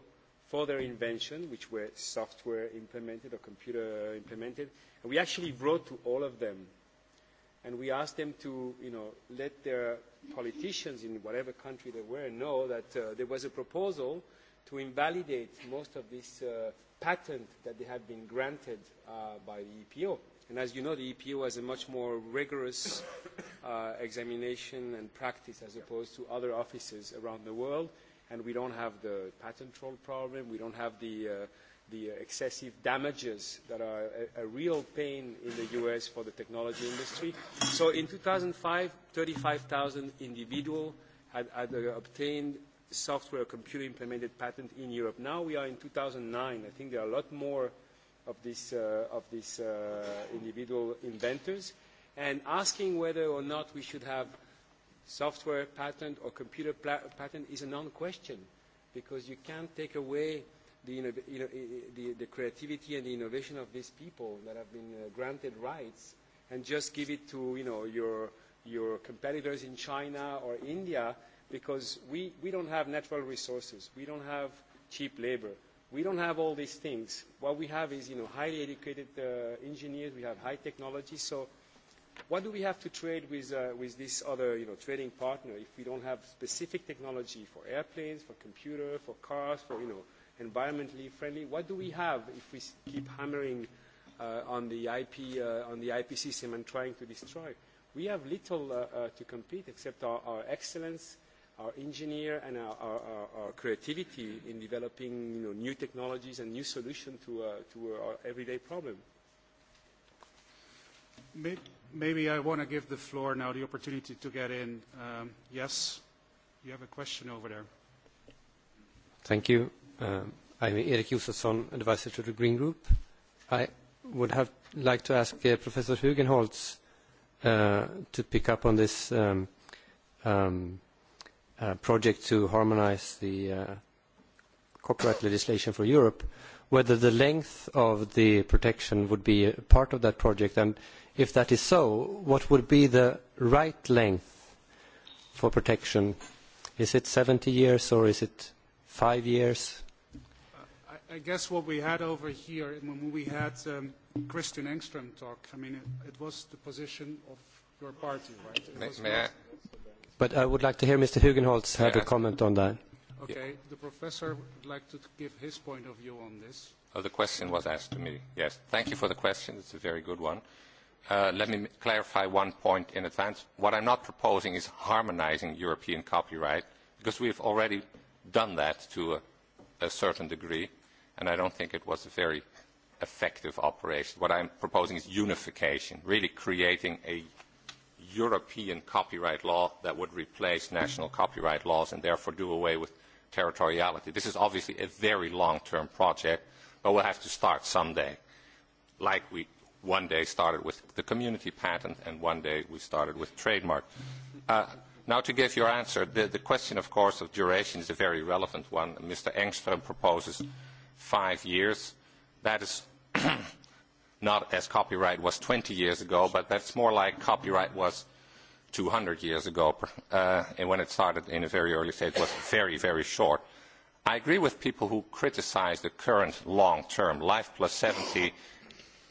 for their invention, which were software implemented or computer implemented. And we actually wrote to all of them. And we asked them to, you know, let their politicians in whatever country they were know that uh, there was a proposal to invalidate most of this uh, patent that they had been granted uh, by the EPO. And as you know, the EPO has a much more rigorous uh, examination and practice as opposed to other offices around the world and we don't have the patent troll problem. We don't have the uh, the excessive damages that are a, a real pain in the U.S. for the technology industry. So in 2005, 35,000 individual had, had uh obtained software computer implemented patent in Europe. Now we are in 2009. I think there are a lot more of these uh, of these uh, individual inventors, and asking whether or not we should have software patent or computer patent is a non-question because you can't take away the, you know, the, the creativity and the innovation of these people that have been uh, granted rights and just give it to you know, your, your competitors in China or India because we, we don't have natural resources. We don't have cheap labor. We don't have all these things. What we have is you know, highly educated uh, engineers. We have high technology. So What do we have to trade with, uh, with this other you know, trading partner if we don't have specific technology for airplanes, for computers, for cars, for you know, environmentally friendly? What do we have if we keep hammering uh, on, the IP, uh, on the IP system and trying to destroy? We have little uh, uh, to compete except our, our excellence, our engineer and our, our, our, our creativity in developing you know, new technologies and new solutions to, uh, to our everyday problem. Maybe I want to give the floor now the opportunity to get in. Um, yes, you have a question over there. Thank you. Um, I'm Erik Josefsson, advisor to the Green Group. I would have like to ask uh, Professor Hugenholtz uh, to pick up on this um, um, uh, project to harmonize the uh, copyright legislation for Europe. Uh, whether the length of the protection would be a part of that project, and if that is so, what would be the right length for protection? Is it 70 years or is it five years? I guess what we had over here, when we had um, Christian Engström talk, I mean, it, it was the position of your party, right? may, may I? But I would like to hear Mr. Hugenholz have a comment on that. Okay, the professor would like to give his point of view on this. Oh, the question was asked to me, yes. Thank you for the question. It's a very good one. Uh, let me clarify one point in advance. What I'm not proposing is harmonizing European copyright, because we've already done that to a, a certain degree, and I don't think it was a very effective operation. What I'm proposing is unification, really creating a European copyright law that would replace national copyright laws and therefore do away with – territoriality. This is obviously a very long-term project, but we'll have to start someday, like we one day started with the community patent and one day we started with trademark. Uh, now to give your answer, the, the question, of course, of duration is a very relevant one. Mr. Engström proposes five years. That is not as copyright was 20 years ago, but that's more like copyright was 200 years ago, uh, and when it started in a very early stage, was very, very short. I agree with people who criticize the current long-term life plus 70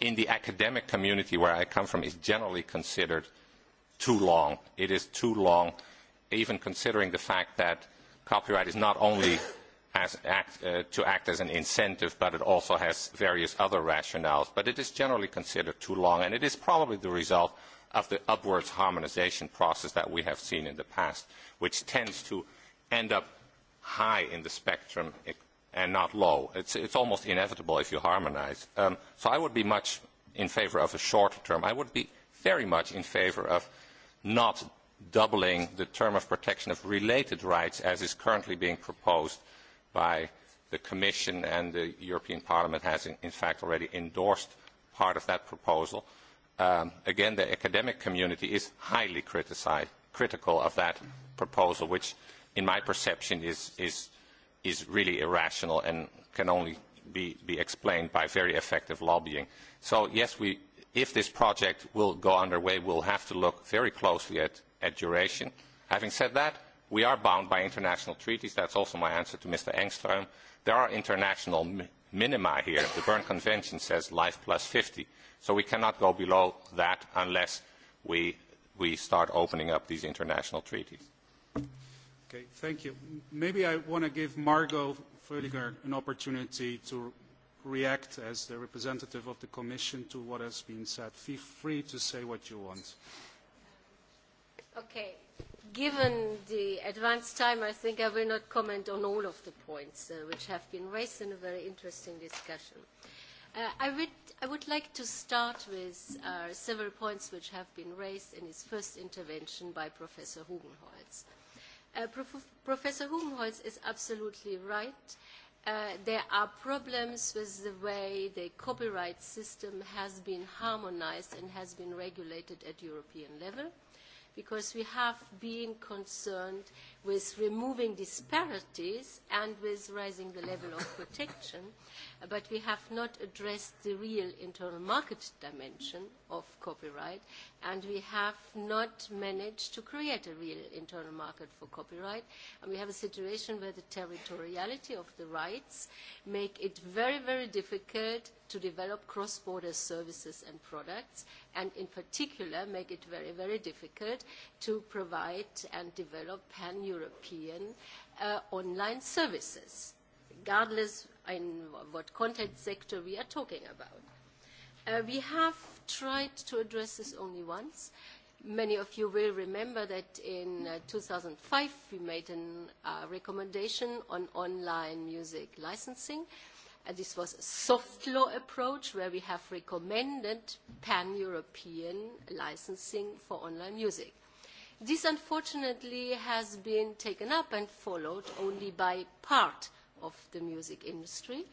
in the academic community where I come from is generally considered too long. It is too long, even considering the fact that copyright is not only as act, uh, to act as an incentive, but it also has various other rationales. But it is generally considered too long, and it is probably the result of the upwards harmonisation process that we have seen in the past, which tends to end up high in the spectrum and not low. It's, it's almost inevitable if you harmonise. Um, so I would be much in favour of a shorter term. I would be very much in favour of not doubling the term of protection of related rights as is currently being proposed by the Commission and the European Parliament has in, in fact already endorsed part of that proposal again, the academic community is highly critical of that proposal, which, in my perception, is, is, is really irrational and can only be, be explained by very effective lobbying. So, yes, we, if this project will go underway, we'll have to look very closely at, at duration. Having said that, we are bound by international treaties. That's also my answer to Mr. Engström. There are international minima here. The Berne Convention says life plus 50 So we cannot go below that unless we, we start opening up these international treaties. Okay, thank you. Maybe I want to give Margot Völliger an opportunity to react as the representative of the Commission to what has been said. Feel free to say what you want. Okay. Given the advanced time, I think I will not comment on all of the points uh, which have been raised in a very interesting discussion. I would, I would like to start with uh, several points which have been raised in his first intervention by Professor Hugenholz. Uh, Prof Professor Hugenholz is absolutely right. Uh, there are problems with the way the copyright system has been harmonized and has been regulated at European level because we have been concerned with removing disparities and with raising the level of protection, but we have not addressed the real internal market dimension of copyright, and we have not managed to create a real internal market for copyright. And we have a situation where the territoriality of the rights make it very, very difficult to develop cross-border services and products, and in particular make it very, very difficult to provide and develop pan-European online services, regardless in what content sector we are talking about. we have tried to address this only once. Many of you will remember that in uh, 2005 we made a recommendation on online music licensing, and this was a soft law approach where we have recommended pan-European licensing for online music. This unfortunately has been taken up and followed only by part of the music industry,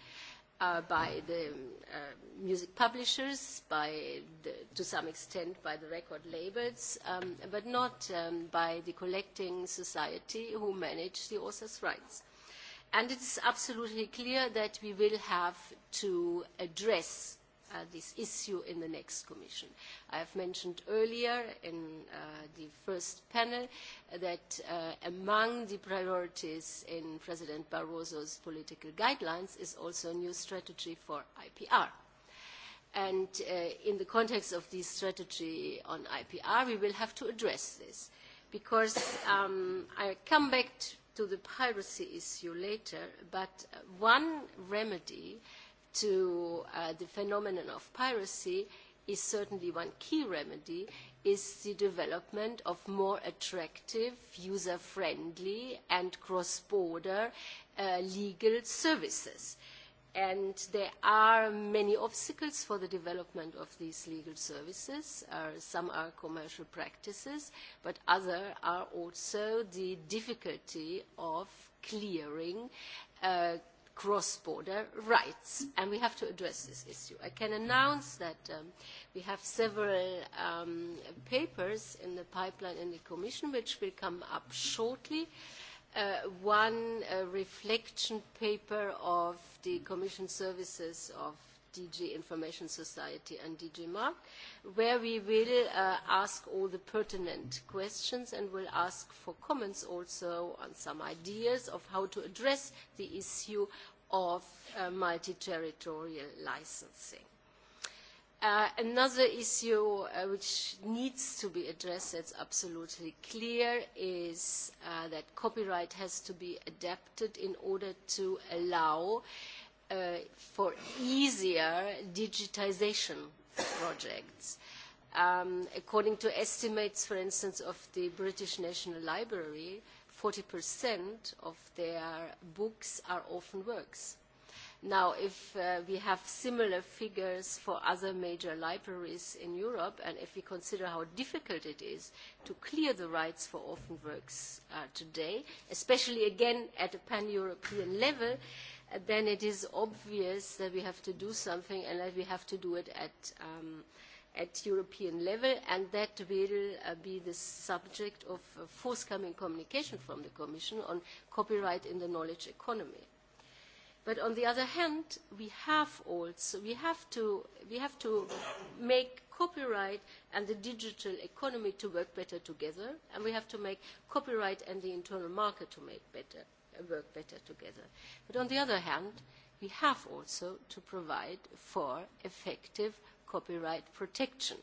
uh, by the uh, music publishers, by the, to some extent by the record labels, um, but not um, by the collecting society who manage the author's rights. And it is absolutely clear that we will have to address this issue in the next Commission. I have mentioned earlier in the first panel that among the priorities in President Barroso's political guidelines is also a new strategy for IPR. And in the context of this strategy on IPR, we will have to address this because I come back to the piracy issue later, but one remedy to the phenomenon of piracy is certainly one key remedy is the development of more attractive, user-friendly and cross-border legal services. Uh, and there are many obstacles for the development of these legal services. some are commercial practices, but other are also the difficulty of clearing cross-border rights, and we have to address this issue. I can announce that we have several papers in the pipeline in the Commission, which will come up shortly, uh, one reflection paper of the Commission Services of DG Information Society and DG Mark, where we will ask all the pertinent questions and will ask for comments also on some ideas of how to address the issue of multi-territorial licensing another issue which needs to be addressed, that's absolutely clear, is that copyright has to be adapted in order to allow for easier digitisation projects. according to estimates, for instance, of the British National Library, 40% of their books are often works Now, if we have similar figures for other major libraries in Europe, and if we consider how difficult it is to clear the rights for orphan works today, especially again at a pan-European level, then it is obvious that we have to do something and that we have to do it at um, at European level, and that will be the subject of forthcoming communication from the Commission on copyright in the knowledge economy. But on the other hand, we have also we have to we have to make copyright and the digital economy to work better together, and we have to make copyright and the internal market to make better work better together. But on the other hand, we have also to provide for effective copyright protection,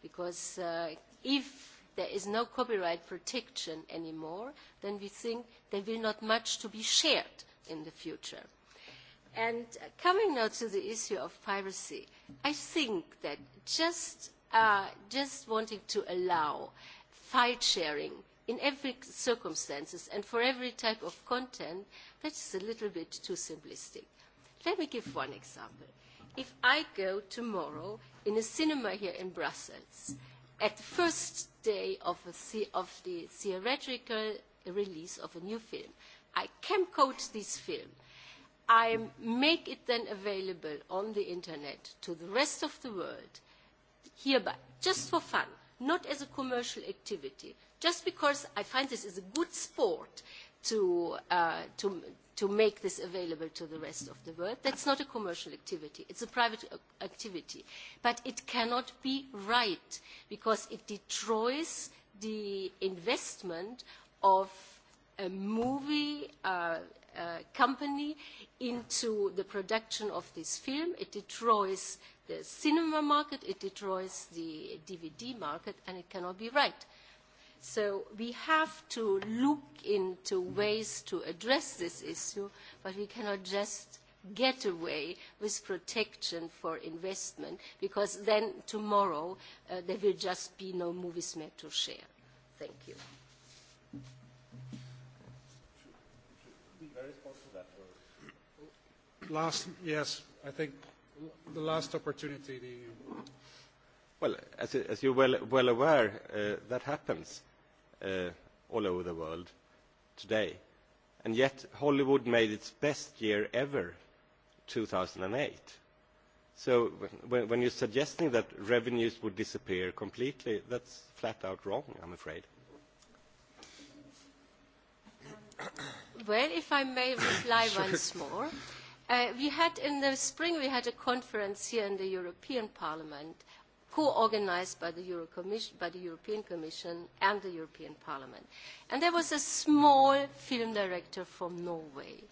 because uh, if there is no copyright protection anymore, then we think there will not much to be shared in the future. And coming now to the issue of piracy, I think that just, uh, just wanting to allow file sharing in every circumstances and for every type of content, that is a little bit too simplistic. Let me give one example. If I go tomorrow in a cinema here in Brussels, at the first day of, a, of the theoretical release of a new film, I camcode this film I make it then available on the internet to the rest of the world, hereby, just for fun, not as a commercial activity, just because I find this is a good sport to, uh, to, to make this available to the rest of the world. That's not a commercial activity. It's a private activity. But it cannot be right because it destroys the investment of a movie company into the production of this film. It destroys the cinema market, it destroys the DVD market, and it cannot be right. So we have to look into ways to address this issue, but we cannot just get away with protection for investment, because then tomorrow uh, there will just be no movies made to share. Thank you. last, yes, I think the last opportunity. The well, as, as you're well, well aware, uh, that happens uh, all over the world today. And yet Hollywood made its best year ever, 2008. So when, when you're suggesting that revenues would disappear completely, that's flat out wrong, I'm afraid. Well, if I may reply once more we had in the spring we had a conference here in the European Parliament, co-organized by the, Euro Commission, by the European Commission and the European Parliament. And there was a small film director from Norway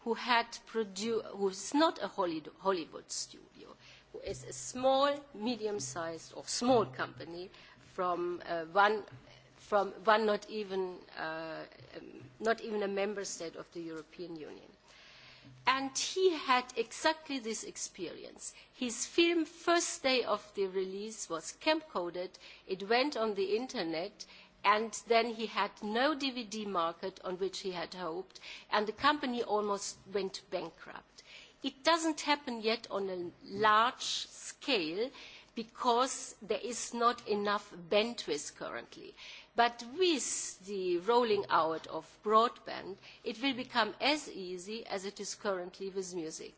who had produced, who is not a Hollywood studio, who is a small, medium-sized or small company from uh, one from one not even uh, not even a member state of the European Union and he had exactly this experience. His film, first day of the release, was camcoded, it went on the internet, and then he had no DVD market on which he had hoped, and the company almost went bankrupt. It doesn't happen yet on a large scale because there is not enough bandwidth currently. But with the rolling out of broadband, it will become as easy as it is currently with music.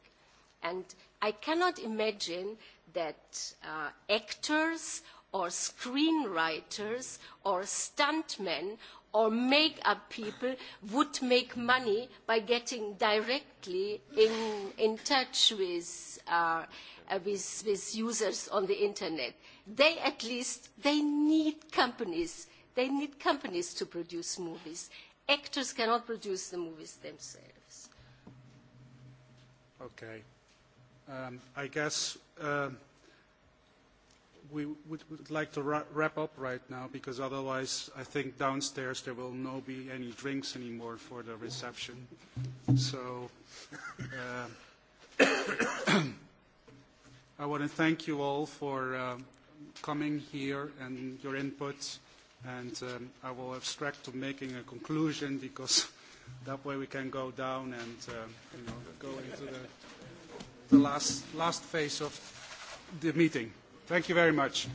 And I cannot imagine that uh, actors or screenwriters or stuntmen or make-up people would make money by getting directly in, in touch with, uh, with, with users on the internet. They at least, they need companies They need companies to produce movies. Actors cannot produce the movies themselves. Okay. Um, I guess um, we would, would like to ra wrap up right now because otherwise I think downstairs there will not be any drinks anymore for the reception. So uh, I want to thank you all for uh, coming here and your input And um, I will abstract to making a conclusion because that way we can go down and uh you know, go into the, the last, last phase of the meeting. Thank you very much.